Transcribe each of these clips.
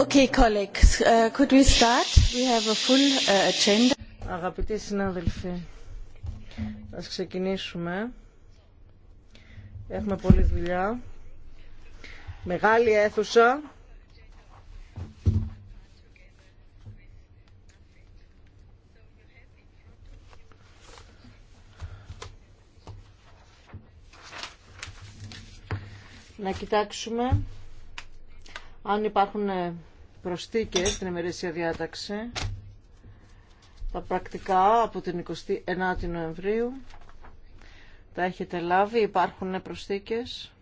Okay, colleagues, uh, could we start? We have a full uh, agenda. Αγαπητοί συνάδελφοι, ας ξεκινήσουμε. Έχουμε πολλή δουλειά. Μεγάλη αίθουσα. Να κοιτάξουμε. Αν υπάρχουν ε, προσθήκες στην ημερήσια διάταξη, τα πρακτικά από την 29η Νοεμβρίου τα έχετε λάβει, υπάρχουν ε, προσθήκες.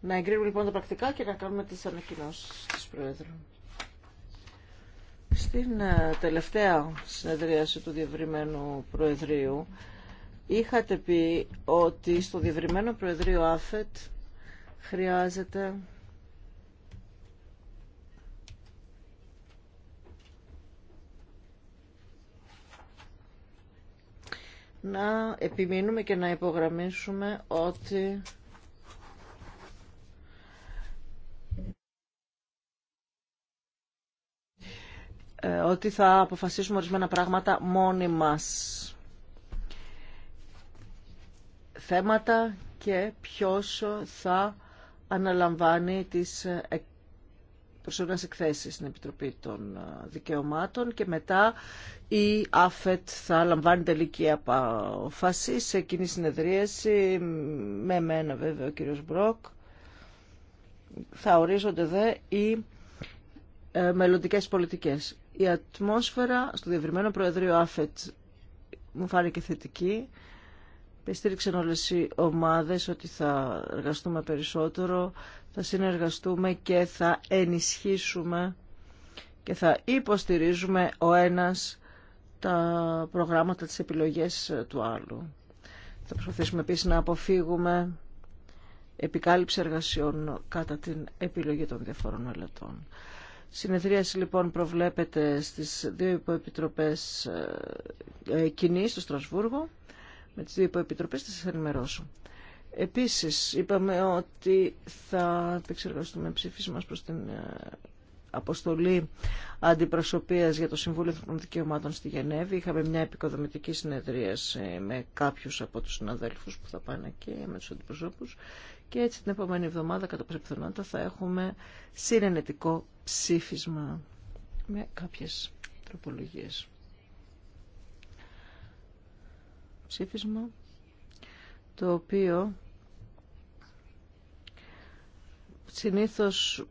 Να εγκρίνουμε λοιπόν τα πρακτικά και να κάνουμε τις ανακοινώσεις της Πρόεδρου στην ε, τελευταία συνεδρίαση του Διευρυμένου Προεδρείου είχατε πει ότι στο Διευρυμένο Προεδρείο ΑΦΕΤ χρειάζεται να επιμείνουμε και να υπογραμμίσουμε ότι Ε, ότι θα αποφασίσουμε ορισμένα πράγματα μόνοι μας. Θέματα και ποιος θα αναλαμβάνει τις προσωρινές ε, εκθέσεις στην Επιτροπή των ε, Δικαιωμάτων και μετά η ΑΦΕΤ θα λαμβάνει τελική απόφαση σε κοινή συνεδρίαση με μένα βέβαια ο κύριος Μπροκ. Θα ορίζονται δε οι μελλοντικές πολιτικές. Η ατμόσφαιρα στο διευρυμένο Προεδρείο ΑΦΕΤ μου φάνηκε θετική. Πεστήριξαν όλες οι ομάδες ότι θα εργαστούμε περισσότερο, θα συνεργαστούμε και θα ενισχύσουμε και θα υποστηρίζουμε ο ένας τα προγράμματα, τις επιλογές του άλλου. Θα προσπαθήσουμε επίσης να αποφύγουμε επικάλυψη εργασιών κατά την επιλογή των διαφορών μελετών. Συνεδρίαση λοιπόν προβλέπεται στις δύο υποεπιτροπές ε, ε, κοινή στο Στρασβούργο. Με τις δύο υποεπιτροπές θα σας ενημερώσω. Επίσης είπαμε ότι θα επεξεργαστούμε ψήφισμα προς την ε, αποστολή αντιπροσωπείας για το Συμβούλιο των Δικαιωμάτων στη Γενέβη. Είχαμε μια επικοδομητική συνεδρίαση με κάποιους από τους συναδέλφους που θα πάνε εκεί, με τους αντιπροσώπους και έτσι την επόμενη εβδομάδα κατά πάσα πιθανότητα θα έχουμε συνενετικό ψήφισμα με κάποιες τροπολογίες. Ψήφισμα το οποίο συνήθως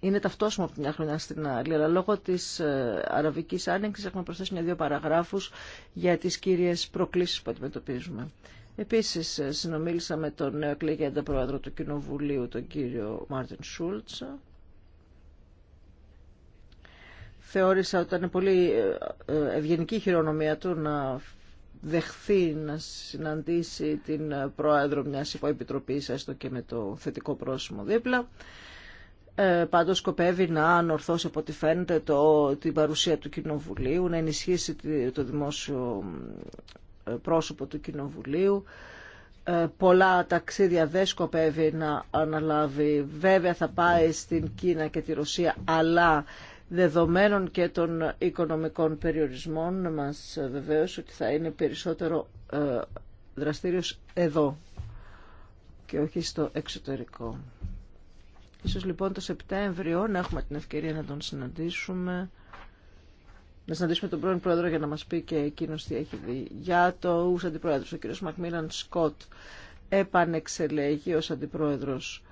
είναι ταυτόσιμο από τη μια χρονιά στην άλλη, αλλά λόγω της ε, αραβικής Άνοιξη έχουμε προσθέσει μια-δύο παραγράφους για τις κύριες προκλήσεις που αντιμετωπίζουμε. Επίσης ε, συνομίλησα με τον νέο εκλεγέντα πρόεδρο του Κοινοβουλίου, τον κύριο Μάρτιν Σούλτσα. Θεώρησα ότι ήταν πολύ ε, ε, ευγενική χειρονομία του να δεχθεί να συναντήσει την πρόεδρο μιας υποεπιτροπής, έστω και με το θετικό πρόσημο δίπλα. Ε, Πάντω σκοπεύει να ανορθώσει από ό,τι φαίνεται το, την παρουσία του Κοινοβουλίου, να ενισχύσει το δημόσιο πρόσωπο του Κοινοβουλίου. Ε, πολλά ταξίδια δεν σκοπεύει να αναλάβει. Βέβαια θα πάει στην Κίνα και τη Ρωσία, αλλά δεδομένων και των οικονομικών περιορισμών μας βεβαίως ότι θα είναι περισσότερο ε, δραστήριος εδώ και όχι στο εξωτερικό. Ίσως λοιπόν το Σεπτέμβριο να έχουμε την ευκαιρία να τον συναντήσουμε να συναντήσουμε τον πρώην πρόεδρο για να μας πει και εκείνος τι έχει δει. Για το αντιπρόεδρος, ο κύριος Μακμίλαν Σκοτ επανεξελέγει ως αντιπρόεδρος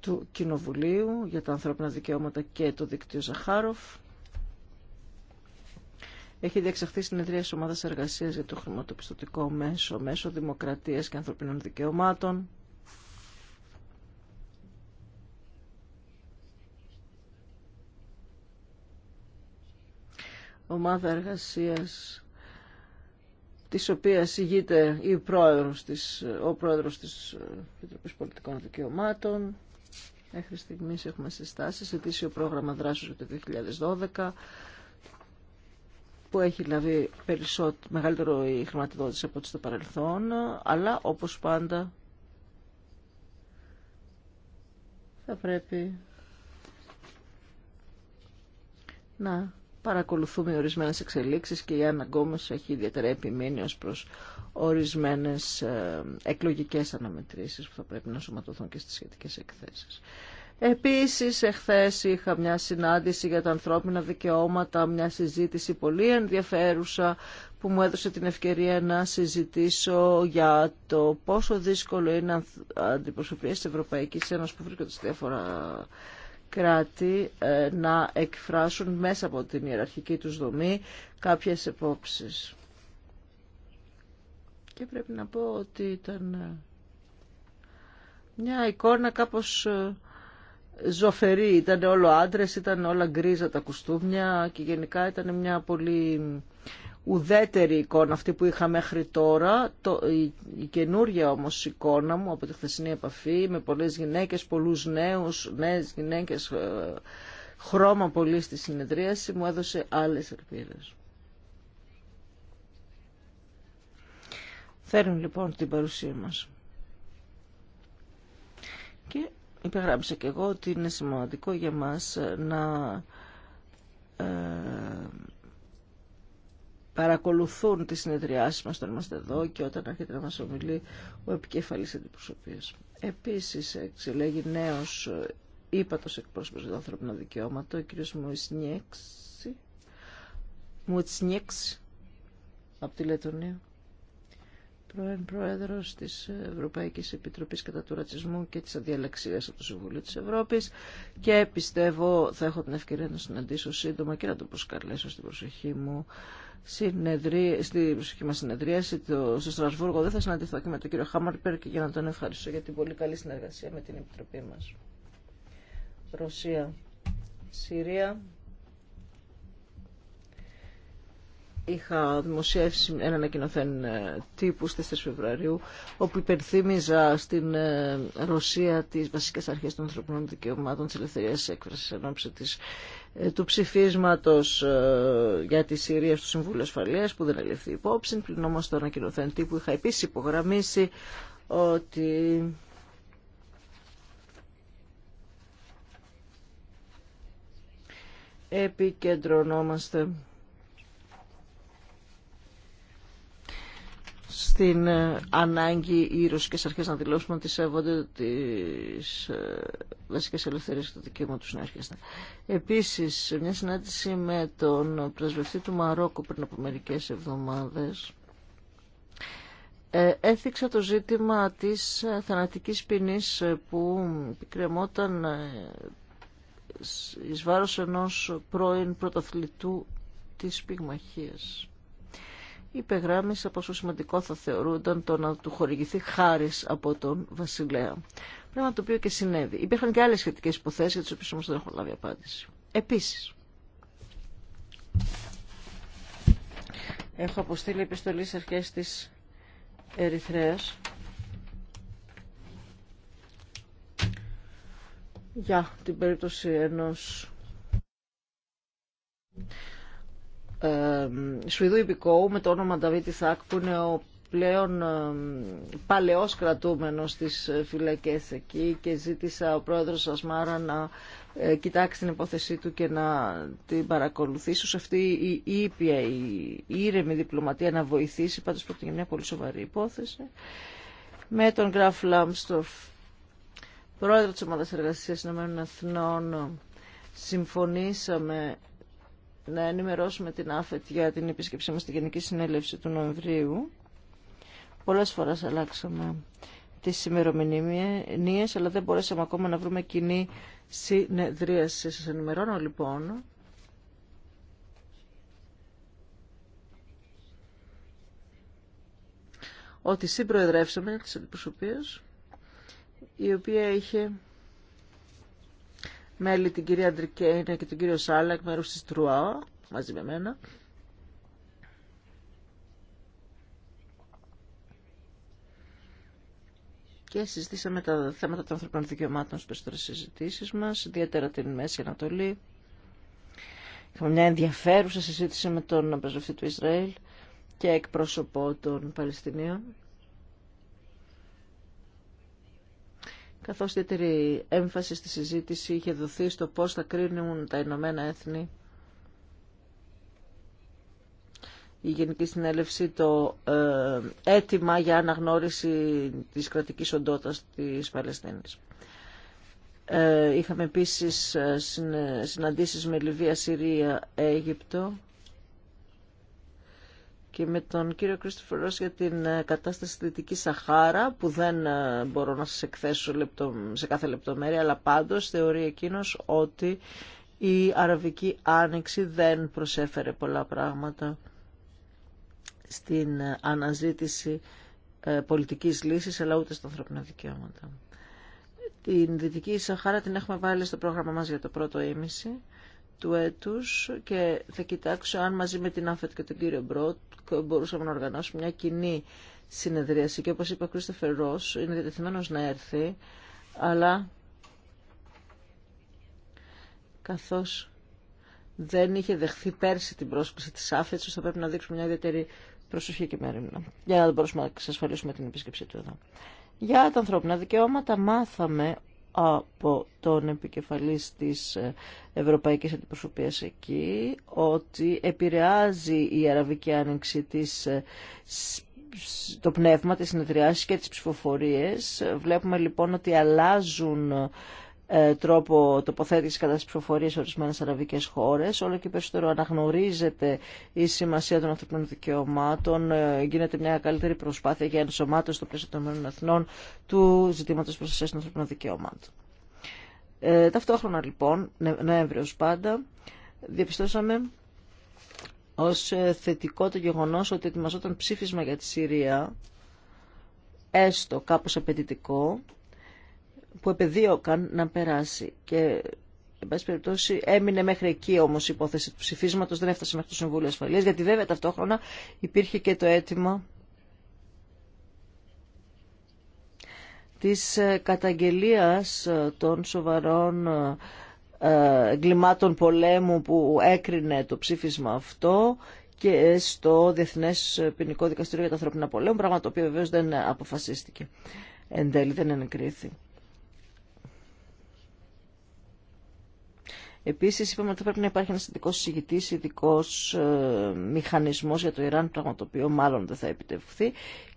του Κοινοβουλίου για τα ανθρώπινα δικαιώματα και το δίκτυο Ζαχάροφ. Έχει διεξαχθεί συνεδρία ομάδα εργασία για το χρηματοπιστωτικό μέσο, μέσο δημοκρατία και ανθρωπίνων δικαιωμάτων. ομάδα εργασίας της οποίας ηγείται η πρόεδρος της, ο πρόεδρος της Επιτροπής Πολιτικών Δικαιωμάτων. Μέχρι στιγμή έχουμε σε τίσιο πρόγραμμα δράσης για το 2012 που έχει δηλαδή περισσότερο, μεγαλύτερο η χρηματοδότηση από ό,τι στο παρελθόν, αλλά όπως πάντα θα πρέπει να παρακολουθούμε ορισμένες εξελίξεις και η Άννα Γκόμες έχει ιδιαίτερα επιμείνει ως προς ορισμένες ε, εκλογικές αναμετρήσεις που θα πρέπει να σωματωθούν και στις σχετικές εκθέσεις. Επίσης, εχθές είχα μια συνάντηση για τα ανθρώπινα δικαιώματα, μια συζήτηση πολύ ενδιαφέρουσα που μου έδωσε την ευκαιρία να συζητήσω για το πόσο δύσκολο είναι αντιπροσωπείες της Ευρωπαϊκής Ένωσης που βρίσκονται σε διάφορα κράτη ε, να εκφράσουν μέσα από την ιεραρχική τους δομή κάποιες επόψεις. Και πρέπει να πω ότι ήταν ε, μια εικόνα κάπως ε, ζωφερή. Ήταν όλο άντρες, ήταν όλα γκρίζα τα κουστούμια και γενικά ήταν μια πολύ ουδέτερη εικόνα αυτή που είχα μέχρι τώρα. Το, η, η καινούργια όμως εικόνα μου από τη χθεσινή επαφή με πολλές γυναίκες, πολλούς νέους, νέες γυναίκες, ε, χρώμα πολύ στη συνεδρίαση μου έδωσε άλλες ελπίδες. Φέρνουν λοιπόν την παρουσία μας. Και υπεγράψα και εγώ ότι είναι σημαντικό για μας να ε, παρακολουθούν τις συνεδριάσεις μας όταν είμαστε εδώ και όταν έρχεται να μας ομιλεί ο επικεφαλής αντιπροσωπείας. Επίσης εξελέγει νέος ύπατος εκπρόσωπος για ανθρώπινου ανθρώπινα ο κ. Μουτσνιέξη από τη Λετωνία πρώην Πρόεδρος της Ευρωπαϊκής Επιτροπής κατά του Ρατσισμού και της Αδιαλαξίας από το Συμβουλίο της Ευρώπης και πιστεύω θα έχω την ευκαιρία να συναντήσω σύντομα και να το προσκαλέσω στην προσοχή μου συνεδρί... στην προσοχή μας συνεδρίαση το... στο Στρασβούργο. Δεν θα συναντηθώ και με τον κύριο Χάμαρπερ και για να τον ευχαριστώ για την πολύ καλή συνεργασία με την Επιτροπή μας. Ρωσία, Συρία. είχα δημοσιεύσει ε, ένα ανακοινωθέν ε, τύπου στις 4 Φεβρουαρίου όπου υπερθύμιζα στην ε, Ρωσία τις βασικές αρχές των ανθρωπινών δικαιωμάτων της ελευθερίας έκφρασης εν του ψηφίσματος για τη Συρία στο Συμβούλιο Ασφαλείας που δεν ελευθεί υπόψη Πριν όμως το ανακοινωθέν τύπου είχα επίσης υπογραμμίσει ότι επικεντρωνόμαστε στην ε, ανάγκη οι ρωσικές αρχές να δηλώσουν ότι σέβονται τις ε, βασικές ελευθερίες και το δικαίωμα τους να έρχεσαν. Επίσης, σε μια συνάντηση με τον πρεσβευτή του Μαρόκου πριν από μερικές εβδομάδες, ε, έθιξα το ζήτημα της θανατικής ποινής που πικρεμόταν εις βάρος ενός πρώην πρωτοθλητού της πυγμαχίας υπεγράμμισε πόσο σημαντικό θα θεωρούνταν το να του χορηγηθεί χάρη από τον βασιλέα. Πράγμα το οποίο και συνέβη. Υπήρχαν και άλλε σχετικέ υποθέσει για τι οποίε όμω δεν έχω λάβει απάντηση. Επίση, έχω αποστείλει επιστολή σε αρχέ τη Ερυθρέα για την περίπτωση ενός ε, Σουηδού υπηκόου με το όνομα Νταβίτη Ισάκ που είναι ο πλέον ε, παλαιός κρατούμενος στις φυλακές εκεί και ζήτησα ο πρόεδρος Ασμάρα να ε, κοιτάξει την υπόθεσή του και να την παρακολουθήσει. σε αυτή η ήπια, η ήρεμη διπλωματία να βοηθήσει, πάντως πρόκειται για μια πολύ σοβαρή υπόθεση. Με τον Γκραφ Λάμστοφ πρόεδρο της Ομάδας Εργασίας Ηνωμένων Εθνών, συμφωνήσαμε να ενημερώσουμε την ΑΦΕΤ για την επίσκεψή μας στη Γενική Συνέλευση του Νοεμβρίου. Πολλές φορές αλλάξαμε τις σημερομηνίες, αλλά δεν μπορέσαμε ακόμα να βρούμε κοινή συνεδρίαση. Σας ενημερώνω λοιπόν ότι συμπροεδρεύσαμε τις αντιπροσωπείας η οποία είχε μέλη την κυρία Αντρικέινα και τον κύριο Σάλακ εκ μέρους της μαζί με μένα. Και συζητήσαμε τα θέματα των ανθρωπίνων δικαιωμάτων στις περισσότερες συζητήσεις μας, ιδιαίτερα την Μέση Ανατολή. Είχαμε μια ενδιαφέρουσα συζήτηση με τον πρεσβευτή του Ισραήλ και εκπρόσωπο των Παλαιστινίων. καθώς ιδιαίτερη έμφαση στη συζήτηση είχε δοθεί στο πώς θα κρίνουν τα Ηνωμένα Έθνη η Γενική Συνέλευση το ε, αίτημα για αναγνώριση της κρατικής οντότητας της Παλαιστίνης. Ε, είχαμε επίσης ε, συναντήσεις με Λιβύα, Συρία, Αίγυπτο και με τον κύριο Κρίστοφερος για την ε, κατάσταση στη Δυτική Σαχάρα που δεν ε, μπορώ να σας εκθέσω σε κάθε λεπτομέρεια αλλά πάντως θεωρεί εκείνος ότι η Αραβική Άνοιξη δεν προσέφερε πολλά πράγματα στην ε, αναζήτηση πολιτικής λύσης αλλά ούτε στα ανθρώπινα δικαιώματα. Την Δυτική Σαχάρα την έχουμε βάλει στο πρόγραμμα μας για το πρώτο ήμιση του έτους και θα κοιτάξω αν μαζί με την ΑΦΕΤ και τον κύριο Μπρότ μπορούσαμε να οργανώσουμε μια κοινή συνεδρίαση και όπως είπε ο Κρίστοφερ Ρος είναι διατεθειμένος να έρθει αλλά καθώς δεν είχε δεχθεί πέρσι την πρόσκληση της ΑΦΕΤ θα πρέπει να δείξουμε μια ιδιαίτερη προσοχή και μέρημνα για να μπορέσουμε να εξασφαλίσουμε την επίσκεψή του εδώ. Για τα ανθρώπινα δικαιώματα μάθαμε από τον επικεφαλής της ε, Ευρωπαϊκής Αντιπροσωπείας εκεί ότι επηρεάζει η Αραβική Άνοιξη της, ε, το πνεύμα της συνεδριάσης και τις ψηφοφορίες. Βλέπουμε λοιπόν ότι αλλάζουν ε, τρόπο τοποθέτηση κατά τι ψηφοφορίε σε ορισμένε αραβικέ χώρε. Όλο και περισσότερο αναγνωρίζεται η σημασία των ανθρωπίνων δικαιωμάτων. Ε, γίνεται μια καλύτερη προσπάθεια για ενσωμάτωση στο πλαίσιο των Εθνών του ζητήματο προστασία των ανθρωπίνων δικαιωμάτων. Ε, ταυτόχρονα λοιπόν, Νοέμβριο πάντα, διαπιστώσαμε ω ε, θετικό το γεγονό ότι ετοιμαζόταν ψήφισμα για τη Συρία, έστω κάπως απαιτητικό, που επεδίωκαν να περάσει. Και, εν πάση περιπτώσει, έμεινε μέχρι εκεί όμως η υπόθεση του ψηφίσματος, δεν έφτασε μέχρι το Συμβούλιο Ασφαλείας, γιατί βέβαια ταυτόχρονα υπήρχε και το αίτημα της ε, καταγγελίας ε, των σοβαρών ε, εγκλημάτων πολέμου που έκρινε το ψήφισμα αυτό και στο Διεθνές Ποινικό Δικαστήριο για τα Ανθρώπινα Πολέμου, πράγμα το οποίο βεβαίως δεν αποφασίστηκε. Εν τέλει δεν ενεκρίθη. Επίσης είπαμε ότι πρέπει να υπάρχει ένας ειδικό συζητητής, ειδικό ε, μηχανισμός για το Ιράν, πράγμα το οποίο μάλλον δεν θα επιτευχθεί.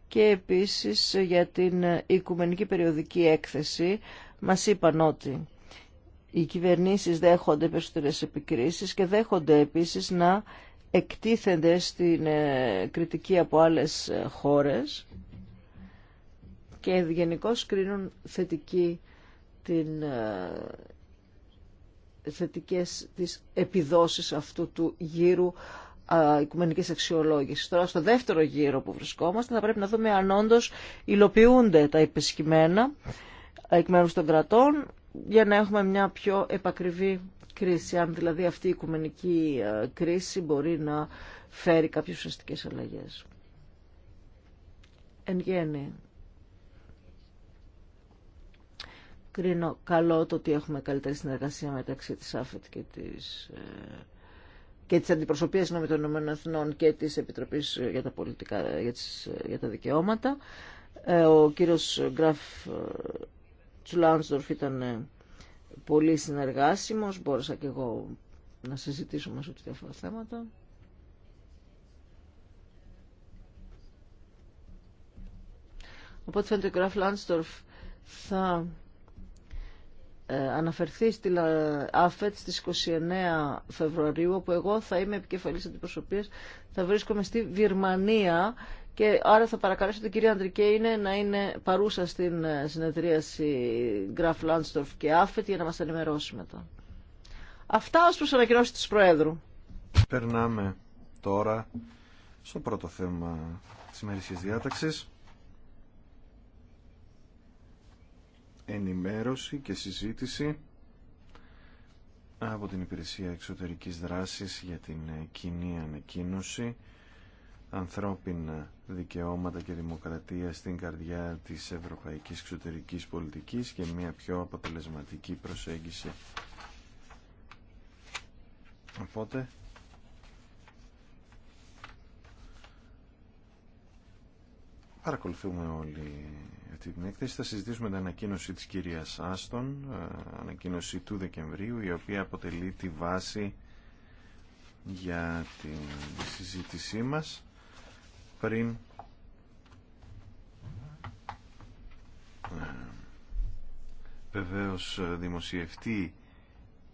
Και επίσης ε, για την ε, οικουμενική περιοδική έκθεση μας είπαν ότι οι κυβερνήσει δέχονται περισσότερες επικρίσεις και δέχονται επίσης να εκτίθενται στην κριτική από άλλες χώρε και γενικώ κρίνουν θετική την θετικές τις επιδόσεις αυτού του γύρου οικουμενικής αξιολόγησης. Τώρα στο δεύτερο γύρο που βρισκόμαστε θα πρέπει να δούμε αν όντω υλοποιούνται τα υπεσχημένα εκ μέρους των κρατών για να έχουμε μια πιο επακριβή κρίση, αν δηλαδή αυτή η οικουμενική κρίση μπορεί να φέρει κάποιες ουσιαστικές αλλαγές. Εν γέννη, κρίνω καλό το ότι έχουμε καλύτερη συνεργασία μεταξύ της ΑΦΕΤ και της, ε, και της Αντιπροσωπείας των Ηνωμένων Εθνών και της Επιτροπής για τα, πολιτικά, για, τις, για τα Δικαιώματα. Ε, ο κύριος Γκραφ ε, Τσουλάνσδορφ ήταν πολύ συνεργάσιμος, μπόρεσα και εγώ να συζητήσω μαζί του διάφορα θέματα. Οπότε φαίνεται ο Γκραφ Λάνστορφ θα ε, αναφερθεί στη ε, ΑΦΕΤ στις 29 Φεβρουαρίου όπου εγώ θα είμαι επικεφαλής αντιπροσωπείας θα βρίσκομαι στη Βιρμανία και άρα θα παρακαλέσω την κυρία Αντρικέινε να είναι παρούσα στην ε, συνεδρίαση Γκραφ Λάντστορφ και ΑΦΕΤ για να μας ενημερώσει μετά. Αυτά ως προς ανακοινώσεις της Προέδρου. Περνάμε τώρα στο πρώτο θέμα της ημερησίας διάταξης. ενημέρωση και συζήτηση από την Υπηρεσία Εξωτερικής Δράσης για την κοινή ανακοίνωση ανθρώπινα δικαιώματα και δημοκρατία στην καρδιά της ευρωπαϊκής εξωτερικής πολιτικής και μια πιο αποτελεσματική προσέγγιση. Οπότε Παρακολουθούμε όλοι αυτή την έκθεση. Θα συζητήσουμε την ανακοίνωση της κυρίας Άστον, ε, ανακοίνωση του Δεκεμβρίου, η οποία αποτελεί τη βάση για τη συζήτησή μας πριν ε, βεβαίως δημοσιευτεί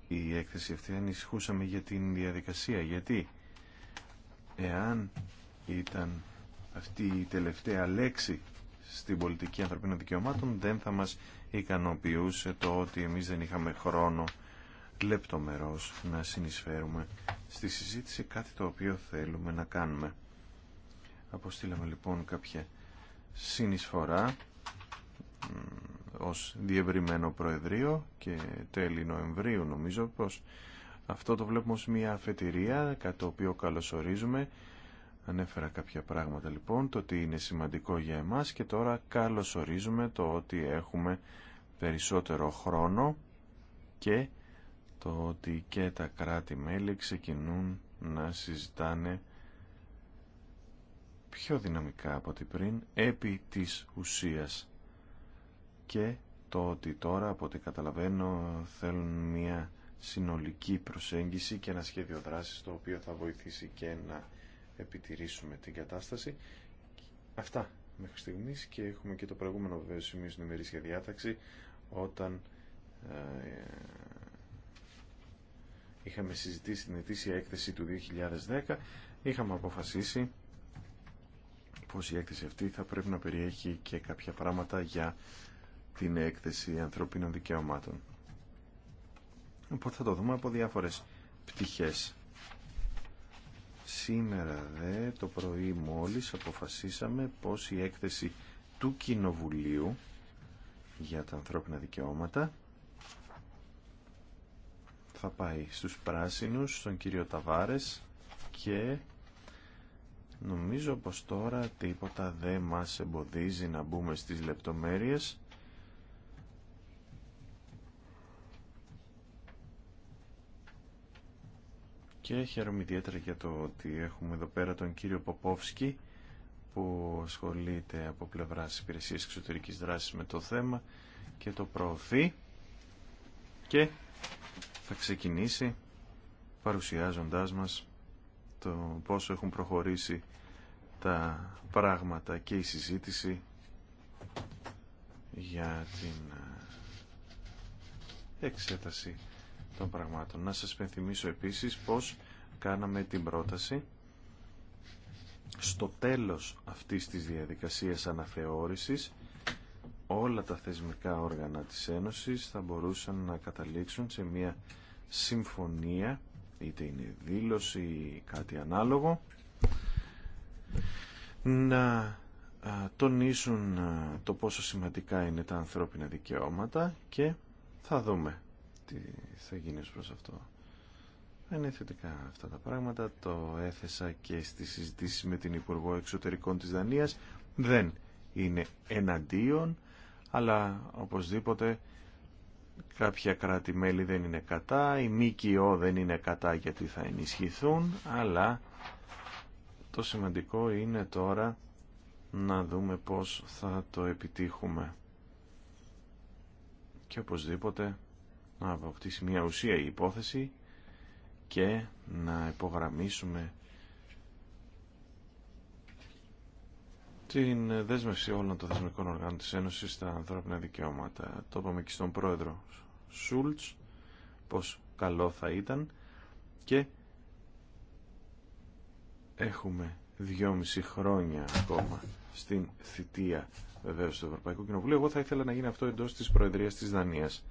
η έκθεση αυτή ανησυχούσαμε για την διαδικασία γιατί εάν ήταν αυτή η τελευταία λέξη στην πολιτική ανθρωπίνων δικαιωμάτων δεν θα μας ικανοποιούσε το ότι εμείς δεν είχαμε χρόνο λεπτομερός να συνεισφέρουμε στη συζήτηση κάτι το οποίο θέλουμε να κάνουμε. Αποστήλαμε λοιπόν κάποια συνεισφορά ως διευρυμένο Προεδρείο και τέλη Νοεμβρίου νομίζω πως αυτό το βλέπουμε ως μια αφετηρία κατά το οποίο καλωσορίζουμε Ανέφερα κάποια πράγματα λοιπόν, το ότι είναι σημαντικό για εμάς και τώρα καλωσορίζουμε το ότι έχουμε περισσότερο χρόνο και το ότι και τα κράτη-μέλη ξεκινούν να συζητάνε πιο δυναμικά από την πριν επί της ουσίας και το ότι τώρα από ό,τι καταλαβαίνω θέλουν μια συνολική προσέγγιση και ένα σχέδιο δράσης το οποίο θα βοηθήσει και να επιτηρήσουμε την κατάσταση. Αυτά μέχρι στιγμή και έχουμε και το προηγούμενο βεβαίω σημείο στην διάταξη όταν ε, είχαμε συζητήσει την ετήσια έκθεση του 2010 είχαμε αποφασίσει πως η έκθεση αυτή θα πρέπει να περιέχει και κάποια πράγματα για την έκθεση ανθρωπίνων δικαιωμάτων. Οπότε θα το δούμε από διάφορες πτυχές. Σήμερα δε το πρωί μόλις αποφασίσαμε πως η έκθεση του Κοινοβουλίου για τα ανθρώπινα δικαιώματα θα πάει στους πράσινους, στον κύριο Ταβάρες και νομίζω πως τώρα τίποτα δεν μας εμποδίζει να μπούμε στις λεπτομέρειες και χαίρομαι ιδιαίτερα για το ότι έχουμε εδώ πέρα τον κύριο Ποπόφσκι που ασχολείται από πλευράς υπηρεσίας εξωτερικής δράσης με το θέμα και το προωθεί και θα ξεκινήσει παρουσιάζοντάς μας το πόσο έχουν προχωρήσει τα πράγματα και η συζήτηση για την ε, εξέταση των Να σας πενθυμίσω επίσης πως κάναμε την πρόταση στο τέλος αυτής της διαδικασίας αναθεώρησης όλα τα θεσμικά όργανα της Ένωσης θα μπορούσαν να καταλήξουν σε μια συμφωνία είτε είναι δήλωση ή κάτι ανάλογο να τονίσουν το πόσο σημαντικά είναι τα ανθρώπινα δικαιώματα και θα δούμε τι θα γίνει ως προς αυτό. Είναι θετικά αυτά τα πράγματα. Το έθεσα και στη συζήτηση με την Υπουργό Εξωτερικών της Δανίας. Δεν είναι εναντίον, αλλά οπωσδήποτε κάποια κράτη-μέλη δεν είναι κατά, η ΜΚΟ δεν είναι κατά γιατί θα ενισχυθούν, αλλά το σημαντικό είναι τώρα να δούμε πώς θα το επιτύχουμε. Και οπωσδήποτε να αποκτήσει μια ουσία η υπόθεση και να υπογραμμίσουμε την δέσμευση όλων των θεσμικών οργάνων της Ένωσης στα ανθρώπινα δικαιώματα. Το είπαμε και στον πρόεδρο Σούλτς πως καλό θα ήταν και έχουμε δυόμιση χρόνια ακόμα στην θητεία βεβαίως του Ευρωπαϊκού Κοινοβουλίου. Εγώ θα ήθελα να γίνει αυτό εντός της Προεδρίας της Δανίας.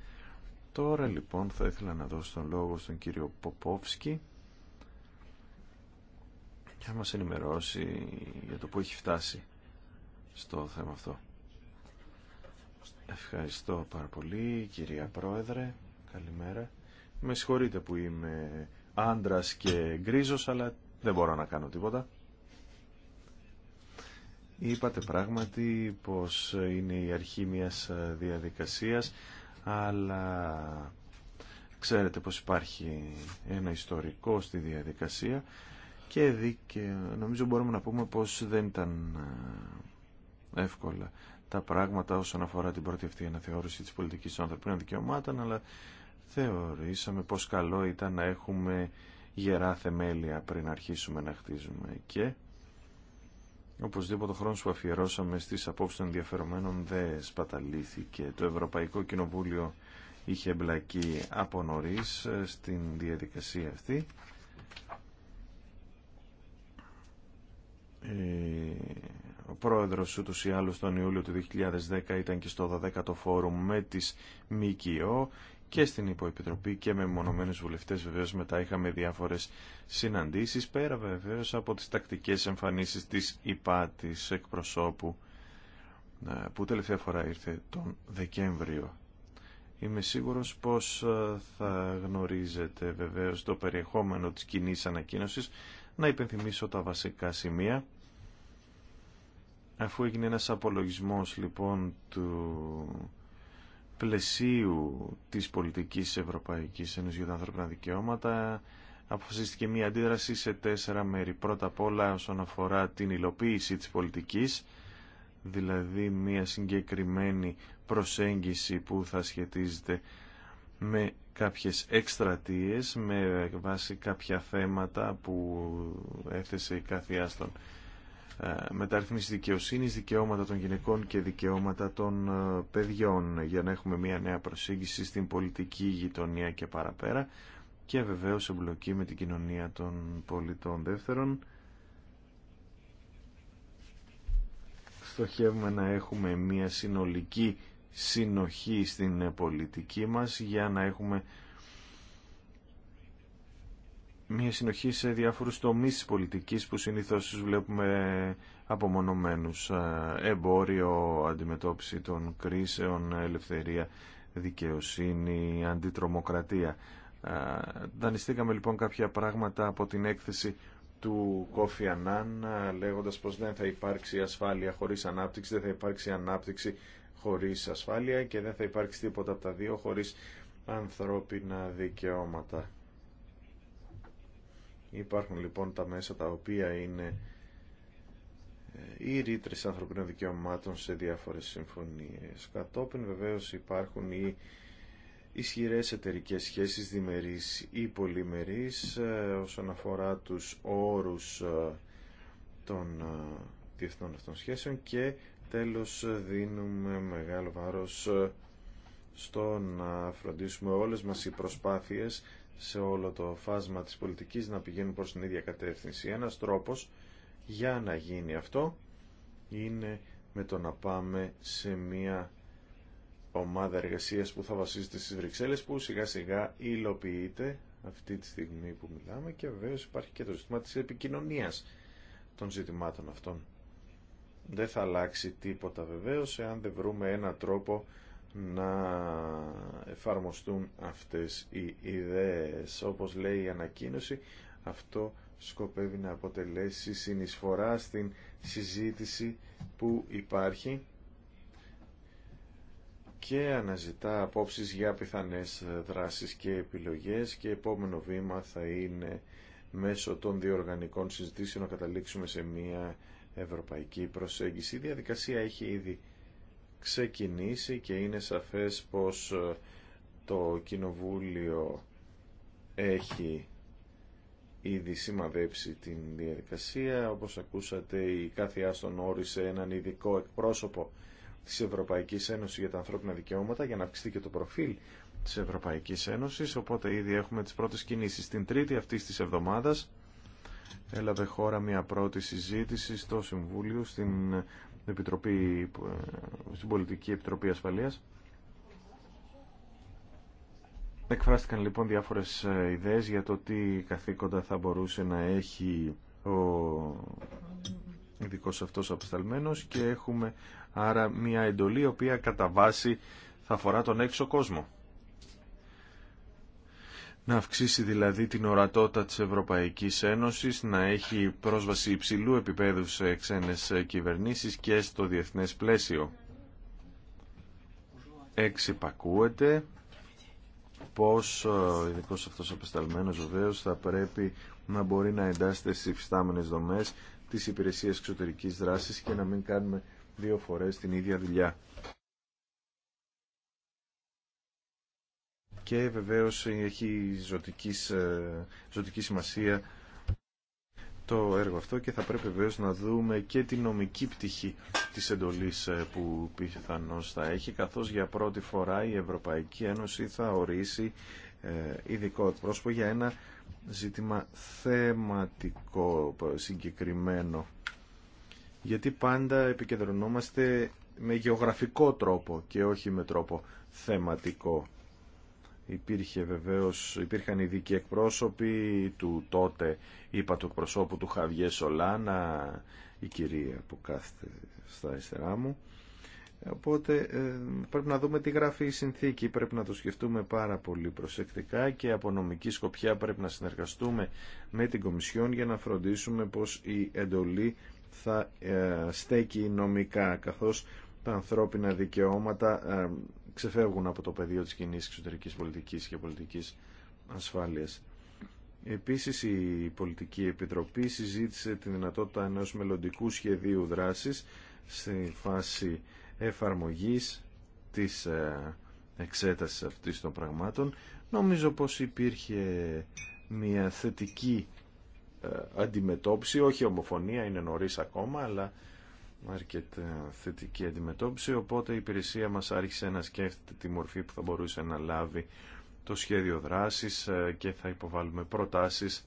Τώρα λοιπόν θα ήθελα να δώσω τον λόγο στον κύριο Ποπόφσκι και να μας ενημερώσει για το που έχει φτάσει στο θέμα αυτό. Ευχαριστώ πάρα πολύ κυρία Πρόεδρε. Καλημέρα. Με συγχωρείτε που είμαι άντρας και γκρίζος αλλά δεν μπορώ να κάνω τίποτα. Είπατε πράγματι πως είναι η αρχή μιας διαδικασίας αλλά ξέρετε πως υπάρχει ένα ιστορικό στη διαδικασία και δίκαιο. Νομίζω μπορούμε να πούμε πως δεν ήταν ε, εύκολα τα πράγματα όσον αφορά την πρώτη αυτή αναθεώρηση της πολιτικής των ανθρωπίνων δικαιωμάτων, αλλά θεωρήσαμε πως καλό ήταν να έχουμε γερά θεμέλια πριν αρχίσουμε να χτίζουμε και Οπωσδήποτε ο χρόνος που αφιερώσαμε στις απόψεις των ενδιαφερομένων δεν σπαταλήθηκε. Το Ευρωπαϊκό Κοινοβούλιο είχε εμπλακεί από νωρίς ε, στην διαδικασία αυτή. Ε, ο πρόεδρος του ή άλλως τον Ιούλιο του 2010 ήταν και στο 12ο φόρουμ με τις ΜΚΟ και στην Υποεπιτροπή και με μονομένους βουλευτές βεβαίως μετά είχαμε διάφορες συναντήσεις πέρα βεβαίως από τις τακτικές εμφανίσεις της ΙΠΑ της εκπροσώπου ε, που τελευταία φορά ήρθε τον Δεκέμβριο. Είμαι σίγουρος πως ε, θα γνωρίζετε βεβαίως το περιεχόμενο της κοινή ανακοίνωσης να υπενθυμίσω τα βασικά σημεία αφού έγινε ένας απολογισμός λοιπόν του πλαισίου της πολιτικής Ευρωπαϊκής Ένωσης για τα ανθρώπινα δικαιώματα αποφασίστηκε μια αντίδραση σε τέσσερα μέρη. Πρώτα απ' όλα όσον αφορά την υλοποίηση της πολιτικής, δηλαδή μια συγκεκριμένη προσέγγιση που θα σχετίζεται με κάποιες εκστρατείες, με βάση κάποια θέματα που έθεσε η κάθε άστον ε, μεταρρύθμιση δικαιοσύνης, δικαιώματα των γυναικών και δικαιώματα των ε, παιδιών για να έχουμε μια νέα προσέγγιση στην πολιτική γειτονία και παραπέρα και βεβαίως εμπλοκή με την κοινωνία των πολιτών δεύτερων. Στοχεύουμε να έχουμε μια συνολική συνοχή στην πολιτική μας για να έχουμε μια συνοχή σε διάφορους τομείς της πολιτικής που συνήθως βλέπουμε απομονωμένους. Εμπόριο, αντιμετώπιση των κρίσεων, ελευθερία, δικαιοσύνη, αντιτρομοκρατία. Δανειστήκαμε λοιπόν κάποια πράγματα από την έκθεση του Κόφι Ανάν λέγοντας πως δεν θα υπάρξει ασφάλεια χωρίς ανάπτυξη, δεν θα υπάρξει ανάπτυξη χωρίς ασφάλεια και δεν θα υπάρξει τίποτα από τα δύο χωρίς ανθρώπινα δικαιώματα. Υπάρχουν λοιπόν τα μέσα τα οποία είναι ε, οι ρήτρες ανθρωπίνων δικαιωμάτων σε διάφορες συμφωνίες. Κατόπιν βεβαίως υπάρχουν οι ισχυρές εταιρικές σχέσεις διμερείς ή πολυμερείς ε, όσον αφορά τους όρους ε, των διεθνών αυτών σχέσεων και τέλος δίνουμε μεγάλο βάρος στο να φροντίσουμε όλες μας οι προσπάθειες σε όλο το φάσμα της πολιτικής να πηγαίνουν προς την ίδια κατεύθυνση. Ένας τρόπος για να γίνει αυτό είναι με το να πάμε σε μια ομάδα εργασίας που θα βασίζεται στις Βρυξέλλες που σιγά σιγά υλοποιείται αυτή τη στιγμή που μιλάμε και βεβαίως υπάρχει και το ζήτημα της επικοινωνίας των ζητημάτων αυτών. Δεν θα αλλάξει τίποτα βεβαίως εάν δεν βρούμε ένα τρόπο να εφαρμοστούν αυτές οι ιδέες. Όπως λέει η ανακοίνωση, αυτό σκοπεύει να αποτελέσει συνεισφορά στην συζήτηση που υπάρχει και αναζητά απόψεις για πιθανές δράσεις και επιλογές και επόμενο βήμα θα είναι μέσω των διοργανικών συζητήσεων να καταλήξουμε σε μια ευρωπαϊκή προσέγγιση. Η διαδικασία έχει ήδη ξεκινήσει και είναι σαφές πως ε, το Κοινοβούλιο έχει ήδη σημαδέψει την διαδικασία. Όπως ακούσατε η κάθε άστον όρισε έναν ειδικό εκπρόσωπο της Ευρωπαϊκής Ένωσης για τα ανθρώπινα δικαιώματα για να αυξηθεί και το προφίλ της Ευρωπαϊκής Ένωσης. Οπότε ήδη έχουμε τις πρώτες κινήσεις. Την τρίτη αυτής της εβδομάδας έλαβε χώρα μια πρώτη συζήτηση στο Συμβούλιο στην Επιτροπή, ε, στην Πολιτική Επιτροπή Ασφαλείας. Εκφράστηκαν λοιπόν διάφορες ε, ιδέες για το τι καθήκοντα θα μπορούσε να έχει ο ειδικό αυτός απεσταλμένος και έχουμε άρα μια εντολή η οποία κατά βάση θα αφορά τον έξω κόσμο να αυξήσει δηλαδή την ορατότητα της Ευρωπαϊκής Ένωσης, να έχει πρόσβαση υψηλού επίπεδου σε ξένες κυβερνήσεις και στο διεθνές πλαίσιο. Εξυπακούεται πως ε, ο αυτός ο απεσταλμένος βεβαίω θα πρέπει να μπορεί να εντάσσεται στις υφιστάμενες δομές της υπηρεσίας εξωτερικής δράσης και να μην κάνουμε δύο φορές την ίδια δουλειά. και βεβαίως έχει ζωτικής, ε, ζωτική σημασία το έργο αυτό και θα πρέπει βεβαίω να δούμε και την νομική πτυχή της εντολής ε, που πιθανώς θα έχει καθώς για πρώτη φορά η Ευρωπαϊκή Ένωση θα ορίσει ε, ειδικό πρόσωπο για ένα ζήτημα θεματικό συγκεκριμένο γιατί πάντα επικεντρωνόμαστε με γεωγραφικό τρόπο και όχι με τρόπο θεματικό Υπήρχε βεβαίως, υπήρχαν ειδικοί εκπρόσωποι του τότε, είπα του εκπροσώπου του Χαβιέ Σολάνα, η κυρία που κάθεται στα αριστερά μου. Οπότε ε, πρέπει να δούμε τι γράφει η συνθήκη, πρέπει να το σκεφτούμε πάρα πολύ προσεκτικά και από νομική σκοπιά πρέπει να συνεργαστούμε με την Κομισιόν για να φροντίσουμε πως η εντολή θα ε, στέκει νομικά καθώς τα ανθρώπινα δικαιώματα ε, ξεφεύγουν από το πεδίο της κοινή εξωτερικής πολιτικής και πολιτικής ασφάλειας. Επίσης, η Πολιτική Επιτροπή συζήτησε τη δυνατότητα ενός μελλοντικού σχεδίου δράσης στη φάση εφαρμογής της ε, εξέτασης αυτής των πραγμάτων. Νομίζω πως υπήρχε μια θετική ε, αντιμετώπιση, όχι ομοφωνία, είναι νωρίς ακόμα, αλλά αρκετά θετική αντιμετώπιση, οπότε η υπηρεσία μας άρχισε να σκέφτεται τη μορφή που θα μπορούσε να λάβει το σχέδιο δράσης ε, και θα υποβάλουμε προτάσεις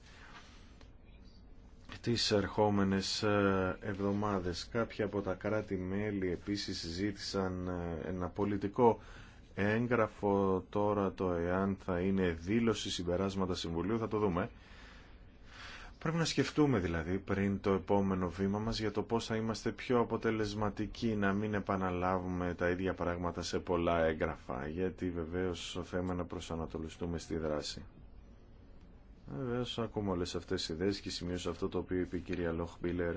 τις ερχόμενες ε, εβδομάδες. Κάποια από τα κράτη-μέλη επίσης ζήτησαν ε, ένα πολιτικό έγγραφο τώρα το εάν θα είναι δήλωση συμπεράσματα συμβουλίου θα το δούμε Πρέπει να σκεφτούμε δηλαδή πριν το επόμενο βήμα μας για το πώς θα είμαστε πιο αποτελεσματικοί, να μην επαναλάβουμε τα ίδια πράγματα σε πολλά έγγραφα, γιατί βεβαίως θέμα να προσανατολιστούμε στη δράση. Βεβαίω ακούμε όλε αυτέ τι ιδέε και σημείωσα αυτό το οποίο είπε η κυρία Μπίλερ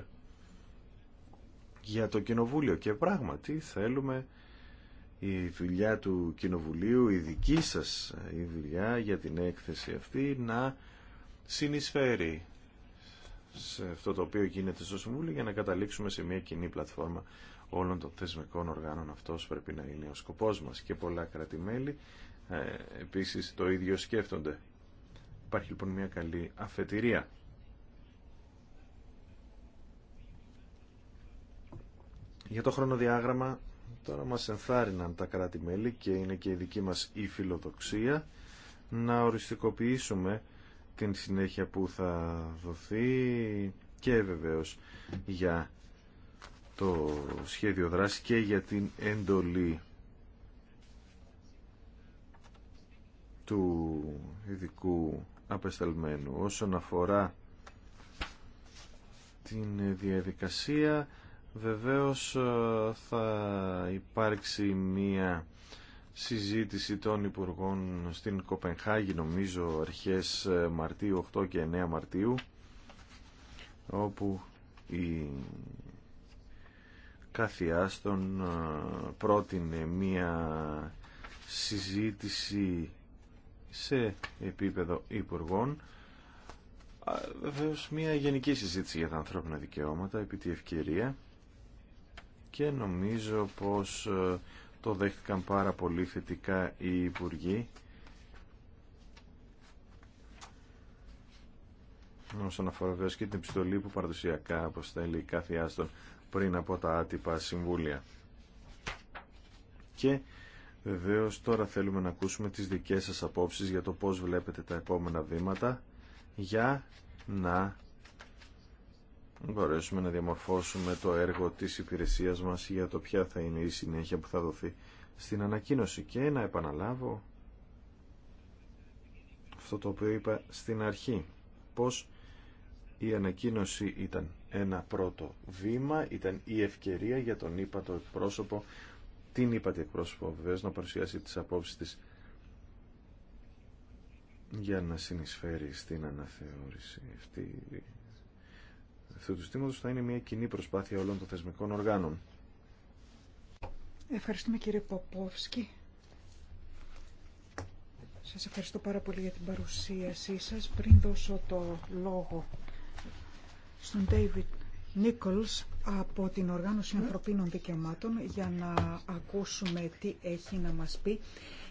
για το Κοινοβούλιο. Και πράγματι θέλουμε η δουλειά του Κοινοβουλίου, η δική σας η δουλειά για την έκθεση αυτή να συνεισφέρει σε αυτό το οποίο γίνεται στο Συμβούλιο για να καταλήξουμε σε μια κοινή πλατφόρμα όλων των θεσμικών οργάνων. Αυτός πρέπει να είναι ο σκοπός μας και πολλά κρατημέλη ε, επίσης το ίδιο σκέφτονται. Υπάρχει λοιπόν μια καλή αφετηρία. Για το χρονοδιάγραμμα τώρα μας ενθάρρυναν τα κράτη-μέλη και είναι και η δική μας η φιλοδοξία να οριστικοποιήσουμε την συνέχεια που θα δοθεί και βεβαίως για το σχέδιο δράση και για την εντολή του ειδικού απεσταλμένου. Όσον αφορά την διαδικασία, βεβαίως ε, θα υπάρξει μία συζήτηση των Υπουργών στην Κοπενχάγη νομίζω αρχές ε, Μαρτίου 8 και 9 Μαρτίου όπου η καθιάστον ε, πρότεινε μία συζήτηση σε επίπεδο Υπουργών Βεβαίω μια γενική συζήτηση για τα ανθρώπινα δικαιώματα επί τη ευκαιρία και νομίζω πως ε, το δέχτηκαν πάρα πολύ θετικά οι Υπουργοί. Όσον αφορά βέβαια και την επιστολή που παραδοσιακά αποστέλει κάθε άστον πριν από τα άτυπα συμβούλια. Και βεβαίω τώρα θέλουμε να ακούσουμε τις δικές σας απόψεις για το πώς βλέπετε τα επόμενα βήματα για να μπορέσουμε να διαμορφώσουμε το έργο της υπηρεσίας μας για το ποια θα είναι η συνέχεια που θα δοθεί στην ανακοίνωση και να επαναλάβω αυτό το οποίο είπα στην αρχή πως η ανακοίνωση ήταν ένα πρώτο βήμα ήταν η ευκαιρία για τον ύπατο εκπρόσωπο την ύπατη εκπρόσωπο βεβαίως να παρουσιάσει τις απόψεις της για να συνεισφέρει στην αναθεώρηση αυτή του στήματος θα είναι μια κοινή προσπάθεια όλων των θεσμικών οργάνων. Ευχαριστούμε κύριε Ποπόφσκι. Σας ευχαριστώ πάρα πολύ για την παρουσίασή σας. Πριν δώσω το λόγο στον David Nichols από την Οργάνωση Ανθρωπίνων Δικαιωμάτων για να ακούσουμε τι έχει να μας πει.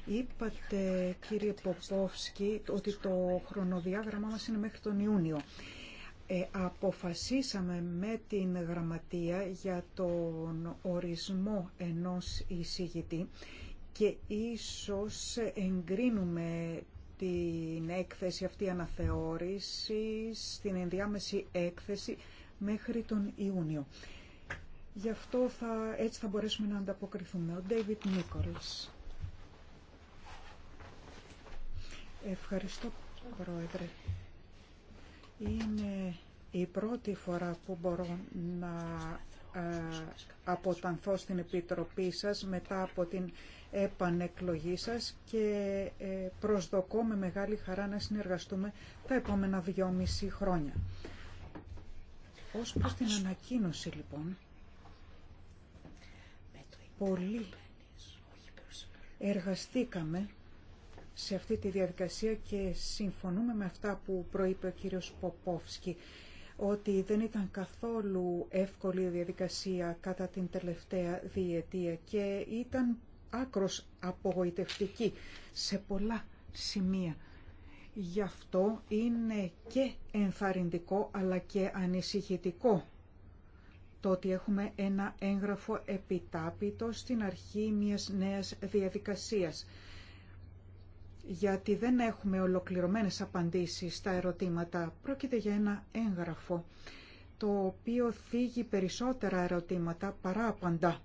Είπατε κύριε Ποπόφσκι ότι το χρονοδιάγραμμά μας είναι μέχρι τον Ιούνιο. Ε, αποφασίσαμε με την γραμματεία για τον ορισμό ενός εισηγητή και ίσως εγκρίνουμε την έκθεση αυτή αναθεώρηση στην ενδιάμεση έκθεση μέχρι τον Ιούνιο. Γι' αυτό θα, έτσι θα μπορέσουμε να ανταποκριθούμε. Ο Ντέιβιτ Νίκολς. Ευχαριστώ, Πρόεδρε. Είναι η πρώτη φορά που μπορώ να ε, αποτανθώ στην Επιτροπή σας μετά από την επανεκλογή σας και ε, προσδοκώ με μεγάλη χαρά να συνεργαστούμε τα επόμενα δυόμιση χρόνια. Ως προς την ανακοίνωση λοιπόν, πολύ εργαστήκαμε σε αυτή τη διαδικασία και συμφωνούμε με αυτά που προείπε ο κύριος Ποπόφσκι ότι δεν ήταν καθόλου εύκολη η διαδικασία κατά την τελευταία διετία και ήταν άκρος απογοητευτική σε πολλά σημεία. Γι' αυτό είναι και ενθαρρυντικό αλλά και ανησυχητικό το ότι έχουμε ένα έγγραφο επιτάπητο στην αρχή μιας νέας διαδικασίας γιατί δεν έχουμε ολοκληρωμένες απαντήσεις στα ερωτήματα. Πρόκειται για ένα έγγραφο, το οποίο θίγει περισσότερα ερωτήματα παρά απαντά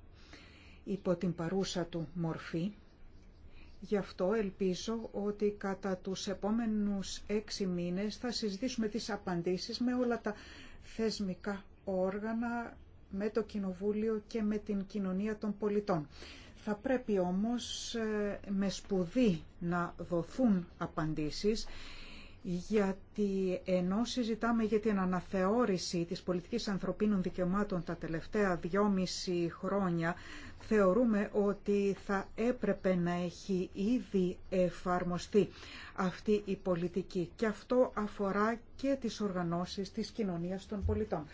υπό την παρούσα του μορφή. Γι' αυτό ελπίζω ότι κατά τους επόμενους έξι μήνες θα συζητήσουμε τις απαντήσεις με όλα τα θεσμικά όργανα, με το Κοινοβούλιο και με την κοινωνία των πολιτών. Θα πρέπει όμως ε, με σπουδή να δοθούν απαντήσεις γιατί ενώ συζητάμε για την αναθεώρηση της πολιτικής ανθρωπίνων δικαιωμάτων τα τελευταία δυόμιση χρόνια, θεωρούμε ότι θα έπρεπε να έχει ήδη εφαρμοστεί αυτή η πολιτική. Και αυτό αφορά και τις οργανώσεις της κοινωνίας των πολιτών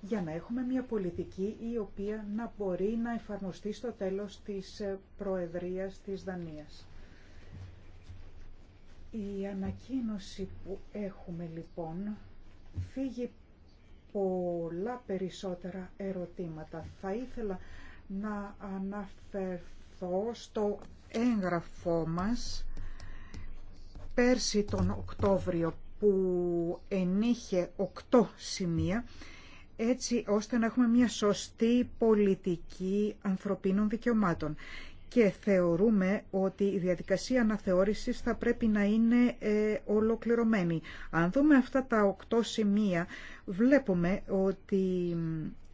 για να έχουμε μια πολιτική η οποία να μπορεί να εφαρμοστεί στο τέλος της ε, Προεδρίας της Δανίας. Η ανακοίνωση που έχουμε λοιπόν φύγει πολλά περισσότερα ερωτήματα. Θα ήθελα να αναφερθώ στο έγγραφό μας πέρσι τον Οκτώβριο που ενήχε οκτώ σημεία έτσι ώστε να έχουμε μια σωστή πολιτική ανθρωπίνων δικαιωμάτων. Και θεωρούμε ότι η διαδικασία αναθεώρησης θα πρέπει να είναι ε, ολοκληρωμένη. Αν δούμε αυτά τα οκτώ σημεία, βλέπουμε ότι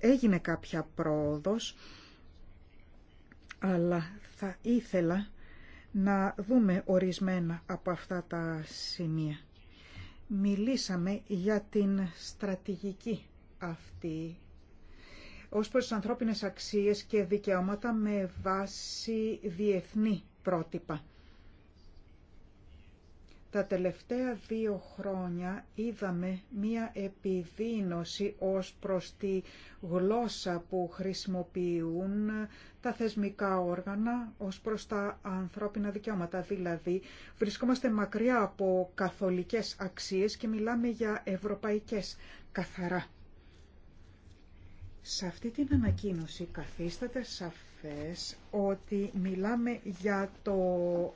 έγινε κάποια πρόοδος, αλλά θα ήθελα να δούμε ορισμένα από αυτά τα σημεία. Μιλήσαμε για την στρατηγική αυτή ως προς τις ανθρώπινες αξίες και δικαιώματα με βάση διεθνή πρότυπα. Τα τελευταία δύο χρόνια είδαμε μία επιδείνωση ως προς τη γλώσσα που χρησιμοποιούν τα θεσμικά όργανα ως προς τα ανθρώπινα δικαιώματα. Δηλαδή βρισκόμαστε μακριά από καθολικές αξίες και μιλάμε για ευρωπαϊκές καθαρά σε αυτή την ανακοίνωση καθίσταται σαφές ότι μιλάμε για, το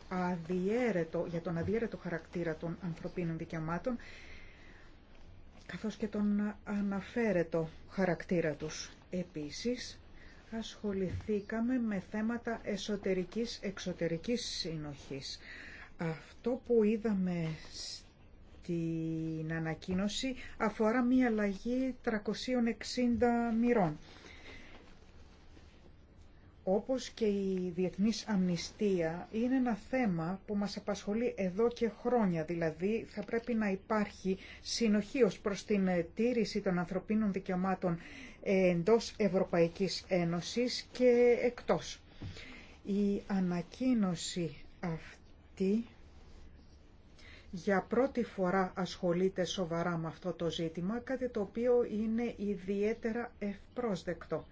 αδιέρετο, για τον αδιέρετο χαρακτήρα των ανθρωπίνων δικαιωμάτων καθώς και τον αναφέρετο χαρακτήρα τους. Επίσης, ασχοληθήκαμε με θέματα εσωτερικής-εξωτερικής συνοχής. Αυτό που είδαμε την ανακοίνωση αφορά μία αλλαγή 360 μοιρών. Όπως και η διεθνής αμνηστία είναι ένα θέμα που μας απασχολεί εδώ και χρόνια, δηλαδή θα πρέπει να υπάρχει συνοχή ως προς την τήρηση των ανθρωπίνων δικαιωμάτων εντός Ευρωπαϊκής Ένωσης και εκτός. Η ανακοίνωση αυτή για πρώτη φορά ασχολείται σοβαρά με αυτό το ζήτημα, κάτι το οποίο είναι ιδιαίτερα ευπρόσδεκτο.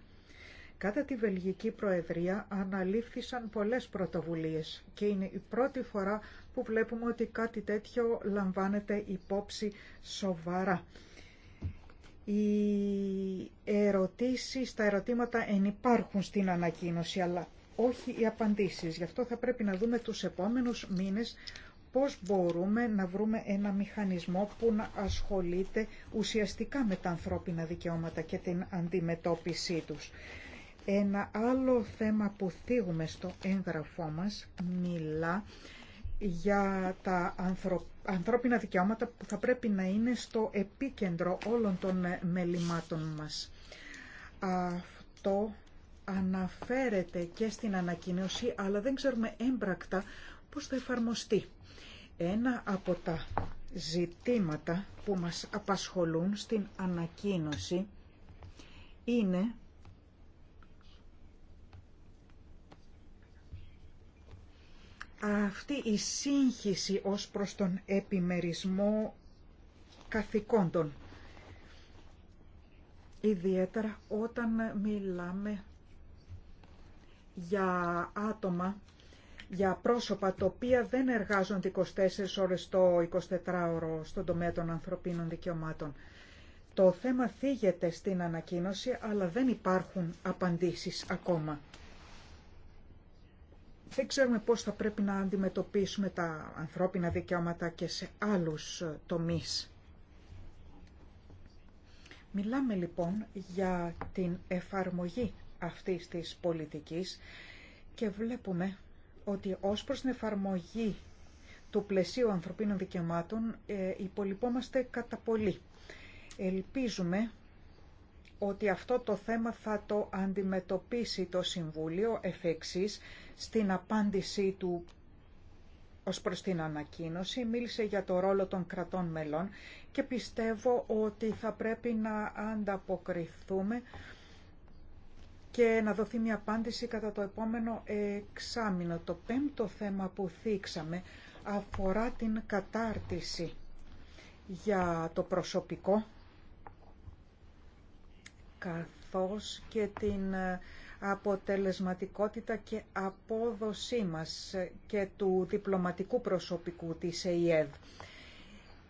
Κατά τη Βελγική Προεδρία αναλήφθησαν πολλές πρωτοβουλίες και είναι η πρώτη φορά που βλέπουμε ότι κάτι τέτοιο λαμβάνεται υπόψη σοβαρά. Οι ερωτήσεις, τα ερωτήματα ενυπάρχουν στην ανακοίνωση, αλλά όχι οι απαντήσεις. Γι' αυτό θα πρέπει να δούμε τους επόμενους μήνες πώς μπορούμε να βρούμε ένα μηχανισμό που να ασχολείται ουσιαστικά με τα ανθρώπινα δικαιώματα και την αντιμετώπιση τους. Ένα άλλο θέμα που θίγουμε στο έγγραφό μας μιλά για τα ανθρώπινα δικαιώματα που θα πρέπει να είναι στο επίκεντρο όλων των μελημάτων μας. Αυτό αναφέρεται και στην ανακοίνωση, αλλά δεν ξέρουμε έμπρακτα πώς θα εφαρμοστεί. Ένα από τα ζητήματα που μας απασχολούν στην ανακοίνωση είναι αυτή η σύγχυση ως προς τον επιμερισμό καθηκόντων. Ιδιαίτερα όταν μιλάμε για άτομα για πρόσωπα τα οποία δεν εργάζονται 24 ώρες το 24ωρο στον τομέα των ανθρωπίνων δικαιωμάτων. Το θέμα θίγεται στην ανακοίνωση, αλλά δεν υπάρχουν απαντήσεις ακόμα. Δεν ξέρουμε πώς θα πρέπει να αντιμετωπίσουμε τα ανθρώπινα δικαιώματα και σε άλλους τομείς. Μιλάμε λοιπόν για την εφαρμογή αυτής της πολιτικής και βλέπουμε ότι ως προς την εφαρμογή του πλαισίου ανθρωπίνων δικαιωμάτων ε, υπολοιπόμαστε κατά πολύ. Ελπίζουμε ότι αυτό το θέμα θα το αντιμετωπίσει το Συμβούλιο εφεξής στην απάντησή του ως προς την ανακοίνωση, μίλησε για το ρόλο των κρατών μελών και πιστεύω ότι θα πρέπει να ανταποκριθούμε και να δοθεί μια απάντηση κατά το επόμενο εξάμεινο. Το πέμπτο θέμα που θίξαμε αφορά την κατάρτιση για το προσωπικό καθώς και την αποτελεσματικότητα και απόδοσή μας και του διπλωματικού προσωπικού της ΕΙΕΔ.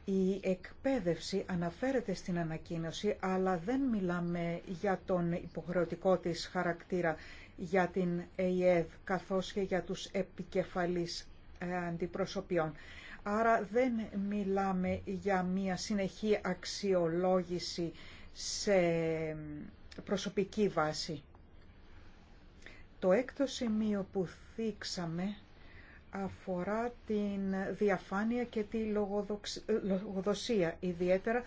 Η εκπαίδευση αναφέρεται στην ανακοίνωση, αλλά δεν μιλάμε για τον υποχρεωτικό της χαρακτήρα για την ΕΙΕΔ, καθώς και για τους επικεφαλείς ε, αντιπροσωπιών. Άρα δεν μιλάμε για μία συνεχή αξιολόγηση σε προσωπική βάση. Το έκτο σημείο που θίξαμε αφορά την διαφάνεια και τη ε, λογοδοσία, ιδιαίτερα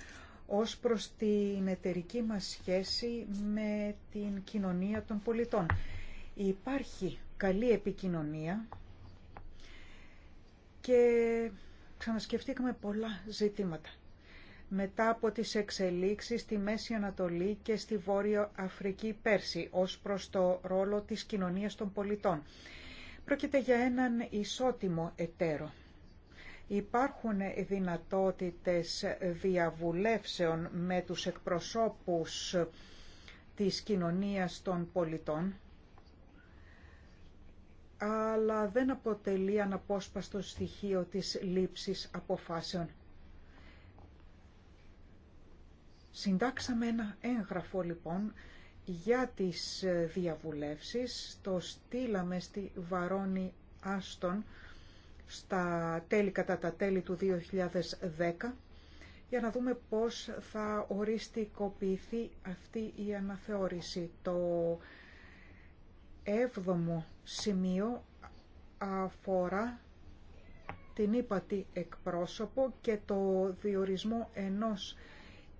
ως προς την εταιρική μας σχέση με την κοινωνία των πολιτών. Υπάρχει καλή επικοινωνία και ξανασκεφτήκαμε πολλά ζητήματα. Μετά από τις εξελίξεις στη Μέση Ανατολή και στη Βόρεια Αφρική πέρσι ως προς το ρόλο της κοινωνίας των πολιτών Πρόκειται για έναν ισότιμο εταίρο. Υπάρχουν δυνατότητες διαβουλεύσεων με τους εκπροσώπους της κοινωνίας των πολιτών, αλλά δεν αποτελεί αναπόσπαστο στοιχείο της λήψης αποφάσεων. Συντάξαμε ένα έγγραφο λοιπόν για τις ε, διαβουλεύσεις. Το στείλαμε στη Βαρόνη Άστον στα τέλη κατά τα τέλη του 2010 για να δούμε πώς θα οριστικοποιηθεί αυτή η αναθεώρηση. Το έβδομο σημείο αφορά την ύπατη εκπρόσωπο και το διορισμό ενός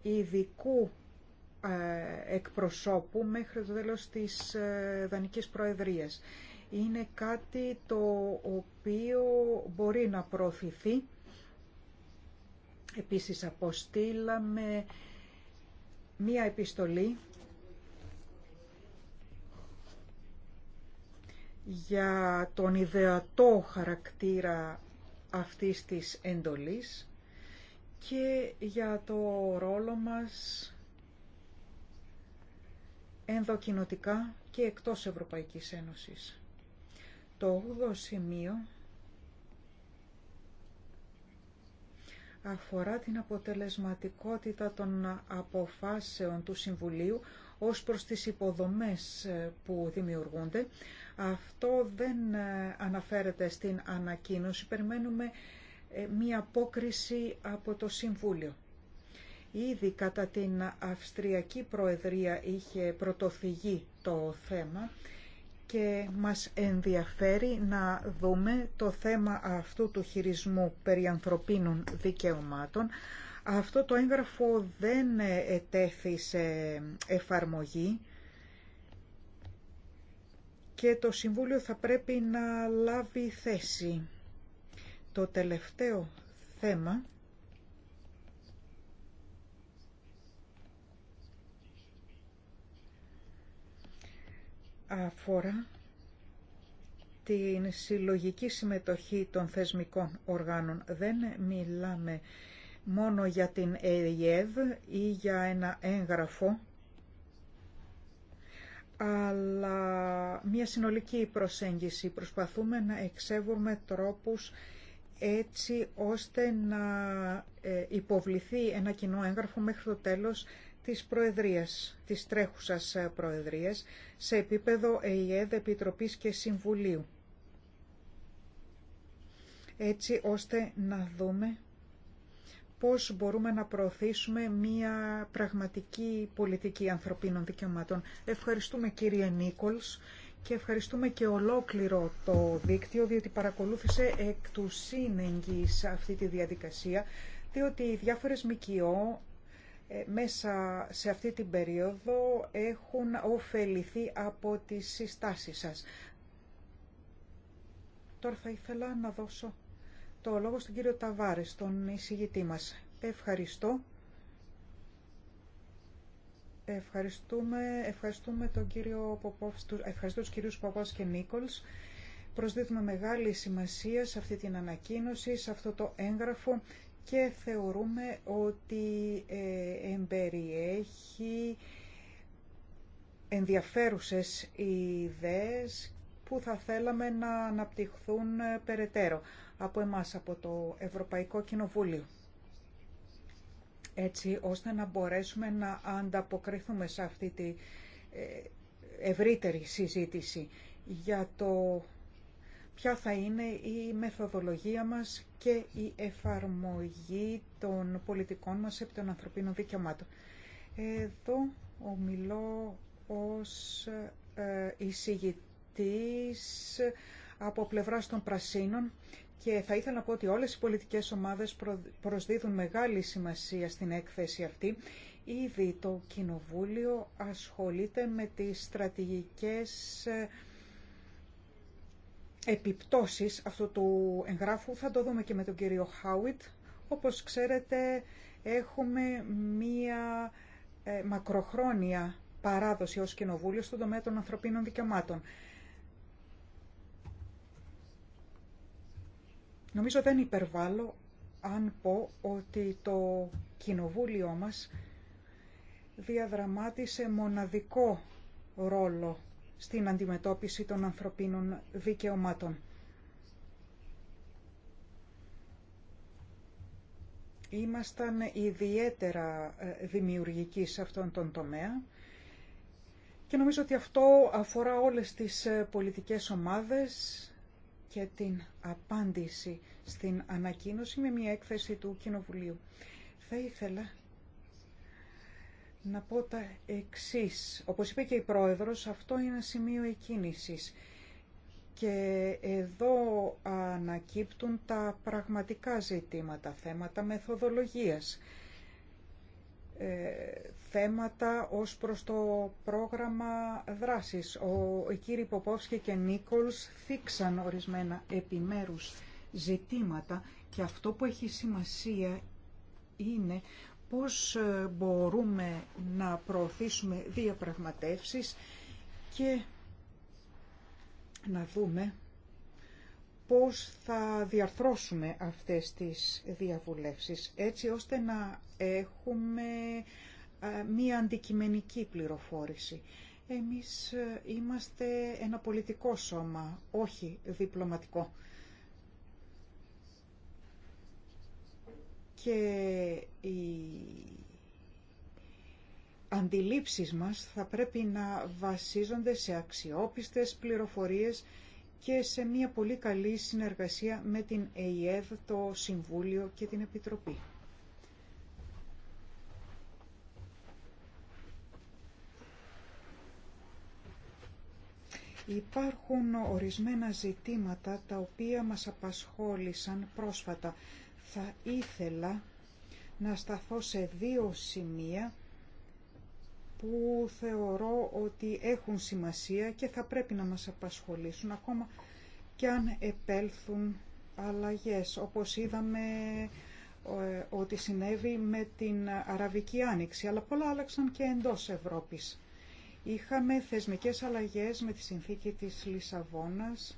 ειδικού ε, εκπροσώπου μέχρι το τέλος της ε, Δανικής Προεδρίας. Είναι κάτι το οποίο μπορεί να προωθηθεί. Επίσης αποστήλαμε μία επιστολή για τον ιδεατό χαρακτήρα αυτής της εντολής και για το ρόλο μας ενδοκινοτικά και εκτός Ευρωπαϊκής Ένωσης. Το 8ο σημείο αφορά την αποτελεσματικότητα των αποφάσεων του Συμβουλίου ως προς τις υποδομές ε, που δημιουργούνται. Αυτό δεν ε, αναφέρεται στην ανακοίνωση. Περιμένουμε ε, μία απόκριση από το Συμβούλιο. Ήδη κατά την Αυστριακή Προεδρία είχε πρωτοθυγεί το θέμα και μας ενδιαφέρει να δούμε το θέμα αυτού του χειρισμού περί ανθρωπίνων δικαιωμάτων. Αυτό το έγγραφο δεν ετέθησε εφαρμογή και το Συμβούλιο θα πρέπει να λάβει θέση. Το τελευταίο θέμα αφορά την συλλογική συμμετοχή των θεσμικών οργάνων. Δεν μιλάμε μόνο για την ΕΙΕΒ ή για ένα έγγραφο, αλλά μια συνολική προσέγγιση. Προσπαθούμε να εξεύουμε τρόπους έτσι ώστε να ε, υποβληθεί ένα κοινό έγγραφο μέχρι το τέλος της Προεδρίας, της τρέχουσας ε, Προεδρίας, σε επίπεδο ΕΙΕΔ, Επιτροπής και Συμβουλίου. Έτσι ώστε να δούμε πώς μπορούμε να προωθήσουμε μία πραγματική πολιτική ανθρωπίνων δικαιωμάτων. Ευχαριστούμε κύριε Νίκολς και ευχαριστούμε και ολόκληρο το δίκτυο διότι παρακολούθησε εκ του σύνεγγυς αυτή τη διαδικασία διότι οι διάφορες ΜΚΟ ε, μέσα σε αυτή την περίοδο έχουν ωφεληθεί από τις συστάσεις σας. Τώρα θα ήθελα να δώσω το λόγο στον κύριο Ταβάρη, τον εισηγητή μας. Ευχαριστώ. Ευχαριστούμε, ευχαριστούμε τον κύριο Ποπόφ, ευχαριστώ τους κυρίους Παπάς και Νίκολς. Προσδίδουμε μεγάλη σημασία σε αυτή την ανακοίνωση, σε αυτό το έγγραφο και θεωρούμε ότι ε, εμπεριέχει ενδιαφέρουσες ιδέες που θα θέλαμε να αναπτυχθούν ε, περαιτέρω από εμάς, από το Ευρωπαϊκό Κοινοβούλιο έτσι ώστε να μπορέσουμε να ανταποκριθούμε σε αυτή τη ε, ευρύτερη συζήτηση για το ποια θα είναι η μεθοδολογία μας και η εφαρμογή των πολιτικών μας επί των ανθρωπίνων δικαιωμάτων. Εδώ ομιλώ ως ε, εισηγητής από πλευράς των Πρασίνων και θα ήθελα να πω ότι όλες οι πολιτικές ομάδες προσδίδουν μεγάλη σημασία στην έκθεση αυτή. Ήδη το Κοινοβούλιο ασχολείται με τις στρατηγικές ε, επιπτώσεις αυτού του εγγράφου θα το δούμε και με τον κύριο Χάουιτ. Όπως ξέρετε έχουμε μία ε, μακροχρόνια παράδοση ως κοινοβούλιο στον τομέα των ανθρωπίνων δικαιωμάτων. Νομίζω δεν υπερβάλλω αν πω ότι το κοινοβούλιο μας διαδραμάτισε μοναδικό ρόλο στην αντιμετώπιση των ανθρωπίνων δικαιωμάτων. Ήμασταν ιδιαίτερα ε, δημιουργικοί σε αυτόν τον τομέα και νομίζω ότι αυτό αφορά όλες τις ε, πολιτικές ομάδες και την απάντηση στην ανακοίνωση με μια έκθεση του Κοινοβουλίου. Θα ήθελα να πω τα εξή. Όπως είπε και η Πρόεδρος, αυτό είναι σημείο εκκίνησης. Και εδώ ανακύπτουν τα πραγματικά ζητήματα, θέματα μεθοδολογίας, ε, θέματα ως προς το πρόγραμμα δράσης. Ο, ο κύριοι Ποπόφσκι και Νίκολς θίξαν ορισμένα επιμέρους ζητήματα και αυτό που έχει σημασία είναι πώς ε, μπορούμε να προωθήσουμε διαπραγματεύσεις και να δούμε πώς θα διαρθρώσουμε αυτές τις διαβουλεύσεις έτσι ώστε να έχουμε ε, μία αντικειμενική πληροφόρηση. Εμείς ε, είμαστε ένα πολιτικό σώμα, όχι διπλωματικό. και οι αντιλήψεις μας θα πρέπει να βασίζονται σε αξιόπιστες πληροφορίες και σε μια πολύ καλή συνεργασία με την ΕΙΕΔ, το Συμβούλιο και την Επιτροπή. Υπάρχουν ορισμένα ζητήματα τα οποία μας απασχόλησαν πρόσφατα θα ήθελα να σταθώ σε δύο σημεία που θεωρώ ότι έχουν σημασία και θα πρέπει να μας απασχολήσουν ακόμα και αν επέλθουν αλλαγές, όπως είδαμε ε, ότι συνέβη με την Αραβική Άνοιξη, αλλά πολλά άλλαξαν και εντός Ευρώπης. Είχαμε θεσμικές αλλαγές με τη συνθήκη της Λισαβόνας,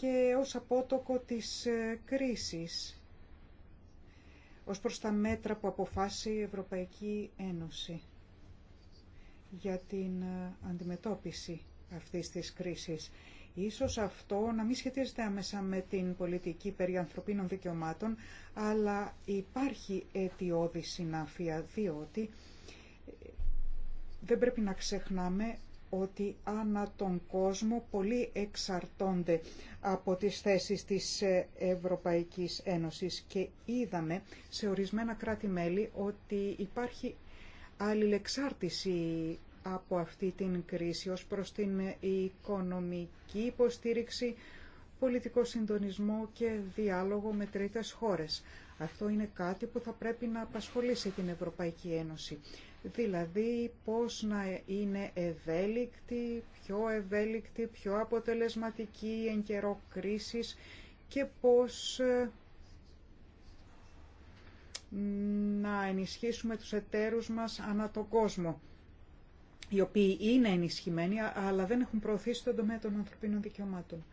και ως απότοκο της ε, κρίσης ως προς τα μέτρα που αποφάσισε η Ευρωπαϊκή Ένωση για την ε, αντιμετώπιση αυτής της κρίσης. Ίσως αυτό να μην σχετίζεται άμεσα με την πολιτική περί ανθρωπίνων δικαιωμάτων, αλλά υπάρχει αιτιώδη συνάφεια, διότι ε, δεν πρέπει να ξεχνάμε ότι ανά τον κόσμο πολύ εξαρτώνται από τις θέσεις της ε, Ευρωπαϊκής Ένωσης και είδαμε σε ορισμένα κράτη-μέλη ότι υπάρχει αλληλεξάρτηση από αυτή την κρίση ως προς την οικονομική υποστήριξη, πολιτικό συντονισμό και διάλογο με τρίτες χώρες. Αυτό είναι κάτι που θα πρέπει να απασχολήσει την Ευρωπαϊκή Ένωση δηλαδή πώς να είναι ευέλικτη, πιο ευέλικτη, πιο αποτελεσματική εν καιρό κρίσης και πώς ε, να ενισχύσουμε τους εταίρους μας ανά τον κόσμο, οι οποίοι είναι ενισχυμένοι αλλά δεν έχουν προωθήσει τον τομέα των ανθρωπίνων δικαιωμάτων.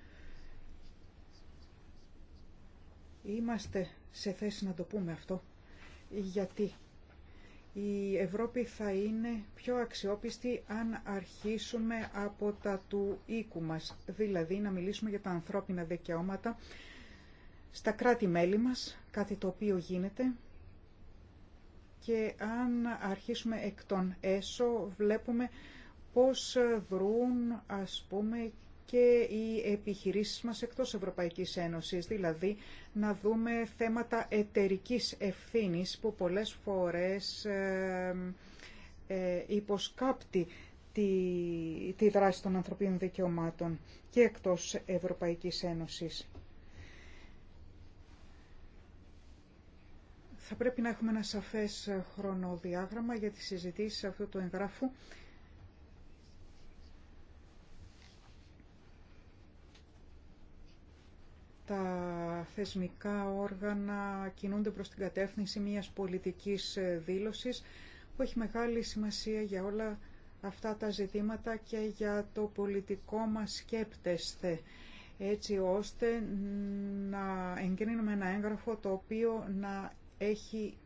Είμαστε σε θέση να το πούμε αυτό, γιατί η Ευρώπη θα είναι πιο αξιόπιστη αν αρχίσουμε από τα του οίκου μας, δηλαδή να μιλήσουμε για τα ανθρώπινα δικαιώματα στα κράτη-μέλη μας, κάτι το οποίο γίνεται και αν αρχίσουμε εκ των έσω βλέπουμε πώς βρούν, ας πούμε και οι επιχειρήσεις μας εκτός Ευρωπαϊκής Ένωσης, δηλαδή να δούμε θέματα εταιρικής ευθύνης που πολλές φορές ε, υποσκάπτει τη, τη δράση των ανθρωπίνων δικαιωμάτων και εκτός Ευρωπαϊκής Ένωσης. Θα πρέπει να έχουμε ένα σαφές χρονοδιάγραμμα για τις συζητήσεις αυτού του εγγράφου τα θεσμικά όργανα κινούνται προς την κατεύθυνση μιας πολιτικής ε, δήλωσης που έχει μεγάλη σημασία για όλα αυτά τα ζητήματα και για το πολιτικό μας σκέπτεσθε έτσι ώστε να εγκρίνουμε ένα έγγραφο το οποίο να έχει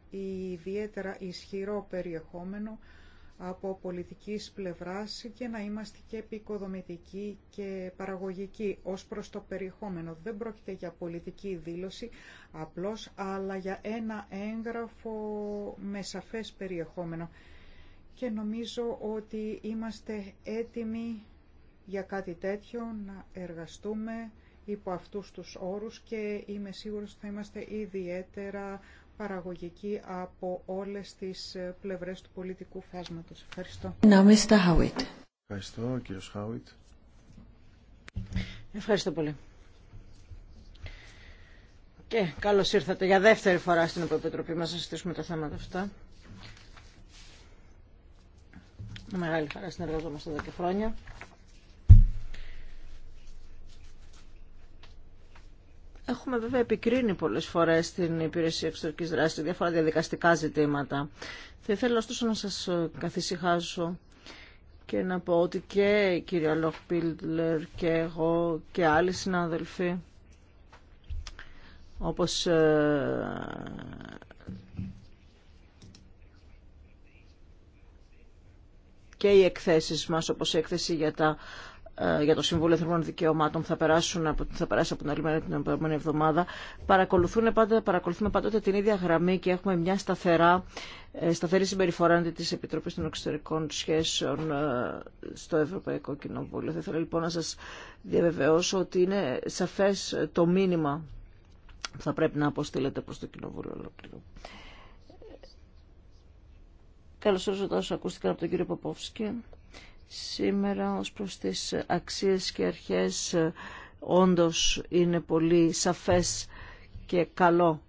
ιδιαίτερα ισχυρό περιεχόμενο από πολιτικής πλευράς και να είμαστε και επικοδομητικοί και παραγωγικοί ως προς το περιεχόμενο. Δεν πρόκειται για πολιτική δήλωση απλώς, αλλά για ένα έγγραφο με σαφές περιεχόμενο. Και νομίζω ότι είμαστε έτοιμοι για κάτι τέτοιο, να εργαστούμε υπό αυτούς τους όρους και είμαι σίγουρος ότι θα είμαστε ιδιαίτερα παραγωγική από όλες τις ε, πλευρές του πολιτικού φάσματος. Ευχαριστώ. Ευχαριστώ, κύριος Χάουιτ. Ευχαριστώ πολύ. Και καλώς ήρθατε για δεύτερη φορά στην Επιτροπή μας να συζητήσουμε τα θέματα αυτά. Με μεγάλη χαρά συνεργαζόμαστε εδώ και χρόνια. Έχουμε βέβαια επικρίνει πολλέ φορέ στην υπηρεσία εξωτερικής δράσης διάφορα διαδικαστικά ζητήματα. Θα ήθελα ωστόσο να σα ε, καθησυχάσω και να πω ότι και η κυρία και εγώ και άλλοι συνάδελφοι όπως ε, και οι εκθέσεις μας όπως η έκθεση για τα ε, για το Συμβούλιο Εθνικών Δικαιωμάτων που θα, περάσουν από, θα περάσει από την άλλη μέρα την επόμενη εβδομάδα, παρακολουθούν πάντα, παρακολουθούμε πάντοτε την ίδια γραμμή και έχουμε μια σταθερά, ε, σταθερή συμπεριφορά αντί τη Επιτροπή των Εξωτερικών Σχέσεων ε, στο Ευρωπαϊκό Κοινοβούλιο. Θα ήθελα λοιπόν να σα διαβεβαιώσω ότι είναι σαφέ το μήνυμα που θα πρέπει να αποστείλετε προ το Κοινοβούλιο ολόκληρο. Καλώς ήρθατε όσο ακούστηκαν από τον κύριο Παπόφσκι σήμερα ως προς τις αξίες και αρχές όντως είναι πολύ σαφές και καλό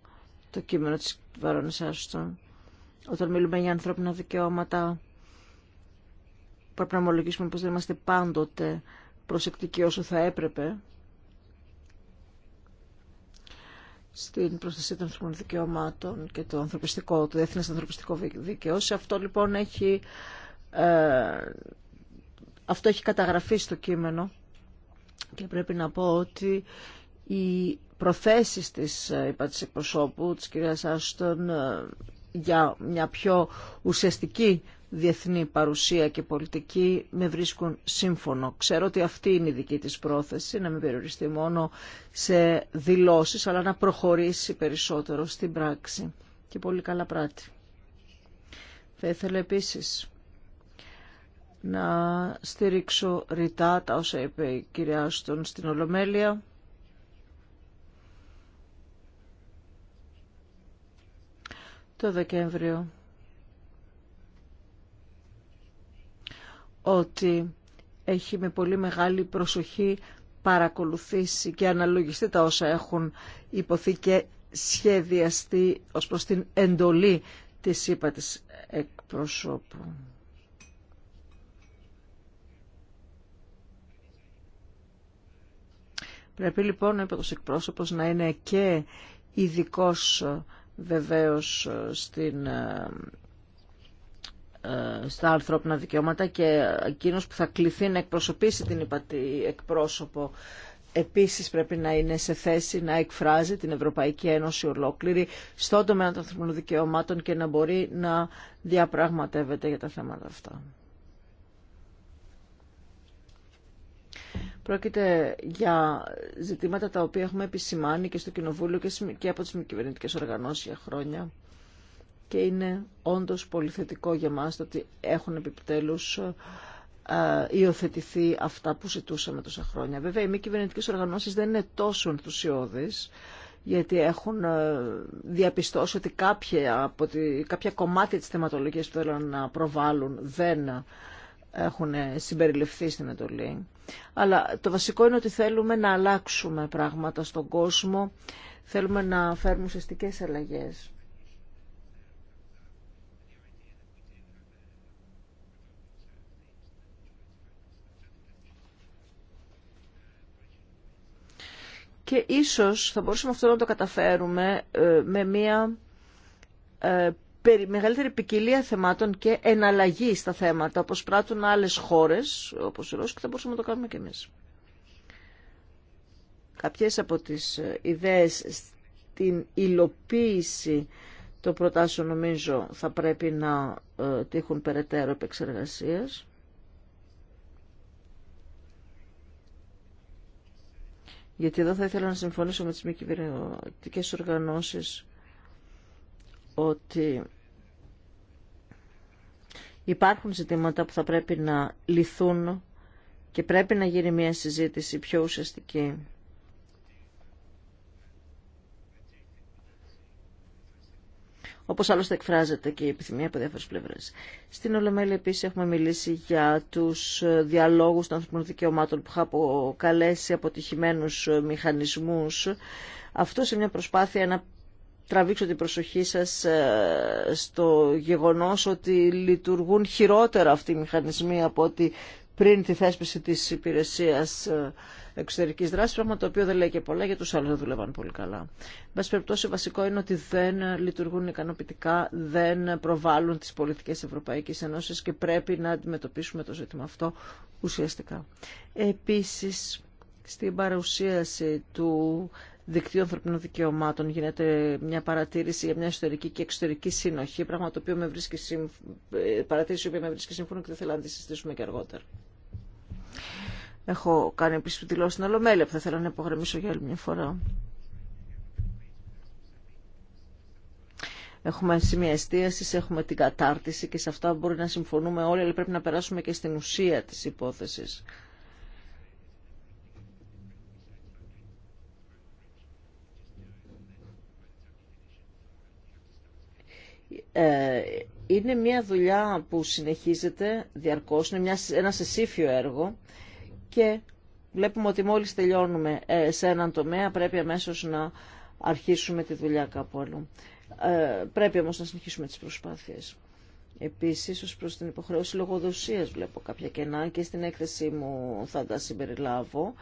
το κείμενο της Βαρόνης Άστον. Όταν μιλούμε για ανθρώπινα δικαιώματα πρέπει να ομολογήσουμε πως δεν είμαστε πάντοτε προσεκτικοί όσο θα έπρεπε στην προστασία των ανθρωπινών δικαιωμάτων και το ανθρωπιστικό, το διεθνές ανθρωπιστικό δίκαιο. αυτό λοιπόν έχει ε, αυτό έχει καταγραφεί στο κείμενο και πρέπει να πω ότι οι προθέσεις της υπάτης ε, εκπροσώπου της κυρίας Άστον ε, για μια πιο ουσιαστική διεθνή παρουσία και πολιτική με βρίσκουν σύμφωνο. Ξέρω ότι αυτή είναι η δική της πρόθεση, να μην περιοριστεί μόνο σε δηλώσεις, αλλά να προχωρήσει περισσότερο στην πράξη. Και πολύ καλά πράττει. Θα ήθελα επίσης να στηρίξω ρητά τα όσα είπε η κυρία Άστον στην Ολομέλεια. Το Δεκέμβριο. Ότι έχει με πολύ μεγάλη προσοχή παρακολουθήσει και αναλογιστεί τα όσα έχουν υποθεί και σχεδιαστεί ως προς την εντολή της ύπατης εκπροσώπου. Πρέπει λοιπόν ο έπατος εκπρόσωπος να είναι και ειδικό ε, βεβαίως ε, στην ε, στα ανθρώπινα δικαιώματα και εκείνο που θα κληθεί να εκπροσωπήσει την υπατή εκπρόσωπο επίσης πρέπει να είναι σε θέση να εκφράζει την Ευρωπαϊκή Ένωση ολόκληρη στον τομέα των ανθρωπινών δικαιωμάτων και να μπορεί να διαπραγματεύεται για τα θέματα αυτά. Πρόκειται για ζητήματα τα οποία έχουμε επισημάνει και στο Κοινοβούλιο και από τις μη κυβερνητικέ οργανώσεις για χρόνια και είναι όντως πολύ θετικό για μας το ότι έχουν επιτέλους ε, υιοθετηθεί αυτά που ζητούσαμε τόσα χρόνια. Βέβαια, οι μη κυβερνητικέ οργανώσεις δεν είναι τόσο ενθουσιώδεις γιατί έχουν ε, διαπιστώσει ότι κάποια, από τη, κάποια κομμάτια της θεματολογίας που θέλουν να προβάλλουν δεν έχουν συμπεριληφθεί στην εντολή. Αλλά το βασικό είναι ότι θέλουμε να αλλάξουμε πράγματα στον κόσμο, θέλουμε να φέρουμε ουσιαστικέ αλλαγέ. Και ίσως θα μπορούσαμε αυτό να το καταφέρουμε ε, με μία ε, μεγαλύτερη ποικιλία θεμάτων και εναλλαγή στα θέματα, όπως πράττουν άλλες χώρες, όπως η Ρώσοι, και θα μπορούσαμε να το κάνουμε και εμείς. Κάποιες από τις ε, ιδέες στην υλοποίηση των προτάσεων νομίζω θα πρέπει να ε, τύχουν περαιτέρω επεξεργασίας. Γιατί εδώ θα ήθελα να συμφωνήσω με τις μη κυβερνητικές οργανώσεις ότι υπάρχουν ζητήματα που θα πρέπει να λυθούν και πρέπει να γίνει μια συζήτηση πιο ουσιαστική. όπως άλλωστε εκφράζεται και η επιθυμία από διάφορες πλευρές. Στην Ολομέλη επίσης έχουμε μιλήσει για τους διαλόγους των ανθρωπινών δικαιωμάτων που είχα αποκαλέσει αποτυχημένους μηχανισμούς. Αυτό σε μια προσπάθεια να τραβήξω την προσοχή σας ε, στο γεγονός ότι λειτουργούν χειρότερα αυτοί οι μηχανισμοί από ότι πριν τη θέσπιση της υπηρεσίας ε, εξωτερικής δράσης, πράγμα το οποίο δεν λέει και πολλά, για τους άλλους δεν δούλευαν πολύ καλά. Με πάση περιπτώσει, βασικό είναι ότι δεν λειτουργούν ικανοποιητικά, δεν προβάλλουν τις πολιτικές Ευρωπαϊκής Ενώσης και πρέπει να αντιμετωπίσουμε το ζήτημα αυτό ουσιαστικά. Επίσης, στην παρουσίαση του δικτύου ανθρωπίνων δικαιωμάτων γίνεται μια παρατήρηση για μια ιστορική και εξωτερική σύνοχη, πράγμα το οποίο με βρίσκει ε, παρατήρηση που με βρίσκει σύμφωνο και δεν θέλω να τη συζητήσουμε και αργότερα. Έχω κάνει επίση δηλώσει στην Ολομέλεια που θα ήθελα να υπογραμμίσω για άλλη μια φορά. Έχουμε σημεία εστίαση, έχουμε την κατάρτιση και σε αυτά μπορεί να συμφωνούμε όλοι, αλλά πρέπει να περάσουμε και στην ουσία τη υπόθεση. Ε, είναι μια δουλειά που συνεχίζεται διαρκώς, είναι μια, ένα σεσίφιο έργο και βλέπουμε ότι μόλις τελειώνουμε ε, σε έναν τομέα πρέπει αμέσως να αρχίσουμε τη δουλειά κάπου αλλού. Ε, πρέπει όμως να συνεχίσουμε τις προσπάθειες. Επίσης, ως προς την υποχρέωση λογοδοσίας βλέπω κάποια κενά και στην έκθεσή μου θα τα συμπεριλάβω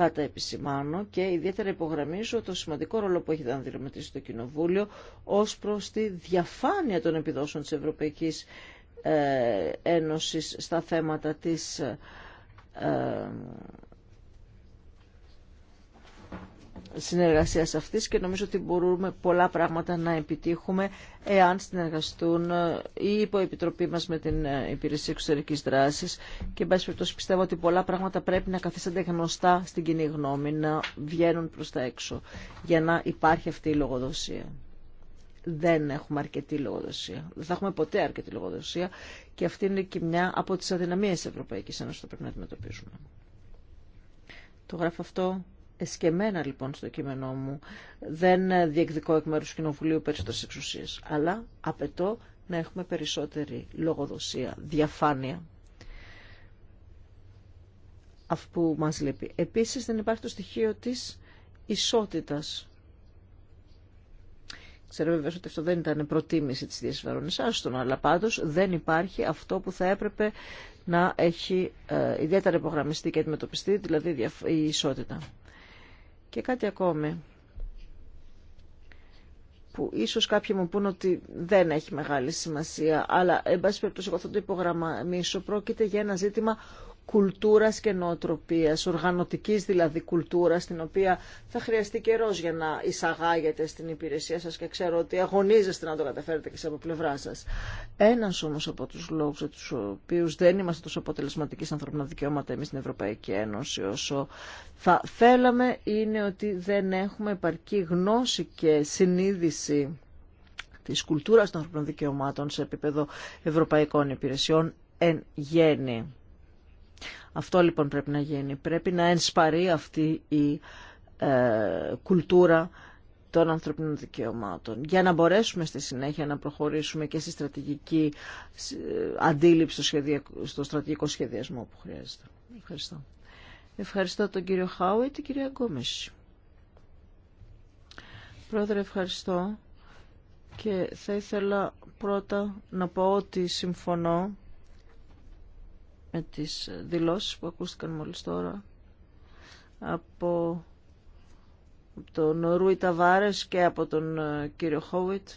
θα τα επισημάνω και ιδιαίτερα υπογραμμίζω το σημαντικό ρόλο που έχει διδραματίσει το Κοινοβούλιο ως προς τη διαφάνεια των επιδόσεων της Ευρωπαϊκής ε, Ένωσης στα θέματα της ε, συνεργασίας αυτής και νομίζω ότι μπορούμε πολλά πράγματα να επιτύχουμε εάν συνεργαστούν ε, η υποεπιτροπή μας με την ε, Υπηρεσία Εξωτερικής Δράσης και εν πάση πιστεύω ότι πολλά πράγματα πρέπει να καθίσανται γνωστά στην κοινή γνώμη, να βγαίνουν προς τα έξω για να υπάρχει αυτή η λογοδοσία. Δεν έχουμε αρκετή λογοδοσία. Δεν θα έχουμε ποτέ αρκετή λογοδοσία και αυτή είναι και μια από τις αδυναμίες της Ευρωπαϊκής Ένωση που πρέπει να αντιμετωπίζουμε. Το γράφω αυτό Εσκεμένα λοιπόν στο κείμενό μου. Δεν διεκδικώ εκ μέρους του Κοινοβουλίου περισσότερες εξουσίες, αλλά απαιτώ να έχουμε περισσότερη λογοδοσία, διαφάνεια. Αφού μας λείπει. Επίσης δεν υπάρχει το στοιχείο της ισότητας. Ξέρω βέβαια ότι αυτό δεν ήταν προτίμηση της Δίας Άστον, αλλά πάντως δεν υπάρχει αυτό που θα έπρεπε να έχει ε, ιδιαίτερα υπογραμμιστεί και αντιμετωπιστεί, δηλαδή η ισότητα. Και κάτι ακόμη που ίσως κάποιοι μου πούν ότι δεν έχει μεγάλη σημασία, αλλά εν πάση περιπτώσει εγώ θα το υπογραμμίσω, πρόκειται για ένα ζήτημα κουλτούρας και νοοτροπίας, οργανωτικής δηλαδή κουλτούρας, την οποία θα χρειαστεί καιρό για να εισαγάγετε στην υπηρεσία σας και ξέρω ότι αγωνίζεστε να το καταφέρετε και σε από πλευρά σας. Ένας όμως από τους λόγους για τους οποίους δεν είμαστε τόσο αποτελεσματικοί στα ανθρώπινα δικαιώματα εμείς στην Ευρωπαϊκή Ένωση όσο θα θέλαμε είναι ότι δεν έχουμε επαρκή γνώση και συνείδηση τη κουλτούρα των ανθρωπινών δικαιωμάτων σε επίπεδο ευρωπαϊκών υπηρεσιών εν γέννη. Αυτό λοιπόν πρέπει να γίνει. Πρέπει να ενσπαρεί αυτή η ε, κουλτούρα των ανθρωπίνων δικαιωμάτων. Για να μπορέσουμε στη συνέχεια να προχωρήσουμε και στη στρατηγική ε, αντίληψη στο, στρατηγικό σχεδιασμό που χρειάζεται. Ευχαριστώ. Ευχαριστώ τον κύριο Χάου και την κυρία Γκόμεση. Πρόεδρε, ευχαριστώ. Και θα ήθελα πρώτα να πω ότι συμφωνώ με τις δηλώσεις που ακούστηκαν μόλις τώρα από τον Ρούι Ταβάρες και από τον ε, κύριο Χόουιτ.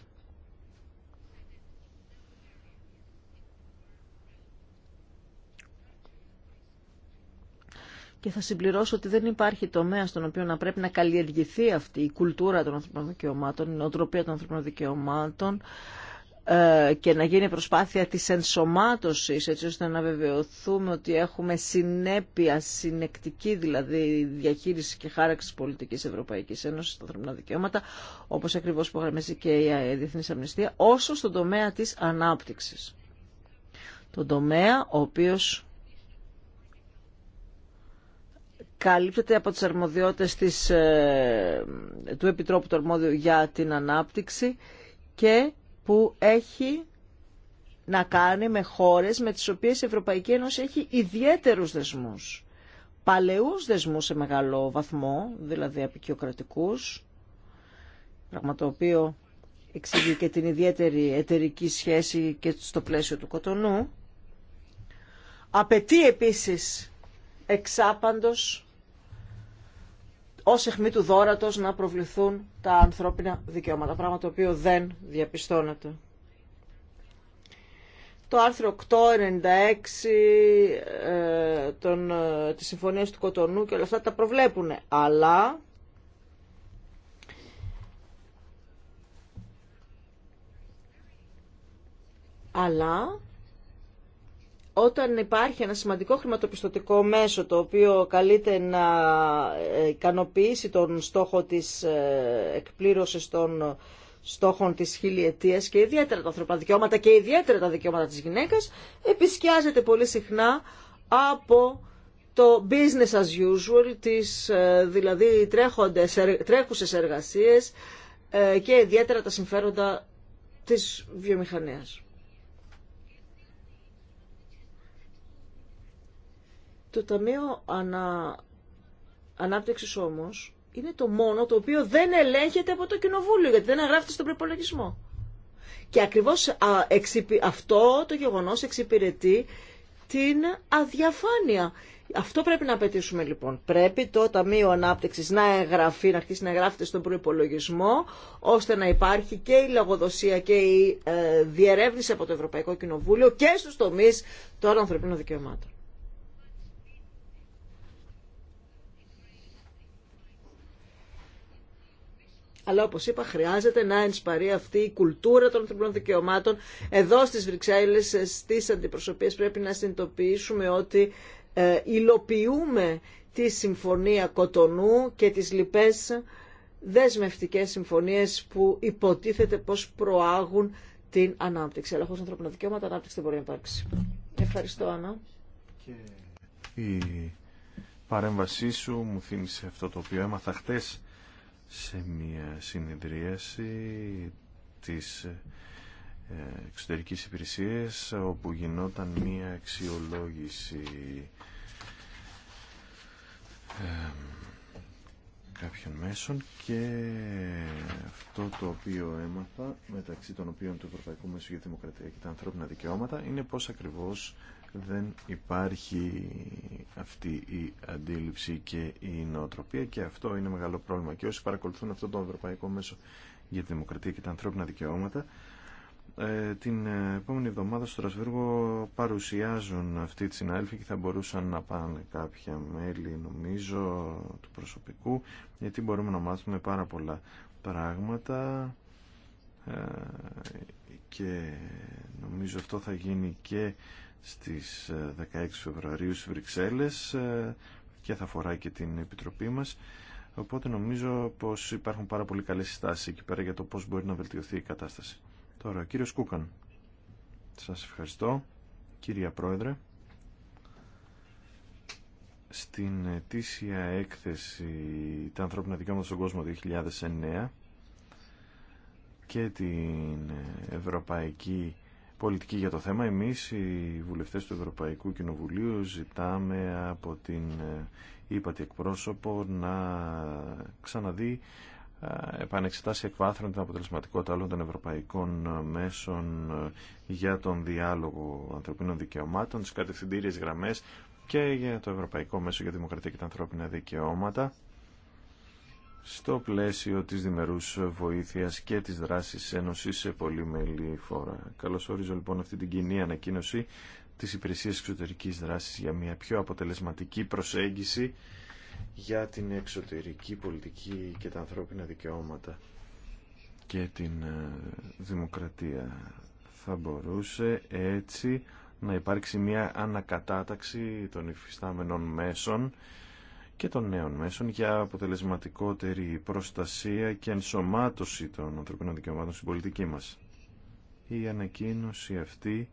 Και θα συμπληρώσω ότι δεν υπάρχει τομέα στον οποίο να πρέπει να καλλιεργηθεί αυτή η κουλτούρα των ανθρωπίνων δικαιωμάτων, η νοοτροπία των ανθρωπίνων δικαιωμάτων, ε, και να γίνει προσπάθεια της ενσωμάτωσης έτσι ώστε να βεβαιωθούμε ότι έχουμε συνέπεια, συνεκτική δηλαδή διαχείριση και χάραξη πολιτικής Ευρωπαϊκής Ένωσης στα ανθρωπινά δικαιώματα όπως ακριβώς υπογραμμίζει και η Διεθνής Αμνηστία όσο στον τομέα της ανάπτυξης. Τον τομέα ο οποίος καλύπτεται από τις αρμοδιότητες της, ε, του Επιτρόπου του Αρμόδιου για την Ανάπτυξη και που έχει να κάνει με χώρες με τις οποίες η Ευρωπαϊκή Ένωση έχει ιδιαίτερους δεσμούς. Παλαιούς δεσμούς σε μεγάλο βαθμό, δηλαδή απεικιοκρατικούς, πράγμα το οποίο εξηγεί και την ιδιαίτερη εταιρική σχέση και στο πλαίσιο του Κοτονού. Απαιτεί επίσης εξάπαντος Ω αιχμή του δόρατο να προβληθούν τα ανθρώπινα δικαιώματα, πράγμα το οποίο δεν διαπιστώνεται. Το άρθρο 896 ε, των, ε, της Συμφωνίας του Κοτονού και όλα αυτά τα προβλέπουν, αλλά αλλά όταν υπάρχει ένα σημαντικό χρηματοπιστωτικό μέσο το οποίο καλείται να ικανοποιήσει τον στόχο της ε, εκπλήρωσης των στόχων της χιλιετίας και ιδιαίτερα τα ανθρώπινα δικαιώματα και ιδιαίτερα τα δικαιώματα της γυναίκας επισκιάζεται πολύ συχνά από το business as usual, της, ε, δηλαδή τρέχοντες, τρέχουσες εργασίες ε, και ιδιαίτερα τα συμφέροντα της βιομηχανίας. Το Ταμείο Ανα... Ανάπτυξης όμως είναι το μόνο το οποίο δεν ελέγχεται από το Κοινοβούλιο γιατί δεν εγγράφεται στον προπολογισμό. Και ακριβώς αυτό το γεγονός εξυπηρετεί την αδιαφάνεια. Αυτό πρέπει να απαιτήσουμε λοιπόν. Πρέπει το Ταμείο Ανάπτυξης να εγγραφεί, να αρχίσει να εγγράφεται στον προϋπολογισμό, ώστε να υπάρχει και η λογοδοσία και η ε, διερεύνηση από το Ευρωπαϊκό Κοινοβούλιο και στους τομείς των ανθρωπίνων δικαιωμάτων. Αλλά όπως είπα χρειάζεται να ενσπαρεί αυτή η κουλτούρα των ανθρωπινών δικαιωμάτων. Εδώ στις Βρυξέλλες, στις αντιπροσωπείες πρέπει να συνειδητοποιήσουμε ότι ε, υλοποιούμε τη Συμφωνία Κοτονού και τις λοιπές δεσμευτικές συμφωνίες που υποτίθεται πως προάγουν την ανάπτυξη. Αλλά χωρίς ανθρώπινα δικαιώματα ανάπτυξη δεν μπορεί να υπάρξει. Ευχαριστώ Άννα. Και η παρέμβασή σου μου θύμισε αυτό το οποίο έμαθα χτες σε μια συνεδρίαση της ε, εξωτερικής υπηρεσίας όπου γινόταν μια αξιολόγηση κάποιων μέσων και αυτό το οποίο έμαθα μεταξύ των οποίων του Ευρωπαϊκού Μέσου για Δημοκρατία και τα ανθρώπινα δικαιώματα είναι πως ακριβώς δεν υπάρχει αυτή η αντίληψη και η νοοτροπία και αυτό είναι μεγάλο πρόβλημα. Και όσοι παρακολουθούν αυτό το Ευρωπαϊκό Μέσο για τη Δημοκρατία και τα Ανθρώπινα Δικαιώματα, ε, την επόμενη εβδομάδα στο Τρασβέργο παρουσιάζουν αυτή τη συνάδελφη και θα μπορούσαν να πάνε κάποια μέλη νομίζω του προσωπικού γιατί μπορούμε να μάθουμε πάρα πολλά πράγματα ε, και νομίζω αυτό θα γίνει και στις 16 ε, Φεβρουαρίου στις Βρυξέλλες ε, και θα αφορά και την Επιτροπή μας. Οπότε νομίζω πως υπάρχουν πάρα πολύ καλές συστάσεις εκεί πέρα για το πώς μπορεί να βελτιωθεί η κατάσταση. Τώρα, κύριο κύριος Κούκαν. Σας ευχαριστώ, κυρία Πρόεδρε. Στην ετήσια έκθεση «Τα ανθρώπινα δικαιώματα στον κόσμο 2009» και την Ευρωπαϊκή πολιτική για το θέμα. Εμείς οι βουλευτές του Ευρωπαϊκού Κοινοβουλίου ζητάμε από την ε, ύπατη εκπρόσωπο να ξαναδεί ε, επανεξετάσει εκβάθρον την αποτελεσματικότητα όλων των ευρωπαϊκών ε, μέσων για τον διάλογο ανθρωπίνων δικαιωμάτων, τις κατευθυντήριες γραμμές και για το Ευρωπαϊκό Μέσο για Δημοκρατία και τα Ανθρώπινα Δικαιώματα στο πλαίσιο της διμερούς βοήθειας και της δράσης Ένωσης σε πολυμελή φόρα. Καλώς όριζω λοιπόν αυτή την κοινή ανακοίνωση της Υπηρεσίας Εξωτερικής Δράσης για μια πιο αποτελεσματική προσέγγιση για την εξωτερική πολιτική και τα ανθρώπινα δικαιώματα και την ε, δημοκρατία. Θα μπορούσε έτσι να υπάρξει μια ανακατάταξη των υφιστάμενων μέσων και των νέων μέσων για αποτελεσματικότερη προστασία και ενσωμάτωση των ανθρωπίνων δικαιωμάτων στην πολιτική μας. Η ανακοίνωση αυτή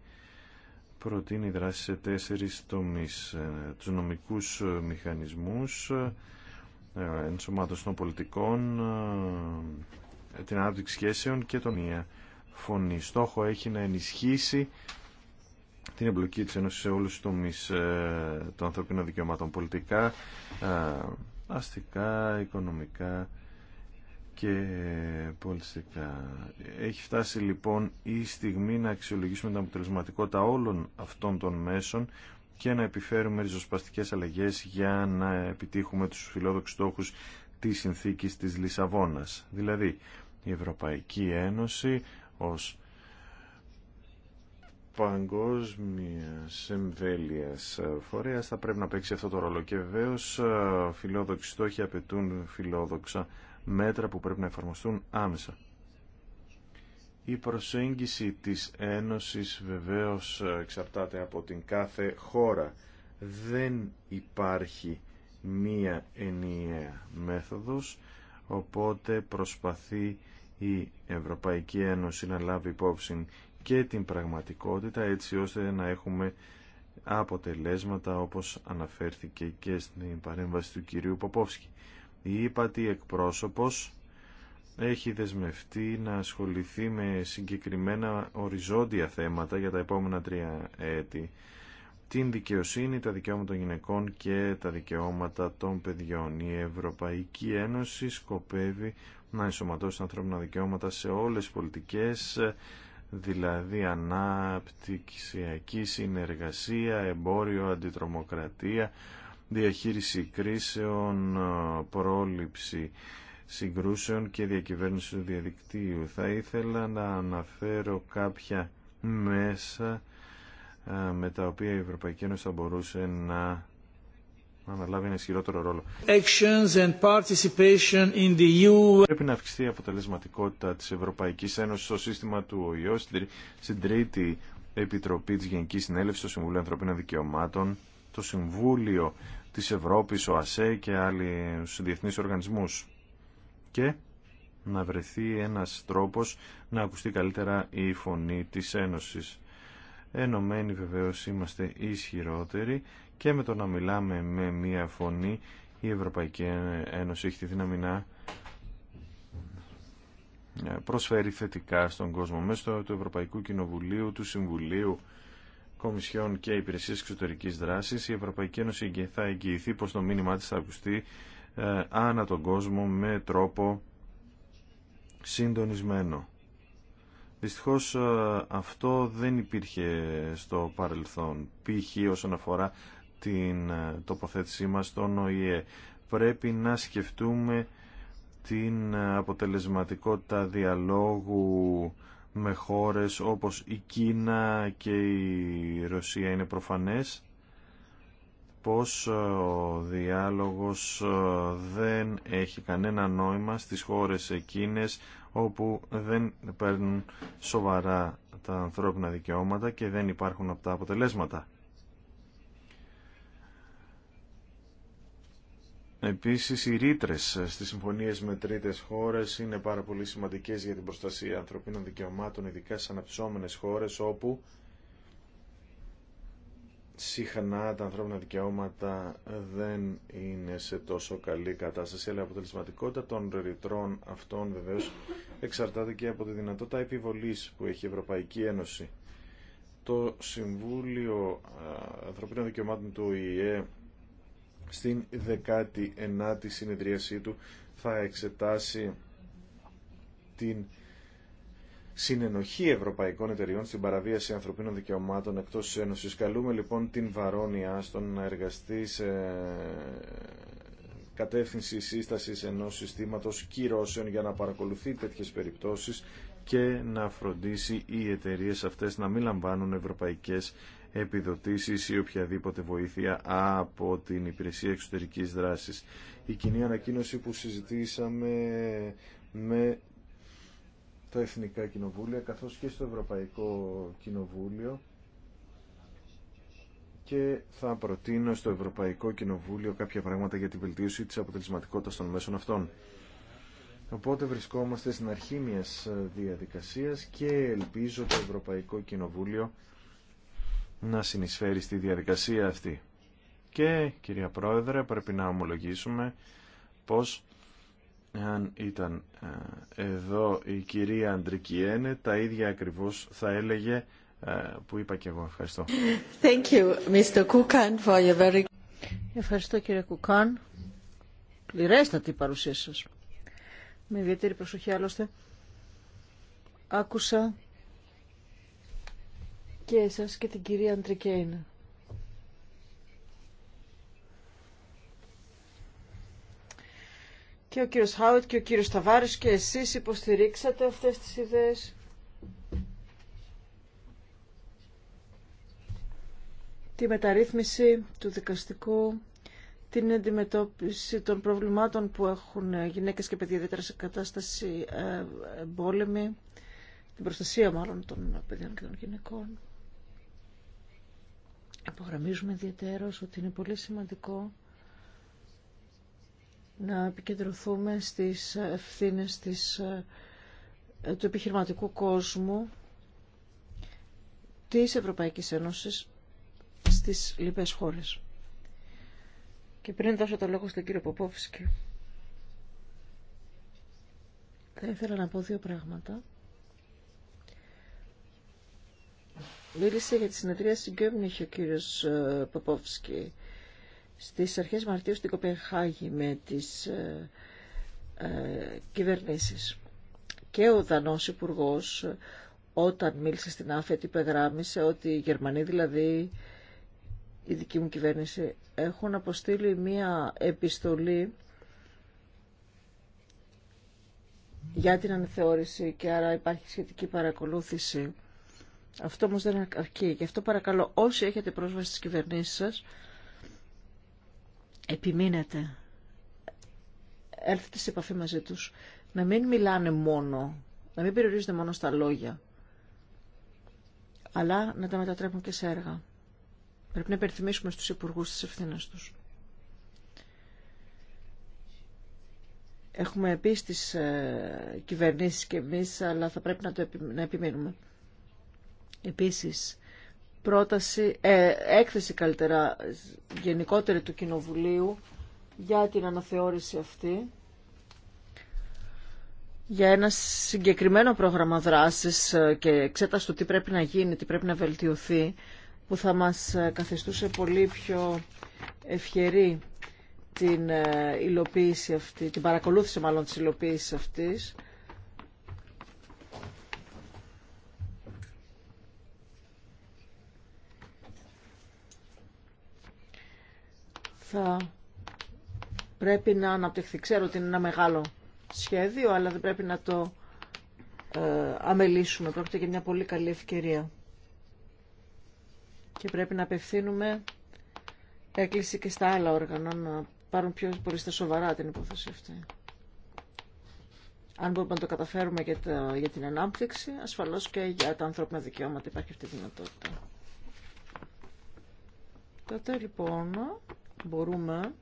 προτείνει δράση σε τέσσερις τομείς. Ε, τους νομικούς ε, μηχανισμούς, ε, ενσωμάτωση των πολιτικών, την ανάπτυξη σχέσεων και τον μία φωνή. Στόχο έχει να ενισχύσει την εμπλοκή της Ένωσης σε όλους τους τομείς ε, των ανθρωπίνων δικαιωμάτων πολιτικά, ε, αστικά, οικονομικά και πολιτικά. Έχει φτάσει λοιπόν η στιγμή να αξιολογήσουμε την αποτελεσματικότητα όλων αυτών των μέσων και να επιφέρουμε ριζοσπαστικές αλλαγές για να επιτύχουμε τους φιλόδοξους στόχους της συνθήκης της Λισαβόνας. Δηλαδή, η Ευρωπαϊκή Ένωση ως Παγκόσμια εμβέλεια φορέας θα πρέπει να παίξει αυτό το ρόλο και βεβαίω φιλόδοξοι στόχοι απαιτούν φιλόδοξα μέτρα που πρέπει να εφαρμοστούν άμεσα. Η προσέγγιση της Ένωσης βεβαίως εξαρτάται από την κάθε χώρα. Δεν υπάρχει μία ενιαία μέθοδος, οπότε προσπαθεί η Ευρωπαϊκή Ένωση να λάβει υπόψη και την πραγματικότητα έτσι ώστε να έχουμε αποτελέσματα όπως αναφέρθηκε και στην παρέμβαση του κυρίου Ποπόφσκη. Η ύπατη εκπρόσωπος έχει δεσμευτεί να ασχοληθεί με συγκεκριμένα οριζόντια θέματα για τα επόμενα τρία έτη. Την δικαιοσύνη, τα δικαιώματα των γυναικών και τα δικαιώματα των παιδιών. Η Ευρωπαϊκή Ένωση σκοπεύει να ενσωματώσει ανθρώπινα δικαιώματα σε όλες τις πολιτικές δηλαδή ανάπτυξιακή συνεργασία, εμπόριο, αντιτρομοκρατία, διαχείριση κρίσεων, πρόληψη συγκρούσεων και διακυβέρνηση του διαδικτύου. Θα ήθελα να αναφέρω κάποια μέσα ε, με τα οποία η Ευρωπαϊκή Ένωση θα μπορούσε να να αναλάβει ένα ισχυρότερο ρόλο. Actions and participation in the EU. Πρέπει να αυξηθεί η αποτελεσματικότητα της Ευρωπαϊκής Ένωσης στο σύστημα του ΟΗΟ στην τρίτη Επιτροπή της Γενικής Συνέλευσης, στο Συμβούλιο Ανθρωπίνων Δικαιωμάτων, το Συμβούλιο της Ευρώπης, ο ΑΣΕ και άλλοι διεθνείς οργανισμούς. Και να βρεθεί ένας τρόπος να ακουστεί καλύτερα η φωνή της Ένωσης. Ενωμένοι βεβαίως είμαστε ισχυρότεροι και με το να μιλάμε με μία φωνή η Ευρωπαϊκή Ένωση έχει τη δύναμη να προσφέρει θετικά στον κόσμο μέσω του Ευρωπαϊκού Κοινοβουλίου, του Συμβουλίου Κομισιών και Υπηρεσίας Εξωτερικής Δράσης η Ευρωπαϊκή Ένωση θα εγγυηθεί πω το μήνυμά τη θα ακουστεί ε, άνα τον κόσμο με τρόπο συντονισμένο. Δυστυχώς ε, αυτό δεν υπήρχε στο παρελθόν π.χ. όσον αφορά την ε, τοποθέτησή μας στον ΟΗΕ. Πρέπει να σκεφτούμε την ε, αποτελεσματικότητα διαλόγου με χώρες όπως η Κίνα και η Ρωσία είναι προφανές πως ε, ο διάλογος δεν έχει κανένα νόημα στις χώρες εκείνες όπου δεν παίρνουν σοβαρά τα ανθρώπινα δικαιώματα και δεν υπάρχουν αυτά αποτελέσματα. Επίσης οι ρήτρε στις συμφωνίες με τρίτες χώρες είναι πάρα πολύ σημαντικές για την προστασία ανθρωπίνων δικαιωμάτων, ειδικά σε αναπτυσσόμενες χώρες όπου συχνά τα ανθρώπινα δικαιώματα δεν είναι σε τόσο καλή κατάσταση, αλλά η αποτελεσματικότητα των ρητρών αυτών βεβαίως εξαρτάται και από τη δυνατότητα επιβολής που έχει η Ευρωπαϊκή Ένωση. Το Συμβούλιο ε, Ανθρωπίνων Δικαιωμάτων του ΟΗΕ στην 19η συνεδρίασή του θα εξετάσει την συνενοχή ευρωπαϊκών εταιριών στην παραβίαση ανθρωπίνων δικαιωμάτων εκτός της Ένωσης. Καλούμε λοιπόν την Βαρόνια στον να εργαστεί σε κατεύθυνση σύσταση ενός συστήματος κυρώσεων για να παρακολουθεί τέτοιες περιπτώσεις και να φροντίσει οι εταιρείε αυτές να μην λαμβάνουν ευρωπαϊκές επιδοτήσεις ή οποιαδήποτε βοήθεια από την Υπηρεσία Εξωτερικής Δράσης. Η κοινή ανακοίνωση που συζητήσαμε με τα Εθνικά Κοινοβούλια καθώς και στο Ευρωπαϊκό Κοινοβούλιο και θα προτείνω στο Ευρωπαϊκό Κοινοβούλιο κάποια πράγματα για την βελτίωση της αποτελεσματικότητας των μέσων αυτών. Οπότε βρισκόμαστε στην αρχή μιας διαδικασίας και ελπίζω το Ευρωπαϊκό Κοινοβούλιο να συνεισφέρει στη διαδικασία αυτή. Και, κυρία Πρόεδρε, πρέπει να ομολογήσουμε πως αν ήταν ε, εδώ η κυρία Αντρικιένε, τα ίδια ακριβώς θα έλεγε ε, που είπα και εγώ. Ευχαριστώ. Thank you, Mr. Kukan, for your very... Ευχαριστώ κύριε Κουκάν. Πληρέστατη παρουσία σας. Με ιδιαίτερη προσοχή άλλωστε. Άκουσα και εσάς και την κυρία Αντρικέινα. Και ο κύριος Χάουτ και ο κύριος Ταβάρης και εσείς υποστηρίξατε αυτές τις ιδέες. Τη μεταρρύθμιση του δικαστικού, την αντιμετώπιση των προβλημάτων που έχουν γυναίκες και παιδιά ιδιαίτερα σε κατάσταση ε, εμπόλεμη, την προστασία μάλλον των παιδιών και των γυναικών απογραμμίζουμε ιδιαίτερα ότι είναι πολύ σημαντικό να επικεντρωθούμε στις ευθύνε ε, του επιχειρηματικού κόσμου της Ευρωπαϊκής Ένωσης στις λοιπές χώρες. Και πριν δώσω το λόγο στον κύριο Ποπόφσκι, θα ήθελα να πω δύο πράγματα. μίλησε για τη συνεδρία συγκέμνηχε ο κύριος ε, Παπόφσκι στις αρχές Μαρτίου στην Κοπενχάγη με τις ε, ε κυβερνήσεις. Και ο Δανός υπουργό όταν μίλησε στην ΑΦΕΤ υπεγράμμισε ότι οι Γερμανοί δηλαδή η δική μου κυβέρνηση έχουν αποστείλει μία επιστολή για την αναθεώρηση και άρα υπάρχει σχετική παρακολούθηση αυτό όμως δεν αρκεί. Γι' αυτό παρακαλώ όσοι έχετε πρόσβαση στις κυβερνήσεις σας, επιμείνετε. Έρθετε σε επαφή μαζί τους. Να μην μιλάνε μόνο, να μην περιορίζονται μόνο στα λόγια, αλλά να τα μετατρέπουν και σε έργα. Πρέπει να υπενθυμίσουμε στους υπουργούς τις ευθύνες τους. Έχουμε επίσης τι ε, κυβερνήσεις και εμείς, αλλά θα πρέπει να, το να επιμείνουμε. Επίσης, πρόταση, ε, έκθεση καλύτερα γενικότερη του Κοινοβουλίου για την αναθεώρηση αυτή για ένα συγκεκριμένο πρόγραμμα δράσης ε, και εξέταση του τι πρέπει να γίνει, τι πρέπει να βελτιωθεί που θα μας ε, καθιστούσε πολύ πιο ευχερή την υλοποίηση αυτή, την παρακολούθηση μάλλον της υλοποίησης αυτής θα πρέπει να αναπτυχθεί. Ξέρω ότι είναι ένα μεγάλο σχέδιο, αλλά δεν πρέπει να το ε, αμελήσουμε. Πρόκειται για μια πολύ καλή ευκαιρία. Και πρέπει να απευθύνουμε έκκληση και στα άλλα όργανα να πάρουν πιο πολύ στα σοβαρά την υπόθεση αυτή. Αν μπορούμε να το καταφέρουμε για, για την ανάπτυξη, ασφαλώς και για τα ανθρώπινα δικαιώματα υπάρχει αυτή η δυνατότητα. Τότε λοιπόν μπορούμε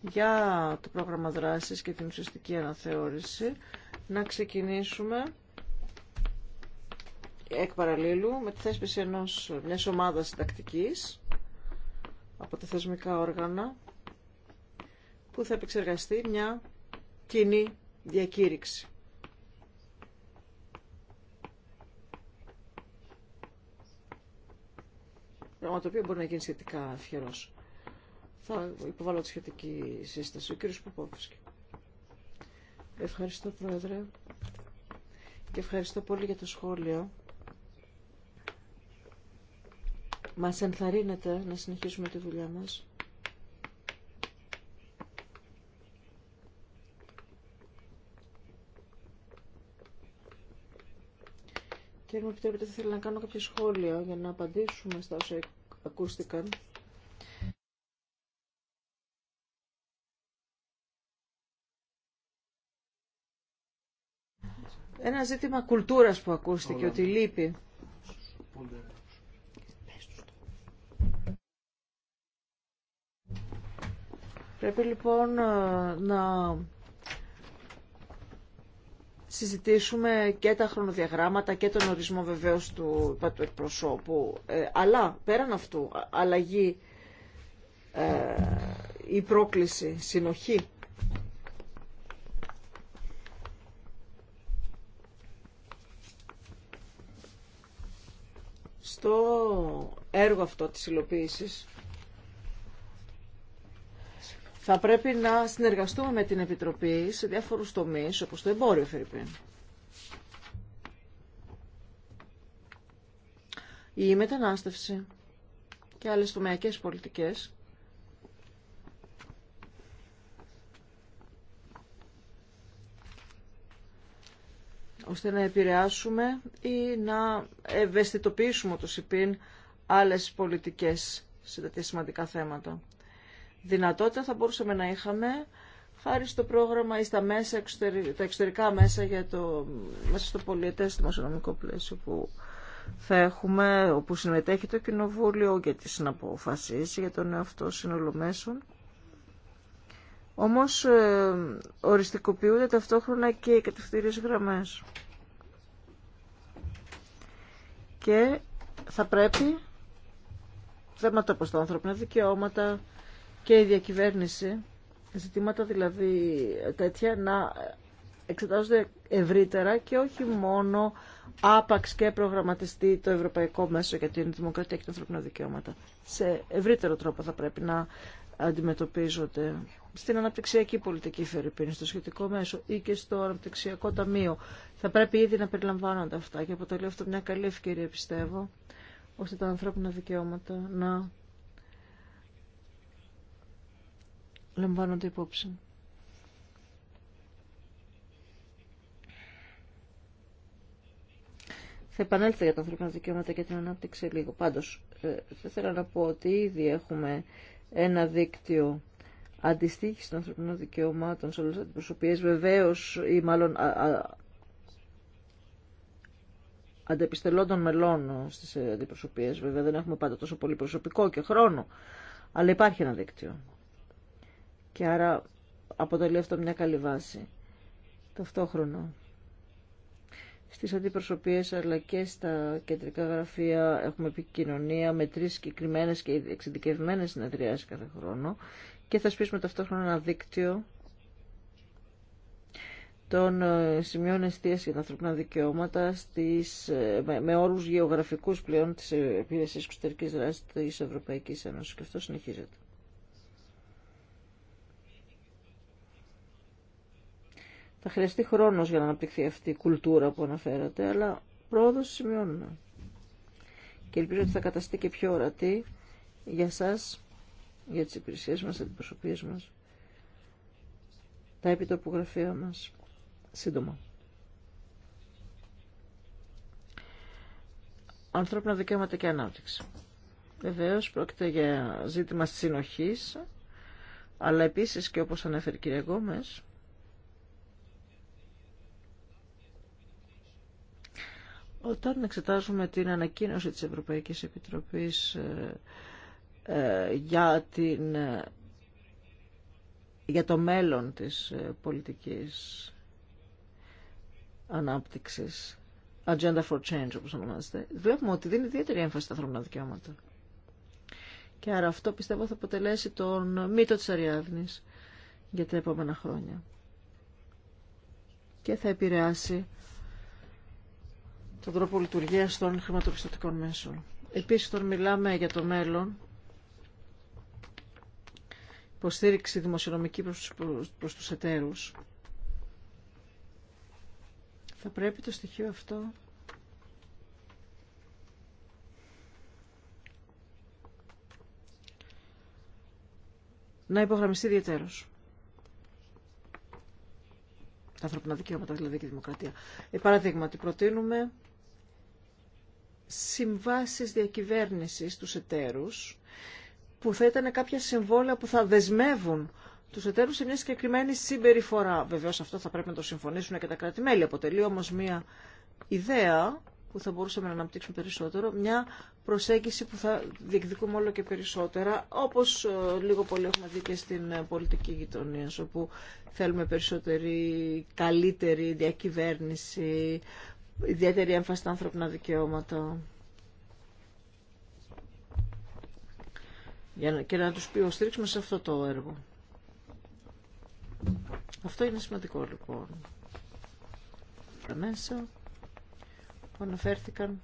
για το πρόγραμμα δράσης και την ουσιαστική αναθεώρηση να ξεκινήσουμε εκ παραλίλου με τη θέσπιση ενός, μιας ομάδας συντακτικής από τα θεσμικά όργανα που θα επεξεργαστεί μια κοινή διακήρυξη. Πράγμα το οποίο μπορεί να γίνει σχετικά ευχερός θα υποβάλω τη σχετική σύσταση. Ο κύριος Ποπόφσκι. Ευχαριστώ Πρόεδρε και ευχαριστώ πολύ για το σχόλιο. Μας ενθαρρύνεται να συνεχίσουμε τη δουλειά μας. Και αν μου επιτρέπετε θα ήθελα να κάνω κάποια σχόλια για να απαντήσουμε στα όσα ακούστηκαν. ζήτημα κουλτούρας που ακούστηκε ότι λείπει. Πρέπει λοιπόν ε, να συζητήσουμε και τα χρονοδιαγράμματα και τον ορισμό βεβαίως του, του εκπροσώπου. Ε, αλλά πέραν αυτού, αλλαγή, ε, η πρόκληση, συνοχή το έργο αυτό της υλοποίησης θα πρέπει να συνεργαστούμε με την Επιτροπή σε διάφορους τομείς, όπως το εμπόριο, Φερρυπίν. Η μετανάστευση και άλλες τομεακές πολιτικές ώστε να επηρεάσουμε ή να ευαισθητοποιήσουμε το ΣΥΠΗΝ άλλες πολιτικές σε τέτοια σημαντικά θέματα. Δυνατότητα θα μπορούσαμε να είχαμε χάρη στο πρόγραμμα ή στα μέσα, τα εξωτερικά μέσα για το, μέσα στο πολιετές οικονομικό πλαίσιο που θα έχουμε, όπου συμμετέχει το Κοινοβούλιο για τις συναποφασίση για τον εαυτό σύνολο όμως ε, οριστικοποιούνται ταυτόχρονα και οι κατευθύνες γραμμές. Και θα πρέπει θέματα όπως τα ανθρώπινα δικαιώματα και η διακυβέρνηση, ζητήματα δηλαδή τέτοια, να εξετάζονται ευρύτερα και όχι μόνο άπαξ και προγραμματιστεί το Ευρωπαϊκό Μέσο για την Δημοκρατία και τα Ανθρωπίνα Δικαιώματα. Σε ευρύτερο τρόπο θα πρέπει να αντιμετωπίζονται στην αναπτυξιακή πολιτική Φερρυπίνη, στο σχετικό μέσο ή και στο αναπτυξιακό ταμείο. Θα πρέπει ήδη να περιλαμβάνονται αυτά και αποτελεί αυτό μια καλή ευκαιρία, πιστεύω, ώστε τα ανθρώπινα δικαιώματα να λαμβάνονται υπόψη. Θα επανέλθω για τα ανθρώπινα δικαιώματα και την ανάπτυξη λίγο. Πάντως, ε, θα ήθελα να πω ότι ήδη έχουμε ένα δίκτυο αντιστοίχηση των ανθρωπινών δικαιωμάτων σε όλες τις αντιπροσωπείες βεβαίως ή μάλλον α, α, αντεπιστελόντων μελών στις αντιπροσωπίες βέβαια δεν έχουμε πάντα τόσο πολύ προσωπικό και χρόνο αλλά υπάρχει ένα δίκτυο και άρα αποτελεί αυτό μια καλή βάση ταυτόχρονα στις αντιπροσωπείες αλλά και στα κεντρικά γραφεία έχουμε επικοινωνία με τρεις συγκεκριμένε και εξειδικευμένες συνεδριάσεις κάθε χρόνο και θα σπίσουμε ταυτόχρονα ένα δίκτυο των ε, σημείων εστίας για τα ανθρώπινα δικαιώματα στις, ε, με, με όρους γεωγραφικούς πλέον της επίδεσης εξωτερικής δράσης της Ευρωπαϊκής Ένωσης και αυτό συνεχίζεται. Θα χρειαστεί χρόνος για να αναπτυχθεί αυτή η κουλτούρα που αναφέρατε, αλλά πρόοδο σημειώνουμε. Και ελπίζω ότι θα καταστεί και πιο ορατή για σας, για τις υπηρεσίες μας, την προσωπή μας, τα επιτοπογραφεία μας, σύντομα. Ανθρώπινα δικαιώματα και ανάπτυξη. Βεβαίω πρόκειται για ζήτημα συνοχής, αλλά επίσης και όπως ανέφερε η κυρία Γκόμες, Όταν εξετάζουμε την ανακοίνωση της Ευρωπαϊκής Επιτροπής ε, ε, για, την, ε, για το μέλλον της πολιτικής ανάπτυξης, Agenda for Change όπως ονομάζεται, βλέπουμε ότι δίνει ιδιαίτερη έμφαση στα ανθρώπινα δικαιώματα. Και άρα αυτό πιστεύω θα αποτελέσει τον μύτο της Αριάδνης για τα επόμενα χρόνια. Και θα επηρεάσει τον τρόπο λειτουργία των χρηματοπιστωτικών μέσων. Επίση όταν μιλάμε για το μέλλον, υποστήριξη δημοσιονομική προς, του τους θα πρέπει το στοιχείο αυτό να υπογραμμιστεί ιδιαίτερο. Τα ανθρωπινά δικαιώματα δηλαδή και η δημοκρατία. Ε, παραδείγματι, προτείνουμε συμβάσεις διακυβέρνησης τους εταίρους, που θα ήταν κάποια συμβόλαια που θα δεσμεύουν του εταίρου σε μια συγκεκριμένη συμπεριφορά. Βεβαίω αυτό θα πρέπει να το συμφωνήσουν και τα κράτη-μέλη. Αποτελεί όμω μια ιδέα που θα μπορούσαμε να αναπτύξουμε περισσότερο, μια προσέγγιση που θα διεκδικούμε όλο και περισσότερα, όπως ε, λίγο πολύ έχουμε δει και στην ε, πολιτική γειτονία, όπου θέλουμε περισσότερη, καλύτερη διακυβέρνηση, ιδιαίτερη έμφαση στα ανθρώπινα δικαιώματα. Για να, και να τους πει στρίξουμε σε αυτό το έργο. Αυτό είναι σημαντικό λοιπόν. Τα μέσα που αναφέρθηκαν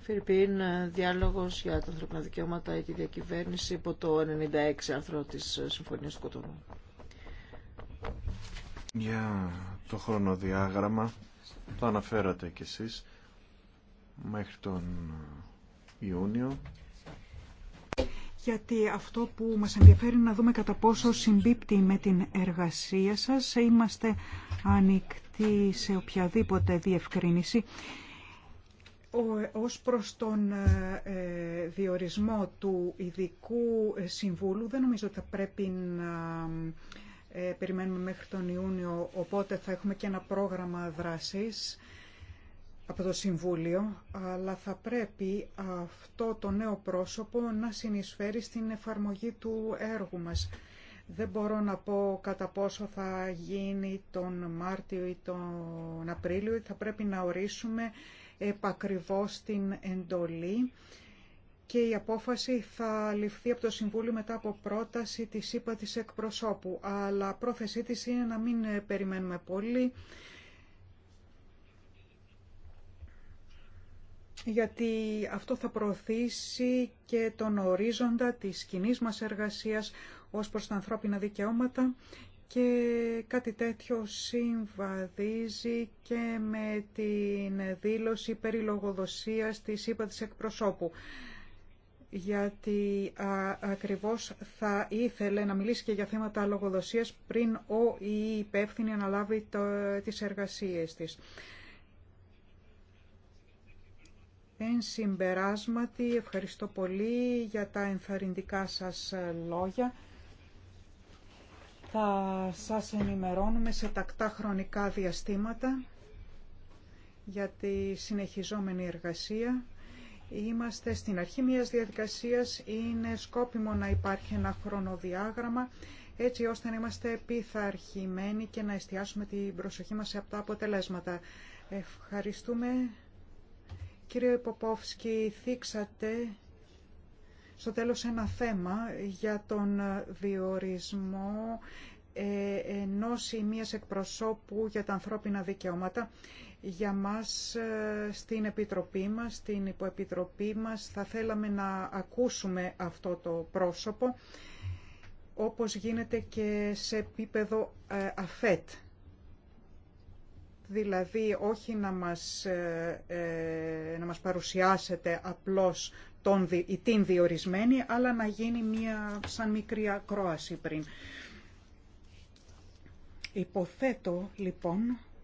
Φιρπίν, ε, διάλογος για τα ανθρώπινα δικαιώματα και τη διακυβέρνηση υπό το 96 άρθρο της ε, Συμφωνίας του Κοτονού. Για το χρονοδιάγραμμα, το αναφέρατε κι εσείς, μέχρι τον Ιούνιο. Γιατί αυτό που μας ενδιαφέρει να δούμε κατά πόσο συμπίπτει με την εργασία σας, είμαστε ανοιχτοί σε οποιαδήποτε διευκρίνηση ως προς τον ε, ε, διορισμό του ειδικού συμβούλου δεν νομίζω ότι θα πρέπει να ε, περιμένουμε μέχρι τον Ιούνιο, οπότε θα έχουμε και ένα πρόγραμμα δράσης από το Συμβούλιο, αλλά θα πρέπει αυτό το νέο πρόσωπο να συνεισφέρει στην εφαρμογή του έργου μας. Δεν μπορώ να πω κατά πόσο θα γίνει τον Μάρτιο ή τον Απρίλιο. Θα πρέπει να ορίσουμε επακριβώς την εντολή και η απόφαση θα ληφθεί από το Συμβούλιο μετά από πρόταση της ΥΠΑ εκπροσώπου. Αλλά πρόθεσή της είναι να μην ε, περιμένουμε πολύ, γιατί αυτό θα προωθήσει και τον ορίζοντα της κοινή μα εργασίας ως προς τα ανθρώπινα δικαιώματα και κάτι τέτοιο συμβαδίζει και με την δήλωση περί της ΥΠΑ της εκπροσώπου γιατί α, ακριβώς θα ήθελε να μιλήσει και για θέματα λογοδοσίας πριν ο η υπεύθυνη αναλάβει τις εργασίες της. Εν συμπεράσματι, ευχαριστώ πολύ για τα ενθαρρυντικά σας λόγια. Θα σας ενημερώνουμε σε τακτά χρονικά διαστήματα για τη συνεχιζόμενη εργασία Είμαστε στην αρχή μιας διαδικασίας, είναι σκόπιμο να υπάρχει ένα χρονοδιάγραμμα έτσι ώστε να είμαστε πειθαρχημένοι και να εστιάσουμε την προσοχή μας σε αυτά τα αποτελέσματα. Ευχαριστούμε. Κύριε Ποπόφσκι, θίξατε στο τέλος ένα θέμα για τον διορισμό ε, ενός ή μίας εκπροσώπου για τα ανθρώπινα δικαιώματα για μας ε, στην Επιτροπή μας, στην Υποεπιτροπή μας. Θα θέλαμε να ακούσουμε αυτό το πρόσωπο, όπως γίνεται και σε επίπεδο ε, ΑΦΕΤ. Δηλαδή, όχι να μας, ε, να μας παρουσιάσετε απλώς τον, την διορισμένη, αλλά να γίνει μια σαν μικρή ακρόαση πριν. Υποθέτω, λοιπόν,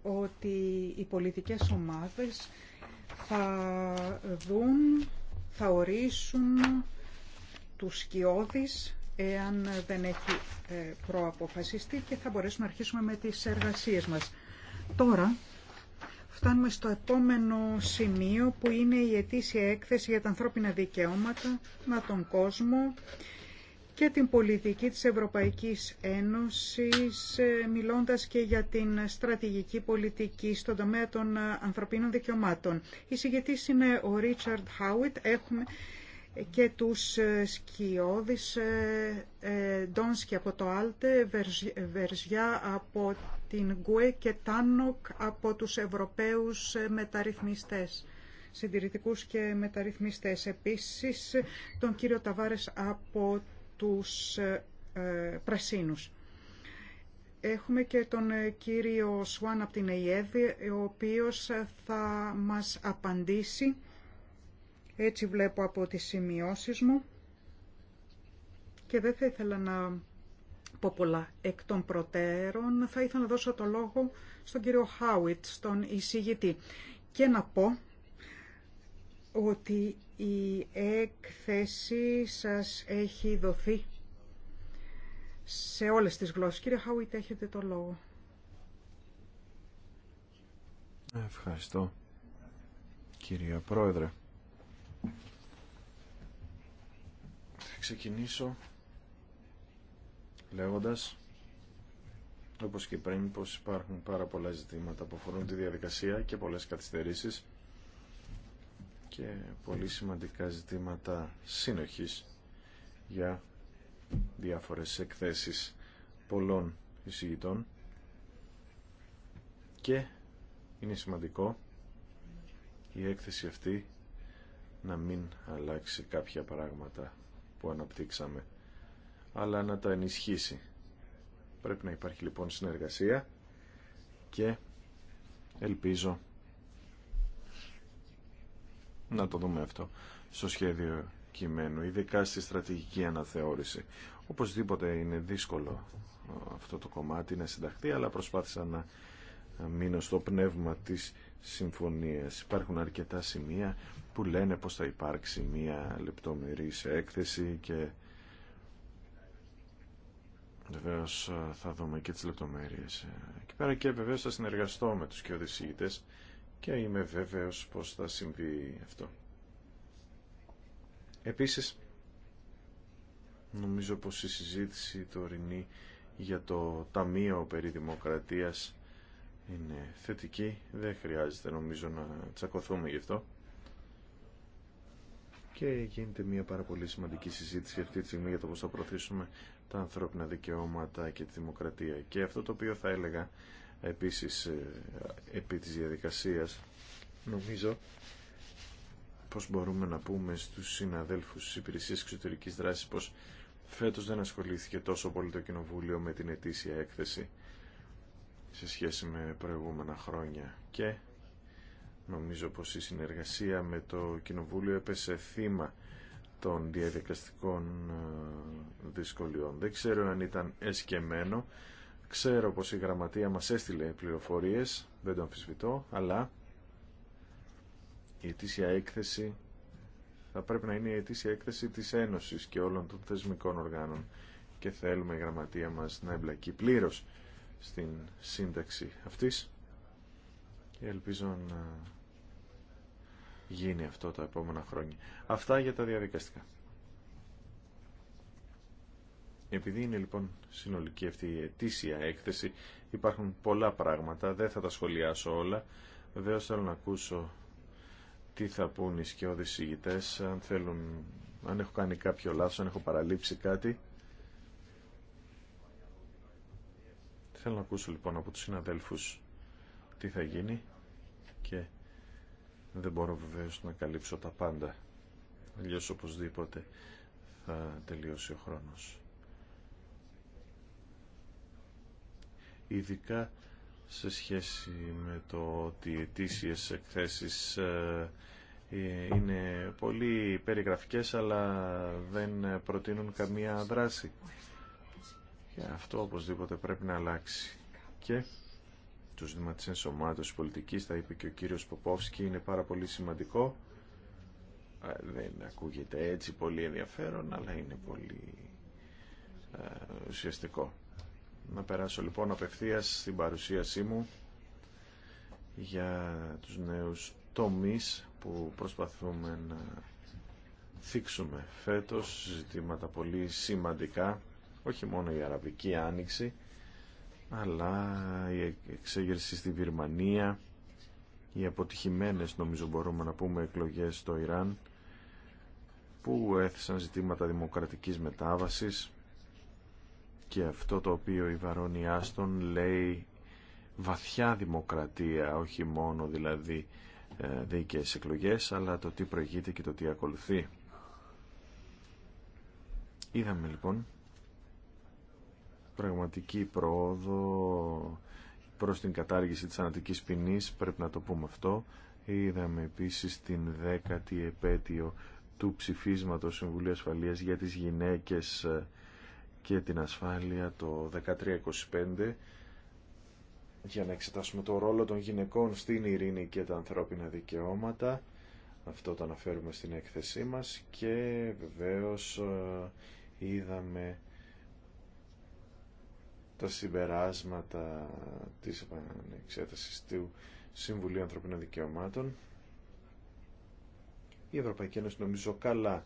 ότι οι πολιτικές ομάδες θα δουν, θα ορίσουν τους σκιώδεις εάν δεν έχει ε, προαποφασιστεί και θα μπορέσουμε να αρχίσουμε με τις εργασίες μας. Τώρα φτάνουμε στο επόμενο σημείο που είναι η ετήσια έκθεση για τα ανθρώπινα δικαιώματα με τον κόσμο και την πολιτική της Ευρωπαϊκής Ένωσης, ε, μιλώντας και για την στρατηγική πολιτική στον τομέα των ε, ανθρωπίνων δικαιωμάτων. Η συγκεκριτή είναι ο Ρίτσαρντ Χάουιτ. Έχουμε και τους ε, σκιώδεις Ντόνσκι από το Άλτε, Βερζιά από την Γκουέ και Τάνοκ από τους Ευρωπαίους μεταρρυθμιστές συντηρητικούς και μεταρρυθμιστές. Επίσης, τον κύριο Ταβάρες από τους ε, ε, πρασίνους. Έχουμε και τον ε, κύριο Σουάν από την ΕΙΕΔ, ο οποίος θα μας απαντήσει. Έτσι βλέπω από τις σημειώσεις μου. Και δεν θα ήθελα να πω πολλά εκ των προτέρων. Θα ήθελα να δώσω το λόγο στον κύριο Χάουιτ, στον εισηγητή. Και να πω ότι η έκθεση σας έχει δοθεί σε όλες τις γλώσσες. Κύριε Χάουιτ, έχετε το λόγο. Ευχαριστώ, κυρία Πρόεδρε. Θα ξεκινήσω λέγοντας, όπως και πριν, πως υπάρχουν πάρα πολλά ζητήματα που αφορούν τη διαδικασία και πολλές καθυστερήσεις και πολύ σημαντικά ζητήματα σύνοχης για διάφορες εκθέσεις πολλών εισηγητών και είναι σημαντικό η έκθεση αυτή να μην αλλάξει κάποια πράγματα που αναπτύξαμε αλλά να τα ενισχύσει. Πρέπει να υπάρχει λοιπόν συνεργασία και ελπίζω να το δούμε αυτό στο σχέδιο κειμένου, ειδικά στη στρατηγική αναθεώρηση. Οπωσδήποτε είναι δύσκολο ε, αυτό το κομμάτι να συνταχθεί, αλλά προσπάθησα να μείνω στο πνεύμα της συμφωνίας. Υπάρχουν αρκετά σημεία που λένε πως θα υπάρξει μία λεπτομερής έκθεση και βεβαίω ε, θα δούμε και τις λεπτομέρειες ε, εκεί πέρα και βεβαίω θα συνεργαστώ με τους και και είμαι βέβαιος πως θα συμβεί αυτό. Επίσης, νομίζω πως η συζήτηση τωρινή για το Ταμείο περί Δημοκρατίας είναι θετική. Δεν χρειάζεται νομίζω να τσακωθούμε γι' αυτό. Και γίνεται μια πάρα πολύ σημαντική συζήτηση αυτή τη στιγμή για το πώς θα προωθήσουμε τα ανθρώπινα δικαιώματα και τη δημοκρατία. Και αυτό το οποίο θα έλεγα επίσης ε, επί της διαδικασίας νομίζω πως μπορούμε να πούμε στους συναδέλφους της υπηρεσίας εξωτερικής δράσης πως φέτος δεν ασχολήθηκε τόσο πολύ το Κοινοβούλιο με την ετήσια έκθεση σε σχέση με προηγούμενα χρόνια και νομίζω πως η συνεργασία με το Κοινοβούλιο έπεσε θύμα των διαδικαστικών ε, δυσκολιών. Δεν ξέρω αν ήταν εσκεμμένο Ξέρω πως η γραμματεία μας έστειλε πληροφορίες, δεν το αμφισβητώ, αλλά η ετήσια έκθεση θα πρέπει να είναι η ετήσια έκθεση της Ένωσης και όλων των θεσμικών οργάνων και θέλουμε η γραμματεία μας να εμπλακεί πλήρως στην σύνταξη αυτής και ελπίζω να γίνει αυτό τα επόμενα χρόνια. Αυτά για τα διαδικαστικά. Επειδή είναι λοιπόν συνολική αυτή η ετήσια έκθεση, υπάρχουν πολλά πράγματα, δεν θα τα σχολιάσω όλα. Βεβαίω θέλω να ακούσω τι θα πούν οι σκιώδεις αν θέλουν, αν έχω κάνει κάποιο λάθος, αν έχω παραλείψει κάτι. Θέλω να ακούσω λοιπόν από τους συναδέλφους τι θα γίνει και δεν μπορώ βεβαίω να καλύψω τα πάντα. Αλλιώ οπωσδήποτε θα τελειώσει ο χρόνος. ειδικά σε σχέση με το ότι οι εκθέσει εκθέσεις ε, ε, είναι πολύ περιγραφικές αλλά δεν προτείνουν καμία δράση. Και αυτό οπωσδήποτε πρέπει να αλλάξει. Και το ζήτημα της ενσωμάτωσης πολιτικής, τα είπε και ο κύριος Ποπόφσκι, είναι πάρα πολύ σημαντικό. Ε, δεν ακούγεται έτσι πολύ ενδιαφέρον, αλλά είναι πολύ ουσιαστικό. Να περάσω λοιπόν απευθείας στην παρουσίασή μου για τους νέους τομείς που προσπαθούμε να θίξουμε φέτος ζητήματα πολύ σημαντικά όχι μόνο η Αραβική Άνοιξη αλλά η εξέγερση στη Βυρμανία οι αποτυχημένες νομίζω μπορούμε να πούμε εκλογές στο Ιράν που έθεσαν ζητήματα δημοκρατικής μετάβασης και αυτό το οποίο η Βαρόνι Άστον λέει βαθιά δημοκρατία, όχι μόνο δηλαδή ε, δίκαιες εκλογές, αλλά το τι προηγείται και το τι ακολουθεί. Είδαμε λοιπόν πραγματική πρόοδο προς την κατάργηση της ανατικής ποινής, πρέπει να το πούμε αυτό. Είδαμε επίσης την δέκατη επέτειο του ψηφίσματος Συμβουλίου Ασφαλείας για τις γυναίκες ε, και την ασφάλεια το 1325 για να εξετάσουμε το ρόλο των γυναικών στην ειρήνη και τα ανθρώπινα δικαιώματα. Αυτό το αναφέρουμε στην έκθεσή μας και βεβαίως ε, είδαμε τα συμπεράσματα της εξέτασης του Συμβουλίου Ανθρωπίνων Δικαιωμάτων. Η Ευρωπαϊκή Ένωση νομίζω καλά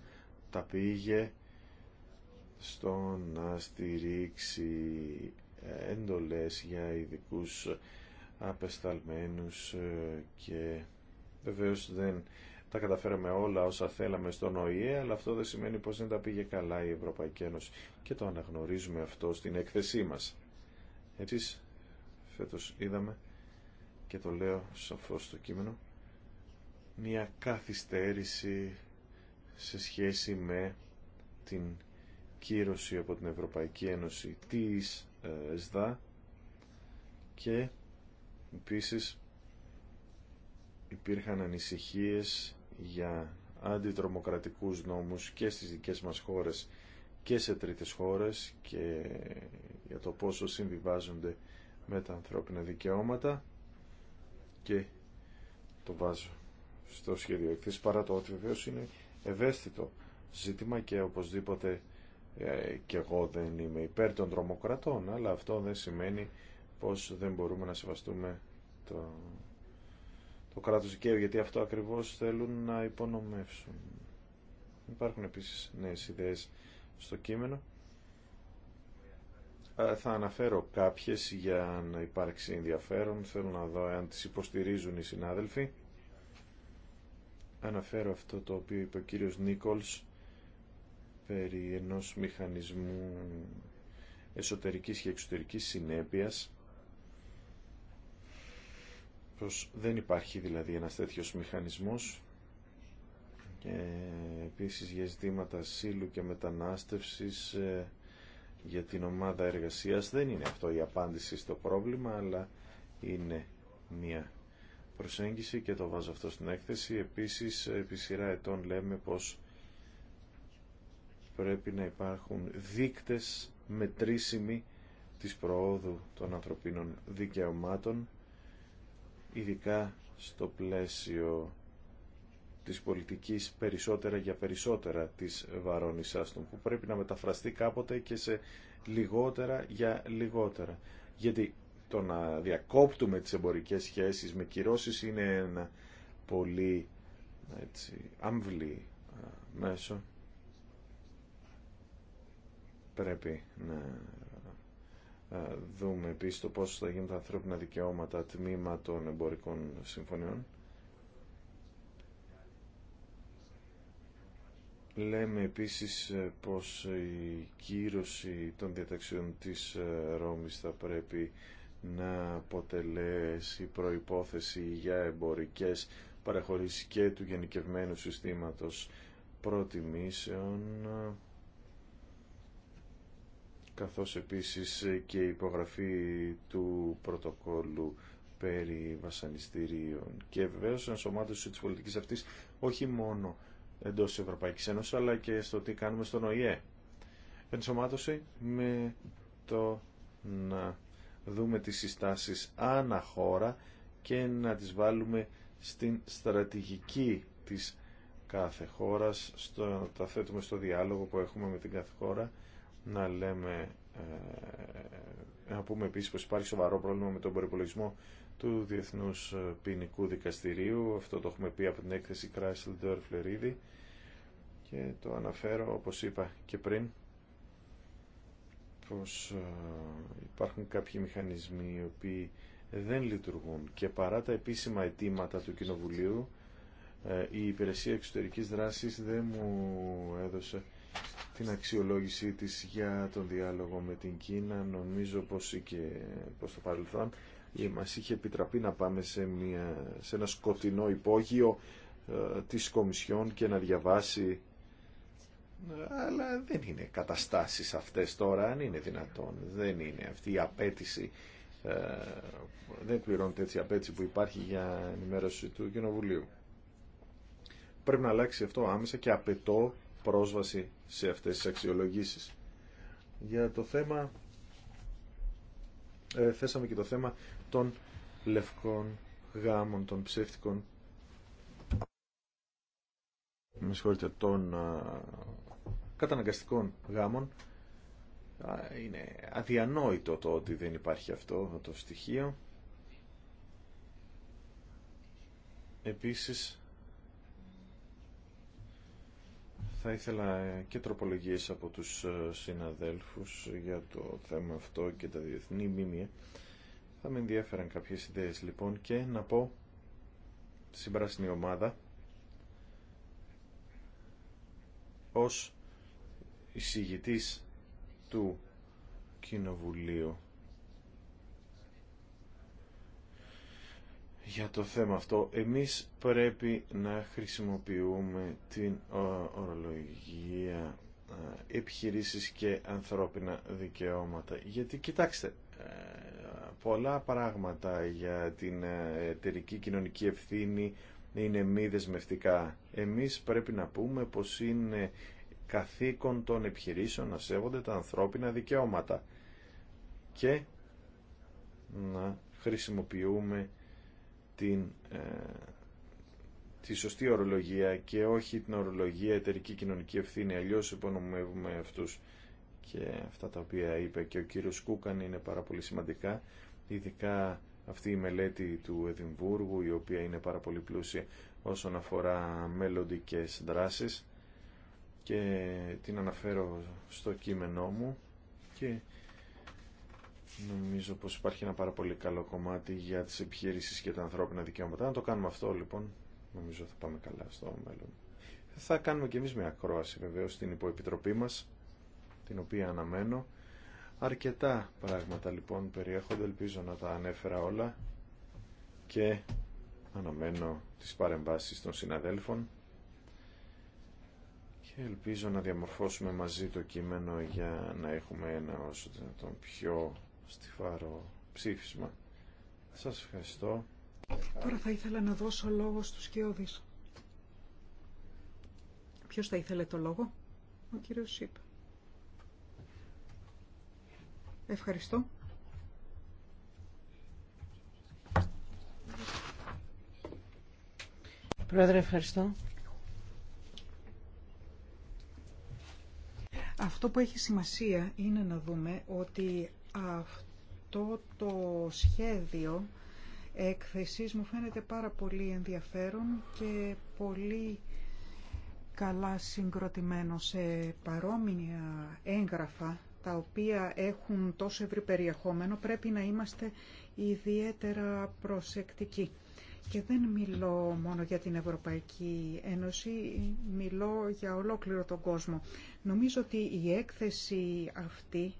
τα πήγε στο να στηρίξει εντολές για ειδικού απεσταλμένους ε, και βεβαίως δεν τα καταφέραμε όλα όσα θέλαμε στον ΟΗΕ, αλλά αυτό δεν σημαίνει πως δεν τα πήγε καλά η Ευρωπαϊκή Ένωση και το αναγνωρίζουμε αυτό στην έκθεσή μας. έτσι φέτος είδαμε και το λέω σαφώς στο κείμενο, μια καθυστέρηση σε σχέση με την κύρωση από την Ευρωπαϊκή Ένωση της ΕΣΔΑ και επίσης υπήρχαν ανησυχίες για αντιτρομοκρατικούς νόμους και στις δικές μας χώρες και σε τρίτες χώρες και για το πόσο συμβιβάζονται με τα ανθρώπινα δικαιώματα και το βάζω στο σχέδιο παρά το ότι βεβαίως είναι ευαίσθητο ζήτημα και οπωσδήποτε ε, και εγώ δεν είμαι υπέρ των τρομοκρατών, αλλά αυτό δεν σημαίνει πως δεν μπορούμε να σεβαστούμε το, το κράτος δικαίου, γιατί αυτό ακριβώς θέλουν να υπονομεύσουν. Υπάρχουν επίσης νέες ιδέες στο κείμενο. Ε, θα αναφέρω κάποιες για να υπάρξει ενδιαφέρον. Θέλω να δω αν τις υποστηρίζουν οι συνάδελφοι. Αναφέρω αυτό το οποίο είπε ο κύριος Νίκολς περί ενός μηχανισμού εσωτερικής και εξωτερικής συνέπειας πως δεν υπάρχει δηλαδή ένας τέτοιος μηχανισμός και επίσης για ζητήματα σύλλου και μετανάστευσης ε, για την ομάδα εργασίας δεν είναι αυτό η απάντηση στο πρόβλημα αλλά είναι μια προσέγγιση και το βάζω αυτό στην έκθεση επίσης ε, επί σειρά ετών λέμε πως πρέπει να υπάρχουν δείκτες μετρήσιμοι της προόδου των ανθρωπίνων δικαιωμάτων ειδικά στο πλαίσιο της πολιτικής περισσότερα για περισσότερα της Βαρόνης Άστον που πρέπει να μεταφραστεί κάποτε και σε λιγότερα για λιγότερα γιατί το να διακόπτουμε τις εμπορικές σχέσεις με κυρώσεις είναι ένα πολύ έτσι, άμβλη μέσο πρέπει να δούμε επίσης το πόσο θα γίνουν τα ανθρώπινα δικαιώματα τμήμα των εμπορικών συμφωνιών. Λέμε επίσης ε, πως η κύρωση των διαταξιών της ε, Ρώμης θα πρέπει να αποτελέσει προϋπόθεση για εμπορικές παραχωρήσεις και του γενικευμένου συστήματος προτιμήσεων καθώς επίσης και η υπογραφή του πρωτοκόλλου περί βασανιστήριων και βεβαίως ενσωμάτωση της πολιτικής αυτής όχι μόνο εντός της Ευρωπαϊκής Ένωσης αλλά και στο τι κάνουμε στον ΟΗΕ. Ενσωμάτωση με το να δούμε τις συστάσεις άνα χώρα και να τις βάλουμε στην στρατηγική της κάθε χώρας, στο, τα θέτουμε στο διάλογο που έχουμε με την κάθε χώρα να λέμε ε, να πούμε επίσης πως υπάρχει σοβαρό πρόβλημα με τον προπολογισμό του Διεθνούς ε, Ποινικού Δικαστηρίου αυτό το έχουμε πει από την έκθεση Chrysler Φλερίδη και το αναφέρω όπως είπα και πριν πως ε, υπάρχουν κάποιοι μηχανισμοί οι οποίοι δεν λειτουργούν και παρά τα επίσημα αιτήματα του Κοινοβουλίου η υπηρεσία εξωτερικής δράσης δεν μου έδωσε την αξιολόγησή της για τον διάλογο με την Κίνα. Νομίζω πως και πως το παρελθόν ε, μας είχε επιτραπεί να πάμε σε, μια, σε ένα σκοτεινό υπόγειο ε, της Κομισιόν και να διαβάσει αλλά δεν είναι καταστάσεις αυτές τώρα, αν είναι δυνατόν. Δεν είναι αυτή η απέτηση, ε, δεν πληρώνεται έτσι η απέτηση που υπάρχει για ενημέρωση του Κοινοβουλίου. Πρέπει να αλλάξει αυτό άμεσα και απαιτώ πρόσβαση σε αυτές τις αξιολογήσεις. Για το θέμα, ε, θέσαμε και το θέμα των λευκών γάμων, των ψεύτικων με συγχωρείτε, των α, καταναγκαστικών γάμων. είναι αδιανόητο το ότι δεν υπάρχει αυτό το στοιχείο. Επίσης, Θα ήθελα ε, και τροπολογίες από τους ε, συναδέλφους για το θέμα αυτό και τα διεθνή μήμια. Θα με ενδιαφέραν κάποιες ιδέες λοιπόν και να πω στην πράσινη ομάδα ως εισηγητής του Κοινοβουλίου για το θέμα αυτό. Εμείς πρέπει να χρησιμοποιούμε την ε, ορολογία ε, επιχειρήσεις και ανθρώπινα δικαιώματα. Γιατί κοιτάξτε, ε, πολλά πράγματα για την εταιρική κοινωνική ευθύνη είναι μη δεσμευτικά. Εμείς πρέπει να πούμε πως είναι καθήκον των επιχειρήσεων να σέβονται τα ανθρώπινα δικαιώματα και να χρησιμοποιούμε την, ε, τη σωστή ορολογία και όχι την ορολογία εταιρική κοινωνική ευθύνη. Αλλιώς υπονομεύουμε αυτούς και αυτά τα οποία είπε και ο κύριος Κούκαν είναι πάρα πολύ σημαντικά, ειδικά αυτή η μελέτη του Εδιμβούργου, η οποία είναι πάρα πολύ πλούσια όσον αφορά μελλοντικέ δράσεις και την αναφέρω στο κείμενό μου και Νομίζω πως υπάρχει ένα πάρα πολύ καλό κομμάτι για τις επιχειρήσεις και τα ανθρώπινα δικαιώματα. Να το κάνουμε αυτό λοιπόν, νομίζω θα πάμε καλά στο μέλλον. Θα κάνουμε και εμείς μια ακρόαση βεβαίως στην υποεπιτροπή μας, την οποία αναμένω. Αρκετά πράγματα λοιπόν περιέχονται, ελπίζω να τα ανέφερα όλα και αναμένω τις παρεμβάσεις των συναδέλφων και ελπίζω να διαμορφώσουμε μαζί το κείμενο για να έχουμε ένα όσο το πιο φάρο ψήφισμα. Σας ευχαριστώ. Τώρα θα ήθελα να δώσω λόγο στους Κιώδης. Ποιος θα ήθελε το λόγο? Ο κύριος Σίπ. Ευχαριστώ. Πρόεδρε, ευχαριστώ. Αυτό που έχει σημασία είναι να δούμε ότι αυτό το σχέδιο έκθεσης μου φαίνεται πάρα πολύ ενδιαφέρον και πολύ καλά συγκροτημένο σε παρόμοια έγγραφα τα οποία έχουν τόσο ευρύ περιεχόμενο πρέπει να είμαστε ιδιαίτερα προσεκτικοί. Και δεν μιλώ μόνο για την Ευρωπαϊκή Ένωση, μιλώ για ολόκληρο τον κόσμο. Νομίζω ότι η έκθεση αυτή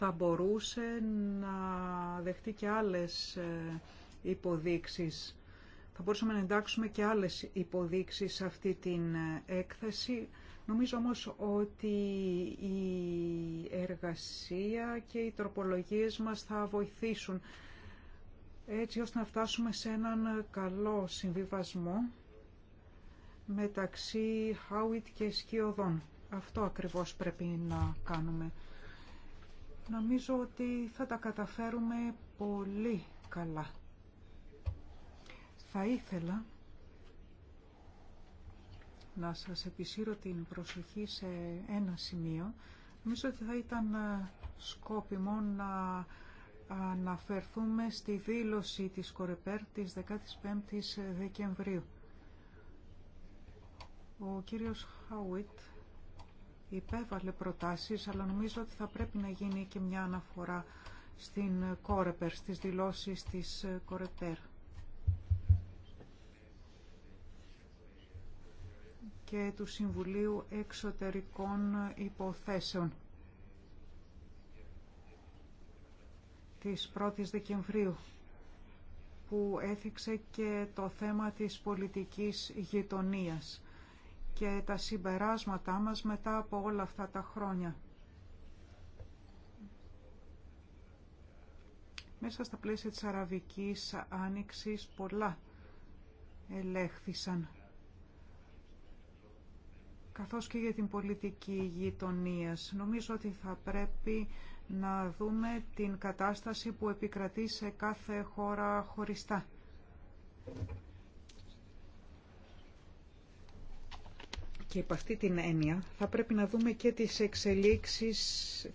θα μπορούσε να δεχτεί και άλλες ε, υποδείξεις. Θα μπορούσαμε να εντάξουμε και άλλες υποδείξεις σε αυτή την ε, έκθεση. Νομίζω όμως ότι η εργασία και οι τροπολογίες μας θα βοηθήσουν έτσι ώστε να φτάσουμε σε έναν καλό συμβιβασμό μεταξύ Χάουιτ και Σκιωδών. Αυτό ακριβώς πρέπει να κάνουμε. Νομίζω ότι θα τα καταφέρουμε πολύ καλά. Θα ήθελα να σας επισύρω την προσοχή σε ένα σημείο. Νομίζω ότι θα ήταν ε, σκόπιμο να αναφερθούμε στη δήλωση της Κορεπέρ της 15ης Δεκεμβρίου. Ο κύριος Χαουίτ υπέβαλε προτάσεις, αλλά νομίζω ότι θα πρέπει να γίνει και μια αναφορά στην Κόρεπερ, στις δηλώσεις της Κορεπέρ. και του Συμβουλίου Εξωτερικών Υποθέσεων της 1 η Δεκεμβρίου που έθιξε και το θέμα της πολιτικής γειτονίας και τα συμπεράσματά μας μετά από όλα αυτά τα χρόνια. Μέσα στα πλαίσια της Αραβικής Άνοιξης πολλά ελέγχθησαν καθώς και για την πολιτική γειτονία. Νομίζω ότι θα πρέπει να δούμε την κατάσταση που επικρατεί σε κάθε χώρα χωριστά. Και υπ' αυτή την έννοια θα πρέπει να δούμε και τις εξελίξεις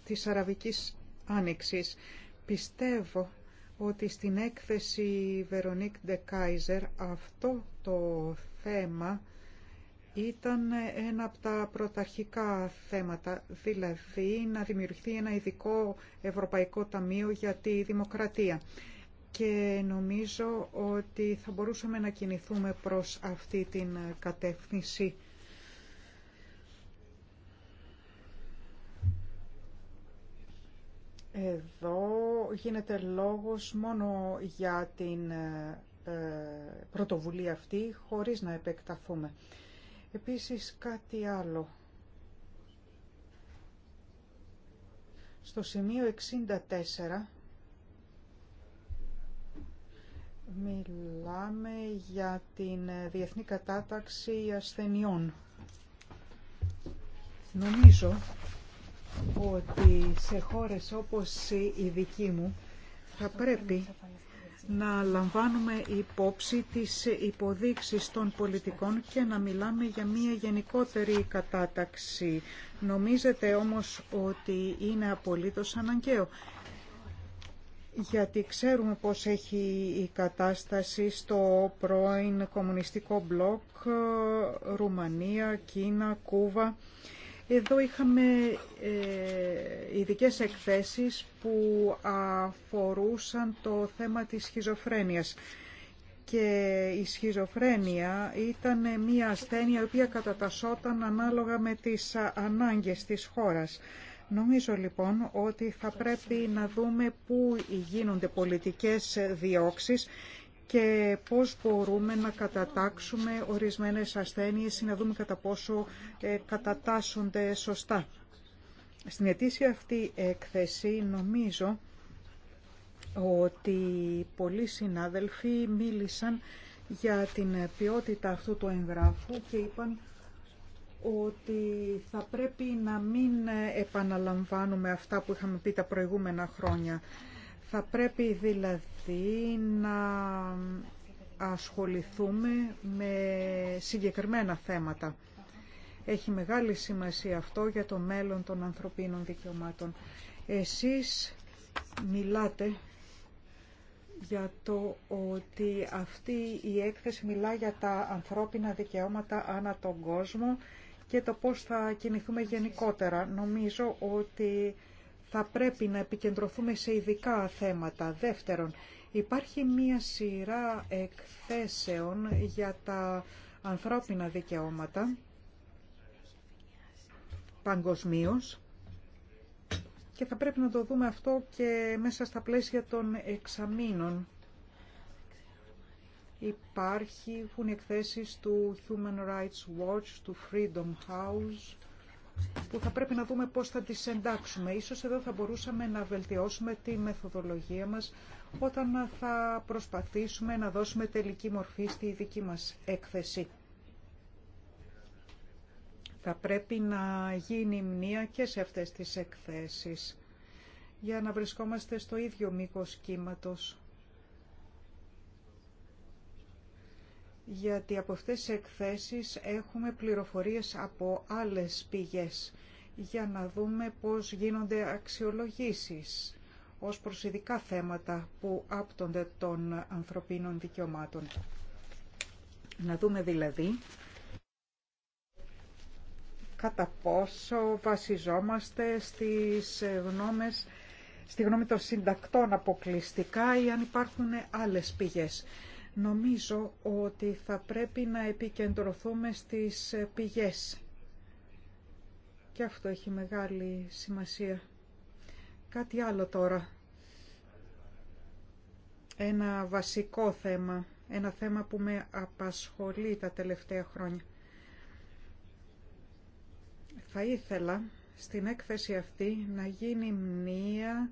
της Αραβικής Άνοιξης. Πιστεύω ότι στην έκθεση Βερονίκ Κάιζερ αυτό το θέμα ήταν ένα από τα πρωταρχικά θέματα, δηλαδή να δημιουργηθεί ένα ειδικό Ευρωπαϊκό Ταμείο για τη Δημοκρατία. Και νομίζω ότι θα μπορούσαμε να κινηθούμε προς αυτή την κατεύθυνση Εδώ γίνεται λόγος μόνο για την ε, ε, πρωτοβουλία αυτή, χωρίς να επεκταθούμε. Επίσης κάτι άλλο. Στο σημείο 64 μιλάμε για την ε, Διεθνή Κατάταξη Ασθενειών. Νομίζω ότι σε χώρες όπως η δική μου θα πρέπει να λαμβάνουμε υπόψη τις υποδείξεις των πολιτικών και να μιλάμε για μια γενικότερη κατάταξη. Νομίζετε όμως ότι είναι απολύτως αναγκαίο. Γιατί ξέρουμε πώς έχει η κατάσταση στο πρώην κομμουνιστικό μπλοκ, Ρουμανία, Κίνα, Κούβα εδώ είχαμε ε, ειδικέ εκθέσεις που αφορούσαν το θέμα της σχιζοφρένειας. Και η σχιζοφρένεια ήταν μια ασθένεια η οποία κατατασσόταν ανάλογα με τις ανάγκες της χώρας. Νομίζω λοιπόν ότι θα πρέπει να δούμε πού γίνονται πολιτικές διώξεις και πώς μπορούμε να κατατάξουμε ορισμένες ασθένειες ή να δούμε κατά πόσο ε, κατατάσσονται σωστά. Στην ετήσια αυτή έκθεση νομίζω ότι πολλοί συνάδελφοι μίλησαν για την ποιότητα αυτού του εγγράφου και είπαν ότι θα πρέπει να μην επαναλαμβάνουμε αυτά που είχαμε πει τα προηγούμενα χρόνια θα πρέπει δηλαδή να ασχοληθούμε με συγκεκριμένα θέματα. Έχει μεγάλη σημασία αυτό για το μέλλον των ανθρωπίνων δικαιωμάτων. Εσείς μιλάτε για το ότι αυτή η έκθεση μιλά για τα ανθρώπινα δικαιώματα ανά τον κόσμο και το πώς θα κινηθούμε γενικότερα. Νομίζω ότι θα πρέπει να επικεντρωθούμε σε ειδικά θέματα. Δεύτερον, υπάρχει μία σειρά εκθέσεων για τα ανθρώπινα δικαιώματα παγκοσμίως και θα πρέπει να το δούμε αυτό και μέσα στα πλαίσια των εξαμήνων. Υπάρχουν εκθέσεις του Human Rights Watch, του Freedom House, που θα πρέπει να δούμε πώς θα τις εντάξουμε. Ίσως εδώ θα μπορούσαμε να βελτιώσουμε τη μεθοδολογία μας όταν θα προσπαθήσουμε να δώσουμε τελική μορφή στη δική μας έκθεση. Θα πρέπει να γίνει μνήα και σε αυτές τις εκθέσεις για να βρισκόμαστε στο ίδιο μήκος κύματος. γιατί από αυτές τις εκθέσεις έχουμε πληροφορίες από άλλες πηγές για να δούμε πώς γίνονται αξιολογήσεις ως προς ειδικά θέματα που άπτονται των ανθρωπίνων δικαιωμάτων. Να δούμε δηλαδή κατά πόσο βασιζόμαστε στις γνώμες, στη γνώμη των συντακτών αποκλειστικά ή αν υπάρχουν άλλες πηγές. Νομίζω ότι θα πρέπει να επικεντρωθούμε στις πηγές. Και αυτό έχει μεγάλη σημασία. Κάτι άλλο τώρα. Ένα βασικό θέμα, ένα θέμα που με απασχολεί τα τελευταία χρόνια. Θα ήθελα στην έκθεση αυτή να γίνει μία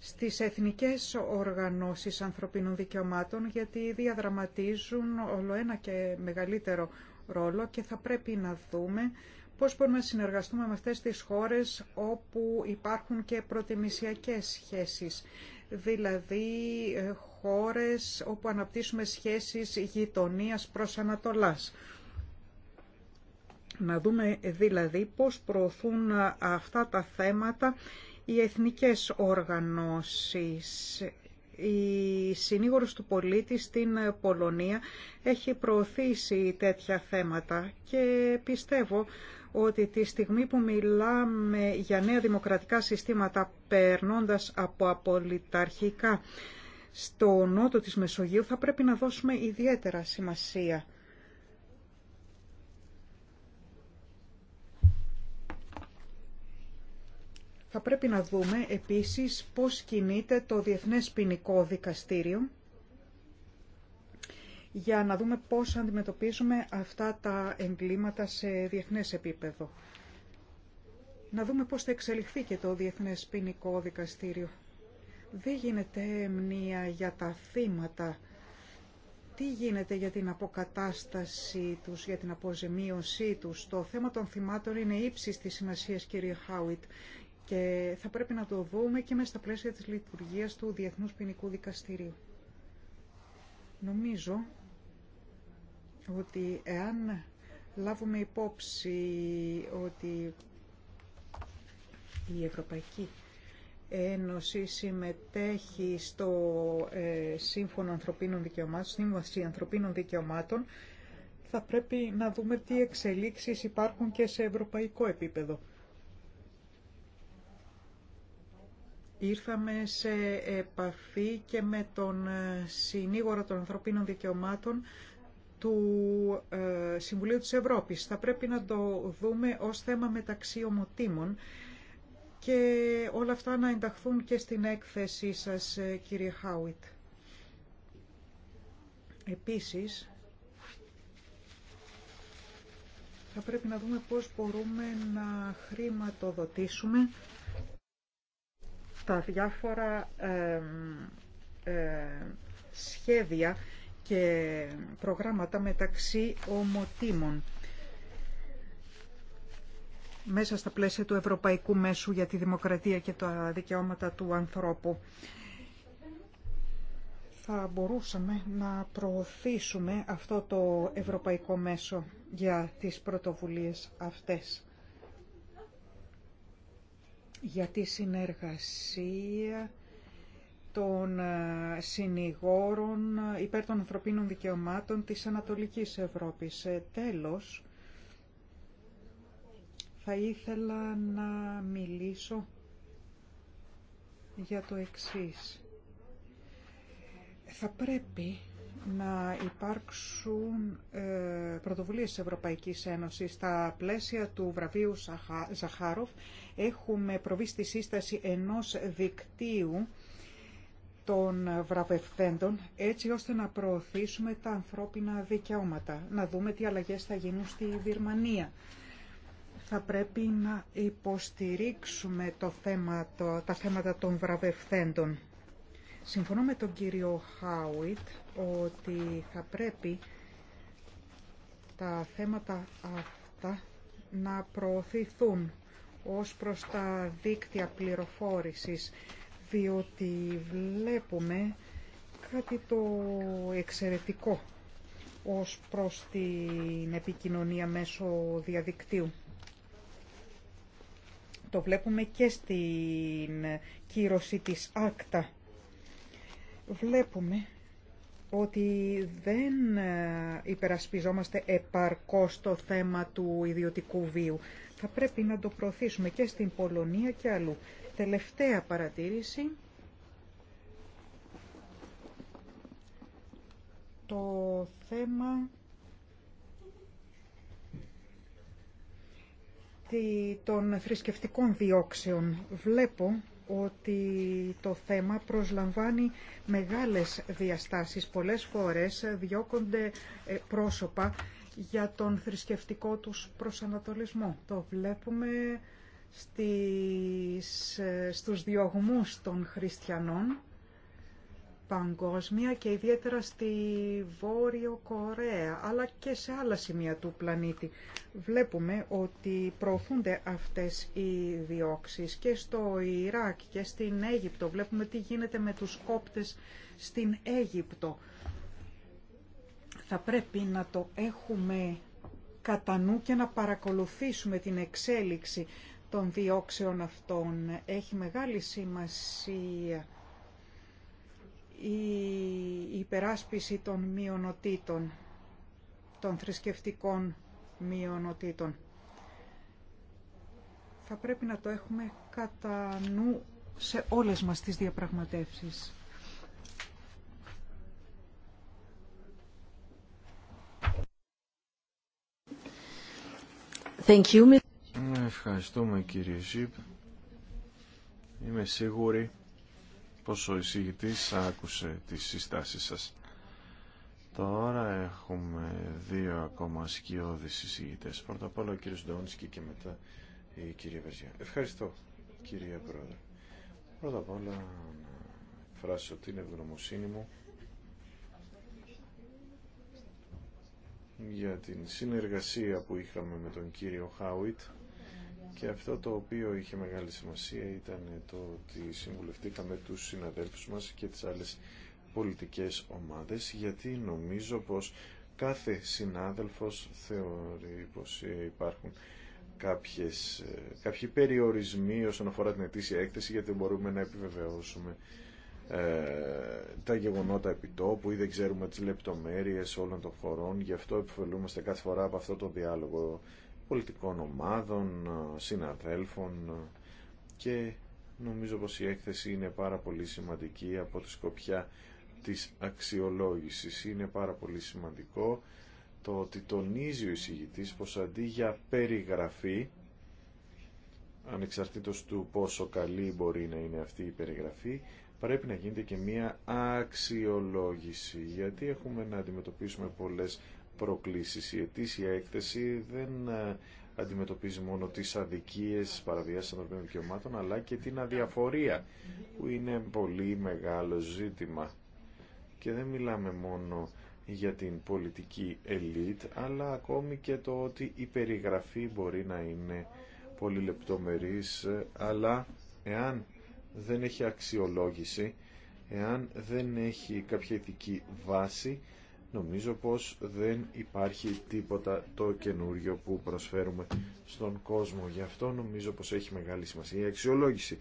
στις εθνικές οργανώσεις ανθρωπίνων δικαιωμάτων γιατί διαδραματίζουν όλο ένα και μεγαλύτερο ρόλο και θα πρέπει να δούμε πώς μπορούμε να συνεργαστούμε με αυτές τις χώρες όπου υπάρχουν και προτιμησιακές σχέσεις. Δηλαδή ε, χώρες όπου αναπτύσσουμε σχέσεις γειτονίας προς Ανατολάς. Να δούμε ε, δηλαδή πώς προωθούν ε, αυτά τα θέματα οι εθνικές οργανώσεις. Η συνήγορος του πολίτη στην Πολωνία έχει προωθήσει τέτοια θέματα και πιστεύω ότι τη στιγμή που μιλάμε για νέα δημοκρατικά συστήματα περνώντας από απολυταρχικά στο νότο της Μεσογείου θα πρέπει να δώσουμε ιδιαίτερα σημασία Θα πρέπει να δούμε επίσης πώς κινείται το Διεθνές Ποινικό Δικαστήριο για να δούμε πώς αντιμετωπίζουμε αυτά τα εγκλήματα σε διεθνές επίπεδο. Να δούμε πώς θα εξελιχθεί και το Διεθνές Ποινικό Δικαστήριο. Δεν γίνεται μνήα για τα θύματα. Τι γίνεται για την αποκατάσταση τους, για την αποζημίωσή τους. Το θέμα των θυμάτων είναι ύψης της σημασίας, κύριε Χάουιτ και θα πρέπει να το δούμε και μέσα στα πλαίσια της λειτουργίας του Διεθνούς Ποινικού Δικαστηρίου. Νομίζω ότι εάν λάβουμε υπόψη ότι η Ευρωπαϊκή Ένωση συμμετέχει στο ε, Σύμφωνο Ανθρωπίνων Δικαιωμάτων, Σύμβαση Ανθρωπίνων Δικαιωμάτων, θα πρέπει να δούμε τι εξελίξεις υπάρχουν και σε ευρωπαϊκό επίπεδο. Ήρθαμε σε επαφή και με τον ε, συνήγορο των ανθρωπίνων δικαιωμάτων του ε, Συμβουλίου της Ευρώπης. Θα πρέπει να το δούμε ως θέμα μεταξύ ομοτήμων και όλα αυτά να ενταχθούν και στην έκθεσή σας, ε, κύριε Χάουιτ. Επίσης, θα πρέπει να δούμε πώς μπορούμε να χρηματοδοτήσουμε τα διάφορα ε, σχέδια και προγράμματα μεταξύ ομοτήμων μέσα στα πλαίσια του Ευρωπαϊκού Μέσου για τη Δημοκρατία και τα Δικαιώματα του Ανθρώπου. Θα μπορούσαμε να προωθήσουμε αυτό το Ευρωπαϊκό Μέσο για τις πρωτοβουλίες αυτές για τη συνεργασία των ε, συνηγόρων υπέρ των ανθρωπίνων δικαιωμάτων της Ανατολικής Ευρώπης. Ε, τέλος, θα ήθελα να μιλήσω για το εξής. Θα πρέπει να υπάρξουν ε, πρωτοβουλίες της Ευρωπαϊκής Ένωσης. Στα πλαίσια του βραβείου Ζαχάροφ έχουμε προβεί στη σύσταση ενός δικτύου των βραβευθέντων έτσι ώστε να προωθήσουμε τα ανθρώπινα δικαιώματα, να δούμε τι αλλαγές θα γίνουν στη Βυρμανία. Θα πρέπει να υποστηρίξουμε το θέμα, τα θέματα των βραβευθέντων Συμφωνώ με τον κύριο Χάουιτ ότι θα πρέπει τα θέματα αυτά να προωθηθούν ως προς τα δίκτυα πληροφόρησης, διότι βλέπουμε κάτι το εξαιρετικό ως προς την επικοινωνία μέσω διαδικτύου. Το βλέπουμε και στην κύρωση της άκτα βλέπουμε ότι δεν ε, υπερασπιζόμαστε επαρκώς το θέμα του ιδιωτικού βίου. Θα πρέπει να το προωθήσουμε και στην Πολωνία και αλλού. Τελευταία παρατήρηση. Το θέμα των θρησκευτικών διώξεων. Βλέπω ότι το θέμα προσλαμβάνει μεγάλες διαστάσεις. Πολλές φορές διώκονται ε, πρόσωπα για τον θρησκευτικό τους προσανατολισμό. Το βλέπουμε στις, ε, στους διωγμούς των χριστιανών παγκόσμια και ιδιαίτερα στη Βόρειο Κορέα, αλλά και σε άλλα σημεία του πλανήτη. Βλέπουμε ότι προωθούνται αυτές οι διώξεις και στο Ιράκ και στην Αίγυπτο. Βλέπουμε τι γίνεται με τους κόπτες στην Αίγυπτο. Θα πρέπει να το έχουμε κατά νου και να παρακολουθήσουμε την εξέλιξη των διώξεων αυτών. Έχει μεγάλη σημασία η υπεράσπιση των μειονοτήτων, των θρησκευτικών μειονοτήτων. Θα πρέπει να το έχουμε κατά νου σε όλες μας τις διαπραγματεύσεις. Thank you. Ευχαριστούμε κύριε Ζήπ. Είμαι σίγουρη πως ο άκουσε τις συστάσεις σας. Τώρα έχουμε δύο ακόμα σκιώδεις εισηγητές. Πρώτα απ' όλα ο κύριος Ντόνσκι και μετά η κυρία Βερζιά. Ευχαριστώ κυρία Πρόεδρε. Πρώτα απ' όλα να εκφράσω την ευγνωμοσύνη μου για την συνεργασία που είχαμε με τον κύριο Χάουιτ και αυτό το οποίο είχε μεγάλη σημασία ήταν το ότι συμβουλευτήκαμε τους συναδέλφους μας και τις άλλες πολιτικές ομάδες, γιατί νομίζω πως κάθε συνάδελφος θεωρεί πως υπάρχουν κάποιες, ε, κάποιοι περιορισμοί όσον αφορά την ετήσια έκθεση, γιατί μπορούμε να επιβεβαιώσουμε ε, τα γεγονότα επιτόπου ή δεν ξέρουμε τις λεπτομέρειες όλων των χωρών. Γι' αυτό επιφελούμαστε κάθε φορά από αυτό το διάλογο πολιτικών ομάδων, συναδέλφων και νομίζω πως η έκθεση είναι πάρα πολύ σημαντική από τη σκοπιά της αξιολόγησης. Είναι πάρα πολύ σημαντικό το ότι τονίζει ο εισηγητής πως αντί για περιγραφή ανεξαρτήτως του πόσο καλή μπορεί να είναι αυτή η περιγραφή πρέπει να γίνεται και μία αξιολόγηση γιατί έχουμε να αντιμετωπίσουμε πολλές προκλήσεις. Η ετήσια έκθεση δεν ε, αντιμετωπίζει μόνο τις αδικίες παραβιάσεις των ανθρωπίνων δικαιωμάτων, αλλά και την αδιαφορία, που είναι πολύ μεγάλο ζήτημα. Και δεν μιλάμε μόνο για την πολιτική ελίτ, αλλά ακόμη και το ότι η περιγραφή μπορεί να είναι πολύ λεπτομερής, αλλά εάν δεν έχει αξιολόγηση, εάν δεν έχει κάποια ηθική βάση, νομίζω πως δεν υπάρχει τίποτα το καινούριο που προσφέρουμε στον κόσμο. Γι' αυτό νομίζω πως έχει μεγάλη σημασία η αξιολόγηση.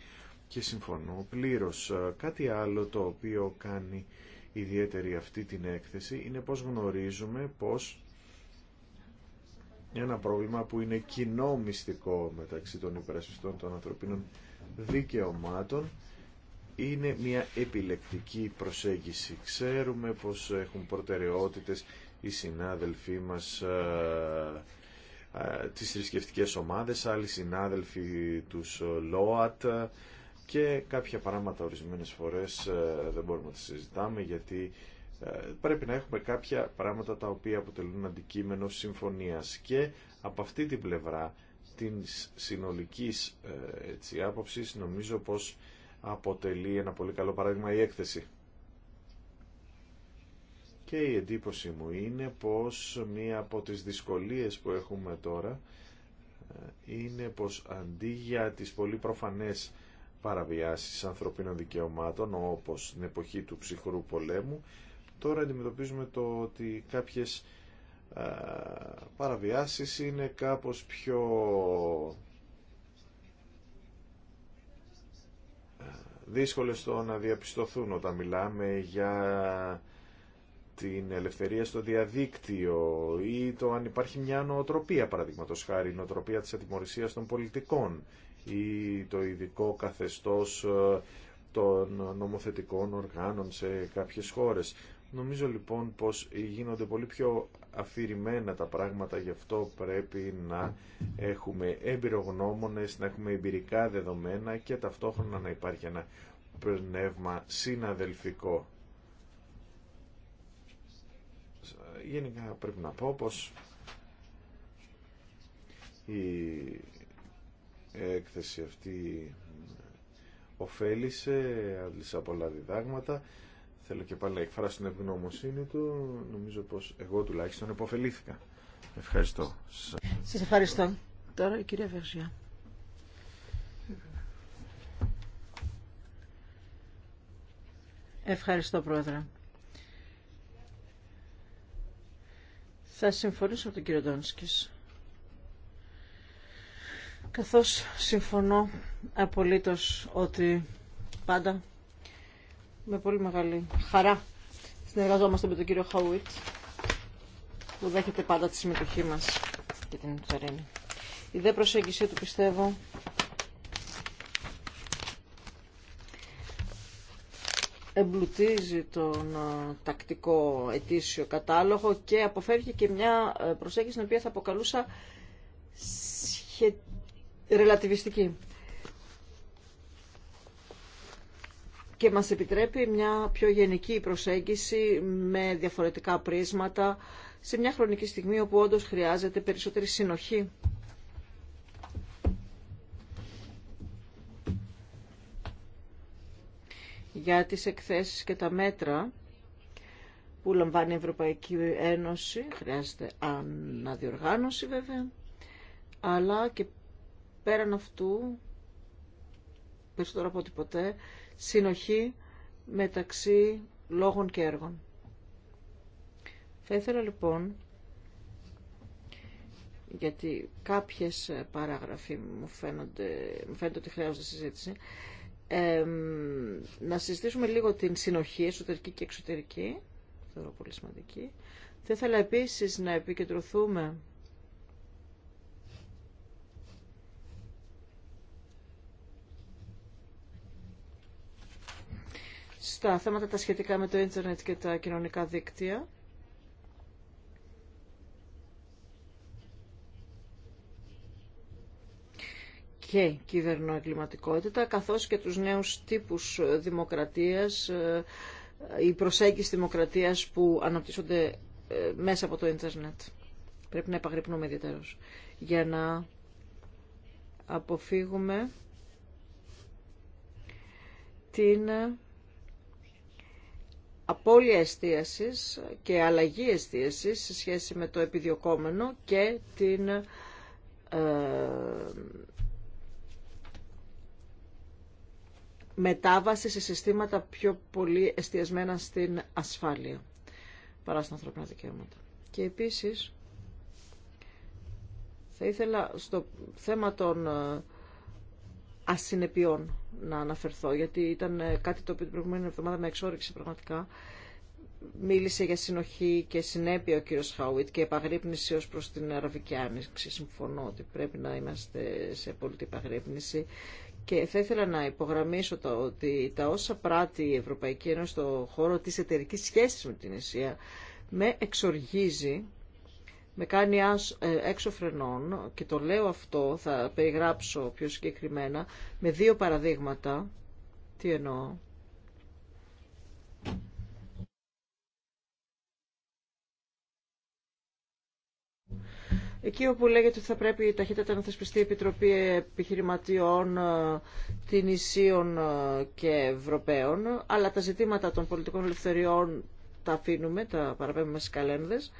Και συμφωνώ πλήρως. Ε, κάτι άλλο το οποίο κάνει ιδιαίτερη αυτή την έκθεση είναι πως γνωρίζουμε πως ένα πρόβλημα που είναι κοινό μυστικό μεταξύ των υπερασπιστών των ανθρωπίνων δικαιωμάτων είναι μια επιλεκτική προσέγγιση. Ξέρουμε πως έχουν προτεραιότητες οι συνάδελφοί μας ε, ε, τις θρησκευτικέ ομάδες, άλλοι συνάδελφοι τους ε, ΛΟΑΤ και κάποια πράγματα ορισμένες φορές δεν μπορούμε να τα συζητάμε γιατί πρέπει να έχουμε κάποια πράγματα τα οποία αποτελούν αντικείμενο συμφωνίας και από αυτή την πλευρά της συνολικής έτσι, νομίζω πως αποτελεί ένα πολύ καλό παράδειγμα η έκθεση. Και η εντύπωση μου είναι πως μία από τις δυσκολίες που έχουμε τώρα ε, είναι πως αντί για τις πολύ προφανές παραβιάσεις ανθρωπίνων δικαιωμάτων όπως την εποχή του ψυχρού πολέμου τώρα αντιμετωπίζουμε το ότι κάποιες ε, παραβιάσεις είναι κάπως πιο δύσκολες το να διαπιστωθούν όταν μιλάμε για την ελευθερία στο διαδίκτυο ή το αν υπάρχει μια νοοτροπία παραδείγματο χάρη, η νοοτροπία της ατιμορρησίας των πολιτικών ή το ειδικό καθεστώς ε, των νομοθετικών οργάνων σε κάποιες χώρες. Νομίζω λοιπόν πως γίνονται πολύ πιο αφηρημένα τα πράγματα, γι' αυτό πρέπει να έχουμε εμπειρογνώμονες, να έχουμε εμπειρικά δεδομένα και ταυτόχρονα να υπάρχει ένα πνεύμα συναδελφικό. Γενικά πρέπει να πω πως η έκθεση αυτή ωφέλησε, από πολλά διδάγματα θέλω και πάλι να εκφράσω την ευγνώμοσύνη του. Νομίζω πως εγώ τουλάχιστον επωφελήθηκα. Ευχαριστώ. Σα ευχαριστώ. Τώρα η κυρία Βερζιά. Ευχαριστώ, Πρόεδρε. Θα συμφωνήσω με τον κύριο Ντόνσκης. Καθώς συμφωνώ απολύτως ότι πάντα με πολύ μεγάλη χαρά συνεργαζόμαστε με τον κύριο Χαουίτ που δέχεται πάντα τη συμμετοχή μας και την Ουθαρίνη. Η δε προσέγγιση του πιστεύω εμπλουτίζει τον τακτικό ετήσιο κατάλογο και αποφεύγει και μια ε, προσέγγιση την οποία θα αποκαλούσα σχετική ρελατιβιστική. και μας επιτρέπει μια πιο γενική προσέγγιση με διαφορετικά πρίσματα σε μια χρονική στιγμή όπου όντως χρειάζεται περισσότερη συνοχή. για τις εκθέσεις και τα μέτρα που λαμβάνει η Ευρωπαϊκή Ένωση. Χρειάζεται αναδιοργάνωση βέβαια, αλλά και πέραν αυτού, περισσότερο από ό,τι ποτέ, συνοχή μεταξύ λόγων και έργων. Θα ήθελα λοιπόν, γιατί κάποιες παράγραφοι μου φαίνονται, φαίνεται ότι χρειάζονται συζήτηση, να συζητήσουμε λίγο την συνοχή εσωτερική και εξωτερική, θεωρώ πολύ σημαντική. Θα ήθελα επίσης να επικεντρωθούμε στα θέματα τα σχετικά με το ίντερνετ και τα κοινωνικά δίκτυα. και κυβερνοεγκληματικότητα, καθώς και τους νέους τύπους δημοκρατίας, ε, η προσέγγιση δημοκρατίας που αναπτύσσονται ε, μέσα από το ίντερνετ. Πρέπει να επαγρυπνούμε ιδιαίτερως για να αποφύγουμε την απώλεια εστίασης και αλλαγή εστίασης σε σχέση με το επιδιωκόμενο και την ε, μετάβαση σε συστήματα πιο πολύ εστιασμένα στην ασφάλεια παρά στα ανθρώπινα δικαιώματα. Και επίσης θα ήθελα στο θέμα των ε, ασυνεπιών να αναφερθώ, γιατί ήταν ε, κάτι το οποίο την προηγούμενη εβδομάδα με εξόριξε πραγματικά. Μίλησε για συνοχή και συνέπεια ο κύριος Χάουιτ και επαγρύπνηση ως προς την αραβική άνοιξη. Συμφωνώ ότι πρέπει να είμαστε σε πολιτική επαγρύπνηση. Και θα ήθελα να υπογραμμίσω το, ότι τα όσα πράττει η Ευρωπαϊκή Ένωση στο χώρο της εταιρικής σχέσης με την Ισία με εξοργίζει με κάνει ε, έξω φρενών και το λέω αυτό, θα περιγράψω πιο συγκεκριμένα, με δύο παραδείγματα. Τι εννοώ. Εκεί όπου λέγεται ότι θα πρέπει η ταχύτητα να θεσπιστεί η Επιτροπή Επιχειρηματιών, ε, την Ισίων ε, και Ευρωπαίων, αλλά τα ζητήματα των πολιτικών ελευθεριών τα αφήνουμε, τα παραπέμπουμε στις καλένδες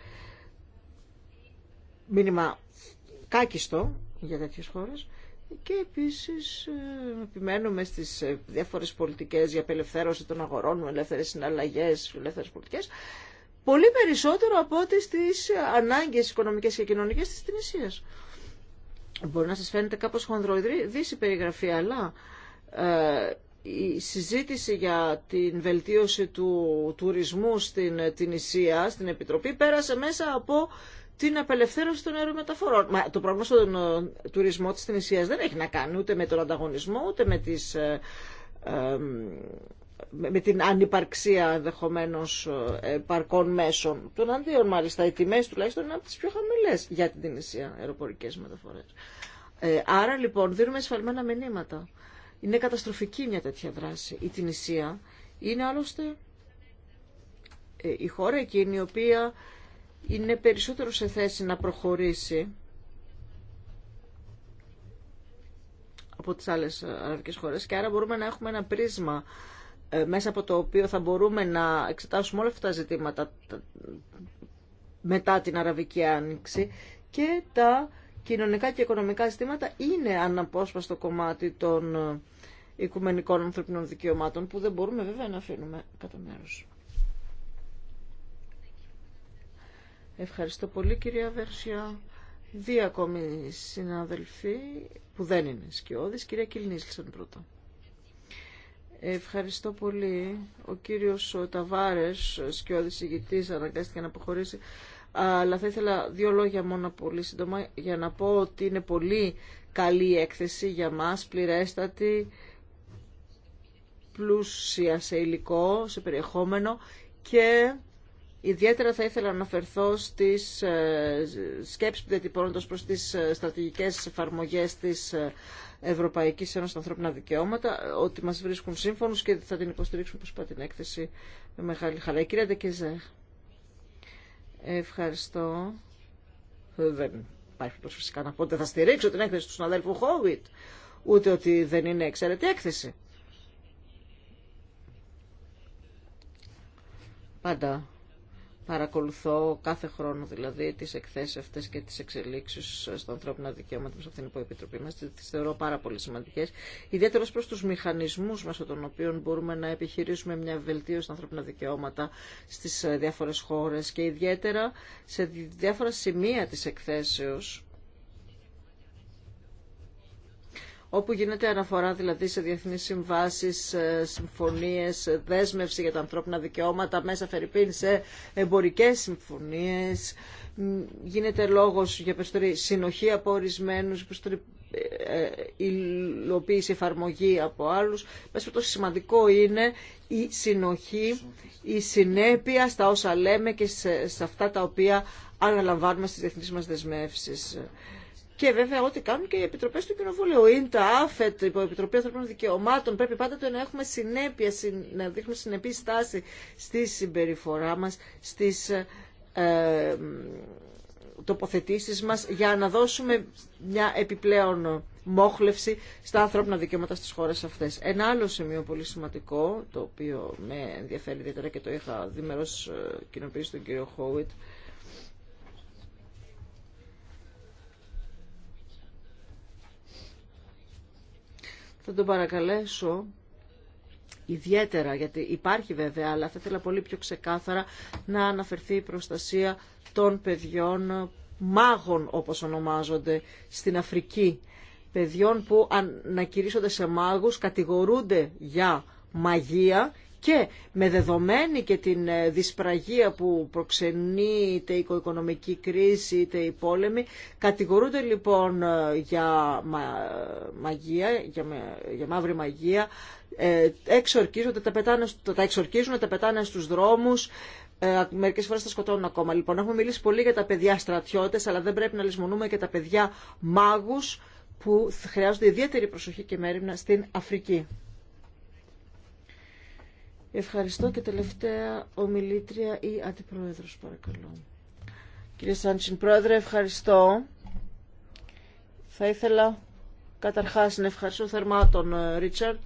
μήνυμα κάκιστο για τέτοιες χώρες και επίσης ε, επιμένουμε στις ε, διάφορες πολιτικές για απελευθέρωση των αγορών, ελεύθερες συναλλαγές, ελεύθερες πολιτικές, πολύ περισσότερο από ό,τι στις ανάγκες οικονομικές και κοινωνικές της Τινησίας. Μπορεί να σας φαίνεται κάπως χονδροειδής η περιγραφή, αλλά ε, η συζήτηση για την βελτίωση του τουρισμού στην Τινησία, στην Επιτροπή, πέρασε μέσα από την απελευθέρωση των αερομεταφορών. Μα το πρόβλημα στον ε, τουρισμό της Τινησίας δεν έχει να κάνει ούτε με τον ανταγωνισμό, ούτε με, τις, ε, με την ανυπαρξία ενδεχομένω ε, παρκών μέσων. Τον αντίον μάλιστα οι τιμές τουλάχιστον είναι από τις πιο χαμηλές για την Τινησία αεροπορικές μεταφορές. άρα λοιπόν δίνουμε εσφαλμένα μηνύματα. Είναι καταστροφική μια τέτοια δράση. Η Τινησία είναι άλλωστε η χώρα εκείνη η οποία είναι περισσότερο σε θέση να προχωρήσει από τις άλλες αραβικές χώρες και άρα μπορούμε να έχουμε ένα πρίσμα ε, μέσα από το οποίο θα μπορούμε να εξετάσουμε όλα αυτά τα ζητήματα μετά την Αραβική Άνοιξη και τα κοινωνικά και οικονομικά ζητήματα είναι αναπόσπαστο κομμάτι των ε, οικουμενικών ανθρωπινών δικαιωμάτων που δεν μπορούμε βέβαια να αφήνουμε κατά μέρος. Ευχαριστώ πολύ κυρία Βερσιά. Δύο ακόμη συναδελφοί που δεν είναι σκιώδης. Κυρία Κιλνίσλσεν πρώτα. Ευχαριστώ πολύ. Ο κύριος Ταβάρες, σκιώδης ηγητής, αναγκάστηκε να αποχωρήσει. Αλλά θα ήθελα δύο λόγια μόνο πολύ σύντομα για να πω ότι είναι πολύ καλή έκθεση για μας, πληρέστατη, πλούσια σε υλικό, σε περιεχόμενο και Ιδιαίτερα θα ήθελα να αναφερθώ στις ε, σκέψεις που διατυπώνονται προς τις ε, στρατηγικές εφαρμογές της ε, Ευρωπαϊκής Ένωσης ανθρώπινα δικαιώματα, ότι μας βρίσκουν σύμφωνους και θα την υποστηρίξουμε όπως είπα την έκθεση με μεγάλη χαρά. Κυρία Ντεκεζέ, ευχαριστώ. Δεν υπάρχει πως φυσικά να πω ότι θα στηρίξω την έκθεση του συναδέλφου Χόβιτ, ούτε ότι δεν είναι εξαιρετή έκθεση. Πάντα παρακολουθώ κάθε χρόνο δηλαδή τις εκθέσεις αυτές και τις εξελίξεις στα ανθρώπινα δικαιώματα προς αυτήν την επιτροπή μας, τις θεωρώ πάρα πολύ σημαντικές, ιδιαίτερα προς τους μηχανισμούς μέσω των οποίων μπορούμε να επιχειρήσουμε μια βελτίωση στα ανθρώπινα δικαιώματα στις ε, διάφορες χώρες και ιδιαίτερα σε διάφορα σημεία της εκθέσεως όπου γίνεται αναφορά δηλαδή σε διεθνείς συμβάσεις, ε, συμφωνίες, ε, δέσμευση για τα ανθρώπινα δικαιώματα, μέσα φερειπίν σε εμπορικές συμφωνίες, γίνεται λόγος για περισσότερη συνοχή από ορισμένους, περισσότερη ε, υλοποίηση, εφαρμογή από άλλους. Μέσα το σημαντικό είναι η συνοχή, η συνέπεια στα όσα λέμε και σε, σε αυτά τα οποία αναλαμβάνουμε στις διεθνείς μας δεσμεύσεις. Και βέβαια ό,τι κάνουν και οι επιτροπέ του Κοινοβουλίου. Είναι ΙΝΤΑ, ΑΦΕΤ, η Επιτροπή Ανθρωπίνων Δικαιωμάτων. Πρέπει πάντα να έχουμε συνέπεια, να δείχνουμε συνεπή στάση στη συμπεριφορά μα στι ε, τοποθετήσεις μας για να δώσουμε μια επιπλέον μόχλευση στα ανθρώπινα δικαιώματα στις χώρες αυτές. Ένα άλλο σημείο πολύ σημαντικό, το οποίο με ενδιαφέρει ιδιαίτερα και το είχα διμέρω ε, κοινοποιήσει τον κύριο Χόουιτ, θα τον παρακαλέσω ιδιαίτερα, γιατί υπάρχει βέβαια, αλλά θα ήθελα πολύ πιο ξεκάθαρα να αναφερθεί η προστασία των παιδιών μάγων όπως ονομάζονται στην Αφρική. Παιδιών που ανακηρύσσονται σε μάγους, κατηγορούνται για μαγεία και με δεδομένη και την ε, δυσπραγία που προξενεί είτε η οικονομική κρίση είτε η πόλεμη κατηγορούνται λοιπόν ε, για ε, μαγεία, για, για μαύρη μαγεία εξορκίζονται, τα, πετάνε, τα εξορκίζουν, τα πετάνε στους δρόμους ε, Μερικέ φορέ τα σκοτώνουν ακόμα. Λοιπόν, έχουμε μιλήσει πολύ για τα παιδιά στρατιώτες, αλλά δεν πρέπει να λησμονούμε και τα παιδιά μάγους που χρειάζονται ιδιαίτερη προσοχή και μέρημνα στην Αφρική. Ευχαριστώ και τελευταία ομιλήτρια ή αντιπρόεδρος παρακαλώ. Κύριε Σάντσιν Πρόεδρε, ευχαριστώ. Θα ήθελα καταρχάς να ευχαριστώ θερμά τον ε, Ρίτσαρτ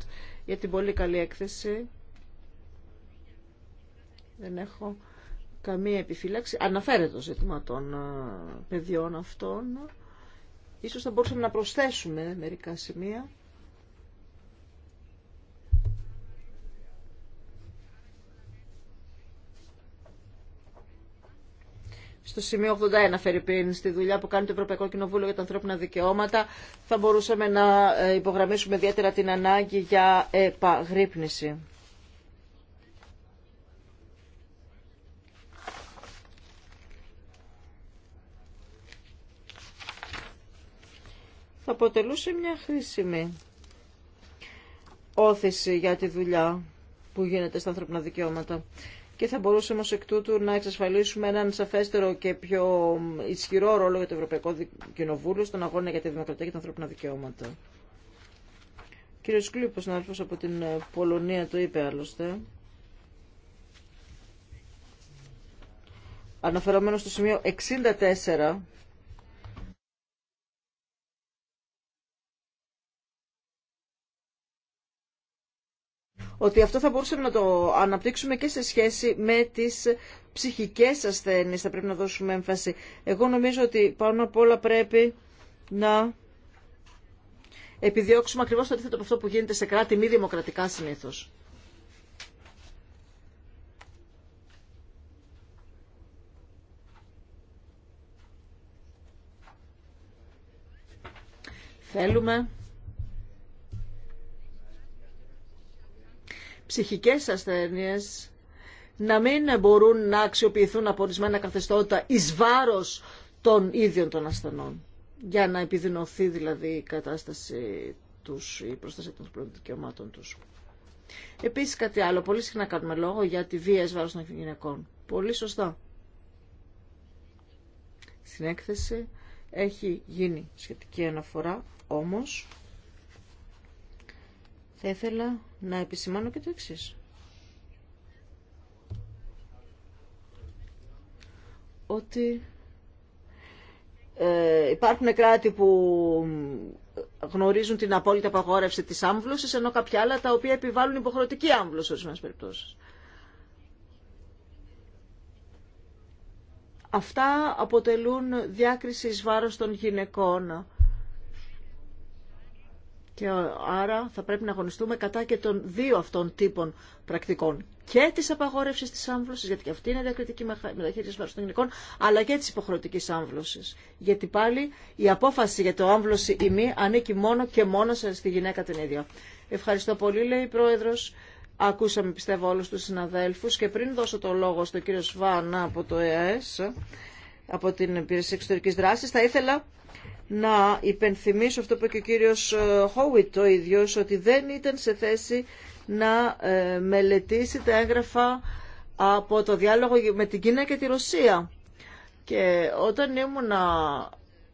για την πολύ καλή έκθεση. Δεν έχω καμία επιφύλαξη. Αναφέρεται το ζήτημα των ε, παιδιών αυτών. Ίσως θα μπορούσαμε να προσθέσουμε μερικά σημεία. στο σημείο 81 Φερρυπίν, στη δουλειά που κάνει το Ευρωπαϊκό Κοινοβούλιο για τα ανθρώπινα δικαιώματα, θα μπορούσαμε να ε, υπογραμμίσουμε ιδιαίτερα την ανάγκη για επαγρύπνηση. Θα αποτελούσε μια χρήσιμη όθηση για τη δουλειά που γίνεται στα ανθρώπινα δικαιώματα και θα μπορούσαμε ως εκ τούτου να εξασφαλίσουμε έναν σαφέστερο και πιο ισχυρό ρόλο για το Ευρωπαϊκό Κοινοβούλιο στον αγώνα για τη δημοκρατία και τα ανθρώπινα δικαιώματα. Κύριος Κλούπος, να από την Πολωνία, το είπε άλλωστε. Αναφερόμενο στο σημείο 64 ότι αυτό θα μπορούσαμε να το αναπτύξουμε και σε σχέση με τις ψυχικές ασθένειες. Θα πρέπει να δώσουμε έμφαση. Εγώ νομίζω ότι πάνω απ' όλα πρέπει να επιδιώξουμε ακριβώς το αντίθετο από αυτό που γίνεται σε κράτη μη δημοκρατικά συνήθως. Θέλουμε ψυχικές ασθένειες να μην μπορούν να αξιοποιηθούν από ορισμένα καθεστώτα εις βάρος των ίδιων των ασθενών. Για να επιδεινωθεί δηλαδή η κατάσταση τους, η προστασία των δικαιωμάτων τους. Επίσης κάτι άλλο, πολύ συχνά κάνουμε λόγο για τη βία εις βάρος των γυναικών. Πολύ σωστά. Στην έκθεση έχει γίνει σχετική αναφορά, όμως θα ήθελα να επισημάνω και το εξή. Ότι ε, υπάρχουν κράτη που γνωρίζουν την απόλυτη απαγόρευση της άμβλωσης, ενώ κάποια άλλα τα οποία επιβάλλουν υποχρεωτική άμβλωση σε ορισμένες περιπτώσεις. Αυτά αποτελούν διάκριση εις βάρος των γυναικών και άρα θα πρέπει να αγωνιστούμε κατά και των δύο αυτών τύπων πρακτικών. Και τη απαγόρευση τη άμβλωση, γιατί και αυτή είναι διακριτική μεταχείριση βάρο των γυναικών, αλλά και τη υποχρεωτική άμβλωση. Γιατί πάλι η απόφαση για το άμβλωση ή μη ανήκει μόνο και μόνο στη γυναίκα την ίδια. Ευχαριστώ πολύ, λέει η Πρόεδρο. Ακούσαμε, πιστεύω, όλου του συναδέλφου. Και πριν δώσω το λόγο στον κύριο Σβάνα από το ΕΑΕΣ, από την Υπηρεσία Εξωτερική Δράση, θα ήθελα να υπενθυμίσω αυτό που είπε και ο κύριος Χόουιτ το ίδιο, ότι δεν ήταν σε θέση να ε, μελετήσει τα έγγραφα από το διάλογο με την Κίνα και τη Ρωσία. Και όταν ήμουνα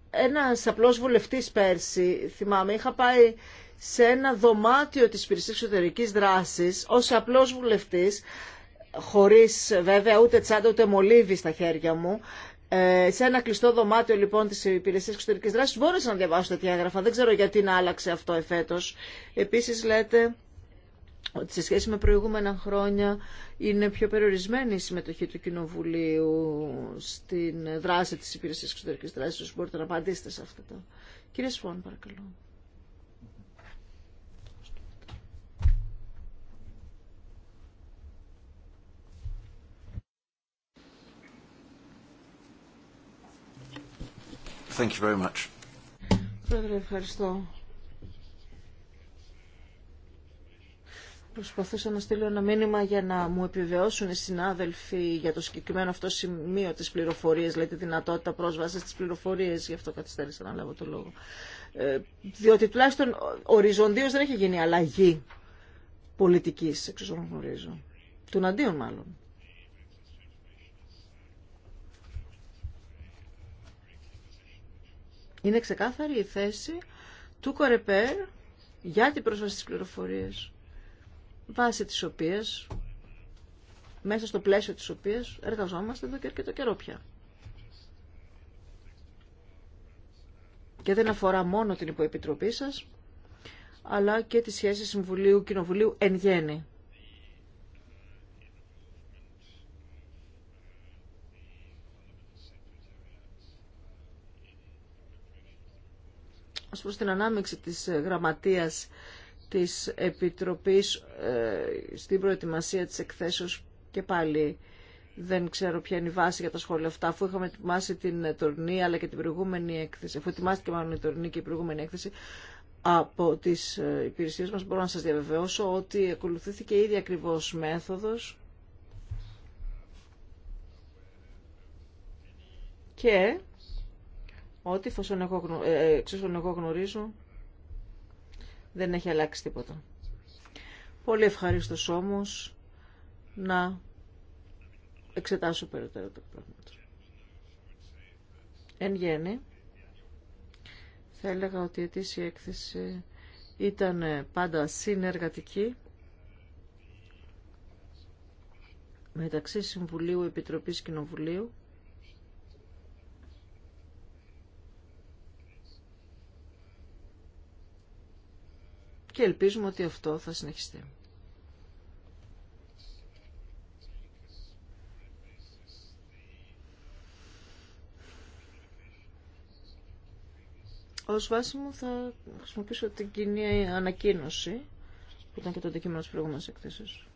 ένας απλός βουλευτής πέρσι, θυμάμαι, είχα πάει σε ένα δωμάτιο της υπηρεσίας εξωτερική δράσης ως απλός βουλευτής χωρίς βέβαια ούτε τσάντα ούτε μολύβι στα χέρια μου ε, σε ένα κλειστό δωμάτιο λοιπόν τη Υπηρεσία Εξωτερική Δράση μπόρεσα να διαβάσω τέτοια έγγραφα. Δεν ξέρω γιατί να άλλαξε αυτό εφέτο. Επίση λέτε ότι σε σχέση με προηγούμενα χρόνια είναι πιο περιορισμένη η συμμετοχή του Κοινοβουλίου στην δράση της Υπηρεσίας Εξωτερικής Δράσης. Μπορείτε να απαντήσετε σε αυτό. Κύριε Σφόν, παρακαλώ. Thank you very much. Πρόεδρε, ευχαριστώ. Προσπαθούσα να στείλω ένα μήνυμα για να μου επιβεβαιώσουν οι συνάδελφοι για το συγκεκριμένο αυτό σημείο της πληροφορίας, δηλαδή τη δυνατότητα πρόσβασης της πληροφορίας, γι' αυτό καθυστέρησα να λάβω το λόγο. Ε, διότι τουλάχιστον οριζοντίως δεν έχει γίνει αλλαγή πολιτικής, εξ όσων γνωρίζω. μάλλον. Είναι ξεκάθαρη η θέση του Κορεπέρ για την πρόσβαση στις πληροφορίες, βάσει της οποίας, μέσα στο πλαίσιο της οποίας εργαζόμαστε εδώ και το καιρό πια. Και δεν αφορά μόνο την υποεπιτροπή σας, αλλά και τη σχέση Συμβουλίου-Κοινοβουλίου εν γέννη. ως προς την ανάμειξη της ε, γραμματείας της Επιτροπής ε, στην προετοιμασία της εκθέσεως και πάλι δεν ξέρω ποια είναι η βάση για τα σχόλια αυτά, αφού είχαμε ετοιμάσει την ε, τορνή αλλά και την προηγούμενη έκθεση, αφού ετοιμάστηκε μάλλον η τορνή και η προηγούμενη έκθεση, από τις υπηρεσίες μας μπορώ να σας διαβεβαιώσω ότι ακολουθήθηκε η ίδια ακριβώς μέθοδος και ότι ε, ε, εξώσον εγώ γνωρίζω δεν έχει αλλάξει τίποτα. Πολύ ευχαρίστω όμως να εξετάσω περαιτέρω το πράγματα. Εν γέννη, θα έλεγα ότι η αιτήσια έκθεση ήταν πάντα συνεργατική μεταξύ Συμβουλίου Επιτροπής Κοινοβουλίου και ελπίζουμε ότι αυτό θα συνεχιστεί. Ως βάση μου θα χρησιμοποιήσω την κοινή ανακοίνωση που ήταν και το αντικείμενο της προηγούμενης εκθέσεως.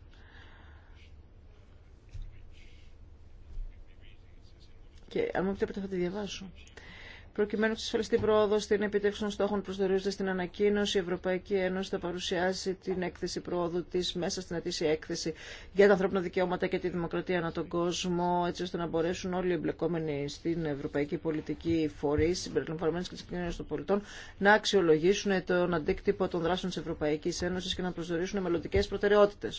Και αν μου επιτρέπετε θα τη διαβάσω. Προκειμένου τη ασφαλιστή πρόοδο στην επίτευξη των στόχων προσδιορίζονται στην ανακοίνωση, η Ευρωπαϊκή Ένωση θα παρουσιάσει την έκθεση πρόοδου τη μέσα στην ετήσια έκθεση για τα ανθρώπινα δικαιώματα και τη δημοκρατία ανά τον κόσμο, έτσι ώστε να μπορέσουν όλοι οι εμπλεκόμενοι στην ευρωπαϊκή πολιτική φορεί, συμπεριλαμβανομένε και τη κοινωνία των πολιτών, να αξιολογήσουν τον αντίκτυπο των δράσεων τη Ευρωπαϊκή Ένωση και να προσδιορίσουν μελλοντικέ προτεραιότητε.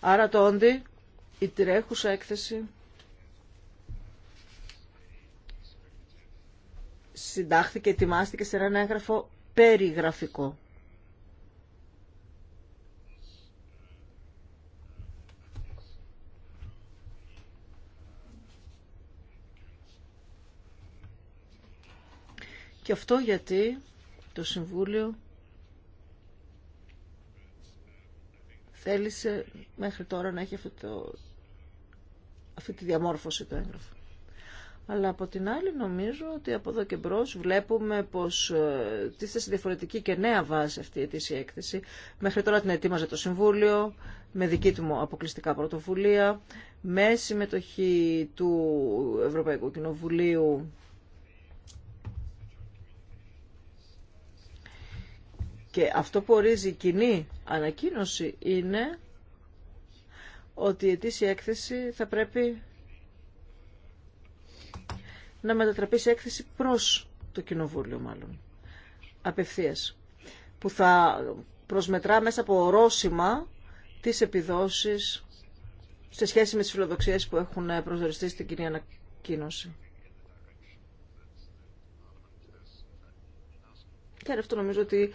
Άρα το η τρέχουσα έκθεση συντάχθηκε, ετοιμάστηκε σε ένα έγγραφο περιγραφικό. Και αυτό γιατί το Συμβούλιο θέλησε μέχρι τώρα να έχει αυτό το αυτή τη διαμόρφωση του έγγραφου. Αλλά από την άλλη νομίζω ότι από εδώ και μπρος βλέπουμε πως ε, τίθεται σε διαφορετική και νέα βάση αυτή η αιτήσια έκθεση. Μέχρι τώρα την ετοίμαζε το Συμβούλιο, με δική του αποκλειστικά πρωτοβουλία, με συμμετοχή του Ευρωπαϊκού Κοινοβουλίου Και αυτό που ορίζει η κοινή ανακοίνωση είναι ότι η ετήσια έκθεση θα πρέπει να μετατραπεί σε έκθεση προς το Κοινοβούλιο μάλλον, απευθείας, που θα προσμετρά μέσα από ορόσημα τις επιδόσεις σε σχέση με τις φιλοδοξίες που έχουν προσδοριστεί στην κοινή ανακοίνωση. Και αυτό νομίζω ότι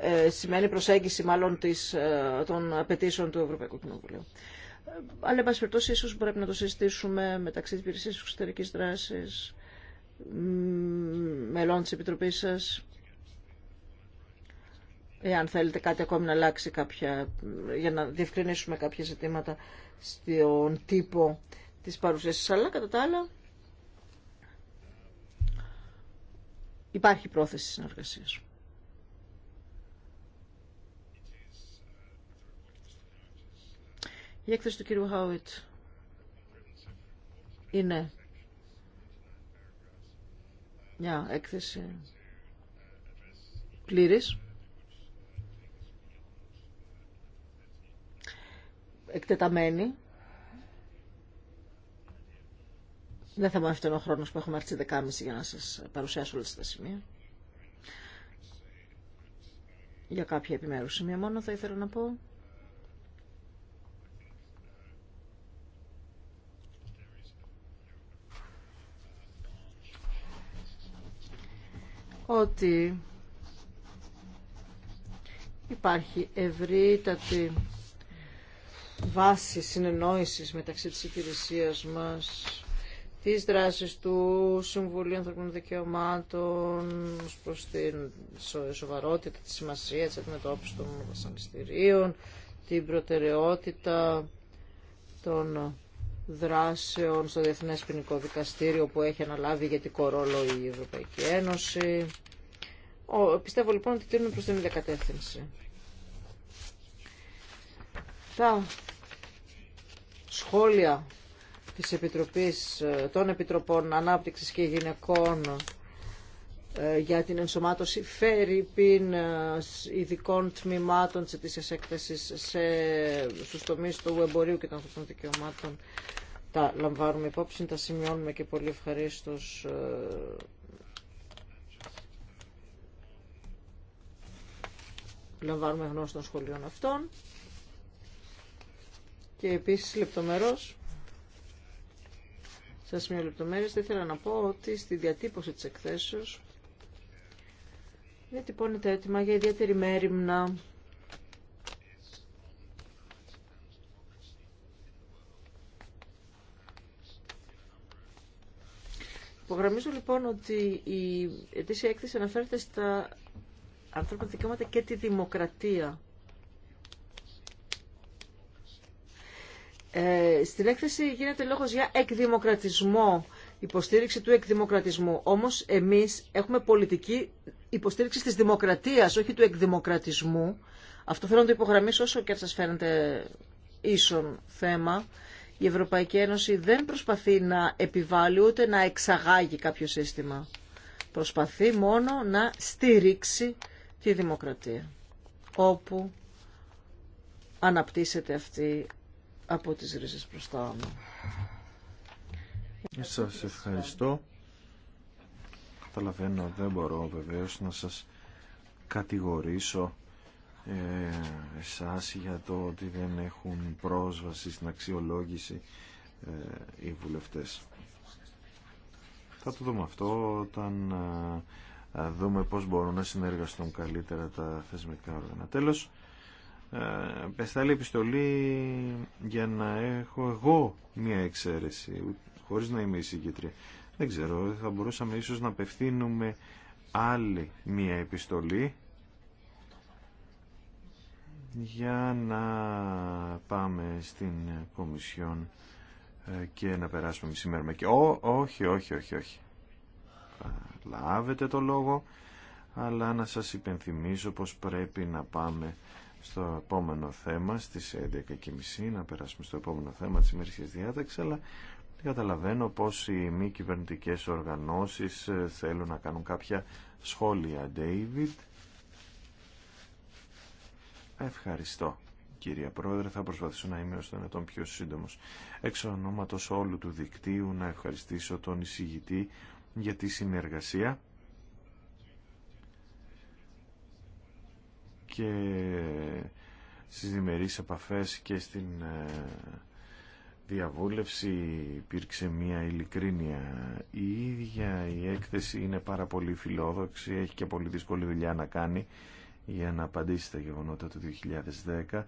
ε, σημαίνει προσέγγιση μάλλον της, ε, των απαιτήσεων του Ευρωπαϊκού Κοινοβουλίου. Αλλά, εν πάση περιπτώσει, πρέπει να το συζητήσουμε μεταξύ τη υπηρεσία εξωτερική δράση, μελών τη Επιτροπή σα, εάν θέλετε κάτι ακόμη να αλλάξει κάποια, για να διευκρινίσουμε κάποια ζητήματα στον τύπο της παρουσίασης. Αλλά κατά τα άλλα υπάρχει πρόθεση συνεργασίας. Η έκθεση του κύριου Χάουιτ είναι μια έκθεση πλήρης. Εκτεταμένη. Δεν θα μου έφτανε ο χρόνος που έχουμε έρθει δεκάμιση, για να σας παρουσιάσω όλες τα σημεία. Για κάποια επιμέρου σημεία μόνο θα ήθελα να πω ότι υπάρχει ευρύτατη βάση συνεννόησης μεταξύ της υπηρεσία μας, τις δράσεις του Συμβουλίου Ανθρωπίνων Δικαιωμάτων προς την σοβαρότητα, τη σημασία της αντιμετώπισης των βασανιστήριων, την προτεραιότητα των δράσεων στο Διεθνέ Ποινικό Δικαστήριο που έχει αναλάβει ηγετικό ρόλο η Ευρωπαϊκή Ένωση. Ο, πιστεύω λοιπόν ότι τίνουν προ την ίδια κατεύθυνση. Τα σχόλια της Επιτροπής ε, των Επιτροπών Ανάπτυξης και Γυναικών ε, για την ενσωμάτωση φέρει πίν ε, ειδικών τμήματων της αιτήσιας έκθεσης σε, στους τομείς του εμπορίου και των ανθρωπών δικαιωμάτων τα λαμβάνουμε υπόψη, τα σημειώνουμε και πολύ ευχαρίστως ε, λαμβάνουμε γνώση των σχολείων αυτών και επίσης λεπτομερώς σας μια λεπτομέρειες θα ήθελα να πω ότι στη διατύπωση της εκθέσεως διατυπώνεται έτοιμα για ιδιαίτερη μέρημνα Υπογραμμίζω λοιπόν ότι η ετήσια έκθεση αναφέρεται στα ανθρώπινα δικαιώματα και τη δημοκρατία. Ε, στην έκθεση γίνεται λόγος για εκδημοκρατισμό, υποστήριξη του εκδημοκρατισμού. Όμως εμείς έχουμε πολιτική υποστήριξη της δημοκρατίας, όχι του εκδημοκρατισμού. Αυτό θέλω να το υπογραμμίσω όσο και αν σας φαίνεται ίσον θέμα. Η Ευρωπαϊκή Ένωση δεν προσπαθεί να επιβάλλει ούτε να εξαγάγει κάποιο σύστημα. Προσπαθεί μόνο να στηρίξει τη δημοκρατία όπου αναπτύσσεται αυτή από τις ρίζες προς τα άνω. Σας ευχαριστώ καταλαβαίνω δεν μπορώ βεβαίως να σας κατηγορήσω ε, εσάς για το ότι δεν έχουν πρόσβαση στην αξιολόγηση ε, οι βουλευτές. Θα το δούμε αυτό όταν ε, δούμε πώς μπορούν να συνεργαστούν καλύτερα τα θεσμικά όργανα. Τέλος, ε, πεστάλη επιστολή για να έχω εγώ μία εξαίρεση, χωρίς να είμαι εισηγήτρια. Δεν ξέρω, θα μπορούσαμε ίσως να απευθύνουμε άλλη μία επιστολή για να πάμε στην Κομισιόν ε, και να περάσουμε σήμερα με και... Ό, όχι, όχι, όχι, όχι. Λάβετε το λόγο, αλλά να σας υπενθυμίσω πως πρέπει να πάμε στο επόμενο θέμα στις 11.30 να περάσουμε στο επόμενο θέμα της ημερήσιας διάταξης αλλά καταλαβαίνω πως οι μη κυβερνητικέ οργανώσεις ε, θέλουν να κάνουν κάποια σχόλια. David. Ευχαριστώ. Κυρία Πρόεδρε, θα προσπαθήσω να είμαι ως τον πιο σύντομος. Εξ ονόματος όλου του δικτύου να ευχαριστήσω τον εισηγητή για τη συνεργασία και στις διμερείς επαφές και στην ε, διαβούλευση υπήρξε μια ειλικρίνεια. Η ίδια η έκθεση είναι πάρα πολύ φιλόδοξη, έχει και πολύ δύσκολη δουλειά να κάνει για να απαντήσει τα γεγονότα του 2010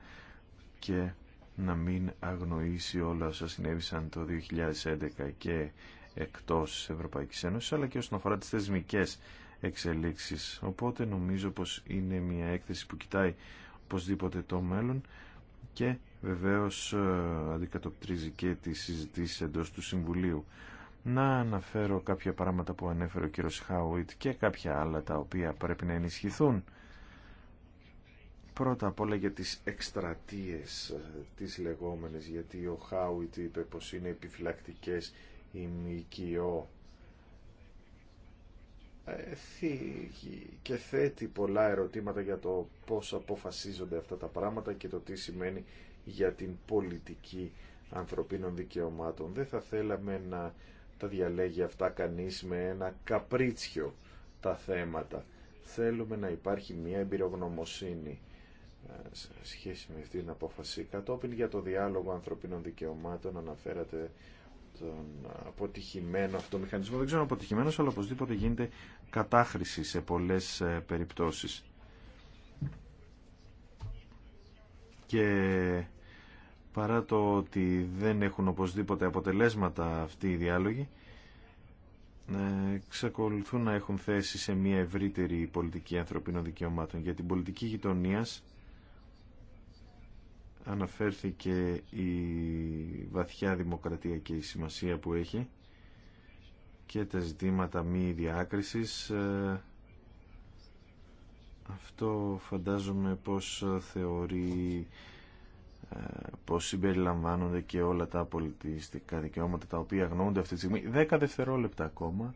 και να μην αγνοήσει όλα όσα συνέβησαν το 2011 και εκτός Ευρωπαϊκής Ένωσης αλλά και όσον αφορά τις θεσμικές εξελίξεις. Οπότε νομίζω πως είναι μια έκθεση που κοιτάει οπωσδήποτε το μέλλον και βεβαίως ε, αντικατοπτρίζει και τις συζητήσεις εντός του Συμβουλίου. Να αναφέρω κάποια πράγματα που ανέφερε ο κύριο Χάουιτ και κάποια άλλα τα οποία πρέπει να ενισχυθούν. Πρώτα απ' όλα για τις εκστρατείε ε, τις λεγόμενες, γιατί ο Χάουιτ είπε πως είναι επιφυλακτικές η ΜΚΟ ε, και θέτει πολλά ερωτήματα για το πώς αποφασίζονται αυτά τα πράγματα και το τι σημαίνει για την πολιτική ανθρωπίνων δικαιωμάτων. Δεν θα θέλαμε να τα διαλέγει αυτά κανείς με ένα καπρίτσιο τα θέματα. Θέλουμε να υπάρχει μια εμπειρογνωμοσύνη ε, σε σχέση με αυτή την απόφαση. Κατόπιν για το διάλογο ανθρωπίνων δικαιωμάτων αναφέρατε τον αποτυχημένο αυτό μηχανισμό. Δεν ξέρω αποτυχημένος, αλλά οπωσδήποτε γίνεται κατάχρηση σε πολλές ε, περιπτώσεις. Και παρά το ότι δεν έχουν οπωσδήποτε αποτελέσματα αυτοί οι διάλογοι, ε, εξακολουθούν να έχουν θέση σε μια ευρύτερη πολιτική ανθρωπίνων δικαιωμάτων. Για την πολιτική γειτονία αναφέρθηκε η βαθιά δημοκρατία και η σημασία που έχει και τα ζητήματα μη διάκρισης. Ε, αυτό φαντάζομαι πως θεωρεί πως συμπεριλαμβάνονται και όλα τα πολιτιστικά δικαιώματα τα οποία αγνοούνται αυτή τη στιγμή. Δέκα δευτερόλεπτα ακόμα.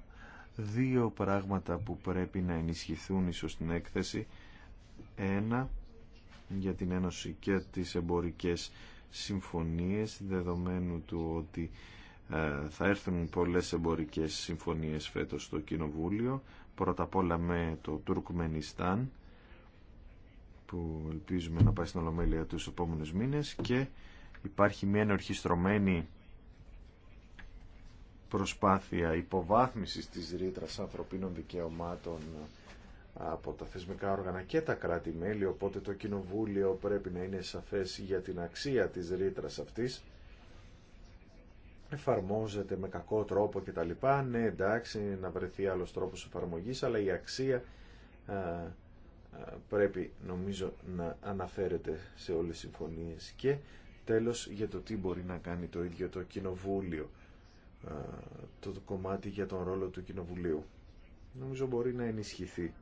Δύο πράγματα που πρέπει να ενισχυθούν ίσως στην έκθεση. Ένα για την Ένωση και τις εμπορικές συμφωνίες δεδομένου του ότι ε, θα έρθουν πολλές εμπορικές συμφωνίες φέτος στο Κοινοβούλιο πρώτα απ' όλα με το Τουρκμενιστάν που ελπίζουμε να πάει στην Ολομέλεια τους επόμενους μήνες και υπάρχει μια ενορχιστρωμένη προσπάθεια υποβάθμισης της ρήτρα ανθρωπίνων δικαιωμάτων από τα θεσμικά όργανα και τα κράτη-μέλη, οπότε το Κοινοβούλιο πρέπει να είναι σαφές για την αξία της ρήτρα αυτής. Εφαρμόζεται με κακό τρόπο κτλ. Ναι, εντάξει, να βρεθεί άλλος τρόπος εφαρμογής, αλλά η αξία ε, πρέπει νομίζω να αναφέρεται σε όλες τις συμφωνίες και τέλος για το τι μπορεί να κάνει το ίδιο το κοινοβούλιο ε, το κομμάτι για τον ρόλο του κοινοβουλίου νομίζω μπορεί να ενισχυθεί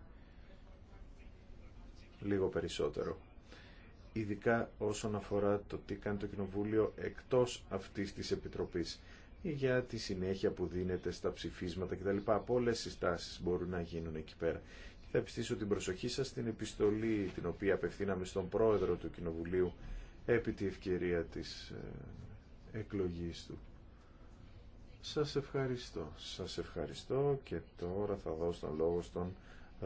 λίγο περισσότερο ειδικά όσον αφορά το τι κάνει το κοινοβούλιο εκτός αυτής της επιτροπής για τη συνέχεια που δίνεται στα ψηφίσματα κτλ. οι στάσεις μπορούν να γίνουν εκεί πέρα θα επιστήσω την προσοχή σας στην επιστολή την οποία απευθύναμε στον πρόεδρο του Κοινοβουλίου επί τη ευκαιρία της ε, εκλογής του. Σας ευχαριστώ. Σας ευχαριστώ και τώρα θα δώσω τον λόγο στον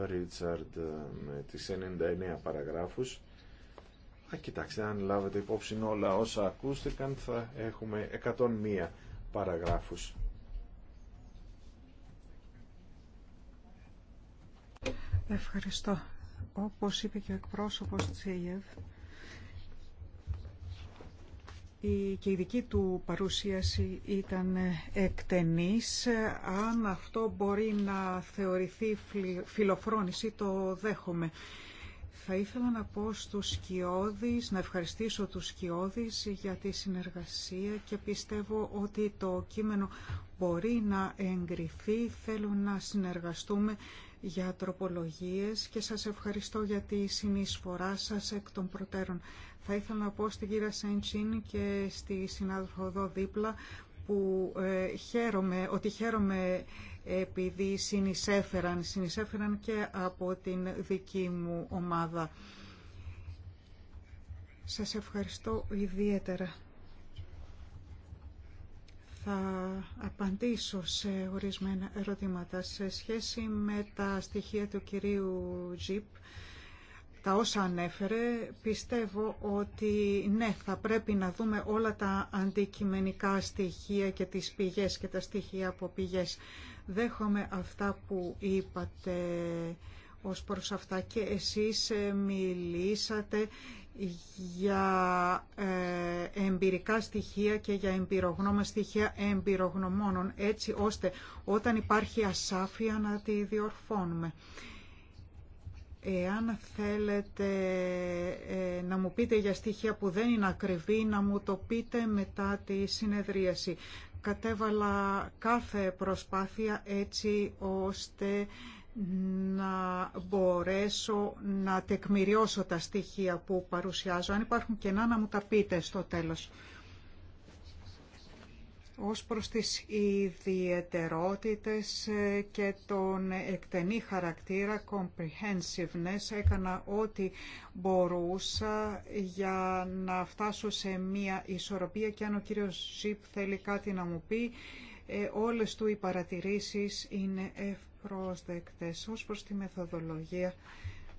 Ρίτσαρντ ε, με τις 99 παραγράφους. Α, κοιτάξτε, αν λάβετε υπόψη όλα όσα ακούστηκαν θα έχουμε 101 παραγράφους Ευχαριστώ. Όπως είπε και ο εκπρόσωπος της και η δική του παρουσίαση ήταν εκτενής. Αν αυτό μπορεί να θεωρηθεί φιλοφρόνηση, το δέχομαι. Θα ήθελα να πω στους Σκιώδης, να ευχαριστήσω τους Σκιώδης για τη συνεργασία και πιστεύω ότι το κείμενο μπορεί να εγκριθεί. Θέλω να συνεργαστούμε για τροπολογίες και σας ευχαριστώ για τη συνεισφορά σας εκ των προτέρων. Θα ήθελα να πω στην κυρία Σεντσίν και στη συνάδελφο εδώ δίπλα που ε, χαίρομαι, ότι χαίρομαι επειδή συνεισέφεραν, συνεισέφεραν και από την δική μου ομάδα. Σας ευχαριστώ ιδιαίτερα θα απαντήσω σε ορισμένα ερωτήματα σε σχέση με τα στοιχεία του κυρίου Τζιπ. Τα όσα ανέφερε, πιστεύω ότι ναι, θα πρέπει να δούμε όλα τα αντικειμενικά στοιχεία και τις πηγές και τα στοιχεία από πηγές. Δέχομαι αυτά που είπατε ως προς αυτά και εσείς ε, μιλήσατε για ε, εμπειρικά στοιχεία και για εμπειρογνώμα στοιχεία εμπειρογνωμόνων, έτσι ώστε όταν υπάρχει ασάφεια να τη διορθώνουμε. Εάν θέλετε ε, να μου πείτε για στοιχεία που δεν είναι ακριβή, να μου το πείτε μετά τη συνεδρίαση. Κατέβαλα κάθε προσπάθεια έτσι ώστε να μπορέσω να τεκμηριώσω τα στοιχεία που παρουσιάζω. Αν υπάρχουν κενά να μου τα πείτε στο τέλος. Ως προς τις ιδιαιτερότητες ε, και τον εκτενή χαρακτήρα comprehensiveness έκανα ό,τι μπορούσα για να φτάσω σε μία ισορροπία και αν ο κύριος Ζιπ θέλει κάτι να μου πει ε, όλες του οι παρατηρήσεις είναι πρόσδεκτες ως προς τη μεθοδολογία.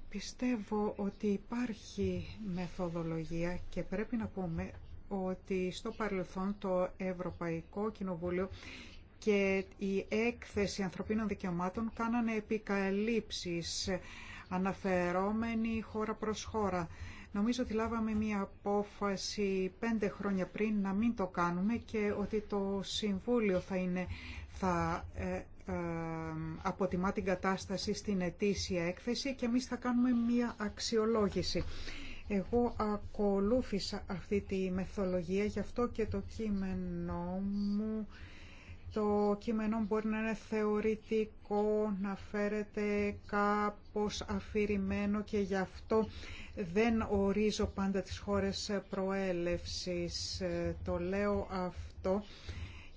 Πιστεύω ότι υπάρχει μεθοδολογία και πρέπει να πούμε ότι στο παρελθόν το Ευρωπαϊκό Κοινοβούλιο και η έκθεση ανθρωπίνων δικαιωμάτων κάνανε επικαλύψεις αναφερόμενοι χώρα προς χώρα. Νομίζω ότι λάβαμε μία απόφαση πέντε χρόνια πριν να μην το κάνουμε και ότι το Συμβούλιο θα, είναι, θα ε, αποτιμά την κατάσταση στην ετήσια έκθεση και εμείς θα κάνουμε μία αξιολόγηση. Εγώ ακολούθησα αυτή τη μεθολογία, γι' αυτό και το κείμενό μου... Το κείμενο μπορεί να είναι θεωρητικό, να φέρεται κάπως αφηρημένο και γι' αυτό δεν ορίζω πάντα τις χώρες προέλευσης. Ε, το λέω αυτό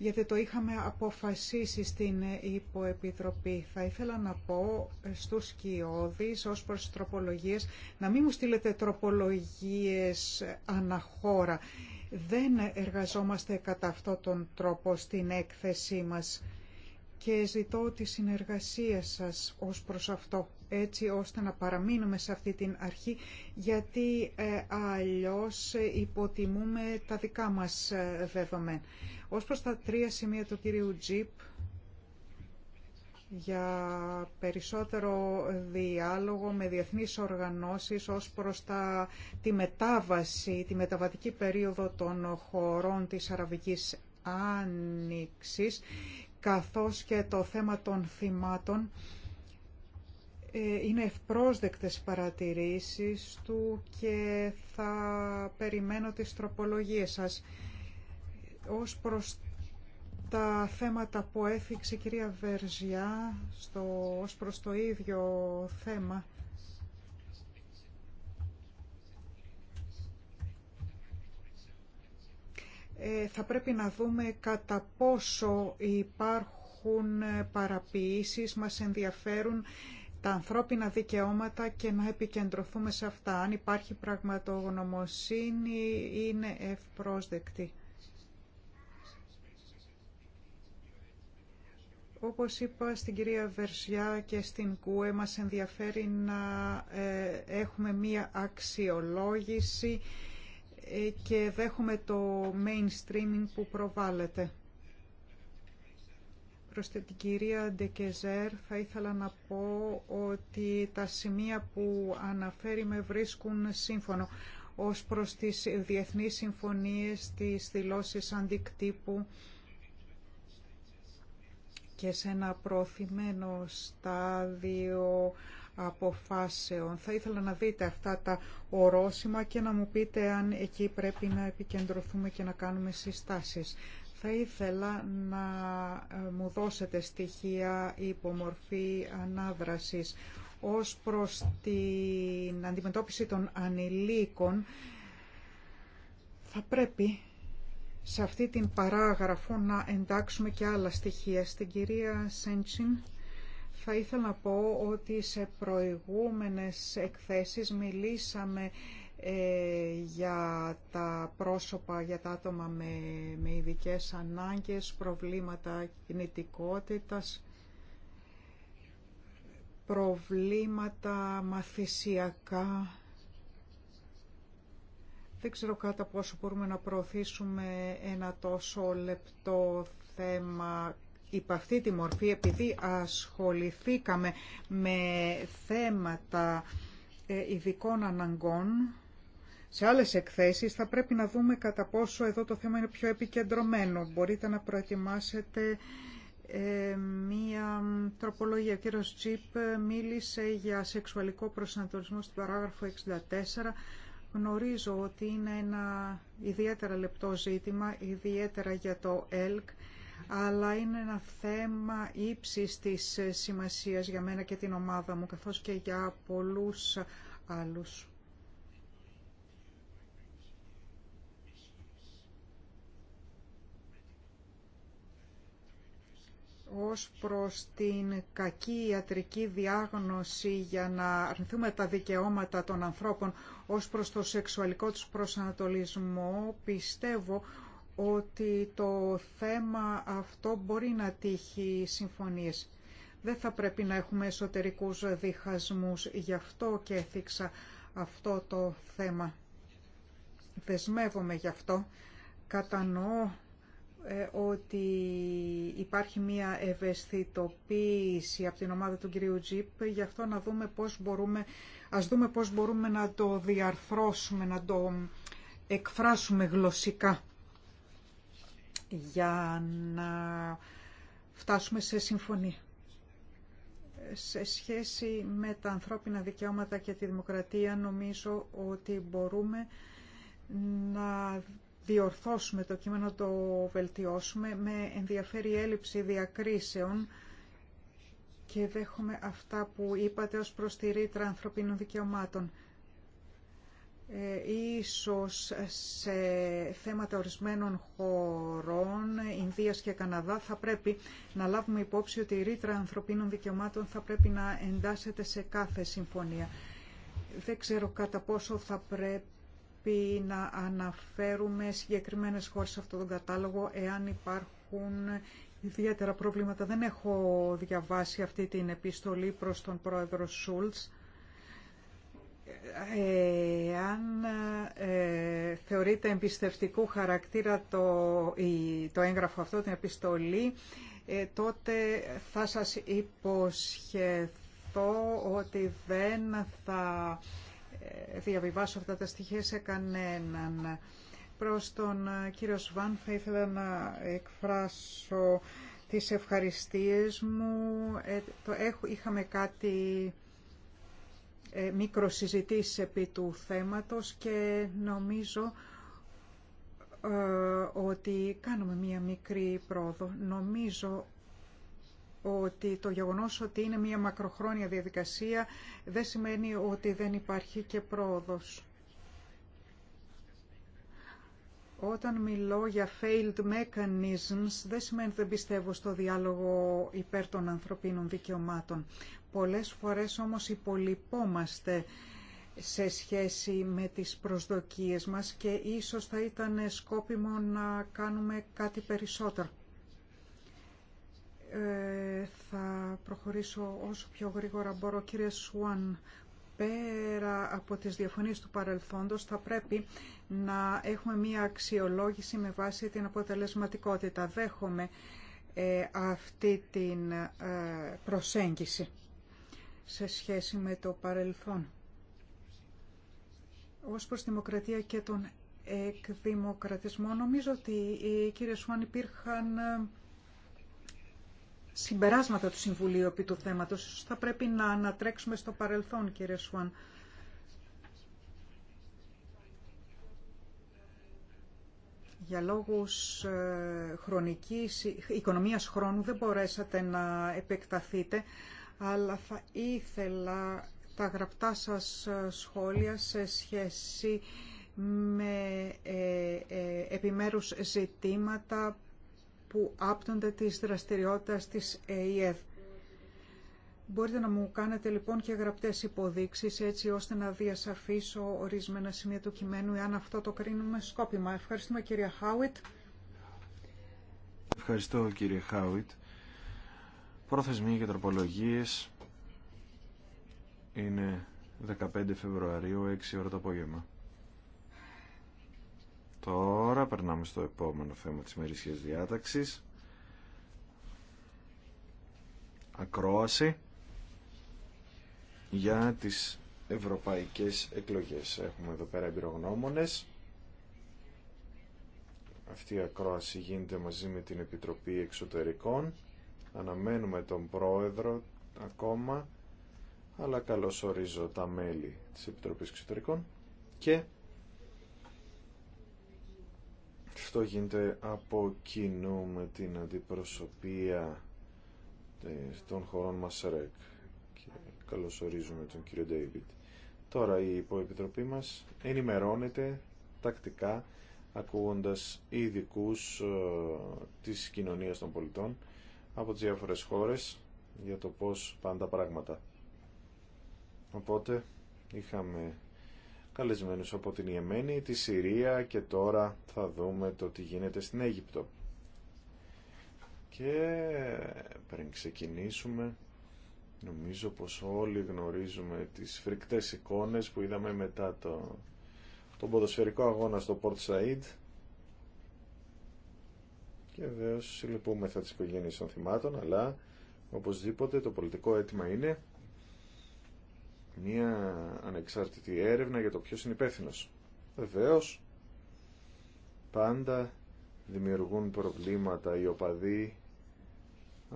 γιατί το είχαμε αποφασίσει στην Υποεπιτροπή. Θα ήθελα να πω στους κοιόδης, ως προς τροπολογίες, να μην μου στείλετε τροπολογίες αναχώρα. Δεν εργαζόμαστε κατά αυτόν τον τρόπο στην έκθεσή μας και ζητώ τη συνεργασία σας ως προς αυτό, έτσι ώστε να παραμείνουμε σε αυτή την αρχή, γιατί ε, αλλιώς υποτιμούμε τα δικά μας ε, δεδομένα. Ως προς τα τρία σημεία του κυρίου Τζιπ, για περισσότερο διάλογο με διεθνείς οργανώσεις ως προς τα, τη μετάβαση, τη μεταβατική περίοδο των χωρών της Αραβικής Άνοιξης, καθώς και το θέμα των θυμάτων. Ε, είναι ευπρόσδεκτες παρατηρήσεις του και θα περιμένω τις τροπολογίες σας. Ως προς τα θέματα που έφυξε η κυρία Βερζιά στο, ως προς το ίδιο θέμα, ε, θα πρέπει να δούμε κατά πόσο υπάρχουν παραποιήσεις, μας ενδιαφέρουν τα ανθρώπινα δικαιώματα και να επικεντρωθούμε σε αυτά. Αν υπάρχει πραγματογνωμοσύνη, είναι ευπρόσδεκτη. Όπως είπα στην κυρία Βερσιά και στην ΚΟΕ, μας ενδιαφέρει να ε, έχουμε μία αξιολόγηση ε, και δέχουμε το mainstreaming που προβάλλεται. Προς την κυρία Ντεκεζέρ θα ήθελα να πω ότι τα σημεία που αναφέρει με βρίσκουν σύμφωνο ως προς τις διεθνείς συμφωνίες, τις δηλώσεις αντικτύπου, και σε ένα προωθημένο στάδιο αποφάσεων. Θα ήθελα να δείτε αυτά τα ορόσημα και να μου πείτε αν εκεί πρέπει να επικεντρωθούμε και να κάνουμε συστάσεις. Θα ήθελα να ε, μου δώσετε στοιχεία υπομορφή ανάδρασης ως προς την αντιμετώπιση των ανηλίκων θα πρέπει σε αυτή την παράγραφο να εντάξουμε και άλλα στοιχεία. Στην κυρία Σέντσιν θα ήθελα να πω ότι σε προηγούμενες εκθέσεις μιλήσαμε ε, για τα πρόσωπα, για τα άτομα με, με ειδικές ανάγκες, προβλήματα κινητικότητας, προβλήματα μαθησιακά δεν ξέρω κατά πόσο μπορούμε να προωθήσουμε ένα τόσο λεπτό θέμα υπ' αυτή τη μορφή, επειδή ασχοληθήκαμε με θέματα ε, ειδικών αναγκών, σε άλλες εκθέσεις θα πρέπει να δούμε κατά πόσο εδώ το θέμα είναι πιο επικεντρωμένο. Μπορείτε να προετοιμάσετε ε, μία τροπολογία. Ο κύριος Τσίπ μίλησε για σεξουαλικό προσανατολισμό στην παράγραφο 64. Γνωρίζω ότι είναι ένα ιδιαίτερα λεπτό ζήτημα, ιδιαίτερα για το ΕΛΚ, αλλά είναι ένα θέμα ύψης της σημασίας για μένα και την ομάδα μου, καθώς και για πολλούς άλλους. ως προς την κακή ιατρική διάγνωση για να αρνηθούμε τα δικαιώματα των ανθρώπων ως προς το σεξουαλικό τους προσανατολισμό πιστεύω ότι το θέμα αυτό μπορεί να τύχει συμφωνίες. Δεν θα πρέπει να έχουμε εσωτερικούς διχασμούς, γι' αυτό και έθιξα αυτό το θέμα. Δεσμεύομαι γι' αυτό. Κατανοώ ε, ότι υπάρχει μία ευαισθητοποίηση από την ομάδα του κυρίου Τζιπ, γι' αυτό να δούμε πώς μπορούμε Ας δούμε πώς μπορούμε να το διαρθρώσουμε, να το εκφράσουμε γλωσσικά για να φτάσουμε σε συμφωνία. Σε σχέση με τα ανθρώπινα δικαιώματα και τη δημοκρατία νομίζω ότι μπορούμε να διορθώσουμε το κείμενο, το βελτιώσουμε. Με ενδιαφέρει έλλειψη διακρίσεων και δέχομαι αυτά που είπατε ως προς τη ρήτρα ανθρωπίνων δικαιωμάτων. Ε, ίσως σε θέματα ορισμένων χωρών, Ινδίας και Καναδά, θα πρέπει να λάβουμε υπόψη ότι η ρήτρα ανθρωπίνων δικαιωμάτων θα πρέπει να εντάσσεται σε κάθε συμφωνία. Δεν ξέρω κατά πόσο θα πρέπει να αναφέρουμε συγκεκριμένες χώρες σε αυτόν τον κατάλογο, εάν υπάρχουν ιδιαίτερα προβλήματα. Δεν έχω διαβάσει αυτή την επιστολή προς τον πρόεδρο Σούλτς. Αν ε, θεωρείται εμπιστευτικού χαρακτήρα το, το έγγραφο αυτό, την επιστολή, ε, τότε θα σας υποσχεθώ ότι δεν θα ε, διαβιβάσω αυτά τα στοιχεία σε κανέναν προς τον ε, κύριο Σβάν θα ήθελα να εκφράσω τις ευχαριστίες μου. Ε, το είχαμε κάτι ε, επί του θέματος και νομίζω ε, ότι κάνουμε μία μικρή πρόοδο. Νομίζω ότι το γεγονός ότι είναι μία μακροχρόνια διαδικασία δεν σημαίνει ότι δεν υπάρχει και πρόοδος. Όταν μιλώ για failed mechanisms, δεν σημαίνει ότι δεν πιστεύω στο διάλογο υπέρ των ανθρωπίνων δικαιωμάτων. Πολλές φορές όμως υπολοιπόμαστε σε σχέση με τις προσδοκίες μας και ίσως θα ήταν σκόπιμο να κάνουμε κάτι περισσότερο. Ε, θα προχωρήσω όσο πιο γρήγορα μπορώ. Κύριε Σουάν, πέρα από τις διαφωνίες του παρελθόντος θα πρέπει να έχουμε μία αξιολόγηση με βάση την αποτελεσματικότητα. Δέχομαι ε, αυτή την ε, προσέγγιση σε σχέση με το παρελθόν. Ως προς δημοκρατία και τον εκδημοκρατισμό, νομίζω ότι, οι ε, κύριε Σουάν, υπήρχαν συμπεράσματα του Συμβουλίου επί του θέματος. Θα πρέπει να ανατρέξουμε στο παρελθόν, κύριε Σουάν. Για λόγους ε, χρονικής, οικονομίας χρόνου δεν μπορέσατε να επεκταθείτε, αλλά θα ήθελα τα γραπτά σας ε, σχόλια σε σχέση με ε, επιμέρους ζητήματα που άπτονται της δραστηριότητας της ΕΕΔ. Μπορείτε να μου κάνετε λοιπόν και γραπτές υποδείξεις έτσι ώστε να διασαφίσω ορισμένα σημεία του κειμένου εάν αυτό το κρίνουμε σκόπιμα. Ευχαριστούμε κυρία Χάουιτ. Ευχαριστώ κύριε Χάουιτ. Πρόθεσμοι για τροπολογίες είναι 15 Φεβρουαρίου, 6 ώρα το απόγευμα. Τώρα περνάμε στο επόμενο θέμα της μερίσιας διάταξης. Ακρόαση για τις ευρωπαϊκές εκλογές. Έχουμε εδώ πέρα εμπειρογνώμονες. Αυτή η ακρόαση γίνεται μαζί με την Επιτροπή Εξωτερικών. Αναμένουμε τον Πρόεδρο ακόμα, αλλά ορίζω τα μέλη της Επιτροπής Εξωτερικών και αυτό γίνεται από κοινού με την αντιπροσωπεία των χωρών μας ΡΕΚ και καλωσορίζουμε τον κύριο Ντέιβιτ. Τώρα η υποεπιτροπή μας ενημερώνεται τακτικά ακούγοντας ειδικού ε, της κοινωνίας των πολιτών από τις διάφορες χώρες για το πώς πάντα πράγματα. Οπότε είχαμε καλεσμένους από την Ιεμένη, τη Συρία και τώρα θα δούμε το τι γίνεται στην Αίγυπτο. Και πριν ξεκινήσουμε, νομίζω πως όλοι γνωρίζουμε τις φρικτές εικόνες που είδαμε μετά το, τον ποδοσφαιρικό αγώνα στο Port Said και βεβαίω συλληπούμεθα τις οικογένειες των θυμάτων, αλλά οπωσδήποτε το πολιτικό αίτημα είναι μια ανεξάρτητη έρευνα για το ποιο είναι υπεύθυνο. Βεβαίω, πάντα δημιουργούν προβλήματα οι οπαδοί,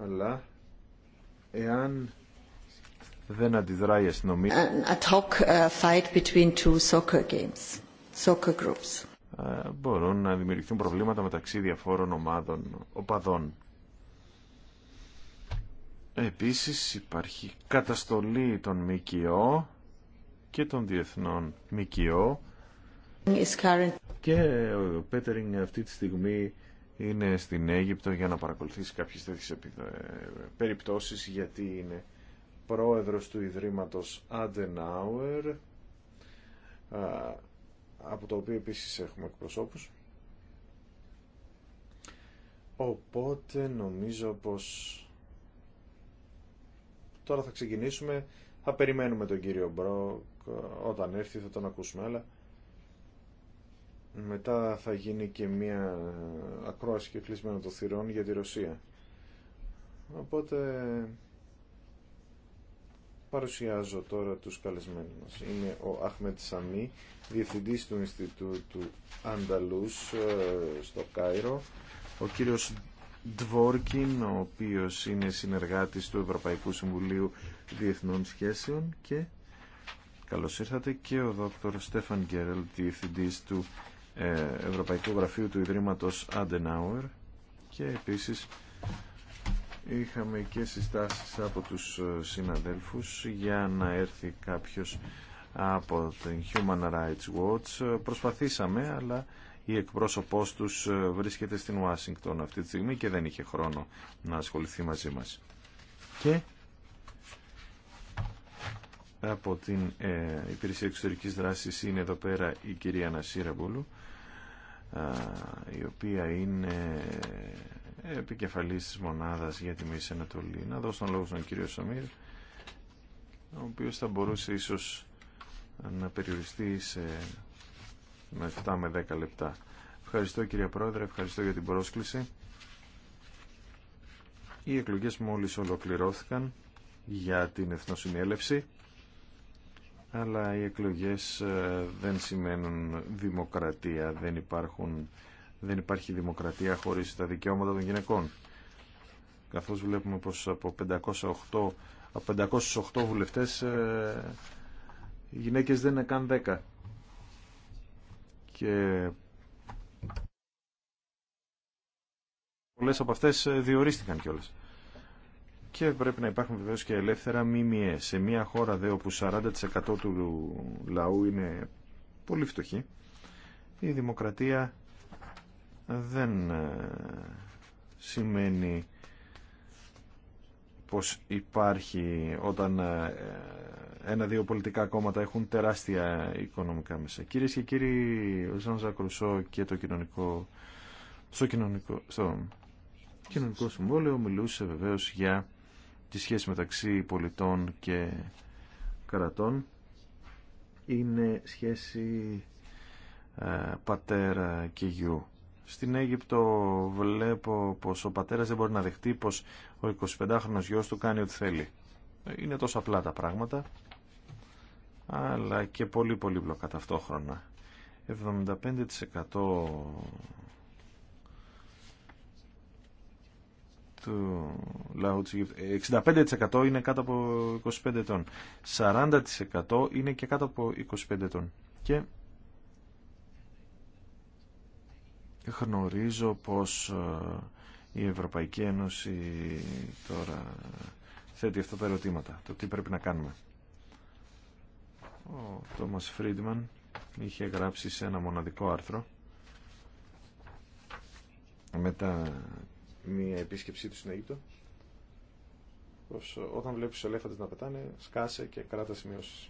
αλλά εάν δεν αντιδράει η αστυνομία... Uh, fight between two soccer games, soccer groups. Ε, μπορούν να δημιουργηθούν προβλήματα μεταξύ διαφόρων ομάδων, οπαδών. Επίσης υπάρχει καταστολή των ΜΚΟ και των διεθνών ΜΚΟ και ο Πέτερινγκ αυτή τη στιγμή είναι στην Αίγυπτο για να παρακολουθήσει κάποιες τέτοιες ε, περιπτώσεις γιατί είναι πρόεδρος του Ιδρύματος Adenauer από το οποίο επίσης έχουμε εκπροσώπους οπότε νομίζω πως Τώρα θα ξεκινήσουμε, θα περιμένουμε τον κύριο Μπρόκ, όταν έρθει θα τον ακούσουμε, αλλά μετά θα γίνει και μια ακρόαση και κλεισμένο το θυρών για τη Ρωσία. Οπότε παρουσιάζω τώρα τους καλεσμένους μας. Είναι ο Αχμέτ Σαμί, διευθυντής του Ινστιτούτου Ανταλούς ε, στο Κάιρο, ο κύριος Ντβόρκιν, ο οποίος είναι συνεργάτης του Ευρωπαϊκού Συμβουλίου Διεθνών Σχέσεων και καλώς ήρθατε και ο δόκτωρ Στέφαν Γκέρελ, διευθυντή του ε, Ευρωπαϊκού Γραφείου του Ιδρύματος Αντενάουερ και επίσης είχαμε και συστάσεις από τους ε, συναδέλφους για να έρθει κάποιος από την Human Rights Watch. Προσπαθήσαμε, αλλά η εκπρόσωπός τους ε, βρίσκεται στην Ουάσιγκτον αυτή τη στιγμή και δεν είχε χρόνο να ασχοληθεί μαζί μας. Και από την ε, Υπηρεσία Εξωτερικής Δράσης είναι εδώ πέρα η κυρία Νασίρα Μπούλου, ε, η οποία είναι επικεφαλής της μονάδας για τη Μέση Ανατολή. Να δώσω τον λόγο στον κύριο Σαμίρ, ο οποίος θα μπορούσε ίσως να περιοριστεί σε με 7 με 10 λεπτά. Ευχαριστώ κύριε Πρόεδρε, ευχαριστώ για την πρόσκληση. Οι εκλογές μόλις ολοκληρώθηκαν για την Εθνοσυνέλευση, αλλά οι εκλογές ε, δεν σημαίνουν δημοκρατία, δεν, υπάρχουν, δεν υπάρχει δημοκρατία χωρίς τα δικαιώματα των γυναικών. Καθώς βλέπουμε πως από 508 από 508 βουλευτές ε, οι γυναίκες δεν είναι καν 10 και πολλές από αυτές ε, διορίστηκαν όλες. Και πρέπει να υπάρχουν βεβαίως και ελεύθερα μήμυε. Σε μια χώρα δε όπου 40% του λαού είναι πολύ φτωχή, η δημοκρατία δεν ε, σημαίνει πως υπάρχει όταν ε, ένα-δύο πολιτικά κόμματα έχουν τεράστια οικονομικά μέσα. Κυρίες και κύριοι, ο Ζαν Ζακρουσό και το κοινωνικό, στο κοινωνικό, στο κοινωνικό συμβόλαιο μιλούσε βεβαίως για τη σχέση μεταξύ πολιτών και κρατών. Είναι σχέση ε, πατέρα και γιου. Στην Αίγυπτο βλέπω πως ο πατέρας δεν μπορεί να δεχτεί πως ο 25χρονος γιος του κάνει ό,τι θέλει. Είναι τόσο απλά τα πράγματα, αλλά και πολύ πολύπλοκα ταυτόχρονα. 75% του λαού της 65% ε, είναι κάτω από 25 ετών. 40% είναι και κάτω από 25 ετών. Και γνωρίζω πως ε, η Ευρωπαϊκή Ένωση τώρα θέτει αυτά τα ερωτήματα, το τι πρέπει να κάνουμε. Ο Τόμας Φρίντμαν είχε γράψει σε ένα μοναδικό άρθρο μετά μία επίσκεψή του στην Αίγυπτο πως όταν βλέπεις ελέφαντες να πετάνε σκάσε και κράτα σημειώσεις.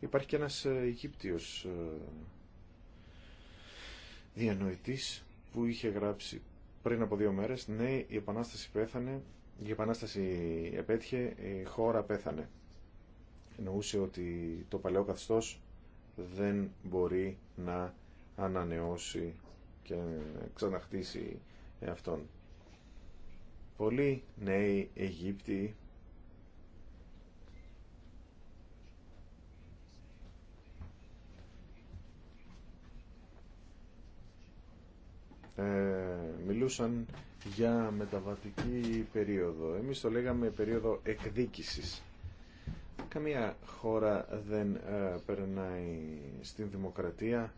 Υπάρχει και ένας ε, Αιγύπτιος ε, διανοητής που είχε γράψει πριν από δύο μέρες, ναι, η Επανάσταση πέθανε, η Επανάσταση επέτυχε, η χώρα πέθανε. Εννοούσε ότι το παλαιό καθεστώς δεν μπορεί να ανανεώσει και να ξαναχτίσει αυτόν. Πολλοί νέοι Αιγύπτιοι Ε, μιλούσαν για μεταβατική περίοδο. Εμείς το λέγαμε περίοδο εκδίκησης. Καμία χώρα δεν ε, περνάει στην δημοκρατία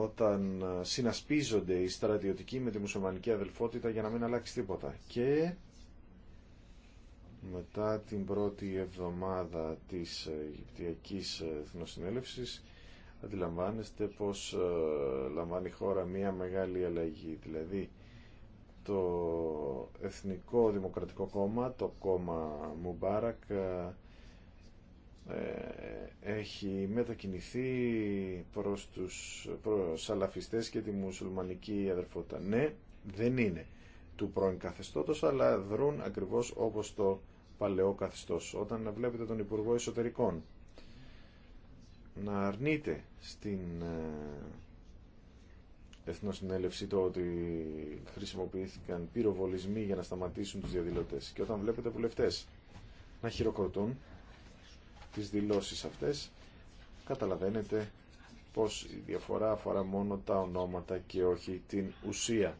όταν ε, συνασπίζονται οι στρατιωτικοί με τη μουσουλμανική αδελφότητα για να μην αλλάξει τίποτα. Και μετά την πρώτη εβδομάδα της Αιγυπτιακής Εθνοσυνέλευσης αντιλαμβάνεστε πως ε, λαμβάνει η χώρα μία μεγάλη αλλαγή. Δηλαδή, το Εθνικό Δημοκρατικό Κόμμα, το κόμμα Μουμπάρακ, ε, ε, έχει μετακινηθεί προς τους προς σαλαφιστές και τη μουσουλμανική αδερφότητα. Ναι, δεν είναι του πρώην καθεστώτος, αλλά δρούν ακριβώς όπως το παλαιό καθεστώς. Όταν βλέπετε τον Υπουργό Εσωτερικών, να αρνείται στην ε, Εθνοσυνέλευση το ότι χρησιμοποιήθηκαν πυροβολισμοί για να σταματήσουν τους διαδηλωτές. Και όταν βλέπετε βουλευτές να χειροκροτούν τις δηλώσεις αυτές, καταλαβαίνετε πως η διαφορά αφορά μόνο τα ονόματα και όχι την ουσία.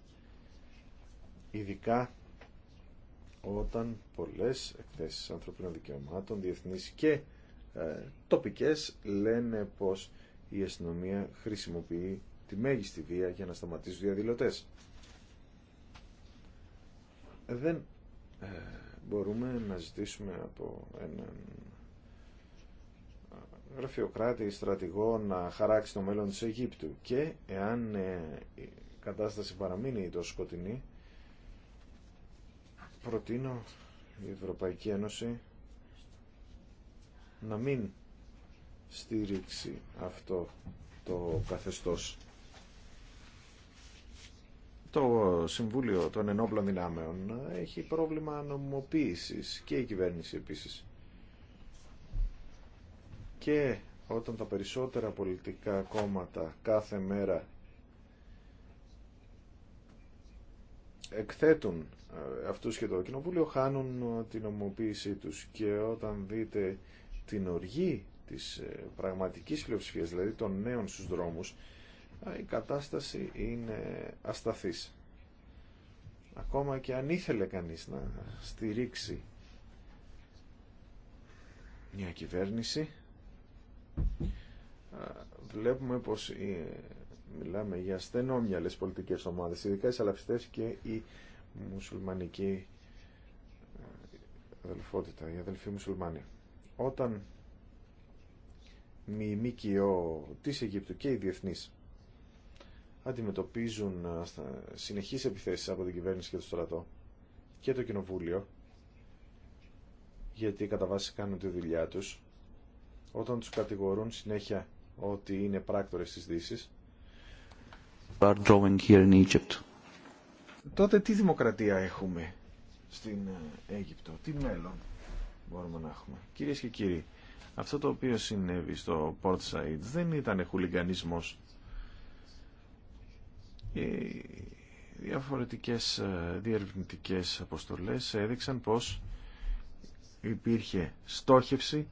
Ειδικά όταν πολλές εκθέσεις ανθρωπίνων δικαιωμάτων, διεθνείς και ε, τοπικές λένε πως η αστυνομία χρησιμοποιεί τη μέγιστη βία για να σταματήσει τους διαδηλωτές. Δεν ε, μπορούμε να ζητήσουμε από έναν ε, γραφειοκράτη ή στρατηγό να χαράξει το μέλλον της Αιγύπτου και εάν η κατάσταση παραμείνει τόσο σκοτεινή προτείνω η Ευρωπαϊκή Ένωση να μην στήριξει αυτό το καθεστώς. Το Συμβούλιο των Ενόπλων Δυνάμεων έχει πρόβλημα νομιμοποίησης και η κυβέρνηση επίσης. Και όταν τα περισσότερα πολιτικά κόμματα κάθε μέρα εκθέτουν ε, αυτούς και το κοινοβούλιο χάνουν την νομοποίησή τους και όταν δείτε την οργή της ε, πραγματικής πλειοψηφίας, δηλαδή των νέων στους δρόμους, η κατάσταση είναι ασταθής. Ακόμα και αν ήθελε κανείς να στηρίξει μια κυβέρνηση, βλέπουμε πως ε, μιλάμε για στενόμυαλες πολιτικές ομάδες, ειδικά οι σαλαφιστές και η μουσουλμανική αδελφότητα, η αδελφή μουσουλμάνια. Όταν η ΜΚΟ της Αιγύπτου και οι διεθνείς αντιμετωπίζουν συνεχείς επιθέσεις από την κυβέρνηση και το στρατό και το κοινοβούλιο γιατί κατά βάση κάνουν τη δουλειά τους όταν τους κατηγορούν συνέχεια ότι είναι πράκτορες της Δύσης here in τότε τι δημοκρατία έχουμε στην ε, Αίγυπτο, τι μέλλον μπορούμε να έχουμε. Κυρίες και κύριοι, αυτό το οποίο συνέβη στο Port Said δεν ήταν χουλιγανισμός. Οι διαφορετικές ε, διερευνητικές αποστολές έδειξαν πως υπήρχε στόχευση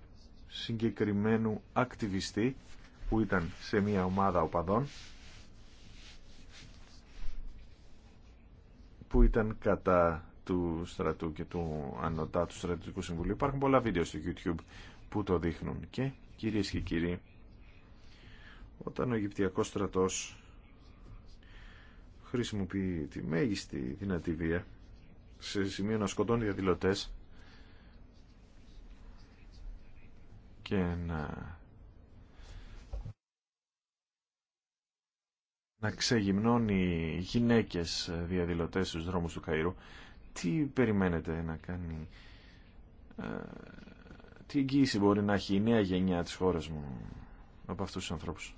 συγκεκριμένου ακτιβιστή που ήταν σε μια ομάδα οπαδών που ήταν κατά του στρατού και του ανωτάτου στρατιωτικού συμβουλίου. Υπάρχουν πολλά βίντεο στο YouTube που το δείχνουν. Και κυρίε και κύριοι, όταν ο Αιγυπτιακός στρατός χρησιμοποιεί τη μέγιστη δυνατή βία σε σημείο να σκοτώνει διαδηλωτέ και να να ξεγυμνώνει γυναίκες διαδηλωτές στους δρόμους του Καΐρου τι περιμένετε να κάνει ε, τι εγγύηση μπορεί να έχει η νέα γενιά της χώρας μου από αυτούς τους ανθρώπους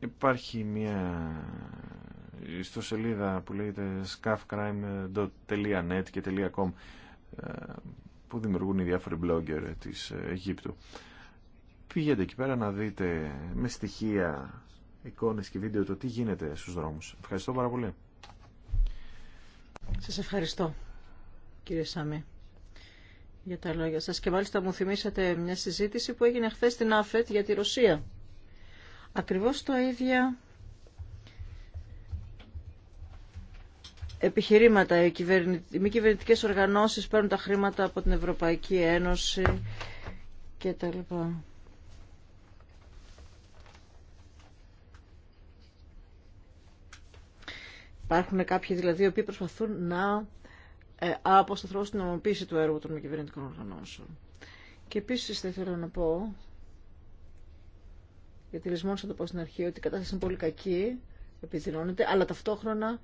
υπάρχει μια ιστοσελίδα που λέγεται scafcrime.net και .com ε, που δημιουργούν οι διάφοροι blogger της Αιγύπτου πήγαινε εκεί πέρα να δείτε με στοιχεία εικόνες και βίντεο το τι γίνεται στους δρόμους ευχαριστώ πάρα πολύ σας ευχαριστώ, κύριε Σάμι, για τα λόγια σας. Και μάλιστα μου θυμήσατε μια συζήτηση που έγινε χθε στην ΑΦΕΤ για τη Ρωσία. Ακριβώς το ίδια επιχειρήματα. Οι, οι μη κυβερνητικές οργανώσεις παίρνουν τα χρήματα από την Ευρωπαϊκή Ένωση και τα λοιπά. Υπάρχουν κάποιοι δηλαδή οι οποίοι προσπαθούν να ε, αποσταθρώσουν την νομοποίηση του έργου των μη κυβερνητικών οργανώσεων. Και επίση θα ήθελα να πω, γιατί λησμόνισα θα το πω στην αρχή, ότι η κατάσταση είναι πολύ κακή, επιδεινώνεται, αλλά ταυτόχρονα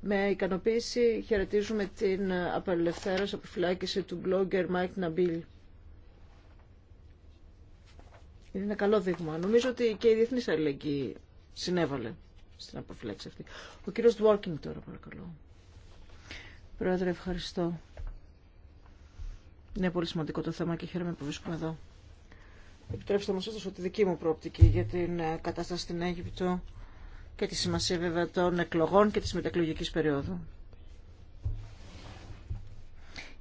με ικανοποίηση χαιρετίζουμε την απελευθέρωση, αποφυλάκηση του blogger Mike Nabil. Είναι ένα καλό δείγμα. Νομίζω ότι και η διεθνή αλληλεγγύη συνέβαλε στην αποφυλάξη αυτή. Ο κύριος Δουόρκινγκ τώρα παρακαλώ. Πρόεδρε ευχαριστώ. Είναι πολύ σημαντικό το θέμα και χαίρομαι που βρίσκομαι εδώ. Επιτρέψτε μου σας τη δική μου προοπτική για την ε, κατάσταση στην Αίγυπτο και τη σημασία βέβαια των εκλογών και της μετακλογικής περίοδου.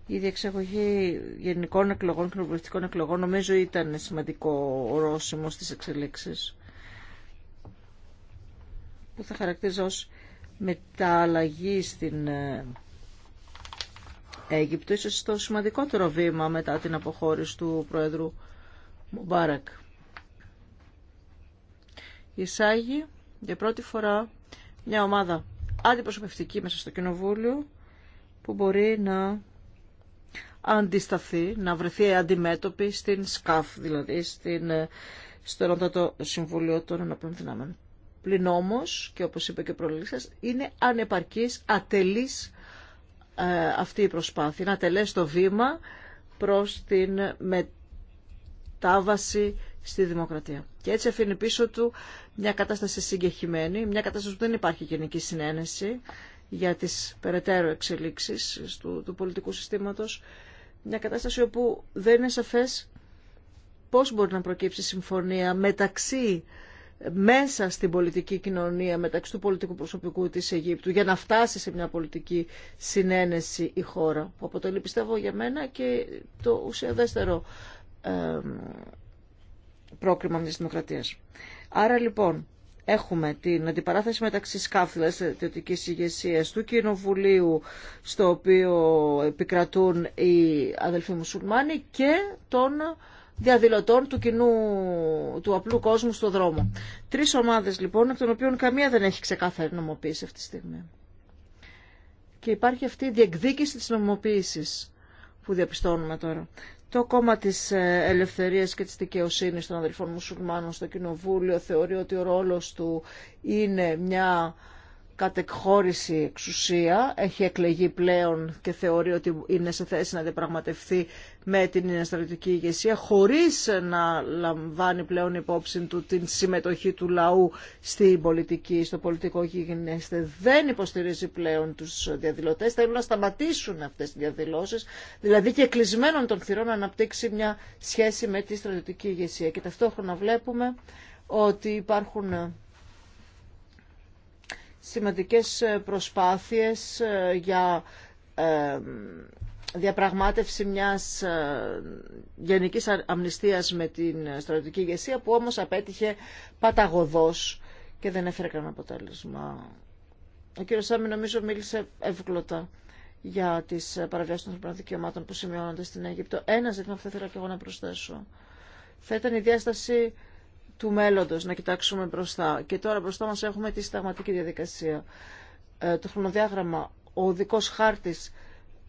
Η διεξαγωγή γενικών εκλογών και εκλογών νομίζω ήταν σημαντικό ορόσημο στις εξελίξεις που θα χαρακτηρίζω ως μεταλλαγή στην ε, Αίγυπτο, ίσως το σημαντικότερο βήμα μετά την αποχώρηση του Πρόεδρου Μουμπάρακ. Εισάγει για πρώτη φορά μια ομάδα αντιπροσωπευτική μέσα στο Κοινοβούλιο που μπορεί να αντισταθεί, να βρεθεί αντιμέτωπη στην ΣΚΑΦ, δηλαδή στην, ε, στο Ελλοντατό Συμβούλιο των Ενωπλών Δυνάμεων πλην όμως, και όπως είπε και ο σα είναι ανεπαρκής, ατελής ε, αυτή η προσπάθεια. Να τελέσει το βήμα προς την μετάβαση στη δημοκρατία. Και έτσι αφήνει πίσω του μια κατάσταση συγκεχημένη, μια κατάσταση που δεν υπάρχει γενική συνένεση για τις περαιτέρω εξελίξεις του, του πολιτικού συστήματος, μια κατάσταση όπου δεν είναι σαφές πώς μπορεί να προκύψει συμφωνία μεταξύ μέσα στην πολιτική κοινωνία μεταξύ του πολιτικού προσωπικού της Αιγύπτου για να φτάσει σε μια πολιτική συνένεση η χώρα που αποτελεί πιστεύω για μένα και το ουσιαδέστερο πρόκριμα μιας δημοκρατίας. Άρα λοιπόν έχουμε την αντιπαράθεση μεταξύ τη δηλαδή στρατιωτικής ηγεσία του Κοινοβουλίου στο οποίο επικρατούν οι αδελφοί μουσουλμάνοι και των διαδηλωτών του κοινού, του απλού κόσμου στο δρόμο. Τρεις ομάδες λοιπόν, από των οποίων καμία δεν έχει ξεκάθαρη νομοποίηση αυτή τη στιγμή. Και υπάρχει αυτή η διεκδίκηση της νομοποίησης που διαπιστώνουμε τώρα. Το κόμμα της ε, ελευθερίας και της δικαιοσύνης των αδελφών μουσουλμάνων στο Κοινοβούλιο θεωρεί ότι ο ρόλος του είναι μια κατεκχώρηση εξουσία, έχει εκλεγεί πλέον και θεωρεί ότι είναι σε θέση να διαπραγματευτεί με την στρατιωτική ηγεσία χωρίς να λαμβάνει πλέον υπόψη του την συμμετοχή του λαού στην πολιτική, στο πολιτικό γίγνεσθε. Δεν υποστηρίζει πλέον τους διαδηλωτές, θέλουν να σταματήσουν αυτές τις διαδηλώσεις, δηλαδή και κλεισμένων των θυρών να αναπτύξει μια σχέση με τη στρατιωτική ηγεσία. Και ταυτόχρονα βλέπουμε ότι υπάρχουν σημαντικές ε, προσπάθειες ε, για ε, διαπραγμάτευση μιας γενικής αμνηστίας με την στρατιωτική ηγεσία που όμως απέτυχε παταγωδός και δεν έφερε κανένα αποτέλεσμα. Ο κύριος Σάμι νομίζω μίλησε εύκολα για τις παραβιάσεις των ανθρωπινών δικαιωμάτων που σημειώνονται στην Αίγυπτο. Ένα ζήτημα που θα ήθελα και εγώ να προσθέσω θα ήταν η διάσταση του μέλλοντος, να κοιτάξουμε μπροστά. Και τώρα μπροστά μας έχουμε τη συνταγματική διαδικασία. Ε, το χρονοδιάγραμμα, ο δικός χάρτης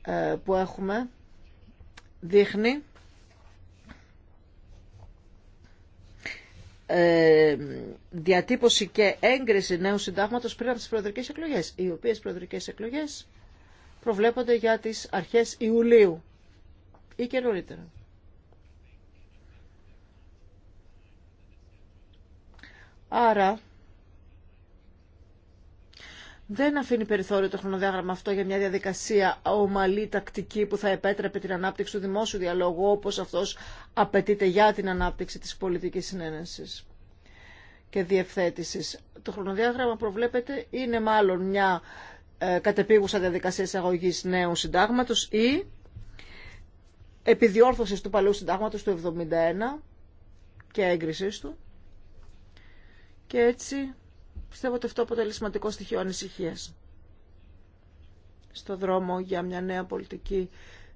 ε, που έχουμε δείχνει ε, διατύπωση και έγκριση νέου συντάγματος πριν από τις προεδρικές εκλογές, οι οποίες προεδρικές εκλογές προβλέπονται για τις αρχές Ιουλίου ή και νωρίτερα. Άρα δεν αφήνει περιθώριο το χρονοδιάγραμμα αυτό για μια διαδικασία ομαλή τακτική που θα επέτρεπε την ανάπτυξη του δημόσιου διαλόγου όπως αυτός απαιτείται για την ανάπτυξη της πολιτικής συνένεσης και διευθέτησης. Το χρονοδιάγραμμα προβλέπεται είναι μάλλον μια ε, κατεπίγουσα διαδικασία εισαγωγή νέου συντάγματος ή επιδιόρθωσης του παλαιού συντάγματος του 1971 και έγκρισής του και έτσι πιστεύω ότι αυτό αποτελεί σημαντικό στοιχείο ανησυχία στο δρόμο για μια νέα πολιτική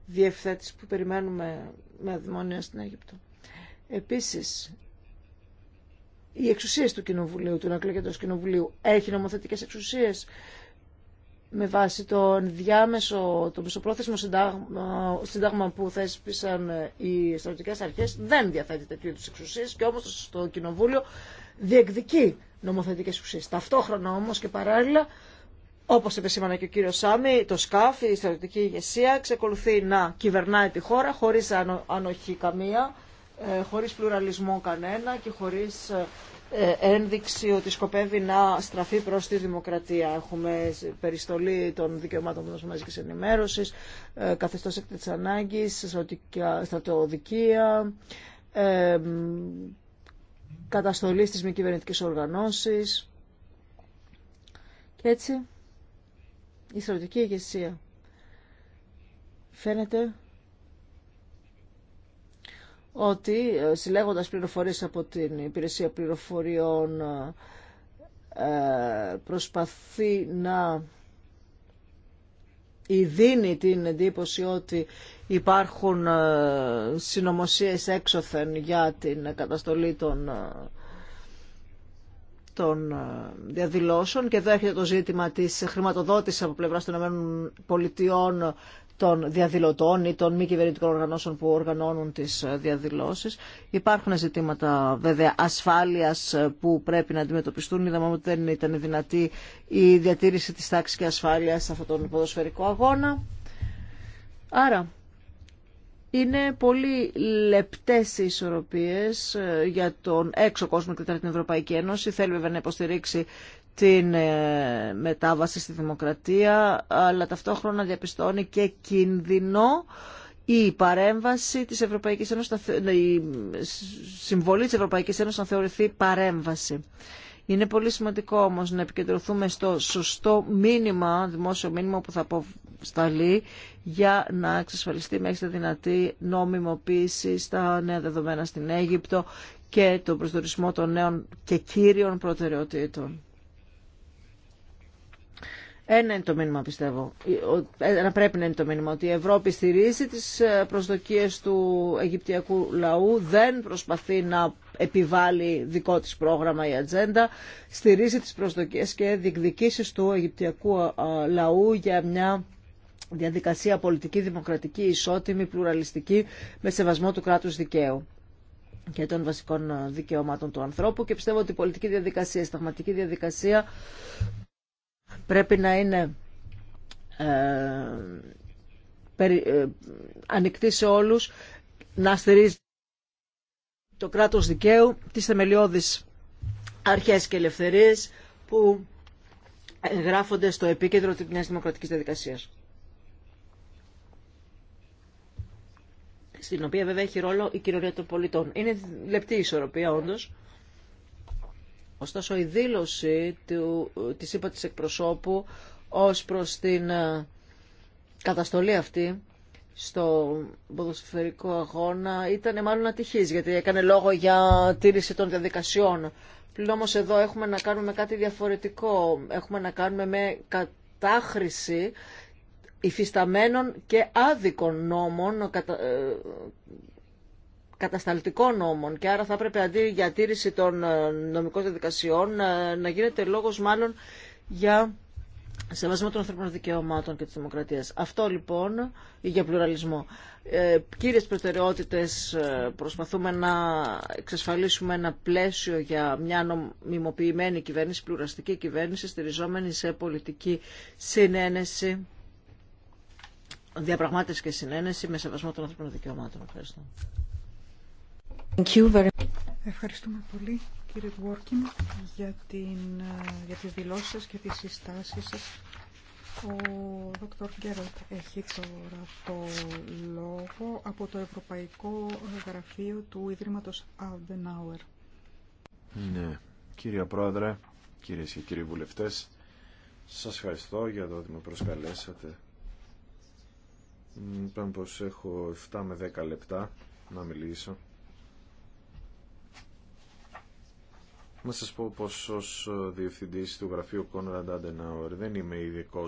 διευθέτηση που περιμένουμε με αδημόνια στην Αίγυπτο. Επίσης, οι εξουσίες του Κοινοβουλίου, του Ανακλήκεντος Κοινοβουλίου, έχει νομοθετικές εξουσίες με βάση τον διάμεσο, το μισοπρόθεσμο συντάγμα, που θέσπισαν οι στρατιωτικές αρχές, δεν διαθέτει τέτοιου είδους εξουσίες και όμως στο Κοινοβούλιο διεκδικεί νομοθετικές ουσίες. Ταυτόχρονα όμως και παράλληλα, όπως επεσήμανε και ο κύριος Σάμι, το ΣΚΑΦ, η στρατιωτική ηγεσία, ξεκολουθεί να κυβερνάει τη χώρα χωρίς ανοχή καμία, ε, χωρίς πλουραλισμό κανένα και χωρίς ε, ένδειξη ότι σκοπεύει να στραφεί προς τη δημοκρατία. Έχουμε περιστολή των δικαιωμάτων των μαζικής ενημέρωσης, ε, καθεστώς έκτη της ανάγκης, στρατοδικία, καταστολής της μη κυβερνητικές οργανώσεις. Και έτσι η στρατιωτική ηγεσία φαίνεται ότι ε, συλλέγοντας πληροφορίες από την υπηρεσία πληροφοριών ε, ε, προσπαθεί να δίνει την εντύπωση ότι υπάρχουν ε, συνωμοσίες έξωθεν για την καταστολή των ε, των ε, διαδηλώσεων και εδώ έρχεται το ζήτημα της χρηματοδότησης από πλευράς των ΗΠΑ των διαδηλωτών ή των μη κυβερνητικών οργανώσεων που οργανώνουν τις διαδηλώσεις. Υπάρχουν ζητήματα βέβαια ασφάλειας που πρέπει να αντιμετωπιστούν. Είδαμε ότι δεν ήταν δυνατή η διατήρηση της τάξης και ασφάλειας σε αυτόν τον ποδοσφαιρικό αγώνα. Άρα είναι πολύ λεπτές οι ισορροπίες ε, για τον έξω κόσμο και την Ευρωπαϊκή Ένωση. Θέλει βέβαια να υποστηρίξει την ε, μετάβαση στη δημοκρατία, αλλά ταυτόχρονα διαπιστώνει και κίνδυνο η παρέμβαση της Ευρωπαϊκής Ένωσης, η συμβολή της Ευρωπαϊκής Ένωσης να θεωρηθεί παρέμβαση. Είναι πολύ σημαντικό όμως να επικεντρωθούμε στο σωστό μήνυμα, δημόσιο μήνυμα που θα αποσταλεί για να εξασφαλιστεί μέχρι τη δυνατή νόμιμοποίηση στα νέα δεδομένα στην Αίγυπτο και τον προσδορισμό των νέων και κύριων προτεραιοτήτων. Ένα είναι το μήνυμα, πιστεύω. Ένα πρέπει να είναι το μήνυμα ότι η Ευρώπη στηρίζει τις ε, προσδοκίες του Αιγυπτιακού λαού, δεν προσπαθεί να επιβάλλει δικό της πρόγραμμα η ατζέντα, στηρίζει τις προσδοκίες και διεκδικήσεις του Αιγυπτιακού ε, λαού για μια διαδικασία πολιτική, δημοκρατική, ισότιμη, πλουραλιστική, με σεβασμό του κράτους δικαίου και των βασικών ε, δικαιωμάτων του ανθρώπου και πιστεύω ότι η πολιτική διαδικασία, η σταγματική διαδικασία πρέπει να είναι ε, ε ανοιχτή σε όλους, να στηρίζει το κράτος δικαίου, τις θεμελιώδεις αρχές και ελευθερίες που γράφονται στο επίκεντρο της Νέας Δημοκρατικής Διαδικασίας. Στην οποία βέβαια έχει ρόλο η κοινωνία των πολιτών. Είναι λεπτή ισορροπία όντως. Ωστόσο η δήλωση του, της είπα της εκπροσώπου ως προς την ε, καταστολή αυτή στο ποδοσφαιρικό αγώνα ήταν μάλλον ατυχής γιατί έκανε λόγο για τήρηση των διαδικασιών. Πλην όμως εδώ έχουμε να κάνουμε κάτι διαφορετικό. Έχουμε να κάνουμε με κατάχρηση υφισταμένων και άδικων νόμων, κατα... Ε, κατασταλτικών νόμων και άρα θα έπρεπε αντί για τήρηση των ε, νομικών διαδικασιών ε, να γίνεται λόγος μάλλον για Σεβασμό των ανθρωπίνων δικαιωμάτων και της Δημοκρατία. Αυτό λοιπόν, για πλουραλισμό. Ε, κύριες προτεραιότητες ε, προσπαθούμε να εξασφαλίσουμε ένα πλαίσιο για μια νομιμοποιημένη κυβέρνηση, πλουραστική κυβέρνηση, στηριζόμενη σε πολιτική συνένεση, διαπραγμάτευση και συνένεση με σεβασμό των ανθρωπίνων δικαιωμάτων. Ευχαριστώ. Ευχαριστούμε πολύ κύριε Βόρκιν για, την, για τις δηλώσεις σας και τις συστάσεις σας. Ο Δόκτωρ Γκέραλτ έχει τώρα το λόγο από το Ευρωπαϊκό Γραφείο του Ιδρύματος Adenauer. Ναι, κύριε Πρόεδρε, κύριε και κύριοι βουλευτές, σας ευχαριστώ για το ότι με προσκαλέσατε. Είπαμε πως έχω 7 με 10 λεπτά να μιλήσω Να σας πω πως ως ε, διευθυντής του γραφείου Conrad Adenauer δεν είμαι ειδικό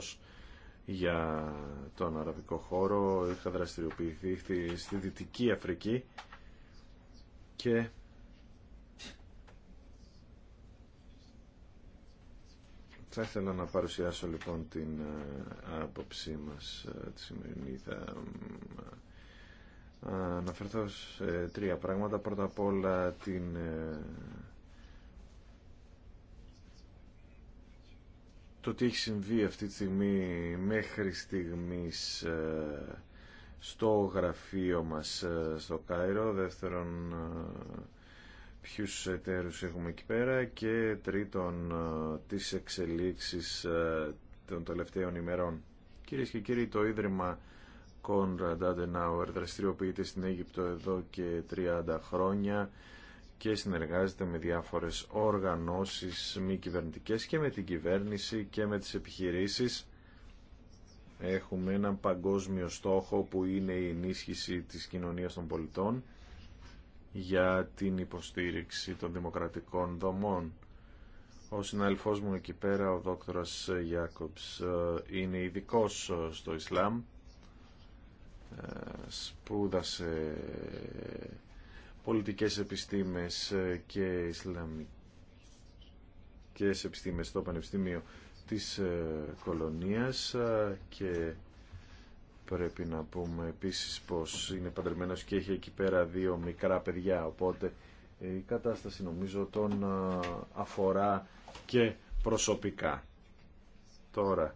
για τον αραβικό χώρο. Είχα δραστηριοποιηθεί στη Δυτική Αφρική και Θα ήθελα να παρουσιάσω λοιπόν την ε, άποψή μας ε, τη σημερινή. Θα αναφερθώ σε τρία πράγματα. Πρώτα απ' όλα την το τι έχει συμβεί αυτή τη στιγμή μέχρι στιγμής ε, στο γραφείο μας ε, στο Κάιρο, δεύτερον ε, ποιους εταίρους έχουμε εκεί πέρα και τρίτον τις εξελίξεις των τελευταίων ημερών. Κυρίε και κύριοι, το Ίδρυμα Κόνραντ Αντενάουερ δραστηριοποιείται στην Αίγυπτο εδώ και 30 χρόνια και συνεργάζεται με διάφορες οργανώσεις μη κυβερνητικές και με την κυβέρνηση και με τις επιχειρήσεις. Έχουμε έναν παγκόσμιο στόχο που είναι η ενίσχυση της κοινωνίας των πολιτών για την υποστήριξη των δημοκρατικών δομών. Ο συναλφός μου εκεί πέρα, ο δόκτωρας Ιάκοψ, είναι ειδικό στο Ισλάμ. Ε, σπούδασε πολιτικές επιστήμες ε, και Ισλαμικές επιστήμες στο Πανεπιστήμιο της ε, Κολονίας ε, και πρέπει να πούμε επίσης πως είναι παντρεμένος και έχει εκεί πέρα δύο μικρά παιδιά οπότε η κατάσταση νομίζω τον αφορά και προσωπικά. Τώρα,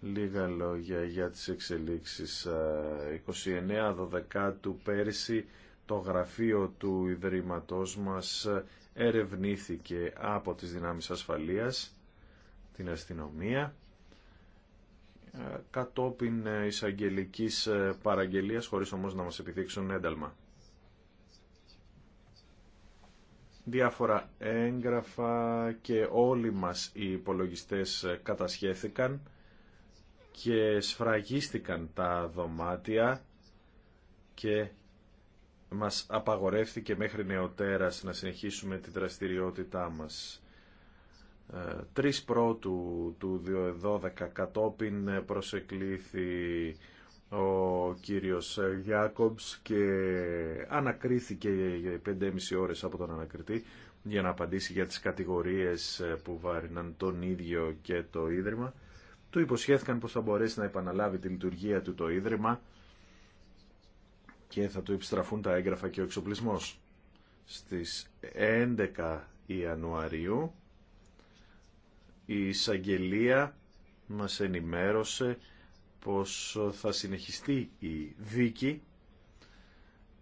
λίγα λόγια για τις εξελίξεις. 29 12 του πέρσι το γραφείο του Ιδρύματός μας ερευνήθηκε από τις δυνάμεις ασφαλείας, την αστυνομία, ε, κατόπιν εισαγγελική ε, παραγγελίας, χωρίς όμως να μας επιδείξουν ένταλμα. Διάφορα έγγραφα και όλοι μας οι υπολογιστές ε, κατασχέθηκαν και σφραγίστηκαν τα δωμάτια και μας απαγορεύθηκε μέχρι νεοτέρας να συνεχίσουμε τη δραστηριότητά μας. Ε, τρεις πρώτου του 2012 κατόπιν προσεκλήθη ο κύριος Γιάκομπς και ανακρίθηκε για 5,5 ώρες από τον ανακριτή για να απαντήσει για τις κατηγορίες που βάριναν τον ίδιο και το Ίδρυμα. Του υποσχέθηκαν πως θα μπορέσει να επαναλάβει τη λειτουργία του το Ίδρυμα και θα του επιστραφούν τα έγγραφα και ο εξοπλισμός. Στις 11 Ιανουαρίου η εισαγγελία μας ενημέρωσε πως θα συνεχιστεί η δίκη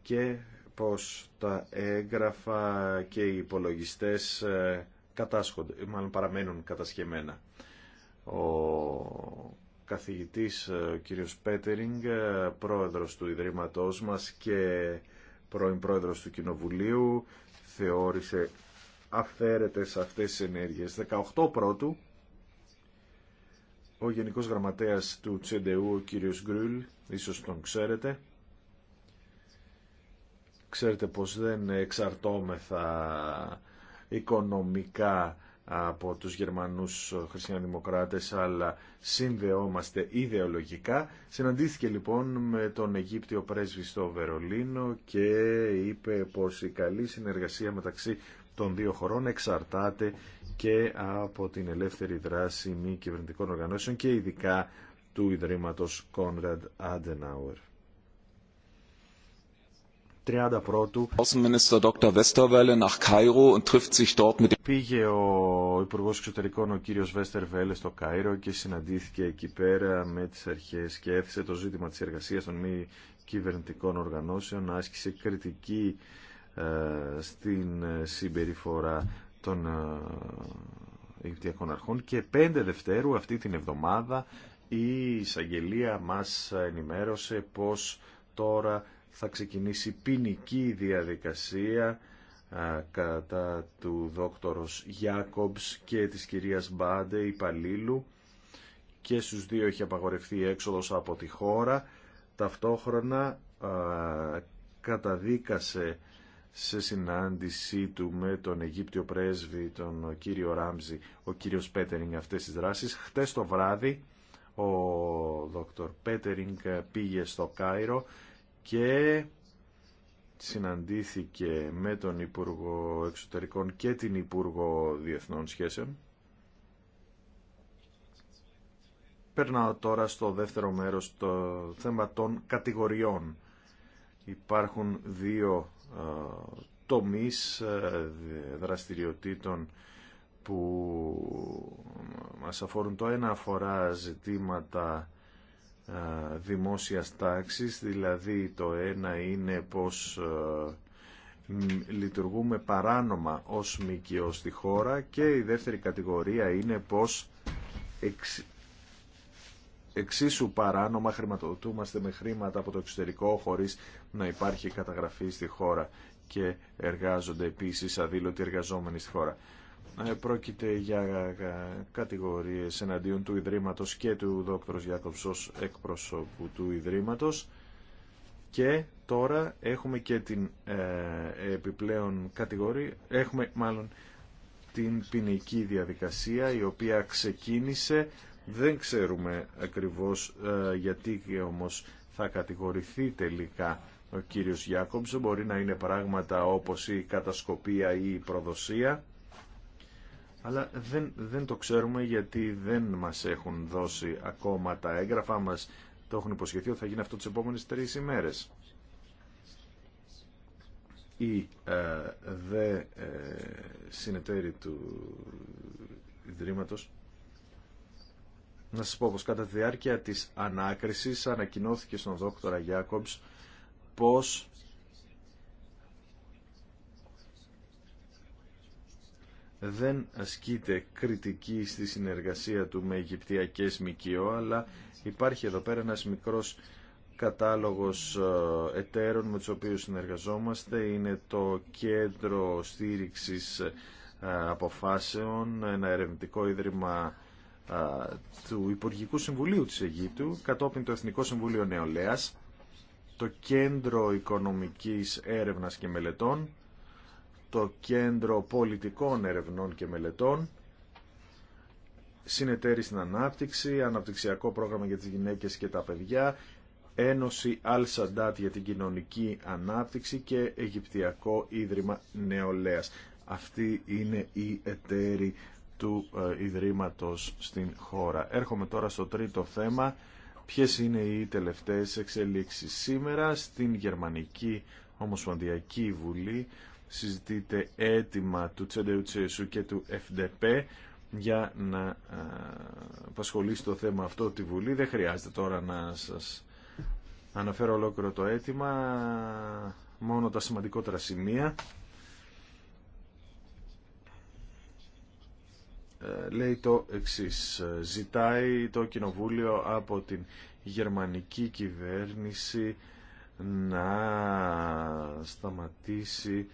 και πως τα έγγραφα και οι υπολογιστές ε, κατάσχονται, μάλλον παραμένουν κατασχεμένα. Ο καθηγητής ε, ο κύριος Πέτερινγκ, ε, πρόεδρος του Ιδρύματός μας και πρώην πρόεδρος του Κοινοβουλίου, θεώρησε αφαίρετες αυτές τις ενέργειες. 18 πρώτου, ο Γενικός Γραμματέας του Τσεντεού, ο κύριος Γκρουλ, ίσως τον ξέρετε, ξέρετε πως δεν εξαρτώμεθα οικονομικά από τους Γερμανούς χριστιανοδημοκράτες αλλά συνδεόμαστε ιδεολογικά. Συναντήθηκε λοιπόν με τον Αιγύπτιο πρέσβη στο Βερολίνο και είπε πως η καλή συνεργασία μεταξύ των δύο χωρών εξαρτάται και από την ελεύθερη δράση μη κυβερνητικών οργανώσεων και ειδικά του Ιδρύματος Κόνραντ Άντενάουερ. 31ου Πήγε ο Υπουργό Εξωτερικών ο κύριος Βέλε, στο Κάιρο και συναντήθηκε εκεί πέρα με τις αρχές και έθεσε το ζήτημα της εργασίας των μη κυβερνητικών οργανώσεων, άσκησε κριτική ε, στην ε, συμπεριφορά των Αιγυπτιακών ε, Αρχών και 5 Δευτέρου αυτή την εβδομάδα η εισαγγελία μας ενημέρωσε πως τώρα θα ξεκινήσει ποινική διαδικασία κατά του δόκτωρος Γιάκομπς και της κυρίας Μπάντε υπαλλήλου και στους δύο έχει απαγορευτεί έξοδος από τη χώρα ταυτόχρονα καταδίκασε σε συνάντησή του με τον Αιγύπτιο πρέσβη, τον κύριο Ράμζη, ο κύριος Πέτερινγκ αυτές τις δράσεις. Χτες το βράδυ ο δόκτωρ Πέτερινγκ πήγε στο Κάιρο και συναντήθηκε με τον Υπουργό Εξωτερικών και την Υπουργό Διεθνών Σχέσεων. Περνάω τώρα στο δεύτερο μέρος, το θέμα των κατηγοριών. Υπάρχουν δύο ε, τομείς ε, δραστηριοτήτων που μας αφορούν. Το ένα αφορά ζητήματα δημόσιας τάξης, δηλαδή το ένα είναι πως λειτουργούμε παράνομα ως ΜΚΟ στη χώρα και η δεύτερη κατηγορία είναι πως εξ, εξίσου παράνομα χρηματοδοτούμαστε με χρήματα από το εξωτερικό χωρίς να υπάρχει καταγραφή στη χώρα και εργάζονται επίσης αδήλωτοι εργαζόμενοι στη χώρα. Ε, πρόκειται για κατηγορίες εναντίον του Ιδρύματος και του Δόκτρος Γιάκοψο εκπροσώπου του Ιδρύματος και τώρα έχουμε και την ε, επιπλέον κατηγορία, έχουμε μάλλον την ποινική διαδικασία η οποία ξεκίνησε, δεν ξέρουμε ακριβώς ε, γιατί όμως θα κατηγορηθεί τελικά ο κύριος Γιάκομψο, μπορεί να είναι πράγματα όπως η κατασκοπία ή η προδοσία αλλά δεν, δεν το ξέρουμε γιατί δεν μας έχουν δώσει ακόμα τα έγγραφά μας. Το έχουν υποσχεθεί ότι θα γίνει αυτό τις επόμενες τρεις ημέρες. η ε, δε ε, συνεταίροι του Ιδρύματος να σας πω πως κατά τη διάρκεια της ανάκρισης ανακοινώθηκε στον δόκτωρα Γιάκομπς πως δεν ασκείται κριτική στη συνεργασία του με Αιγυπτιακές ΜΚΟ, αλλά υπάρχει εδώ πέρα ένας μικρός κατάλογος ε, εταίρων με τους οποίους συνεργαζόμαστε. Είναι το Κέντρο Στήριξης ε, Αποφάσεων, ένα ερευνητικό ίδρυμα ε, του Υπουργικού Συμβουλίου της Αιγύπτου, κατόπιν το Εθνικό Συμβούλιο Νεολαίας, το Κέντρο Οικονομικής Έρευνας και Μελετών, το Κέντρο Πολιτικών Ερευνών και Μελετών, Συνεταίρη στην ανάπτυξη, αναπτυξιακό πρόγραμμα για τις γυναίκες και τα παιδιά, Al Sadat για την κοινωνική ανάπτυξη και Αιγυπτιακό Ίδρυμα νεολαία. Αυτή είναι η εταίροι του ε, Ιδρύματος στην χώρα. Έρχομαι τώρα στο τρίτο θέμα. Ποιες είναι οι τελευταίες εξελίξεις σήμερα στην Γερμανική Ομοσπονδιακή Βουλή συζητείται αίτημα του Τσέντεου Τσέσου και του FDP για να απασχολήσει το θέμα αυτό τη Βουλή. Δεν χρειάζεται τώρα να σας αναφέρω ολόκληρο το αίτημα, μόνο τα σημαντικότερα σημεία. Ε, λέει το εξής. Ζητάει το Κοινοβούλιο από την γερμανική κυβέρνηση να σταματήσει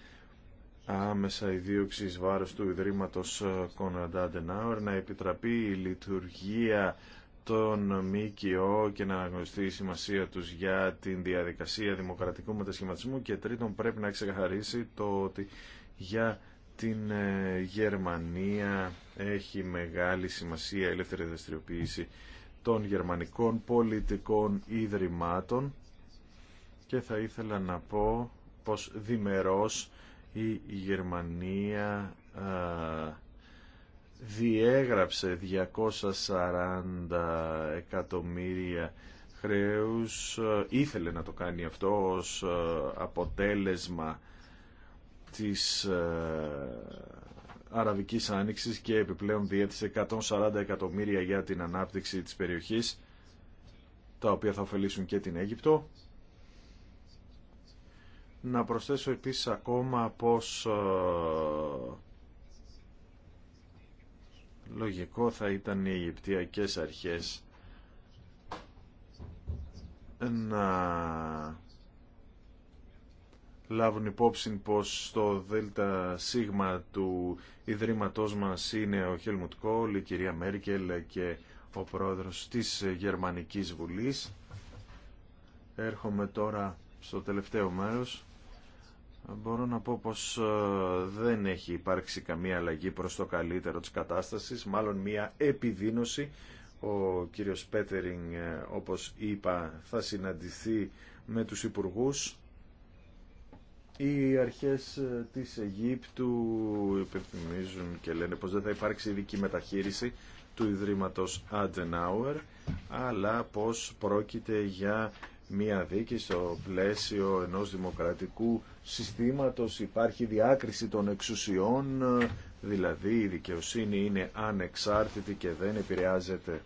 άμεσα η δίωξη εις βάρος του Ιδρύματος Κόνραντ ε, να επιτραπεί η λειτουργία των ΜΚΟ και να αναγνωριστεί η σημασία τους για την διαδικασία δημοκρατικού μετασχηματισμού και τρίτον πρέπει να ξεκαθαρίσει το ότι για την ε, Γερμανία έχει μεγάλη σημασία η ελεύθερη δραστηριοποίηση των γερμανικών πολιτικών ίδρυμάτων και θα ήθελα να πω πως διμερός η Γερμανία διέγραψε 240 εκατομμύρια χρέους, ήθελε να το κάνει αυτό ως αποτέλεσμα της Αραβικής Άνοιξης και επιπλέον διέτησε 140 εκατομμύρια για την ανάπτυξη της περιοχής, τα οποία θα ωφελήσουν και την Αίγυπτο. Να προσθέσω επίσης ακόμα πως ε, λογικό θα ήταν οι Αιγυπτιακές αρχές να λάβουν υπόψη πως το Δέλτα Σίγμα του Ιδρύματός μας είναι ο Χέλμουτ Κόλ, η κυρία Μέρκελ και ο πρόεδρος της Γερμανικής Βουλής. Έρχομαι τώρα στο τελευταίο μέρος. Μπορώ να πω πως ε, δεν έχει υπάρξει καμία αλλαγή προς το καλύτερο της κατάστασης, μάλλον μία επιδίνωση. Ο κύριος Πέτερινγκ, ε, όπως είπα, θα συναντηθεί με τους υπουργούς. Οι αρχές ε, της Αιγύπτου υπενθυμίζουν και λένε πως δεν θα υπάρξει ειδική μεταχείριση του Ιδρύματος Adenauer, αλλά πως πρόκειται για μία δίκη στο πλαίσιο ενός δημοκρατικού συστήματος υπάρχει διάκριση των εξουσιών, δηλαδή η δικαιοσύνη είναι ανεξάρτητη και δεν επηρεάζεται.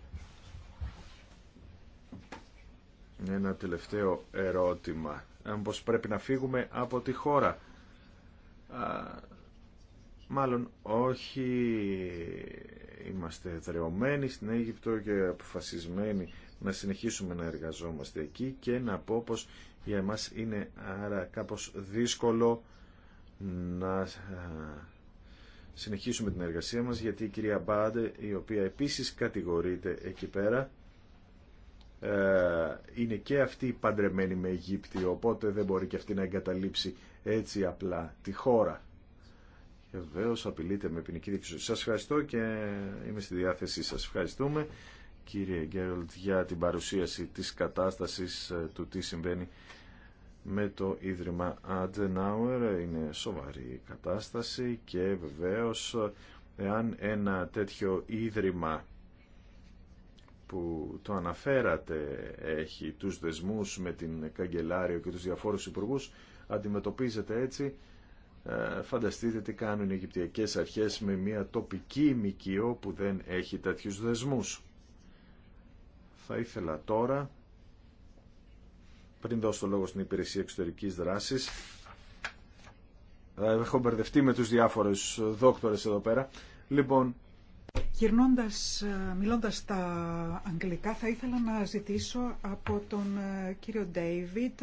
Ένα τελευταίο ερώτημα. Αν πως πρέπει να φύγουμε από τη χώρα. Α, μάλλον όχι. Είμαστε δρεωμένοι στην Αίγυπτο και αποφασισμένοι να συνεχίσουμε να εργαζόμαστε εκεί και να πω πως για εμάς είναι άρα κάπως δύσκολο να ε, συνεχίσουμε την εργασία μας γιατί η κυρία Μπάντε η οποία επίσης κατηγορείται εκεί πέρα ε, είναι και αυτή παντρεμένη με Αιγύπτιο οπότε δεν μπορεί και αυτή να εγκαταλείψει έτσι απλά τη χώρα βεβαίω απειλείται με ποινική δίκτυο. σας ευχαριστώ και είμαι στη διάθεσή σας ευχαριστούμε κύριε Γκέρολτ για την παρουσίαση της κατάστασης ε, του τι συμβαίνει με το Ίδρυμα Adenauer είναι σοβαρή κατάσταση και βεβαίως εάν ένα τέτοιο Ίδρυμα που το αναφέρατε έχει τους δεσμούς με την Καγκελάριο και τους διαφόρους υπουργούς αντιμετωπίζεται έτσι ε, φανταστείτε τι κάνουν οι Αιγυπτιακές αρχές με μια τοπική μικιό που δεν έχει τέτοιους δεσμούς. Θα ήθελα τώρα πριν δώσω το λόγο στην υπηρεσία εξωτερικής δράσης, ε, έχω μπερδευτεί με τους διάφορους δόκτορες εδώ πέρα. Λοιπόν, Γυρνώντας, ε, μιλώντας στα αγγλικά, θα ήθελα να ζητήσω από τον ε, κύριο Ντέιβιτ,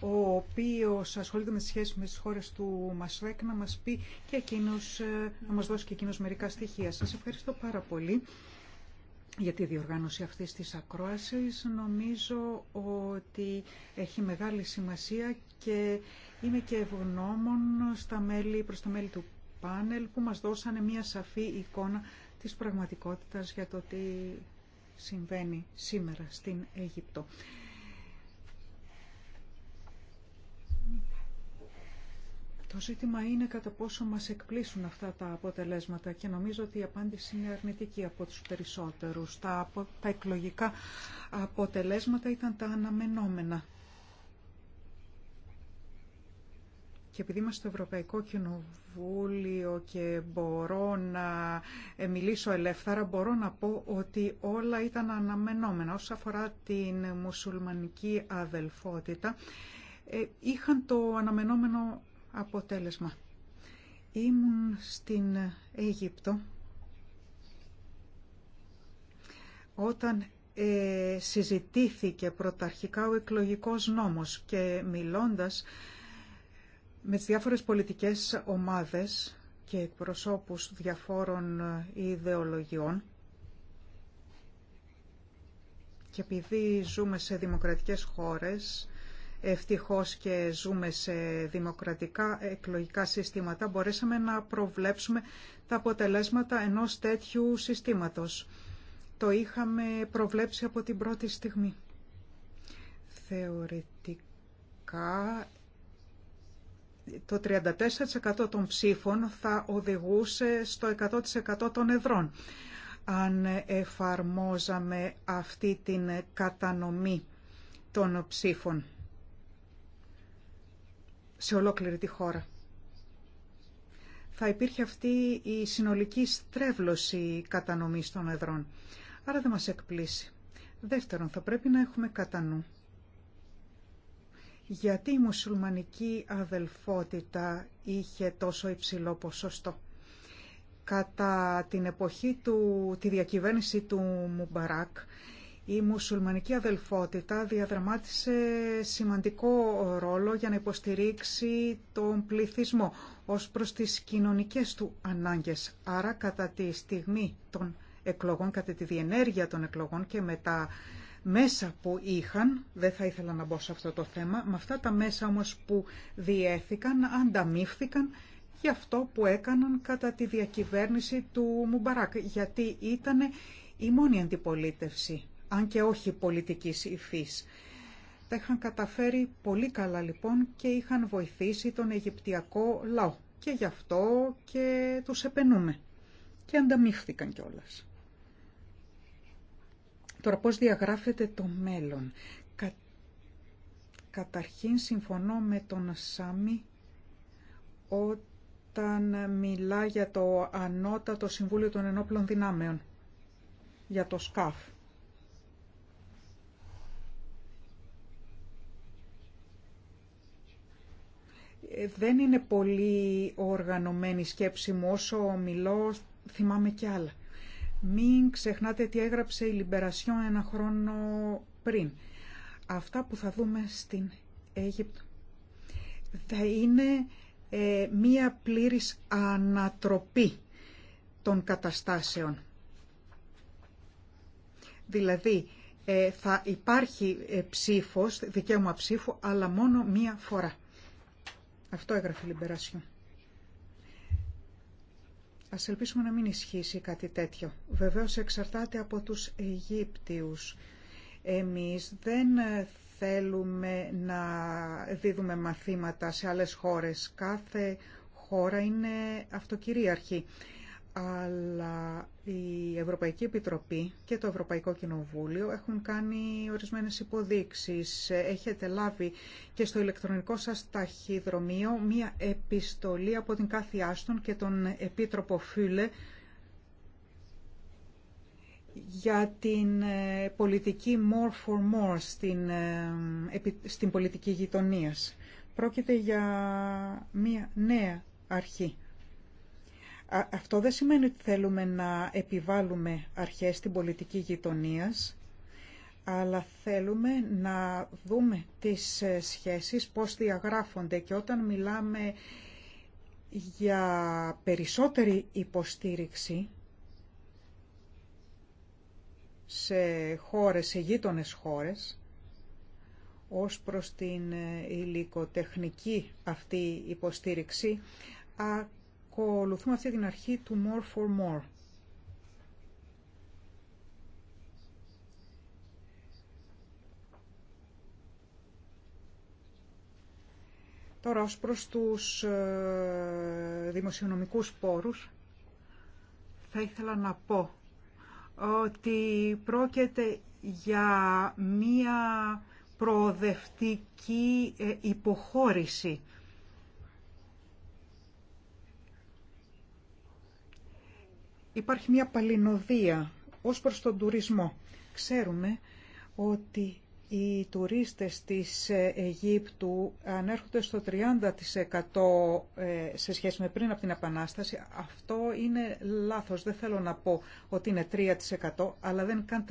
ο οποίος ασχολείται με τις σχέσεις με τις χώρες του Μασρέκ, να μας πει και εκείνος, να μας δώσει και εκείνος μερικά στοιχεία. Σας ευχαριστώ πάρα πολύ για τη διοργάνωση αυτής της ακρόασης νομίζω ότι έχει μεγάλη σημασία και είμαι και ευγνώμων στα μέλη, προς τα μέλη του πάνελ που μας δώσανε μια σαφή εικόνα της πραγματικότητας για το τι συμβαίνει σήμερα στην Αίγυπτο. Το ζήτημα είναι κατά πόσο μας εκπλήσουν αυτά τα αποτελέσματα και νομίζω ότι η απάντηση είναι αρνητική από τους περισσότερους. Τα, εκλογικά αποτελέσματα ήταν τα αναμενόμενα. Και επειδή είμαστε στο Ευρωπαϊκό Κοινοβούλιο και μπορώ να ε, μιλήσω ελεύθερα, μπορώ να πω ότι όλα ήταν αναμενόμενα. Όσον αφορά την μουσουλμανική αδελφότητα, ε, είχαν το αναμενόμενο αποτέλεσμα. Ήμουν στην Αίγυπτο όταν ε, συζητήθηκε πρωταρχικά ο εκλογικός νόμος και μιλώντας με τις διάφορες πολιτικές ομάδες και εκπροσώπους διαφόρων ε, ιδεολογιών και επειδή ζούμε σε δημοκρατικές χώρες ευτυχώς και ζούμε σε δημοκρατικά εκλογικά συστήματα, μπορέσαμε να προβλέψουμε τα αποτελέσματα ενός τέτοιου συστήματος. Το είχαμε προβλέψει από την πρώτη στιγμή. Θεωρητικά το 34% των ψήφων θα οδηγούσε στο 100% των εδρών αν εφαρμόζαμε αυτή την κατανομή των ψήφων σε ολόκληρη τη χώρα. Θα υπήρχε αυτή η συνολική στρέβλωση κατανομής των εδρών. Άρα δεν μας εκπλήσει. Δεύτερον, θα πρέπει να έχουμε κατά νου γιατί η μουσουλμανική αδελφότητα είχε τόσο υψηλό ποσοστό. Κατά την εποχή του, τη διακυβέρνηση του Μουμπαράκ, η μουσουλμανική αδελφότητα διαδραμάτισε σημαντικό ρόλο για να υποστηρίξει τον πληθυσμό ως προς τις κοινωνικές του ανάγκες. Άρα κατά τη στιγμή των εκλογών, κατά τη διενέργεια των εκλογών και με τα μέσα που είχαν, δεν θα ήθελα να μπω σε αυτό το θέμα, με αυτά τα μέσα όμως που διέθηκαν, ανταμείφθηκαν για αυτό που έκαναν κατά τη διακυβέρνηση του Μουμπαράκ, γιατί ήταν η μόνη αντιπολίτευση αν και όχι πολιτικής υφής. Τα είχαν καταφέρει πολύ καλά λοιπόν και είχαν βοηθήσει τον Αιγυπτιακό λαό. Και γι' αυτό και τους επενούμε. Και ανταμείφθηκαν κιόλας. Τώρα πώς διαγράφεται το μέλλον. Καταρχήν συμφωνώ με τον Σάμι όταν μιλά για το ανώτατο Συμβούλιο των Ενόπλων Δυνάμεων, για το ΣΚΑΦ. Ε, δεν είναι πολύ οργανωμένη σκέψη μου όσο μιλώ, θυμάμαι και άλλα. Μην ξεχνάτε τι έγραψε η Λιμπερασιόν ένα χρόνο πριν. Αυτά που θα δούμε στην Αίγυπτο θα είναι ε, μία πλήρης ανατροπή των καταστάσεων. Δηλαδή, ε, θα υπάρχει ε, ψήφος, δικαίωμα ψήφου, αλλά μόνο μία φορά. Αυτό έγραφε η Λιμπεράσιο. Α ελπίσουμε να μην ισχύσει κάτι τέτοιο. Βεβαίως εξαρτάται από τους Αιγύπτιου. Εμείς δεν θέλουμε να δίδουμε μαθήματα σε άλλες χώρες. Κάθε χώρα είναι αυτοκυρίαρχη αλλά η Ευρωπαϊκή Επιτροπή και το Ευρωπαϊκό Κοινοβούλιο έχουν κάνει ορισμένες υποδείξεις. Έχετε λάβει και στο ηλεκτρονικό σας ταχυδρομείο μία επιστολή από την Κάθη Άστον και τον Επίτροπο Φίλε για την ε, πολιτική More for More στην, ε, στην πολιτική γειτονίας. Πρόκειται για μία νέα αρχή αυτό δεν σημαίνει ότι θέλουμε να επιβάλλουμε αρχές στην πολιτική γειτονίας, αλλά θέλουμε να δούμε τις ε, σχέσεις, πώς διαγράφονται και όταν μιλάμε για περισσότερη υποστήριξη σε χώρες, σε γείτονες χώρες, ως προς την ε, υλικοτεχνική αυτή υποστήριξη, ακολουθούμε αυτή την αρχή του more for more. Τώρα ως προς τους ε, δημοσιονομικούς πόρους θα ήθελα να πω ότι πρόκειται για μία προοδευτική ε, υποχώρηση υπάρχει μια παλινοδία ως προς τον τουρισμό. Ξέρουμε ότι οι τουρίστες της ε, Αιγύπτου ανέρχονται στο 30% ε, σε σχέση με πριν από την Επανάσταση. Αυτό είναι λάθος. Δεν θέλω να πω ότι είναι 3%, αλλά δεν καν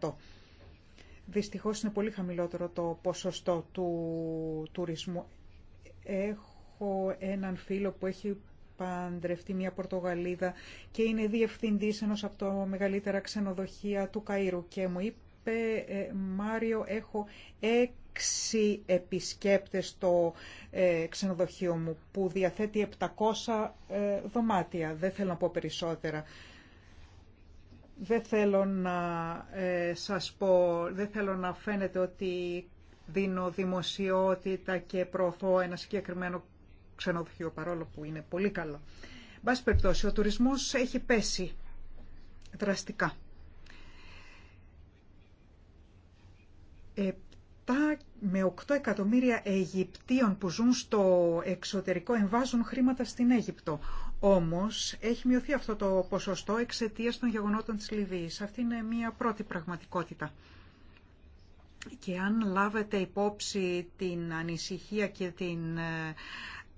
30%. Δυστυχώς είναι πολύ χαμηλότερο το ποσοστό του τουρισμού. Έχω έναν φίλο που έχει παντρευτεί μια Πορτογαλίδα και είναι διευθυντή ενός από τα μεγαλύτερα ξενοδοχεία του Καΐρου και μου είπε ε, «Μάριο, έχω έξι επισκέπτες στο ε, ξενοδοχείο μου που διαθέτει 700 ε, δωμάτια, δεν θέλω να πω περισσότερα». Δεν θέλω να σας πω, δεν θέλω να φαίνεται ότι δίνω δημοσιότητα και προωθώ ένα συγκεκριμένο ξενοδοχείο παρόλο που είναι πολύ καλό. Μπάς περιπτώσει, ο τουρισμός έχει πέσει δραστικά. 7 με 8 εκατομμύρια Αιγυπτίων που ζουν στο εξωτερικό εμβάζουν χρήματα στην Αίγυπτο. Όμως έχει μειωθεί αυτό το ποσοστό εξαιτίας των γεγονότων της Λιβύης. Αυτή είναι μια πρώτη πραγματικότητα. Και αν λάβετε υπόψη την ανησυχία και την ε,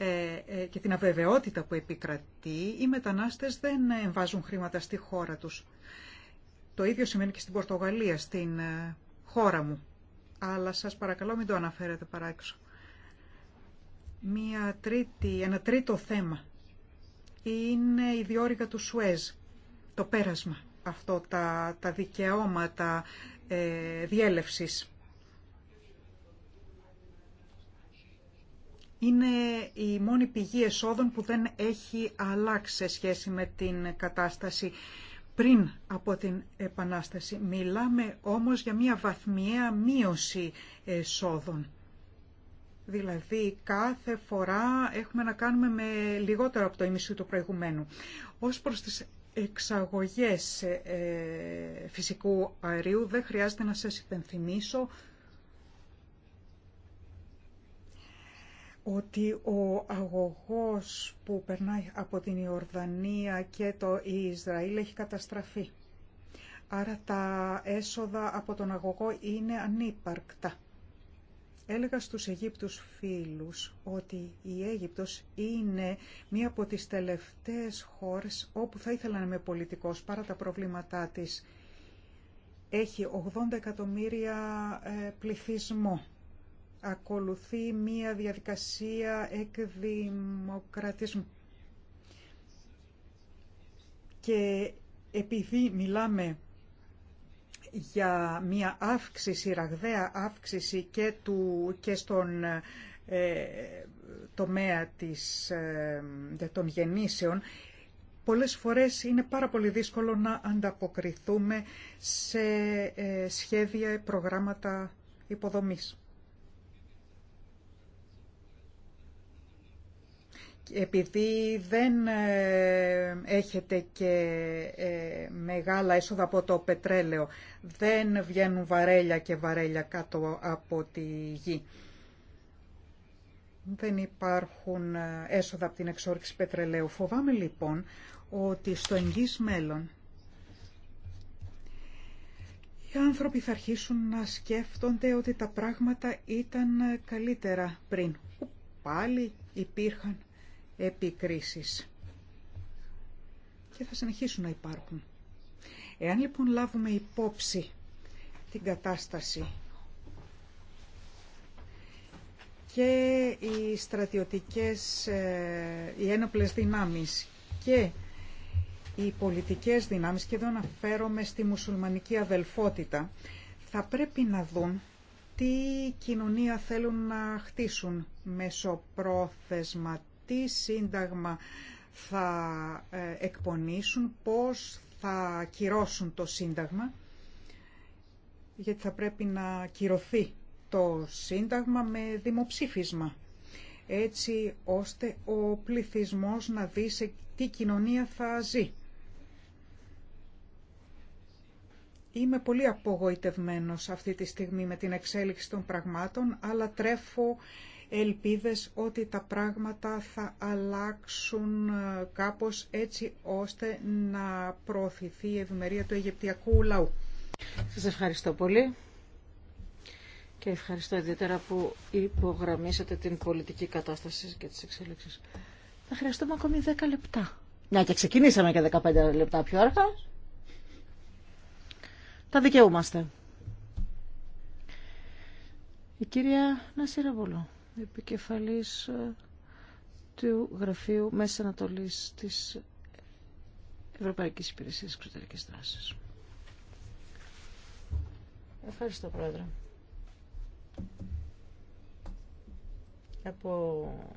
ε, ε, και την αβεβαιότητα που επικρατεί, οι μετανάστες δεν εμβάζουν χρήματα στη χώρα τους. Το ίδιο σημαίνει και στην Πορτογαλία, στην ε, χώρα μου. Αλλά σας παρακαλώ μην το αναφέρετε παράξω. Μία τρίτη, ένα τρίτο θέμα είναι η διόρυγα του Σουέζ, το πέρασμα αυτό, τα, τα δικαιώματα ε, διέλευσης. είναι η μόνη πηγή εσόδων που δεν έχει αλλάξει σε σχέση με την κατάσταση πριν από την Επανάσταση. Μιλάμε όμως για μια βαθμιαία μείωση εσόδων. Δηλαδή κάθε φορά έχουμε να κάνουμε με λιγότερο από το ημισού του προηγουμένου. Ως προς τις εξαγωγές ε, φυσικού αερίου δεν χρειάζεται να σας υπενθυμίσω ότι ο αγωγός που περνάει από την Ιορδανία και το Ισραήλ έχει καταστραφεί. Άρα τα έσοδα από τον αγωγό είναι ανύπαρκτα. Έλεγα στους Αιγύπτους φίλους ότι η Αίγυπτος είναι μία από τις τελευταίες χώρες όπου θα ήθελα να είμαι πολιτικός παρά τα προβλήματά της. Έχει 80 εκατομμύρια ε, πληθυσμό ακολουθεί μία διαδικασία εκδημοκρατισμού. Και επειδή μιλάμε για μία αύξηση, ραγδαία αύξηση και, του, και στον ε, τομέα της, ε, των γεννήσεων, πολλές φορές είναι πάρα πολύ δύσκολο να ανταποκριθούμε σε ε, σχέδια, προγράμματα υποδομής. επειδή δεν ε, έχετε και ε, μεγάλα έσοδα από το πετρέλαιο, δεν βγαίνουν βαρέλια και βαρέλια κάτω από τη γη. Δεν υπάρχουν ε, έσοδα από την εξόρυξη πετρελαίου. Φοβάμαι λοιπόν ότι στο εγγύς μέλλον οι άνθρωποι θα αρχίσουν να σκέφτονται ότι τα πράγματα ήταν καλύτερα πριν. Πάλι υπήρχαν επικρίσεις και θα συνεχίσουν να υπάρχουν. Εάν λοιπόν λάβουμε υπόψη την κατάσταση και οι στρατιωτικές, ε, οι ένοπλες δυνάμεις και οι πολιτικές δυνάμεις, και εδώ αναφέρομαι στη μουσουλμανική αδελφότητα, θα πρέπει να δουν τι κοινωνία θέλουν να χτίσουν μέσω πρόθεσμα τι σύνταγμα θα ε, εκπονήσουν, πώς θα κυρώσουν το σύνταγμα, γιατί θα πρέπει να κυρωθεί το σύνταγμα με δημοψήφισμα, έτσι ώστε ο πληθυσμός να δει σε τι κοινωνία θα ζει. Είμαι πολύ απογοητευμένος αυτή τη στιγμή με την εξέλιξη των πραγμάτων, αλλά τρέφω ελπίδες ότι τα πράγματα θα αλλάξουν ε, κάπως έτσι ώστε να προωθηθεί η ευημερία του Αιγυπτιακού λαού. Σας ευχαριστώ πολύ και ευχαριστώ ιδιαίτερα που υπογραμμίσατε την πολιτική κατάσταση και τις εξέλιξεις. Θα χρειαστούμε ακόμη 10 λεπτά. Να και ξεκινήσαμε και 15 λεπτά πιο αργά. Τα δικαιούμαστε. Η κυρία Νασίρα Βολό επικεφαλής ε, του Γραφείου Μέση Ανατολής της Ευρωπαϊκής Υπηρεσίας Εξωτερικής Δράσης. Ευχαριστώ, Πρόεδρε. Από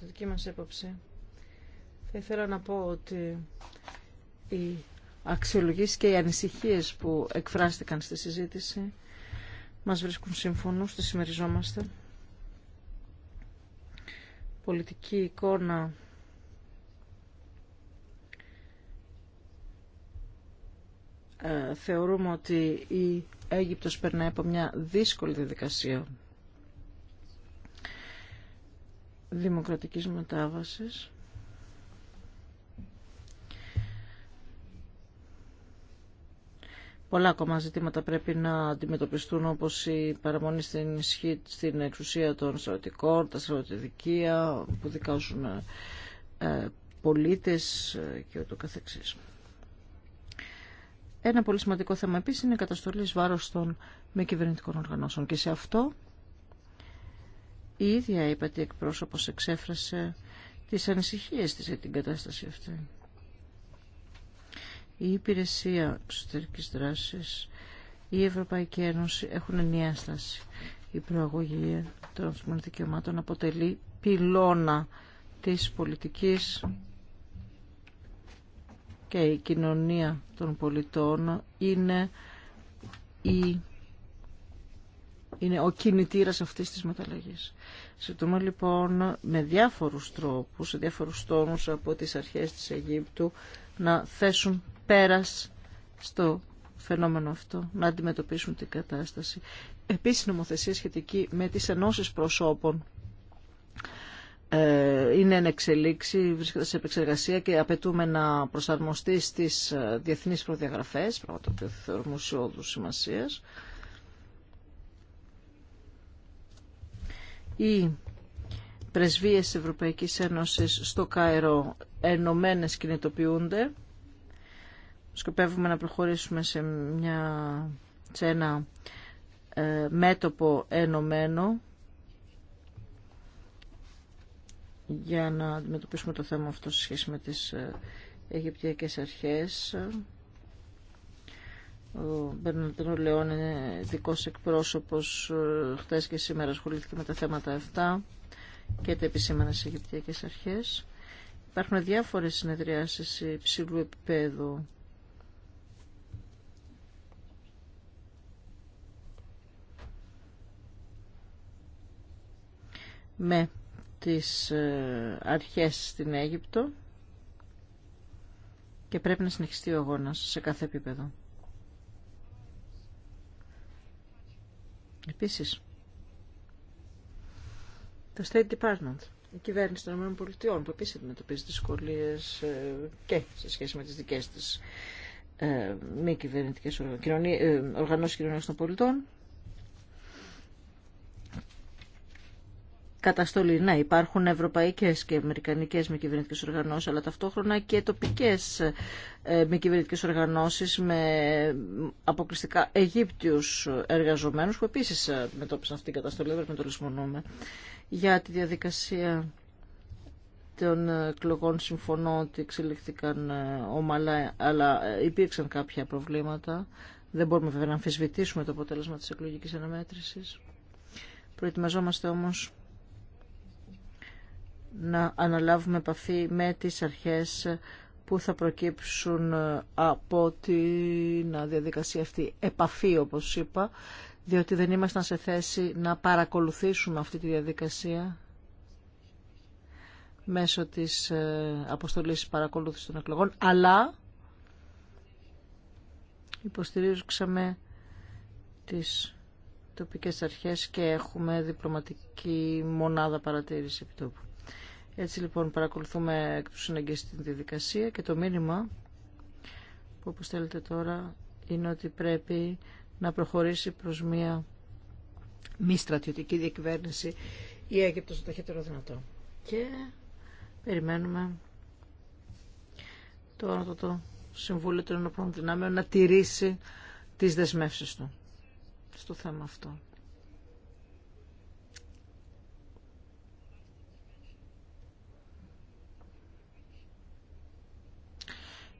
τη δική μας έποψη, θα ήθελα να πω ότι οι αξιολογήσεις και οι ανησυχίες που εκφράστηκαν στη συζήτηση μας βρίσκουν σύμφωνο. τις συμμεριζόμαστε πολιτική εικόνα ε, θεωρούμε ότι η Αίγυπτος περνάει από μια δύσκολη διαδικασία δημοκρατικής μετάβασης Πολλά ακόμα ζητήματα πρέπει να αντιμετωπιστούν όπως η παραμονή στην ισχύ στην εξουσία των στρατικών, τα στρατιωτικεία που δικάζουν ε, πολίτες ε, και ούτω καθεξής. Ένα πολύ σημαντικό θέμα επίσης είναι η καταστολή βάρος των μη κυβερνητικών οργανώσεων και σε αυτό η ίδια είπατε εκπρόσωπος εξέφρασε τις ανησυχίες της για την κατάσταση αυτή η Υπηρεσία εξωτερική δράση, η Ευρωπαϊκή Ένωση έχουν ενιαία Η προαγωγή των ανθρωπίνων δικαιωμάτων αποτελεί πυλώνα της πολιτικής και η κοινωνία των πολιτών είναι, η, είναι ο κινητήρας αυτής της μεταλλαγής. Συντομώ λοιπόν με διάφορους τρόπους, σε διάφορους τόνους από τις αρχές της Αιγύπτου να θέσουν πέρας στο φαινόμενο αυτό, να αντιμετωπίσουν την κατάσταση. Επίσης νομοθεσία σχετική με τις ενώσεις προσώπων ε, είναι εν εξελίξη, βρίσκεται σε επεξεργασία και απαιτούμε να προσαρμοστεί στις ε, διεθνείς προδιαγραφές, πράγμα το οποίο θεωρούμε σημασίας. Οι πρεσβείες Ευρωπαϊκής Ένωσης στο Κάιρο ενωμένες κινητοποιούνται σκοπεύουμε να προχωρήσουμε σε, μια, ένα ε, μέτωπο ενωμένο για να αντιμετωπίσουμε το θέμα αυτό σε σχέση με τις ε, Αιγυπτιακές αρχές. Ο Μπερνατρό Λεόν είναι δικός εκπρόσωπος ε, χτες και σήμερα ασχολήθηκε με τα θέματα αυτά και τα επισήμανα στις Αιγυπτιακές αρχές. Υπάρχουν διάφορες συνεδριάσεις υψηλού επίπεδου με τις ε, αρχές στην Αίγυπτο και πρέπει να συνεχιστεί ο αγώνας σε κάθε επίπεδο. Επίσης, το State Department, η κυβέρνηση των ΗΠΑ, που επίσης αντιμετωπίζει δυσκολίε ε, και σε σχέση με τις δικές της ε, μη κυβερνητικές οργανώσεις κοινωνίας των πολιτών, καταστολή. Ναι, υπάρχουν ευρωπαϊκέ και αμερικανικέ μη κυβερνητικέ οργανώσεις, αλλά ταυτόχρονα και τοπικές ε, μη κυβερνητικέ οργανώσεις με αποκλειστικά Αιγύπτιους εργαζόμενου που επίση ε, μετώπισαν αυτή την καταστολή, δεν πρέπει να το λησμονούμε. Για τη διαδικασία των ε, εκλογών συμφωνώ ότι εξελίχθηκαν ομαλά, αλλά υπήρξαν κάποια προβλήματα. Δεν μπορούμε βέβαια να αμφισβητήσουμε το αποτέλεσμα της εκλογικής αναμέτρηση Προετοιμαζόμαστε όμως να αναλάβουμε επαφή με τις αρχές που θα προκύψουν από την διαδικασία αυτή επαφή όπως είπα διότι δεν ήμασταν σε θέση να παρακολουθήσουμε αυτή τη διαδικασία μέσω της ε, αποστολής παρακολούθησης των εκλογών αλλά υποστηρίζουμε τις τοπικές αρχές και έχουμε διπλωματική μονάδα παρατήρηση επιτόπου. Έτσι λοιπόν παρακολουθούμε εκ του συναγγείς την διαδικασία και το μήνυμα που θέλετε τώρα είναι ότι πρέπει να προχωρήσει προς μια μη στρατιωτική διακυβέρνηση η Αίγυπτος το ταχύτερο δυνατό. Και περιμένουμε τώρα το, το Συμβούλιο των Ενωπών Δυνάμεων να τηρήσει τις δεσμεύσεις του στο θέμα αυτό.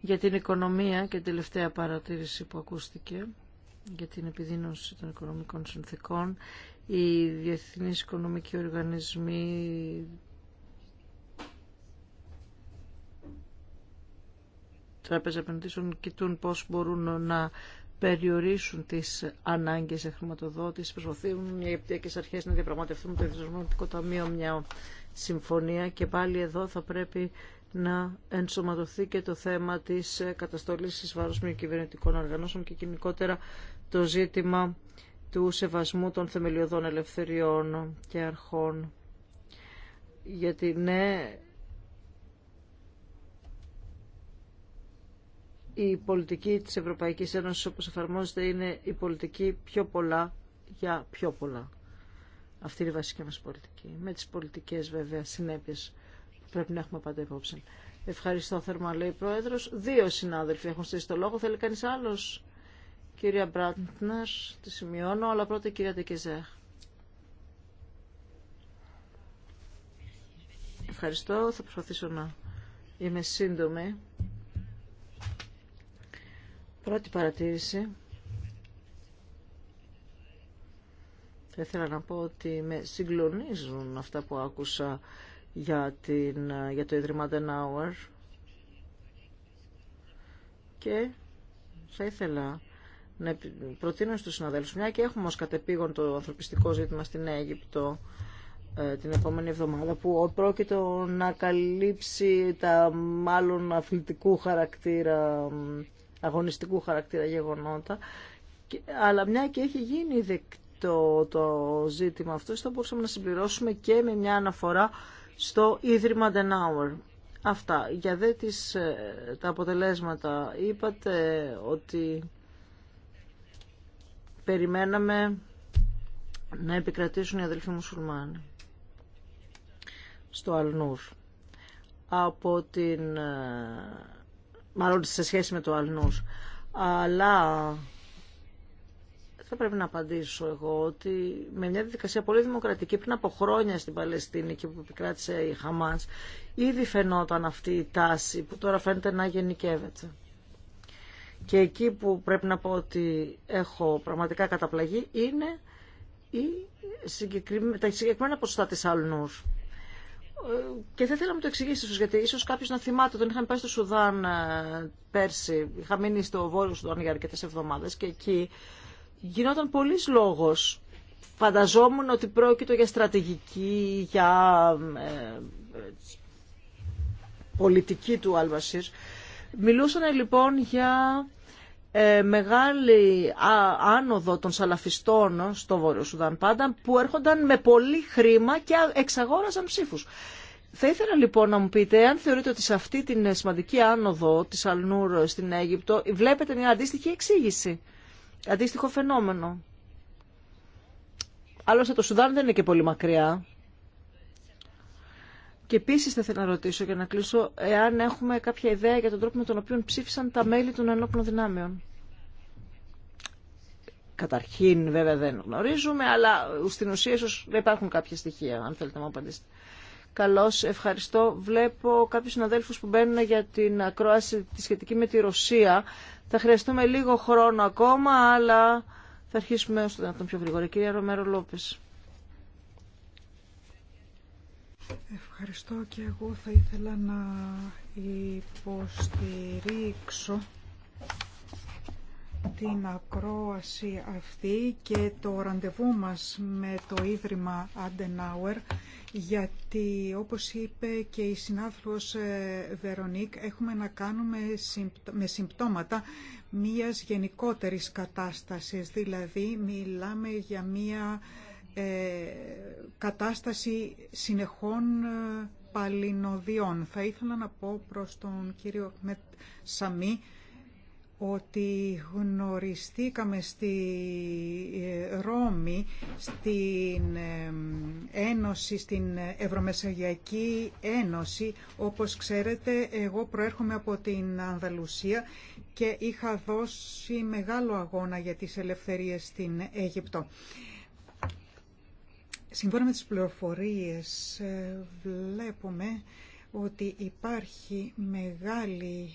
για την οικονομία και τελευταία παρατήρηση που ακούστηκε για την επιδείνωση των οικονομικών συνθήκων. Οι διεθνείς οικονομικοί οργανισμοί τράπεζα επενδύσεων κοιτούν πώς μπορούν να περιορίσουν τις ανάγκες σε χρηματοδότηση. Προσπαθούν οι Αιγυπτιακές Αρχές να διαπραγματευτούν το Εθνικό Ταμείο μια συμφωνία και πάλι εδώ θα πρέπει να ενσωματωθεί και το θέμα της καταστολής εις βάρος μη κυβερνητικών οργανώσεων και γενικότερα το ζήτημα του σεβασμού των θεμελιωδών ελευθεριών και αρχών. Γιατί ναι, η πολιτική της Ευρωπαϊκής Ένωσης όπως εφαρμόζεται είναι η πολιτική πιο πολλά για πιο πολλά. Αυτή είναι η βασική μας πολιτική. Με τις πολιτικές βέβαια συνέπειες πρέπει να έχουμε πάντα υπόψη. Ευχαριστώ θερμά, λέει Πρόεδρο. Δύο συνάδελφοι έχουν στήσει το λόγο. Θέλει κανεί άλλο. Κυρία Μπράντνερ, τη σημειώνω, αλλά πρώτα κυρία Τεκεζέχ. Ευχαριστώ. Θα προσπαθήσω να είμαι σύντομη. Πρώτη παρατήρηση. Θα ήθελα να πω ότι με συγκλονίζουν αυτά που άκουσα για, την, για το Ίδρυμα Denauer και θα ήθελα να προτείνω στους συναδέλφους μια και έχουμε ως κατεπήγον το ανθρωπιστικό ζήτημα στην Αίγυπτο ε, την επόμενη εβδομάδα που πρόκειται να καλύψει τα μάλλον αθλητικού χαρακτήρα αγωνιστικού χαρακτήρα γεγονότα αλλά μια και έχει γίνει δεκτό το ζήτημα αυτό θα μπορούσαμε να συμπληρώσουμε και με μια αναφορά στο Ίδρυμα Denauer. Αυτά. Για δε ε, τα αποτελέσματα είπατε ότι περιμέναμε να επικρατήσουν οι αδελφοί μουσουλμάνοι στο Αλνούρ. Από την... Ε, μάλλον σε σχέση με το Αλνούρ. Αλλά πρέπει να απαντήσω εγώ ότι με μια διαδικασία πολύ δημοκρατική πριν από χρόνια στην Παλαιστίνη και που επικράτησε η Χαμάς ήδη φαινόταν αυτή η τάση που τώρα φαίνεται να γενικεύεται. Και εκεί που πρέπει να πω ότι έχω πραγματικά καταπλαγεί είναι η συγκεκριμένα, τα συγκεκριμένα ποσοστά της Αλνούς. Ε, και θα ήθελα να μου το εξηγήσει γιατί ίσως κάποιος να θυμάται, τον είχαμε πάει στο Σουδάν ε, πέρσι, είχα μείνει στο Βόρειο Σουδάν για αρκετέ εβδομάδες και εκεί γινόταν πολλής λόγος. Φανταζόμουν ότι πρόκειτο για στρατηγική, για ε, πολιτική του Αλβασίρ. Μιλούσαν λοιπόν για ε, μεγάλη άνοδο των σαλαφιστών στο Βόρειο Σουδάν πάντα που έρχονταν με πολύ χρήμα και εξαγόραζαν ψήφους. Θα ήθελα λοιπόν να μου πείτε αν θεωρείτε ότι σε αυτή την σημαντική άνοδο της Αλνούρ στην Αίγυπτο βλέπετε μια αντίστοιχη εξήγηση αντίστοιχο φαινόμενο. Άλλωστε το Σουδάν δεν είναι και πολύ μακριά. Και επίση θα ήθελα να ρωτήσω για να κλείσω εάν έχουμε κάποια ιδέα για τον τρόπο με τον οποίο ψήφισαν τα μέλη των ενόπλων δυνάμεων. Καταρχήν βέβαια δεν γνωρίζουμε, αλλά στην ουσία ίσως δεν υπάρχουν κάποια στοιχεία, αν θέλετε να μου απαντήσετε. Καλώς, ευχαριστώ. Βλέπω κάποιους συναδέλφους που μπαίνουν για την ακρόαση τη σχετική με τη Ρωσία. Θα χρειαστούμε λίγο χρόνο ακόμα, αλλά θα αρχίσουμε όσο δυνατόν πιο γρήγορα. Κυρία Ρομέρο Λόπες. Ευχαριστώ και εγώ θα ήθελα να υποστηρίξω την ακρόαση αυτή και το ραντεβού μας με το Ίδρυμα Αντενάουερ γιατί όπως είπε και η συνάδελφος ε, Βερονίκ έχουμε να κάνουμε με συμπτώματα μίας γενικότερης κατάστασης δηλαδή μιλάμε για μία ε, κατάσταση συνεχών ε, παλινοδιών. Θα ήθελα να πω προς τον κύριο Σαμί ότι γνωριστήκαμε στη ε, Ρώμη, στην ε, Ένωση, στην Ευρωμεσογειακή Ένωση. Όπως ξέρετε, εγώ προέρχομαι από την Ανδαλουσία και είχα δώσει μεγάλο αγώνα για τις ελευθερίες στην Αίγυπτο. Σύμφωνα με τις πληροφορίες ε, βλέπουμε ότι υπάρχει μεγάλη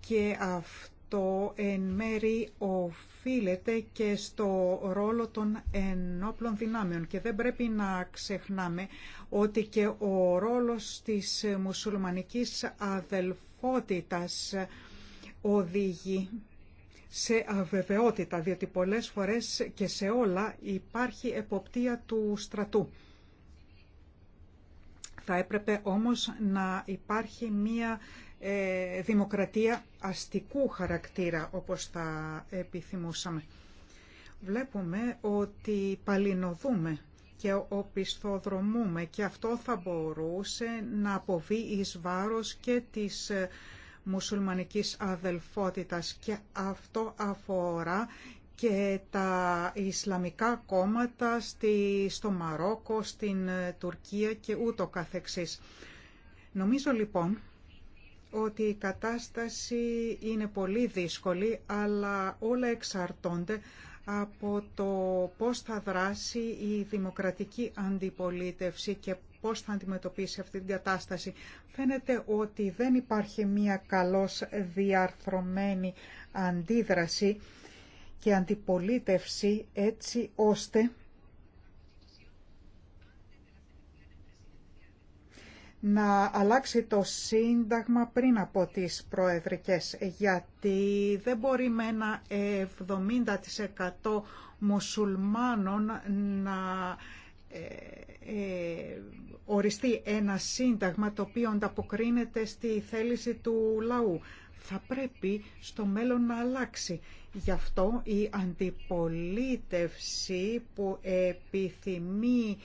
και αυτό εν μέρη οφείλεται και στο ρόλο των ενόπλων δυνάμεων και δεν πρέπει να ξεχνάμε ότι και ο ρόλος της μουσουλμανικής αδελφότητας οδηγεί σε αβεβαιότητα, διότι πολλές φορές και σε όλα υπάρχει εποπτεία του στρατού. Θα έπρεπε όμως να υπάρχει μία ε, δημοκρατία αστικού χαρακτήρα όπως θα επιθυμούσαμε. Βλέπουμε ότι παλινοδούμε και οπισθοδρομούμε και αυτό θα μπορούσε να αποβεί εις βάρος και της ε, μουσουλμανικής αδελφότητας και αυτό αφορά και τα Ισλαμικά κόμματα στη, στο Μαρόκο, στην ε, Τουρκία και ούτω καθεξής. Νομίζω λοιπόν ότι η κατάσταση είναι πολύ δύσκολη, αλλά όλα εξαρτώνται από το πώς θα δράσει η δημοκρατική αντιπολίτευση και πώς θα αντιμετωπίσει αυτή την κατάσταση. Φαίνεται ότι δεν υπάρχει μία καλώς διαρθρωμένη αντίδραση και αντιπολίτευση έτσι ώστε να αλλάξει το Σύνταγμα πριν από τις προεδρικές, γιατί δεν μπορεί με ένα 70% μουσουλμάνων να ε, ε, οριστεί ένα σύνταγμα το οποίο ανταποκρίνεται στη θέληση του λαού. Θα πρέπει στο μέλλον να αλλάξει. Γι' αυτό η αντιπολίτευση που επιθυμεί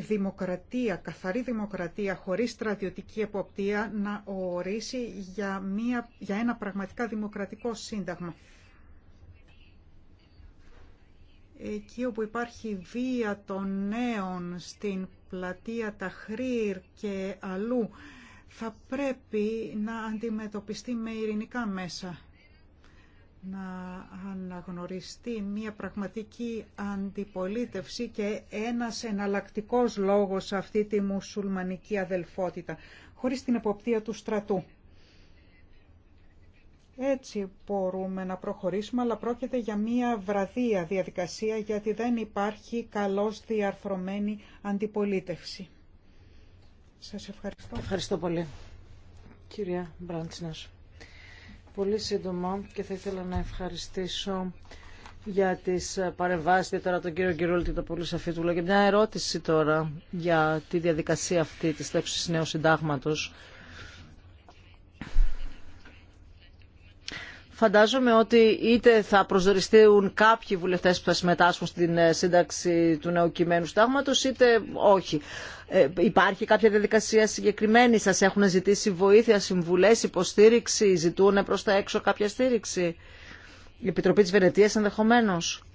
δημοκρατία, καθαρή δημοκρατία χωρίς στρατιωτική εποπτεία να ορίσει για, μια, για ένα πραγματικά δημοκρατικό σύνταγμα. Εκεί όπου υπάρχει βία των νέων στην πλατεία Ταχρήρ και αλλού θα πρέπει να αντιμετωπιστεί με ειρηνικά μέσα να αναγνωριστεί μια πραγματική αντιπολίτευση και ένας εναλλακτικός λόγος σε αυτή τη μουσουλμανική αδελφότητα, χωρίς την εποπτεία του στρατού. Έτσι μπορούμε να προχωρήσουμε, αλλά πρόκειται για μια βραδία διαδικασία, γιατί δεν υπάρχει καλώς διαρθρωμένη αντιπολίτευση. Σας ευχαριστώ. Ευχαριστώ πολύ. Κυρία Μπράντσινας πολύ σύντομα και θα ήθελα να ευχαριστήσω για τις παρεμβάσεις και τώρα τον κύριο Γκυρούλη το πολύ σαφή του λόγια. Μια ερώτηση τώρα για τη διαδικασία αυτή της τέξης νέου συντάγματος Φαντάζομαι ότι είτε θα προσδοριστούν κάποιοι βουλευτές που θα συμμετάσχουν στην ε, σύνταξη του νέου κειμένου είτε όχι. Ε, υπάρχει κάποια διαδικασία συγκεκριμένη, σας έχουν ζητήσει βοήθεια, συμβουλές, υποστήριξη, ζητούν προς τα έξω κάποια στήριξη. Η Επιτροπή της Βενετίας ενδεχομένως.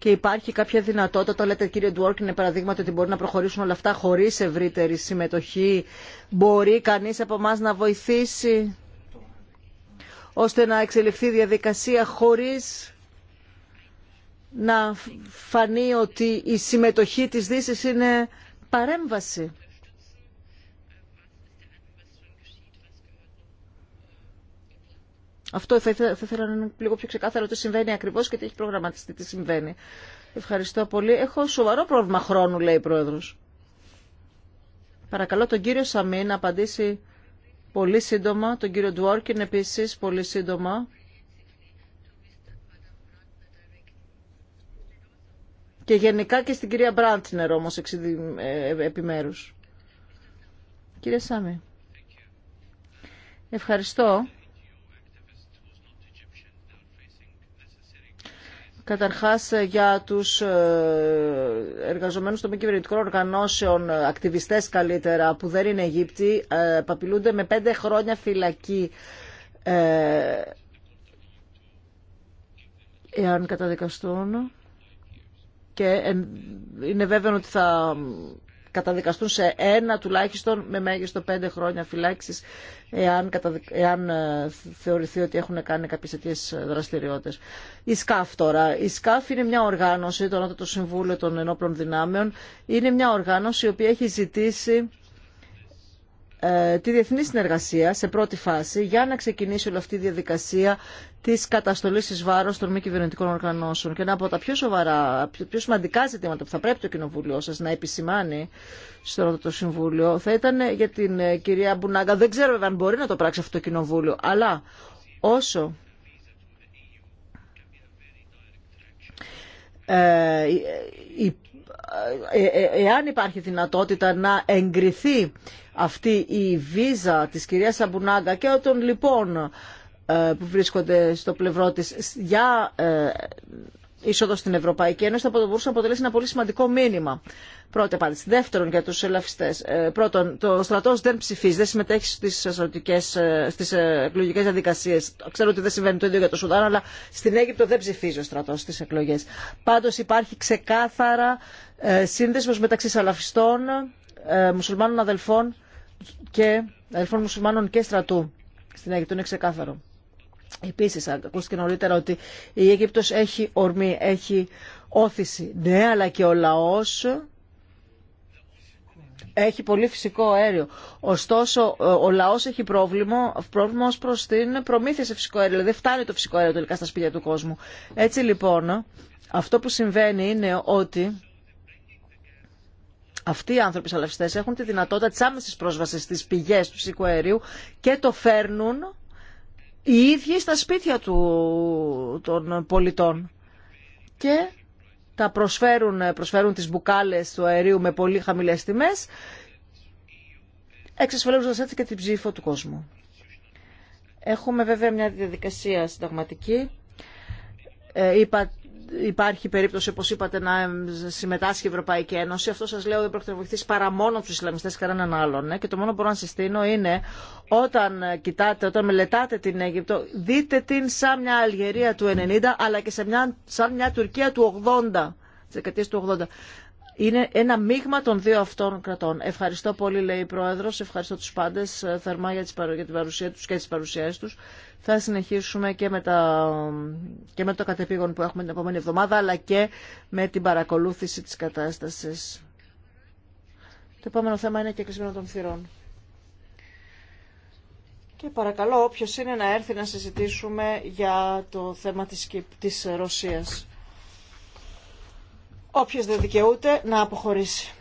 και υπάρχει κάποια δυνατότητα, το λέτε κύριε Ντουόρκ, είναι παραδείγμα ότι μπορεί να προχωρήσουν όλα αυτά χωρίς ευρύτερη συμμετοχή. Μπορεί κανείς από εμά να βοηθήσει ώστε να εξελιχθεί η διαδικασία χωρίς να φανεί ότι η συμμετοχή της Δύσης είναι παρέμβαση. Αυτό θα ήθελα, να είναι λίγο πιο ξεκάθαρο τι συμβαίνει ακριβώς και τι έχει προγραμματιστεί, τι συμβαίνει. Ευχαριστώ πολύ. Έχω σοβαρό πρόβλημα χρόνου, λέει η Πρόεδρος. Παρακαλώ τον κύριο Σαμί να απαντήσει πολύ σύντομα, τον κύριο Ντουόρκιν επίση πολύ σύντομα. Και γενικά και στην κυρία Μπράντνερ όμως ε, ε, επιμέρους. Κύριε Σάμι, ευχαριστώ. Καταρχάς ε, για τους ε, εργαζομένους των μη κυβερνητικών οργανώσεων, ε, ακτιβιστές καλύτερα, που δεν είναι Αιγύπτιοι, παπιλούνται με πέντε χρόνια φυλακή εάν καταδικαστούν και είναι βέβαιο ότι θα καταδικαστούν σε ένα τουλάχιστον με μέγιστο πέντε χρόνια φυλάξη, εάν, ε, θεωρηθεί ότι έχουν κάνει κάποιες αιτίε δραστηριότητε. Η ΣΚΑΦ τώρα. Η ΣΚΑΦ είναι μια οργάνωση, το Ανώτατο Συμβούλιο των Ενόπλων Δυνάμεων, είναι μια οργάνωση η οποία έχει ζητήσει ε, τη διεθνή συνεργασία σε πρώτη φάση για να ξεκινήσει όλη αυτή η διαδικασία τη καταστολή τη βάρο των μη κυβερνητικών οργανώσεων. Και ένα από τα πιο σοβαρά, πιο σημαντικά ζητήματα που θα πρέπει το Κοινοβούλιο σα να επισημάνει στο το Συμβούλιο θα ήταν για την ε, κυρία Μπουνάγκα. Δεν ξέρω αν μπορεί να το πράξει αυτό το Κοινοβούλιο, αλλά όσο ε, ε, ε, ε, εάν υπάρχει δυνατότητα να εγκριθεί αυτή η βίζα της κυρίας Σαμπουνάγκα και των λοιπόν που βρίσκονται στο πλευρό της για είσοδο στην Ευρωπαϊκή Ένωση θα μπορούσε να αποτελέσει ένα πολύ σημαντικό μήνυμα. Πρώτη απάντηση. Δεύτερον, για του ελαφιστέ. Ε, πρώτον, το στρατό δεν ψηφίζει, δεν συμμετέχει στι ε, ε, εκλογικέ διαδικασίε. Ξέρω ότι δεν συμβαίνει το ίδιο για το Σουδάν, αλλά στην Αίγυπτο δεν ψηφίζει ο στρατό στι εκλογέ. Πάντω υπάρχει ξεκάθαρα ε, σύνδεσμο μεταξύ σαλαφιστών, μουσουλμάνων αδελφών και αδελφών μουσουλμάνων και στρατού. Στην Αίγυπτο είναι ξεκάθαρο. Επίσης, ακούστηκε νωρίτερα ότι η Αίγυπτος έχει ορμή, έχει όθηση. Ναι, αλλά και ο λαός έχει πολύ φυσικό αέριο. Ωστόσο, ο λαό έχει πρόβλημα, πρόβλημα ω προ την προμήθεια σε φυσικό αέριο. Δηλαδή, φτάνει το φυσικό αέριο τελικά στα σπίτια του κόσμου. Έτσι λοιπόν, αυτό που συμβαίνει είναι ότι αυτοί οι άνθρωποι σαλαφιστέ έχουν τη δυνατότητα τη άμεση πρόσβαση στι πηγέ του φυσικού αερίου και το φέρνουν οι ίδιοι στα σπίτια του, των πολιτών και τα προσφέρουν, προσφέρουν τις μπουκάλες του αερίου με πολύ χαμηλές τιμές εξασφαλίζοντας έτσι και την ψήφο του κόσμου. Έχουμε βέβαια μια διαδικασία συνταγματική. Ε, υπάρχει περίπτωση, όπω είπατε, να συμμετάσχει η Ευρωπαϊκή Ένωση. Αυτό σα λέω δεν πρόκειται να βοηθήσει παρά μόνο του Ισλαμιστέ κανέναν άλλον. Ε. Και το μόνο που μπορώ να συστήνω είναι όταν κοιτάτε, όταν μελετάτε την Αίγυπτο, δείτε την σαν μια Αλγερία του 90, αλλά και σαν μια, Τουρκία του 80, τη του 80. Είναι ένα μείγμα των δύο αυτών κρατών. Ευχαριστώ πολύ, λέει η Πρόεδρος. Ευχαριστώ τους πάντες ε, θερμά για την παρουσία τους και τις παρουσίες τους. Θα συνεχίσουμε και με, τα, και με το κατεπήγον που έχουμε την επόμενη εβδομάδα, αλλά και με την παρακολούθηση της κατάστασης. Το επόμενο θέμα είναι και κλεισμένο των θυρών. Και παρακαλώ όποιος είναι να έρθει να συζητήσουμε για το θέμα της, της Ρωσίας όποιος δεν δικαιούται να αποχωρήσει.